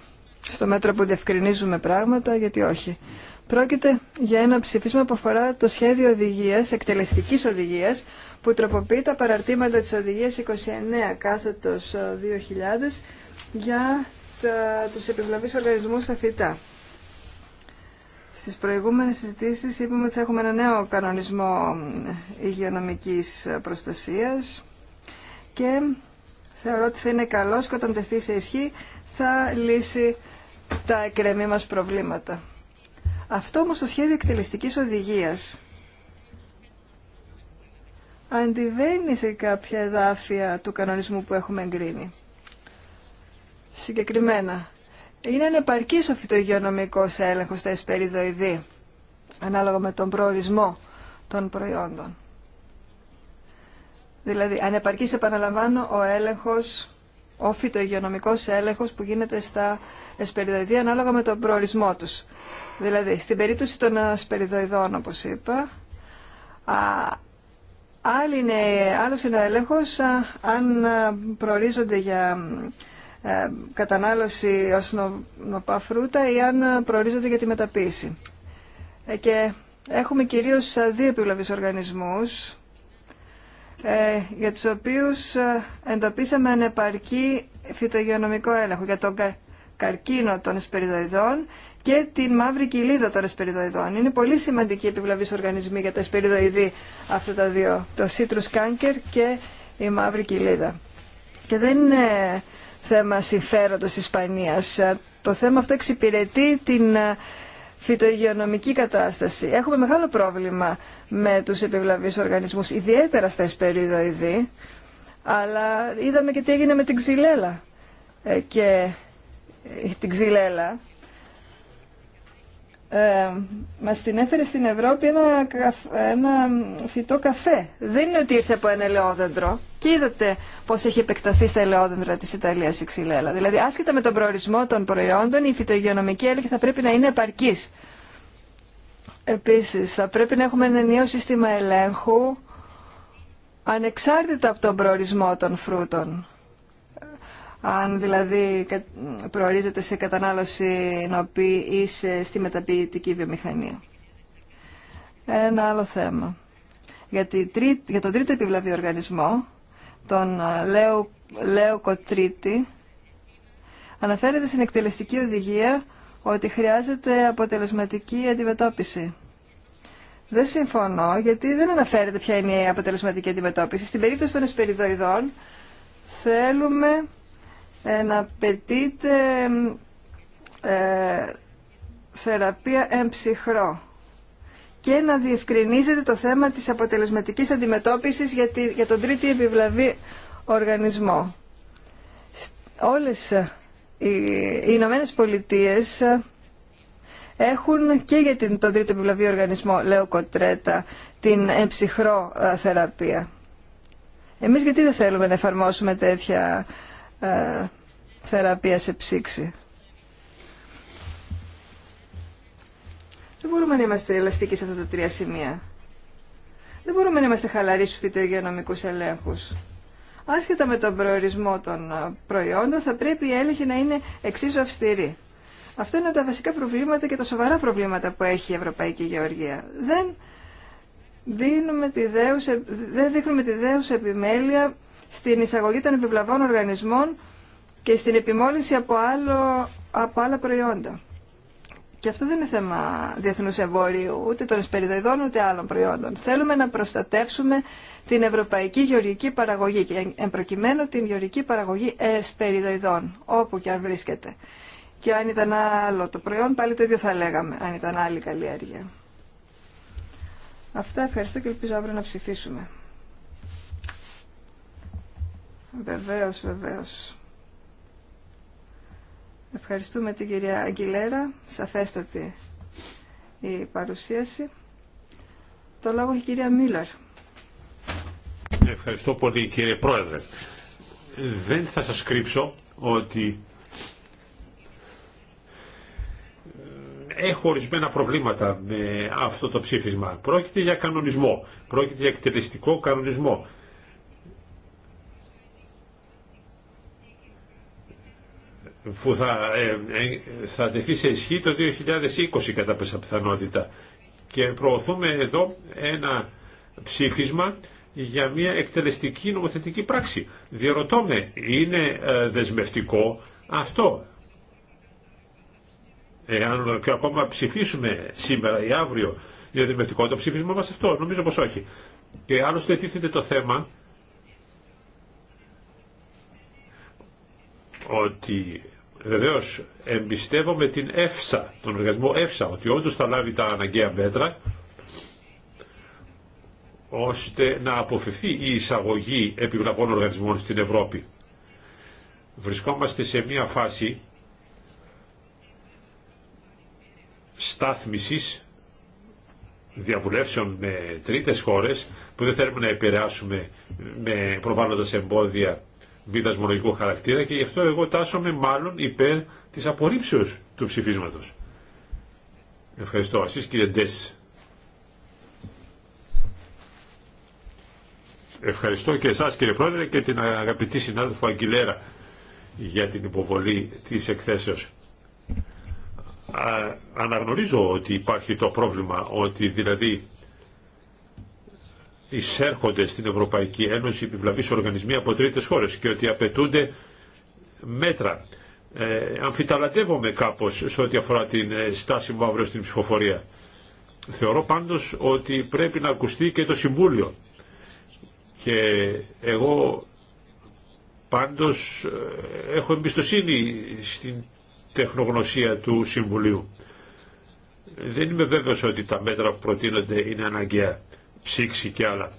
στο μέτρο που διευκρινίζουμε πράγματα, γιατί όχι. Πρόκειται για ένα ψηφίσμα που αφορά το σχέδιο οδηγίας, εκτελεστικής οδηγίας, που τροποποιεί τα παραρτήματα της οδηγίας 29 κάθετο 2000 για του τους οργανισμού οργανισμούς στα φυτά. Στις προηγούμενες συζητήσει είπαμε ότι θα έχουμε ένα νέο κανονισμό υγειονομική προστασία και θεωρώ ότι θα είναι καλό και όταν τεθεί σε ισχύ θα λύσει τα εκρεμή μας προβλήματα. Αυτό όμως το σχέδιο εκτελεστικής οδηγίας αντιβαίνει σε κάποια εδάφια του κανονισμού που έχουμε εγκρίνει. Συγκεκριμένα, είναι ανεπαρκής ο φυτογειονομικός έλεγχος στα εσπεριδοειδή, ανάλογα με τον προορισμό των προϊόντων. Δηλαδή, ανεπαρκής, επαναλαμβάνω, ο έλεγχος ο υγειονομικό έλεγχος που γίνεται στα εσπεριδοειδή ανάλογα με τον προορισμό τους. Δηλαδή, στην περίπτωση των εσπεριδοειδών, όπως είπα, α, είναι, άλλος είναι ο έλεγχος αν προορίζονται για ε, κατανάλωση ως νοπαφρούτα ή αν προορίζονται για τη μεταποίηση. Ε, και έχουμε κυρίως ε, δύο επιβλαβείς οργανισμούς, ε, για τους οποίους ε, εντοπίσαμε ανεπαρκή φυτογειονομικό έλεγχο για τον καρκίνο των εσπεριδοειδών και την μαύρη κοιλίδα των εσπεριδοειδών. Είναι πολύ σημαντική επιβλαβής οργανισμοί για τα εσπεριδοειδή αυτά τα δύο, το citrus canker και η μαύρη κοιλίδα. Και δεν είναι θέμα συμφέροντος της Ισπανίας. Ε, το θέμα αυτό εξυπηρετεί την φυτοϊγειονομική κατάσταση. Έχουμε μεγάλο πρόβλημα με τους επιβλαβείς οργανισμούς, ιδιαίτερα στα εσπεριδοειδή, αλλά είδαμε και τι έγινε με την ξυλέλα. Ε, και ε, την ξυλέλα ε, μας την έφερε στην Ευρώπη ένα, ένα φυτό καφέ. Δεν είναι ότι ήρθε από ένα ελαιόδεντρο και είδατε πώς έχει επεκταθεί στα ελαιόδεντρα της Ιταλίας η ξυλέλα. Δηλαδή, άσχετα με τον προορισμό των προϊόντων, η φυτογειονομική έλεγχη θα πρέπει να είναι επαρκής. Επίσης, θα πρέπει να έχουμε ένα νέο σύστημα ελέγχου ανεξάρτητα από τον προορισμό των φρούτων. Αν δηλαδή προορίζεται σε κατανάλωση νοπή ή σε, στη μεταποιητική βιομηχανία. Ένα άλλο θέμα. Για, τον τρίτο επιβλαβή οργανισμό τον ε, Λέο, Κοτρίτη αναφέρεται στην εκτελεστική οδηγία ότι χρειάζεται αποτελεσματική αντιμετώπιση. Δεν συμφωνώ, γιατί δεν αναφέρεται ποια είναι η αποτελεσματική αντιμετώπιση. Στην περίπτωση των εσπεριδοειδών θέλουμε ε, να απαιτείται ε, θεραπεία εμψυχρό και να διευκρινίζεται το θέμα της αποτελεσματικής αντιμετώπισης για, για τον τρίτη επιβλαβή οργανισμό. Όλες ε, οι, οι Ηνωμένε Πολιτείε ε, έχουν και για την, τον τρίτο επιβλαβή οργανισμό, λέω κοτρέτα, την εμψυχρό ε, θεραπεία. Εμείς γιατί δεν θέλουμε να εφαρμόσουμε τέτοια θεραπεία σε ψήξη. Δεν μπορούμε να είμαστε ελαστικοί σε αυτά τα τρία σημεία. Δεν μπορούμε να είμαστε χαλαροί στους φυτογενομικούς ελέγχους. Άσχετα με τον προορισμό των προϊόντων, θα πρέπει η έλεγχη να είναι εξίσου αυστηρή. Αυτό είναι τα βασικά προβλήματα και τα σοβαρά προβλήματα που έχει η Ευρωπαϊκή Γεωργία. Δεν, δίνουμε τη δεν δείχνουμε τη δέουσα επιμέλεια στην εισαγωγή των επιβλαβών οργανισμών και στην επιμόλυνση από, από άλλα προϊόντα. Και αυτό δεν είναι θέμα διεθνού εμπορίου, ούτε των εσπεριδοειδών, ούτε άλλων προϊόντων. Θέλουμε να προστατεύσουμε την ευρωπαϊκή γεωργική παραγωγή και εμπροκειμένου την γεωργική παραγωγή εσπεριδοειδών, όπου και αν βρίσκεται. Και αν ήταν άλλο το προϊόν, πάλι το ίδιο θα λέγαμε, αν ήταν άλλη καλλιέργεια. Αυτά ευχαριστώ και ελπίζω αύριο να ψηφίσουμε. Βεβαίως, βεβαίως. Ευχαριστούμε την κυρία Αγγιλέρα. Σαφέστατη η παρουσίαση. Το λόγο έχει η κυρία Μίλλαρ. Ευχαριστώ πολύ κύριε Πρόεδρε. Δεν θα σας κρύψω ότι ε, έχω ορισμένα προβλήματα με αυτό το ψήφισμα. Πρόκειται για κανονισμό, πρόκειται για εκτελεστικό κανονισμό. που θα, ε, ε, θα τεθεί σε ισχύ το 2020 κατά πέσα πιθανότητα. Και προωθούμε εδώ ένα ψήφισμα για μια εκτελεστική νομοθετική πράξη. Διερωτώ με, είναι ε, δεσμευτικό αυτό. Εάν και ακόμα ψηφίσουμε σήμερα ή αύριο, είναι δεσμευτικό το ψήφισμα μας αυτό. Νομίζω πως όχι. Και άλλωστε τίθεται το θέμα ότι Βεβαίως εμπιστεύομαι την ΕΦΣΑ, τον οργανισμό ΕΦΣΑ, ότι όντω θα λάβει τα αναγκαία μέτρα ώστε να αποφευθεί η εισαγωγή επιβλαβών οργανισμών στην Ευρώπη. Βρισκόμαστε σε μια φάση στάθμισης διαβουλεύσεων με τρίτες χώρες που δεν θέλουμε να επηρεάσουμε με προβάλλοντας εμπόδια βιδασμολογικό χαρακτήρα και γι' αυτό εγώ τάσσομαι μάλλον υπέρ της απορρίψεως του ψηφίσματος. Ευχαριστώ. Εσεί κύριε Ντές. Ευχαριστώ και εσάς κύριε Πρόεδρε και την αγαπητή συνάδελφο Αγγιλέρα για την υποβολή της εκθέσεως. Αναγνωρίζω ότι υπάρχει το πρόβλημα ότι δηλαδή εισέρχονται στην Ευρωπαϊκή Ένωση επιβλαβείς οργανισμοί από τρίτες χώρε και ότι απαιτούνται μέτρα. Ε, αμφιταλαντεύομαι κάπως σε ό,τι αφορά την ε, στάση μου αύριο στην ψηφοφορία. Θεωρώ πάντως ότι πρέπει να ακουστεί και το Συμβούλιο. Και εγώ πάντως ε, έχω εμπιστοσύνη στην τεχνογνωσία του Συμβουλίου. Δεν είμαι βέβαιος ότι τα μέτρα που προτείνονται είναι αναγκαία ψήξη και άλλα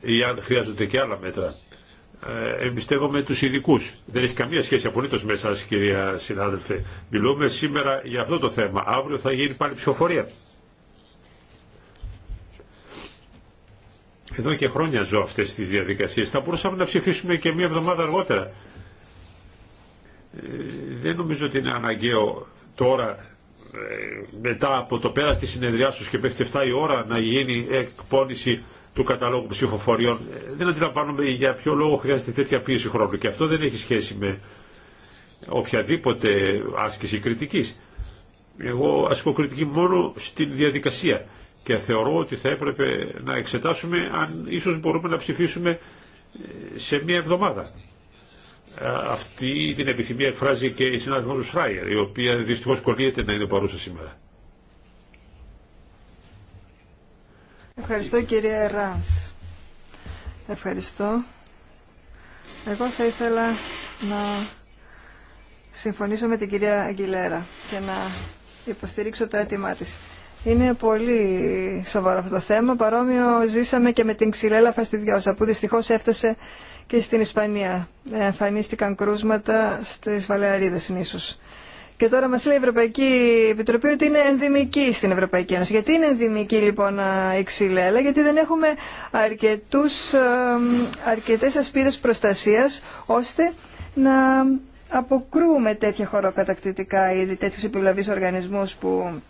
ή αν χρειάζονται και άλλα μέτρα. Ε, εμπιστεύομαι τους ειδικού. Δεν έχει καμία σχέση απολύτως με μέσας, κυρία συνάδελφε. Μιλούμε σήμερα για αυτό το θέμα. Αύριο θα γίνει πάλι ψηφοφορία. Εδώ και χρόνια ζω αυτές τις διαδικασίες. Θα μπορούσαμε να ψηφίσουμε και μία εβδομάδα αργότερα. Ε, δεν νομίζω ότι είναι αναγκαίο τώρα μετά από το πέρας της συνεδριάσεως και μέχρι 7 η ώρα να γίνει εκπόνηση του καταλόγου ψηφοφοριών. Ε, δεν αντιλαμβάνομαι για ποιο λόγο χρειάζεται τέτοια πίεση χρόνου και αυτό δεν έχει σχέση με οποιαδήποτε άσκηση κριτικής. Εγώ ασκώ κριτική μόνο στην διαδικασία και θεωρώ ότι θα έπρεπε να εξετάσουμε αν ίσως μπορούμε να ψηφίσουμε ε, σε μία εβδομάδα. Ε, αυτή την επιθυμία εκφράζει και η συνάδελφος Σράιερ, η οποία δυστυχώς κολλείεται να είναι παρούσα σήμερα. Ευχαριστώ κυρία Ράνς. Ευχαριστώ. Εγώ θα ήθελα να συμφωνήσω με την κυρία Αγγιλέρα και να υποστηρίξω το αίτημά της. Είναι πολύ σοβαρό αυτό το θέμα. Παρόμοιο ζήσαμε και με την ξυλέλα φαστιδιώσα που δυστυχώς έφτασε και στην Ισπανία. Εμφανίστηκαν κρούσματα στις Βαλεαρίδες νήσους. Και τώρα μας λέει η Ευρωπαϊκή Επιτροπή ότι είναι ενδημική στην Ευρωπαϊκή Ένωση. Γιατί είναι ενδημική λοιπόν η ξυλέλα, γιατί δεν έχουμε αρκετούς, αρκετές ασπίδες προστασίας ώστε να αποκρούμε τέτοια χωροκατακτητικά ή τέτοιους επιβλαβείς οργανισμούς που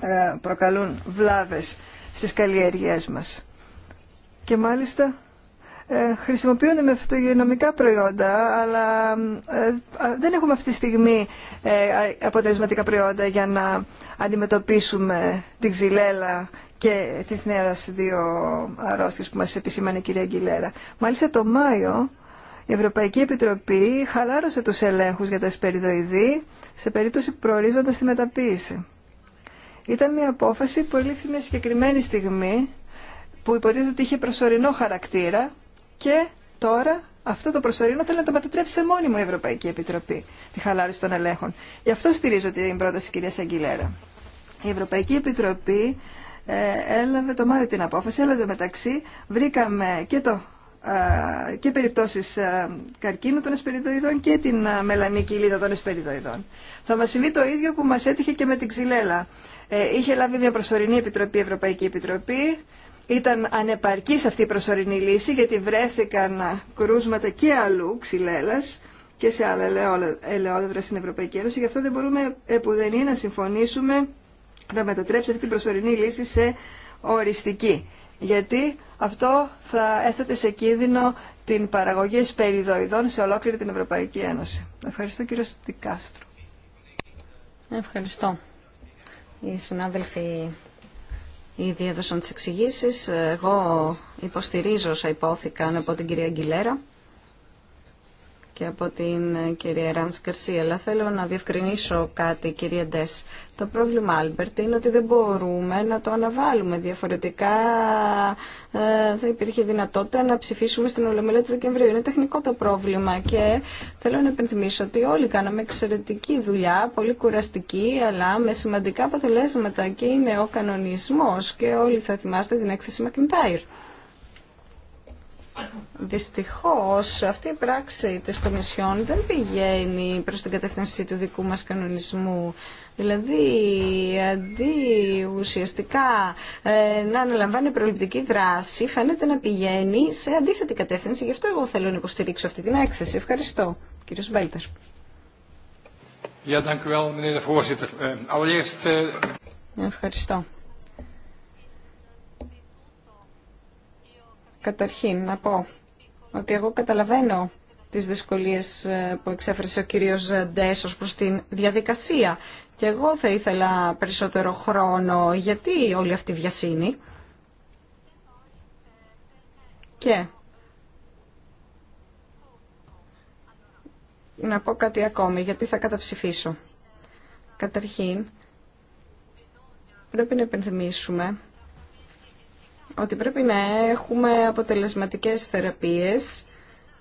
ε, προκαλούν βλάβες στις καλλιέργειές μας. Και μάλιστα ε, χρησιμοποιούνται με φυτογενομικά προϊόντα, αλλά ε, δεν έχουμε αυτή τη στιγμή αποτελεσματικά προϊόντα για να αντιμετωπίσουμε την ξυλέλα και τις νέες δύο αρρώστιες που μας επισήμανε η κυρία Αγγιλέρα. Μάλιστα το Μάιο η Ευρωπαϊκή Επιτροπή χαλάρωσε τους ελέγχους για τα σπεριδοειδή σε περίπτωση προορίζοντας τη μεταποίηση. Ήταν μια απόφαση που ελήφθη μια συγκεκριμένη στιγμή που υποτίθεται ότι είχε προσωρινό χαρακτήρα και τώρα αυτό το προσωρινό θέλει να το μετατρέψει σε μόνιμο η Ευρωπαϊκή Επιτροπή, τη χαλάρωση των ελέγχων. Γι' αυτό στηρίζω την πρόταση κυρία Αγγιλέρα. Η Ευρωπαϊκή Επιτροπή ε, έλαβε το μάτι την απόφαση, αλλά μεταξύ βρήκαμε και το ε, και περιπτώσεις ε, καρκίνου των εσπεριδοειδών και την ε, μελανή κοιλίδα των εσπεριδοειδών. Θα μας συμβεί το ίδιο που μας έτυχε και με την ξυλέλα. Είχε λάβει μια προσωρινή επιτροπή, Ευρωπαϊκή Επιτροπή. Ήταν ανεπαρκής αυτή η προσωρινή λύση γιατί βρέθηκαν κρούσματα και αλλού ξυλέλας και σε άλλα ελαιόδευρα στην Ευρωπαϊκή Ένωση. Γι' αυτό δεν μπορούμε επουδενή να συμφωνήσουμε να μετατρέψει αυτή την προσωρινή λύση σε οριστική. Γιατί αυτό θα έθετε σε κίνδυνο την παραγωγή σπεριδοειδών σε ολόκληρη την Ευρωπαϊκή Ένωση. Ευχαριστώ κύριο Στυκάστρου. Ευχαριστώ. Οι συνάδελφοι ήδη έδωσαν τις εξηγήσει. Εγώ υποστηρίζω όσα υπόθηκαν από την κυρία Αγγιλέρα και από την ε, κυρία Ράνς Καρσία, αλλά θέλω να διευκρινίσω κάτι, κυρία Ντες. Το πρόβλημα, Άλμπερτ, είναι ότι δεν μπορούμε να το αναβάλουμε. Διαφορετικά ε, θα υπήρχε δυνατότητα να ψηφίσουμε στην Ολομέλεια του Δεκεμβρίου. Είναι τεχνικό το πρόβλημα και θέλω να υπενθυμίσω ότι όλοι κάναμε εξαιρετική δουλειά, πολύ κουραστική, αλλά με σημαντικά αποτελέσματα και είναι ο κανονισμός και όλοι θα θυμάστε την έκθεση McIntyre. Δυστυχώς αυτή η πράξη της Κομισιόν δεν πηγαίνει προς την κατεύθυνση του δικού μας κανονισμού. Δηλαδή, αντί ουσιαστικά ε, να αναλαμβάνει προληπτική δράση, φαίνεται να πηγαίνει σε αντίθετη κατεύθυνση. Γι' αυτό εγώ θέλω να υποστηρίξω αυτή την έκθεση. Ευχαριστώ. Κύριος Μπέλτερ. Ε, ε, Ευχαριστώ. Καταρχήν να πω ότι εγώ καταλαβαίνω τις δυσκολίες ε, που εξέφερε ο κύριος Ντέσος προς την διαδικασία και εγώ θα ήθελα περισσότερο χρόνο γιατί όλη αυτή η βιασύνη και να πω κάτι ακόμη γιατί θα καταψηφίσω. Καταρχήν πρέπει να επενθυμίσουμε ότι πρέπει να έχουμε αποτελεσματικές θεραπείες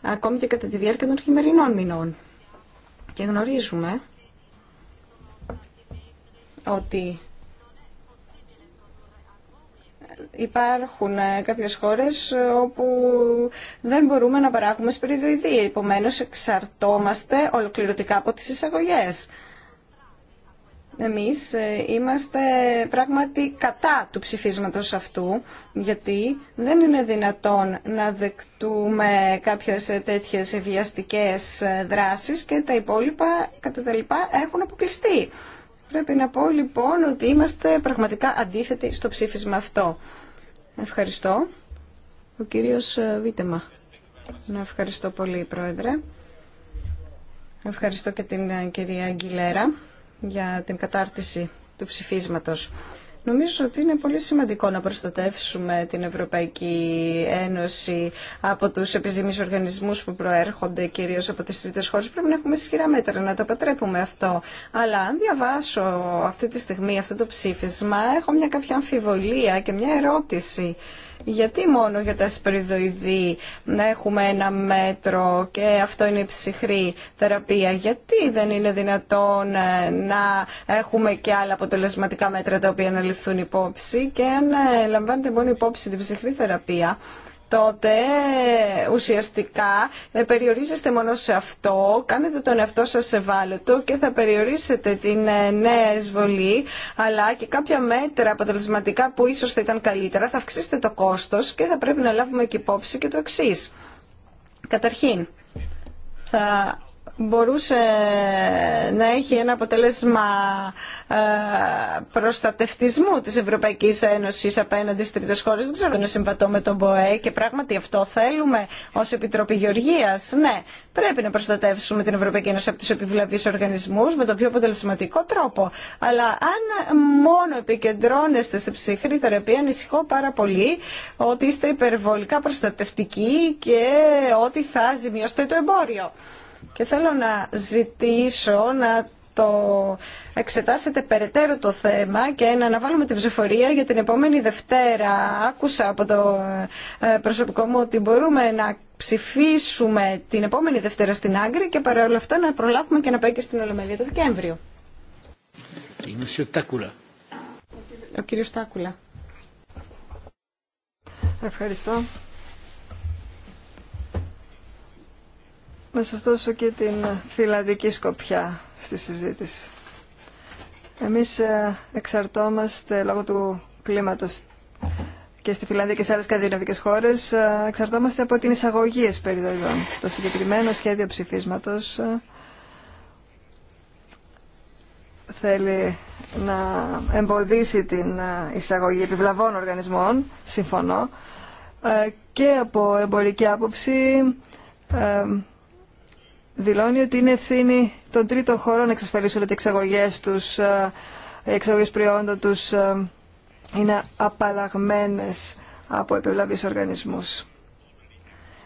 ακόμη και κατά τη διάρκεια των χειμερινών μηνών. Και γνωρίζουμε ότι υπάρχουν ε, κάποιες χώρες όπου δεν μπορούμε να παράγουμε σπυριδοειδή. Επομένως εξαρτόμαστε ολοκληρωτικά από τις εισαγωγές. Εμείς ε, είμαστε πράγματι κατά του ψηφίσματος αυτού, γιατί δεν είναι δυνατόν να δεκτούμε κάποιες τέτοιες βιαστικές ε, δράσεις και τα υπόλοιπα κατά τα λοιπά έχουν αποκλειστεί. Πρέπει να πω λοιπόν ότι είμαστε πραγματικά αντίθετοι στο ψήφισμα αυτό. Ευχαριστώ. Ο κύριος ε, Βίτεμα. Να ευχαριστώ πολύ, Πρόεδρε. Ευχαριστώ και την κυρία Αγγιλέρα για την κατάρτιση του ψηφίσματος. Νομίζω ότι είναι πολύ σημαντικό να προστατεύσουμε την Ευρωπαϊκή Ένωση από τους επιζήμιους οργανισμούς που προέρχονται κυρίως από τις τρίτες χώρες. Πρέπει να έχουμε ισχυρά μέτρα να το πετρέπουμε αυτό. Αλλά αν διαβάσω αυτή τη στιγμή αυτό το ψήφισμα, έχω μια κάποια αμφιβολία και μια ερώτηση. Γιατί μόνο για τα σπεριδοειδή να έχουμε ένα μέτρο και αυτό είναι η ψυχρή θεραπεία. Γιατί δεν είναι δυνατόν ε, να έχουμε και άλλα αποτελεσματικά μέτρα τα οποία να ληφθούν υπόψη και αν ε, λαμβάνεται μόνο υπόψη την ψυχρή θεραπεία τότε ουσιαστικά ε, περιορίζεστε μόνο σε αυτό, κάνετε τον εαυτό σας ευάλωτο και θα περιορίσετε την ε, νέα εισβολή, αλλά και κάποια μέτρα αποτελεσματικά που ίσως θα ήταν καλύτερα, θα αυξήσετε το κόστος και θα πρέπει να λάβουμε και υπόψη και το εξή. Καταρχήν, θα μπορούσε να έχει ένα αποτέλεσμα ε, προστατευτισμού της Ευρωπαϊκής Ένωσης απέναντι στις τρίτες χώρες. Δεν ξέρω αν συμβατώ με τον ΠΟΕ και πράγματι αυτό θέλουμε ως Επιτροπή Γεωργίας. Ναι, πρέπει να προστατεύσουμε την Ευρωπαϊκή Ένωση από τους επιβλαβείς οργανισμούς με τον πιο αποτελεσματικό τρόπο. Αλλά αν μόνο επικεντρώνεστε σε ψυχρή θεραπεία, ανησυχώ πάρα πολύ ότι είστε υπερβολικά προστατευτικοί και ότι θα ζημιώσετε το εμπόριο και θέλω να ζητήσω να το εξετάσετε περαιτέρω το θέμα και να αναβάλουμε την ψηφορία για την επόμενη Δευτέρα. Άκουσα από το ε, προσωπικό μου ότι μπορούμε να ψηφίσουμε την επόμενη Δευτέρα στην Άγκρη και όλα αυτά να προλάβουμε και να πάει και στην Ολομέλεια το Δεκέμβριο. Ο κύριος Τάκουλα. Ευχαριστώ. να σας δώσω και την φιλανδική σκοπιά στη συζήτηση. Εμείς ε, εξαρτόμαστε λόγω του κλίματος και στη Φιλανδία και σε άλλες σκανδιναβικές χώρες ε, εξαρτόμαστε από την εισαγωγή εσπεριδοειδών. Το συγκεκριμένο σχέδιο ψηφίσματος ε, θέλει να εμποδίσει την εισαγωγή επιβλαβών οργανισμών, συμφωνώ, και από εμπορική άποψη δηλώνει ότι είναι ευθύνη των τρίτων χωρών να εξασφαλίσουν ότι οι εξαγωγές τους, ε, οι εξαγωγές προϊόντων τους ε, είναι απαλλαγμένες από επιβλαβείς οργανισμούς.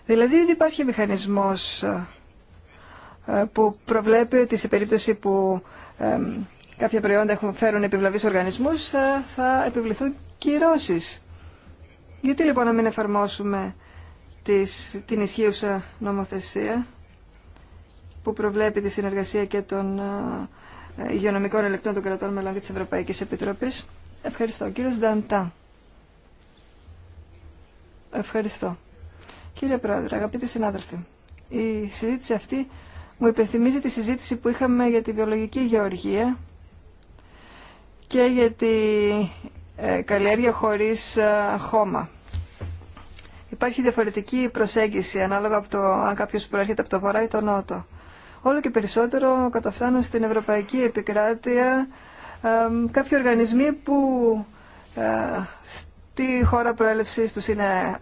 Δηλαδή ήδη υπάρχει μηχανισμός ε, που προβλέπει ότι σε περίπτωση που κάποια προϊόντα έχουν, φέρουν επιβλαβείς οργανισμούς θα επιβληθούν κυρώσεις. Γιατί λοιπόν να μην εφαρμόσουμε την ισχύουσα νομοθεσία που προβλέπει τη συνεργασία και των ε, υγειονομικών ελεκτών των κρατών μελών και της Ευρωπαϊκής Επιτροπής. Ευχαριστώ. Κύριος Νταντά. Ευχαριστώ. Κύριε Πρόεδρε, αγαπητοί συνάδελφοι, η συζήτηση αυτή μου υπενθυμίζει τη συζήτηση που είχαμε για τη βιολογική γεωργία και για τη ε, καλλιέργεια χωρίς ε, χώμα. Υπάρχει διαφορετική προσέγγιση ανάλογα από το αν κάποιος προέρχεται από το βορρά ή το νότο όλο και περισσότερο καταφθάνουν στην ευρωπαϊκή επικράτεια κάποιοι οργανισμοί που ε, στη χώρα προέλευσής τους είναι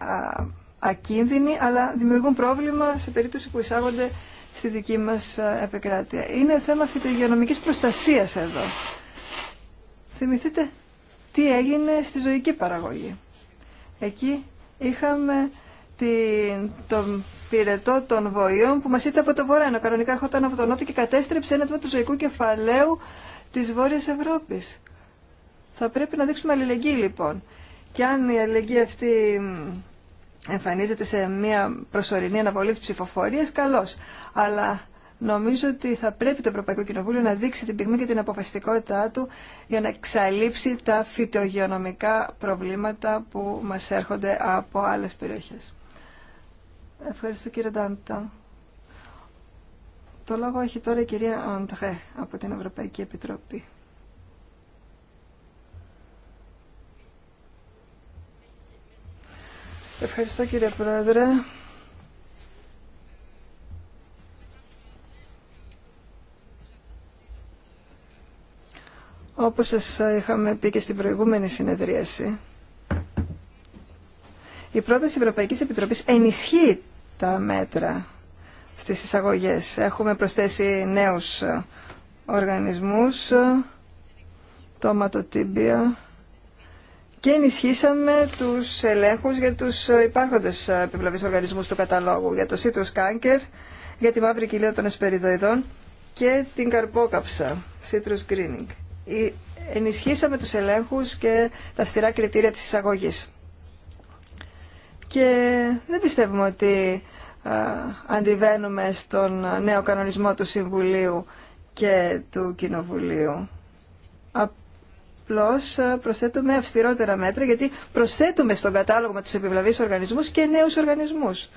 ακίνδυνοι, αλλά δημιουργούν πρόβλημα σε περίπτωση που εισάγονται στη δική μας ε, επικράτεια. Είναι θέμα φυτογειονομικής προστασίας εδώ. Θυμηθείτε τι έγινε στη ζωική παραγωγή. Εκεί είχαμε την, το, πυρετό των βοηών που μα ήρθε από το βορρά, ενώ κανονικά έρχονταν από το νότο και κατέστρεψε ένα τμήμα του ζωικού κεφαλαίου τη βόρεια Ευρώπη. Θα πρέπει να δείξουμε αλληλεγγύη λοιπόν. Και αν η αλληλεγγύη αυτή εμφανίζεται σε μια προσωρινή αναβολή τη ψηφοφορία, καλώ. Αλλά νομίζω ότι θα πρέπει το Ευρωπαϊκό Κοινοβούλιο να δείξει την πυγμή και την αποφασιστικότητά του για να εξαλείψει τα φυτογειονομικά προβλήματα που μας έρχονται από άλλε περιοχές. Ευχαριστώ κύριε Ντάντα. Το λόγο έχει τώρα η κυρία Αντρέ από την Ευρωπαϊκή Επιτροπή. Ευχαριστώ κύριε Πρόεδρε. Όπως σας είχαμε πει και στην προηγούμενη συνεδρίαση, η πρόταση Ευρωπαϊκής Επιτροπής ενισχύει τα μέτρα στις εισαγωγές. Έχουμε προσθέσει νέους ε, οργανισμούς, ε, το ματοτύμπιο και ενισχύσαμε τους ελέγχους για τους ε, υπάρχοντες επιβλαβείς οργανισμούς του καταλόγου, για το citrus canker, για τη μαύρη κοιλία των εσπεριδοειδών και την καρπόκαψα, citrus greening. Ενισχύσαμε τους ελέγχους και τα αυστηρά κριτήρια της εισαγωγής και δεν πιστεύουμε ότι αντιβαίνουμε στον νέο κανονισμό του Συμβουλίου και του Κοινοβουλίου. Απλώς προσθέτουμε αυστηρότερα μέτρα γιατί προσθέτουμε στον κατάλογο με τους επιβλαβείς οργανισμούς και νέους οργανισμούς.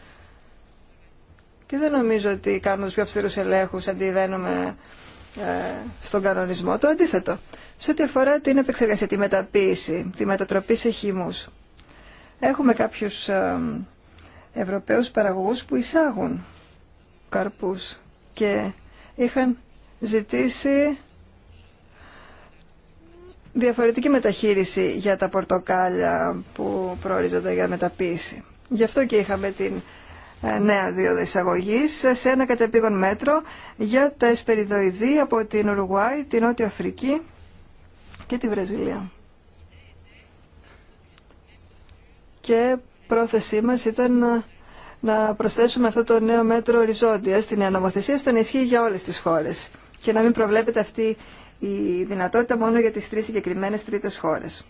Και δεν νομίζω ότι κάνοντας πιο αυστηρούς ελέγχους αντιβαίνουμε ε, στον κανονισμό. Το αντίθετο. Σε ό,τι αφορά την επεξεργασία, τη μεταποίηση, τη μετατροπή σε χυμούς. Έχουμε κάποιους ε, Ευρωπαίους παραγωγούς που εισάγουν καρπούς και είχαν ζητήσει διαφορετική μεταχείριση για τα πορτοκάλια που προορίζονται για μεταποίηση. Γι' αυτό και είχαμε την ε, νέα δίωδο εισαγωγή σε ένα κατεπήγον μέτρο για τα εσπεριδοειδή από την Ουρουγουάη, την Νότια Αφρική και την Βραζιλία. και πρόθεσή μας ήταν να, προσθέσουμε αυτό το νέο μέτρο οριζόντια στην νέα νομοθεσία, στον ισχύ για όλες τις χώρες και να μην προβλέπεται αυτή η δυνατότητα μόνο για τις τρεις συγκεκριμένε τρίτες χώρες.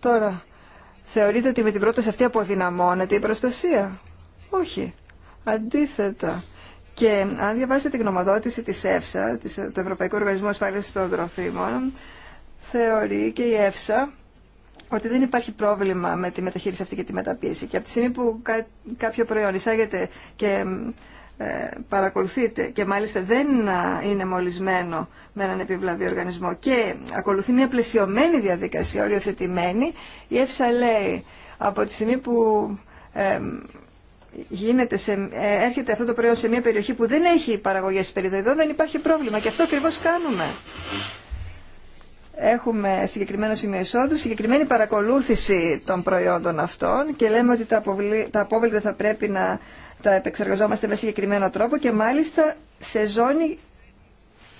Τώρα, θεωρείτε ότι με την πρόταση αυτή αποδυναμώνεται η προστασία. Όχι. Αντίθετα. Και αν διαβάσετε την γνωμοδότηση της ΕΦΣΑ, του Ευρωπαϊκού Οργανισμού Ασφάλειας των Τροφίμων, θεωρεί και η ΕΦΣΑ ότι δεν υπάρχει πρόβλημα με τη μεταχείριση αυτή και τη μεταπίεση. Και από τη στιγμή που κάποιο προϊόν εισάγεται και ε, παρακολουθείται και μάλιστα δεν είναι μολυσμένο με έναν επιβλαβή οργανισμό και ακολουθεί μια πλαισιωμένη διαδικασία, οριοθετημένη, η ΕΦΣΑ λέει από τη στιγμή που ε, σε, ε, έρχεται αυτό το προϊόν σε μια περιοχή που δεν έχει παραγωγές περιδοειδών, δεν υπάρχει πρόβλημα. Και αυτό ακριβώ κάνουμε έχουμε συγκεκριμένο σημείο εισόδου, συγκεκριμένη παρακολούθηση των προϊόντων αυτών και λέμε ότι τα, απόβλητα θα πρέπει να τα επεξεργαζόμαστε με συγκεκριμένο τρόπο και μάλιστα σε ζώνη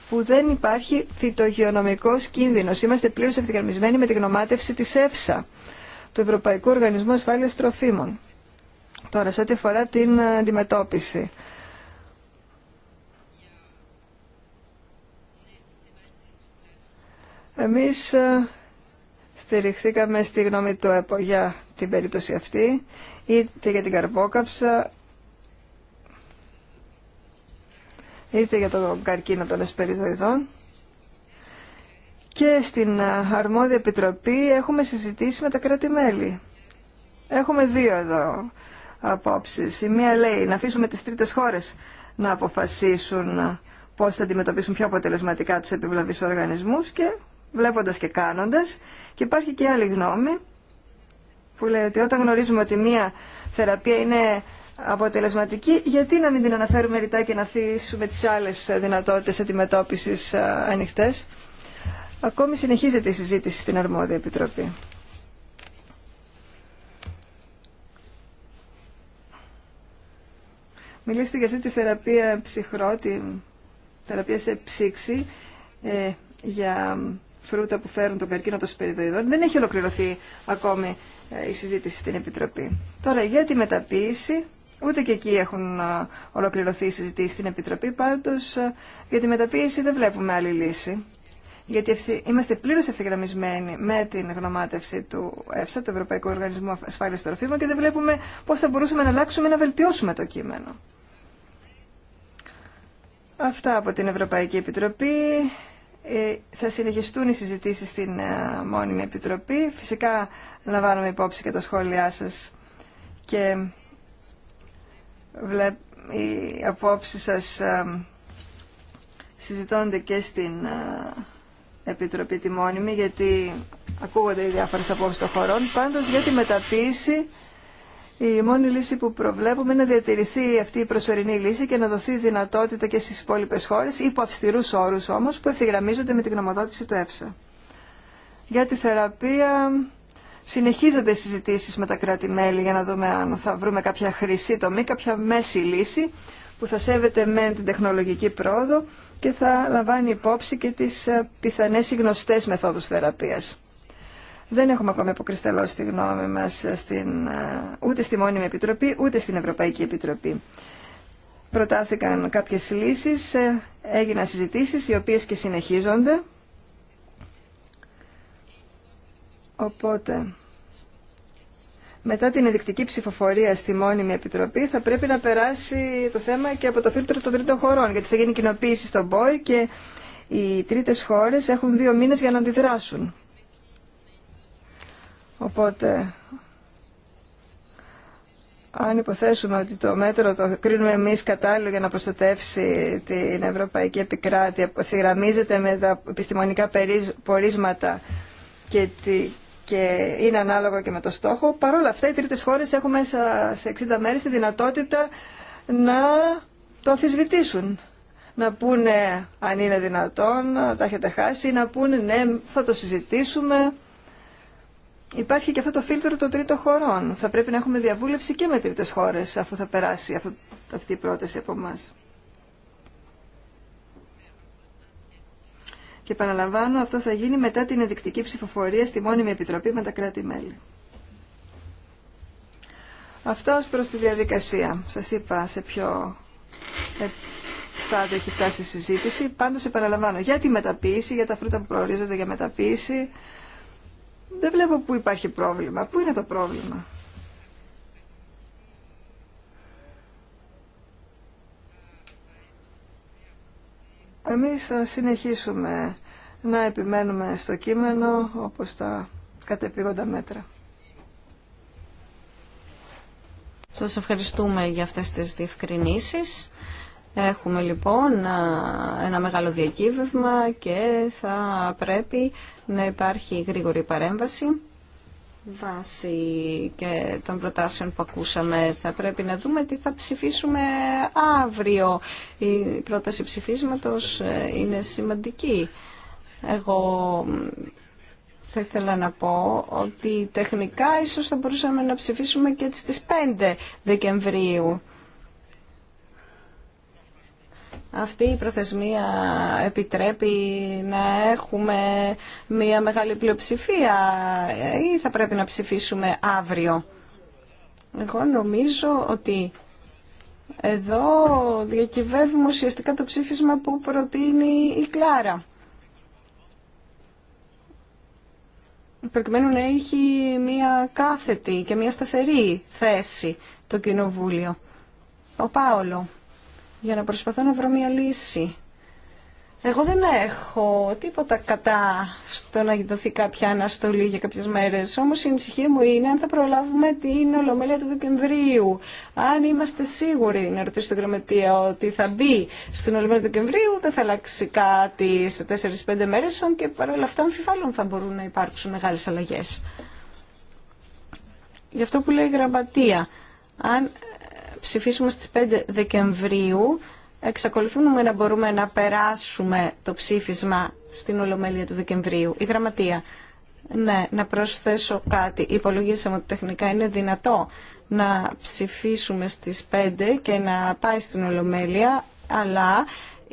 που δεν υπάρχει φυτογειονομικός κίνδυνος. Είμαστε πλήρως ευθυγραμμισμένοι με τη γνωμάτευση της ΕΦΣΑ, του Ευρωπαϊκού Οργανισμού Ασφάλειας Τροφίμων. Τώρα, σε ό,τι αφορά την αντιμετώπιση. Εμείς ε, στηριχθήκαμε στη γνώμη του ΕΠΟ για την περίπτωση αυτή, είτε για την καρπόκαψα, είτε για τον καρκίνο των εσπεριδοειδών. Και στην ε, αρμόδια επιτροπή έχουμε συζητήσει με τα κράτη-μέλη. Έχουμε δύο εδώ απόψεις. Η μία λέει να αφήσουμε τις τρίτες χώρες να αποφασίσουν ε, πώς θα αντιμετωπίσουν πιο αποτελεσματικά τους επιβλαβείς οργανισμούς και βλέποντας και κάνοντας. Και υπάρχει και άλλη γνώμη που λέει ότι όταν γνωρίζουμε ότι μία θεραπεία είναι αποτελεσματική, γιατί να μην την αναφέρουμε ρητά και να αφήσουμε τις άλλες δυνατότητες αντιμετώπισης ε, ανοιχτέ. Ακόμη συνεχίζεται η συζήτηση στην Αρμόδια Επιτροπή. Μιλήστε για αυτή τη θεραπεία ψυχρό, τη θεραπεία σε ψήξη, ε, για φρούτα που φέρουν τον καρκίνο των σπεριδοειδών. Δεν έχει ολοκληρωθεί ακόμη ε, η συζήτηση στην Επιτροπή. Τώρα για τη μεταποίηση, ούτε και εκεί έχουν ε, ολοκληρωθεί οι συζητήσει στην Επιτροπή, Πάντω ε, για τη μεταποίηση δεν βλέπουμε άλλη λύση. Γιατί είμαστε πλήρω ευθυγραμμισμένοι με την γνωμάτευση του ΕΦΣΑ, του Ευρωπαϊκού Οργανισμού Ασφάλεια Τροφίμων, και δεν βλέπουμε πώ θα μπορούσαμε να αλλάξουμε να βελτιώσουμε το κείμενο. Αυτά από την Ευρωπαϊκή Επιτροπή. Ε, θα συνεχιστούν οι συζητήσεις στην ε, μόνιμη επιτροπή. Φυσικά λαμβάνουμε υπόψη και τα σχόλιά σας και οι απόψεις σας ε, συζητώνται και στην Επιτροπή τη Μόνιμη γιατί ακούγονται οι διάφορες απόψεις των χωρών. Πάντως για τη μεταποίηση η μόνη λύση που προβλέπουμε είναι να διατηρηθεί αυτή η προσωρινή λύση και να δοθεί δυνατότητα και στι υπόλοιπε χώρε, υπό αυστηρού όρου όμω, που ευθυγραμμίζονται με την γνωμοδότηση του ΕΦΣΑ. Για τη θεραπεία συνεχίζονται οι συζητήσεις με τα κράτη-μέλη για να δούμε αν θα βρούμε κάποια χρυσή τομή, κάποια μέση λύση που θα σέβεται με την τεχνολογική πρόοδο και θα λαμβάνει υπόψη και τις ε, πιθανές γνωστέ μεθόδους θεραπείας. Δεν έχουμε ακόμη αποκρισταλώσει τη γνώμη μας στην, ε, ούτε στη Μόνιμη Επιτροπή, ούτε στην Ευρωπαϊκή Επιτροπή. Προτάθηκαν κάποιες λύσεις, ε, έγιναν συζητήσεις οι οποίες και συνεχίζονται. Οπότε, μετά την ενδεικτική ψηφοφορία στη μόνιμη επιτροπή θα πρέπει να περάσει το θέμα και από το φίλτρο των τρίτων χωρών, γιατί θα γίνει κοινοποίηση στον ΠΟΗ και οι τρίτες χώρες έχουν δύο μήνες για να αντιδράσουν. Οπότε, αν υποθέσουμε ότι το μέτρο το κρίνουμε εμείς κατάλληλο για να προστατεύσει την ευρωπαϊκή επικράτεια, που θυγραμμίζεται με τα επιστημονικά πορίσματα και, και είναι ανάλογο και με το στόχο, παρόλα αυτά οι τρίτες χώρες έχουν μέσα σε 60 μέρες τη δυνατότητα να το αμφισβητήσουν. Να πούνε αν είναι δυνατόν, τα έχετε χάσει, να πούνε ναι, θα το συζητήσουμε υπάρχει και αυτό το φίλτρο των τρίτων χωρών. Θα πρέπει να έχουμε διαβούλευση και με τρίτες χώρε αφού θα περάσει αυτή η πρόταση από εμά. Και επαναλαμβάνω, αυτό θα γίνει μετά την ενδεικτική ψηφοφορία στη μόνιμη επιτροπή με τα κράτη-μέλη. Αυτό ω προς τη διαδικασία. Σας είπα σε ποιο ε, στάδιο έχει φτάσει η συζήτηση. Πάντω επαναλαμβάνω, για τη μεταποίηση, για τα φρούτα που προορίζονται για μεταποίηση, δεν βλέπω που υπάρχει πρόβλημα. Πού είναι το πρόβλημα. Εμείς θα συνεχίσουμε να επιμένουμε στο κείμενο όπως τα κατεπήγοντα μέτρα. Σας ευχαριστούμε για αυτές τις διευκρινήσεις. Έχουμε λοιπόν ένα μεγάλο διακύβευμα και θα πρέπει να υπάρχει γρήγορη παρέμβαση βάσει και των προτάσεων που ακούσαμε. Θα πρέπει να δούμε τι θα ψηφίσουμε αύριο. Η πρόταση ψηφίσματος ε, είναι σημαντική. Εγώ θα ήθελα να πω ότι τεχνικά ίσως θα μπορούσαμε να ψηφίσουμε και τις 5 Δεκεμβρίου. Αυτή η προθεσμία επιτρέπει να έχουμε μια μεγάλη πλειοψηφία ή θα πρέπει να ψηφίσουμε αύριο. Εγώ νομίζω ότι εδώ διακυβεύουμε ουσιαστικά το ψήφισμα που προτείνει η Κλάρα. Προκειμένου να έχει μια κάθετη και μια σταθερή θέση το Κοινοβούλιο. Ο Πάολο για να προσπαθώ να βρω μια λύση. Εγώ δεν έχω τίποτα κατά στο να δοθεί κάποια αναστολή για κάποιες μέρες. Όμως η ανησυχία μου είναι αν θα προλάβουμε την Ολομέλεια του Δεκεμβρίου. Αν είμαστε σίγουροι, να ρωτήσω τον Γραμματεία, ότι θα μπει στην Ολομέλεια του Δεκεμβρίου, δεν θα αλλάξει κάτι σε 4-5 μέρες, και παρόλα αυτά αμφιβάλλον θα μπορούν να υπάρξουν μεγάλες αλλαγές. Γι' αυτό που λέει η Γραμματεία, αν ψηφίσουμε στις 5 Δεκεμβρίου. Εξακολουθούμε να μπορούμε να περάσουμε το ψήφισμα στην Ολομέλεια του Δεκεμβρίου. Η Γραμματεία. Ναι, να προσθέσω κάτι. Υπολογίσαμε ότι τεχνικά είναι δυνατό να ψηφίσουμε στις 5 και να πάει στην Ολομέλεια, αλλά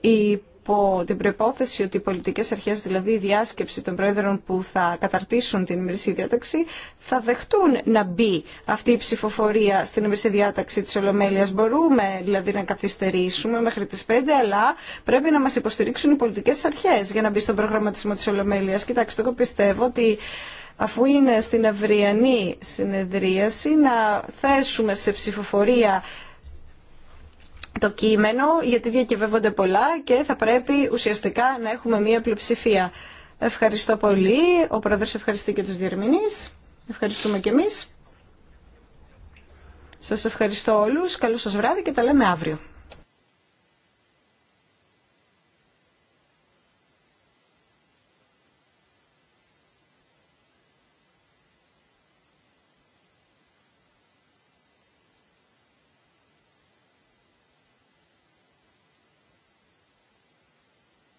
η από την προπόθεση ότι οι πολιτικές αρχές, δηλαδή η διάσκεψη των πρόεδρων που θα καταρτήσουν την ημερησία διάταξη, θα δεχτούν να μπει αυτή η ψηφοφορία στην ημερησία διάταξη της Ολομέλειας. Μπορούμε δηλαδή να καθυστερήσουμε μέχρι τις 5, αλλά πρέπει να μας υποστηρίξουν οι πολιτικές αρχές για να μπει στον προγραμματισμό τη Ολομέλειας. Κοιτάξτε, εγώ πιστεύω ότι αφού είναι στην αυριανή συνεδρίαση να θέσουμε σε ψηφοφορία το κείμενο, γιατί διακυβεύονται πολλά και θα πρέπει ουσιαστικά να έχουμε μία πλειοψηφία. Ευχαριστώ πολύ. Ο Πρόεδρος ευχαριστεί και τους διερμηνείς. Ευχαριστούμε και εμείς. Σας ευχαριστώ όλους. Καλό σας βράδυ και τα λέμε αύριο.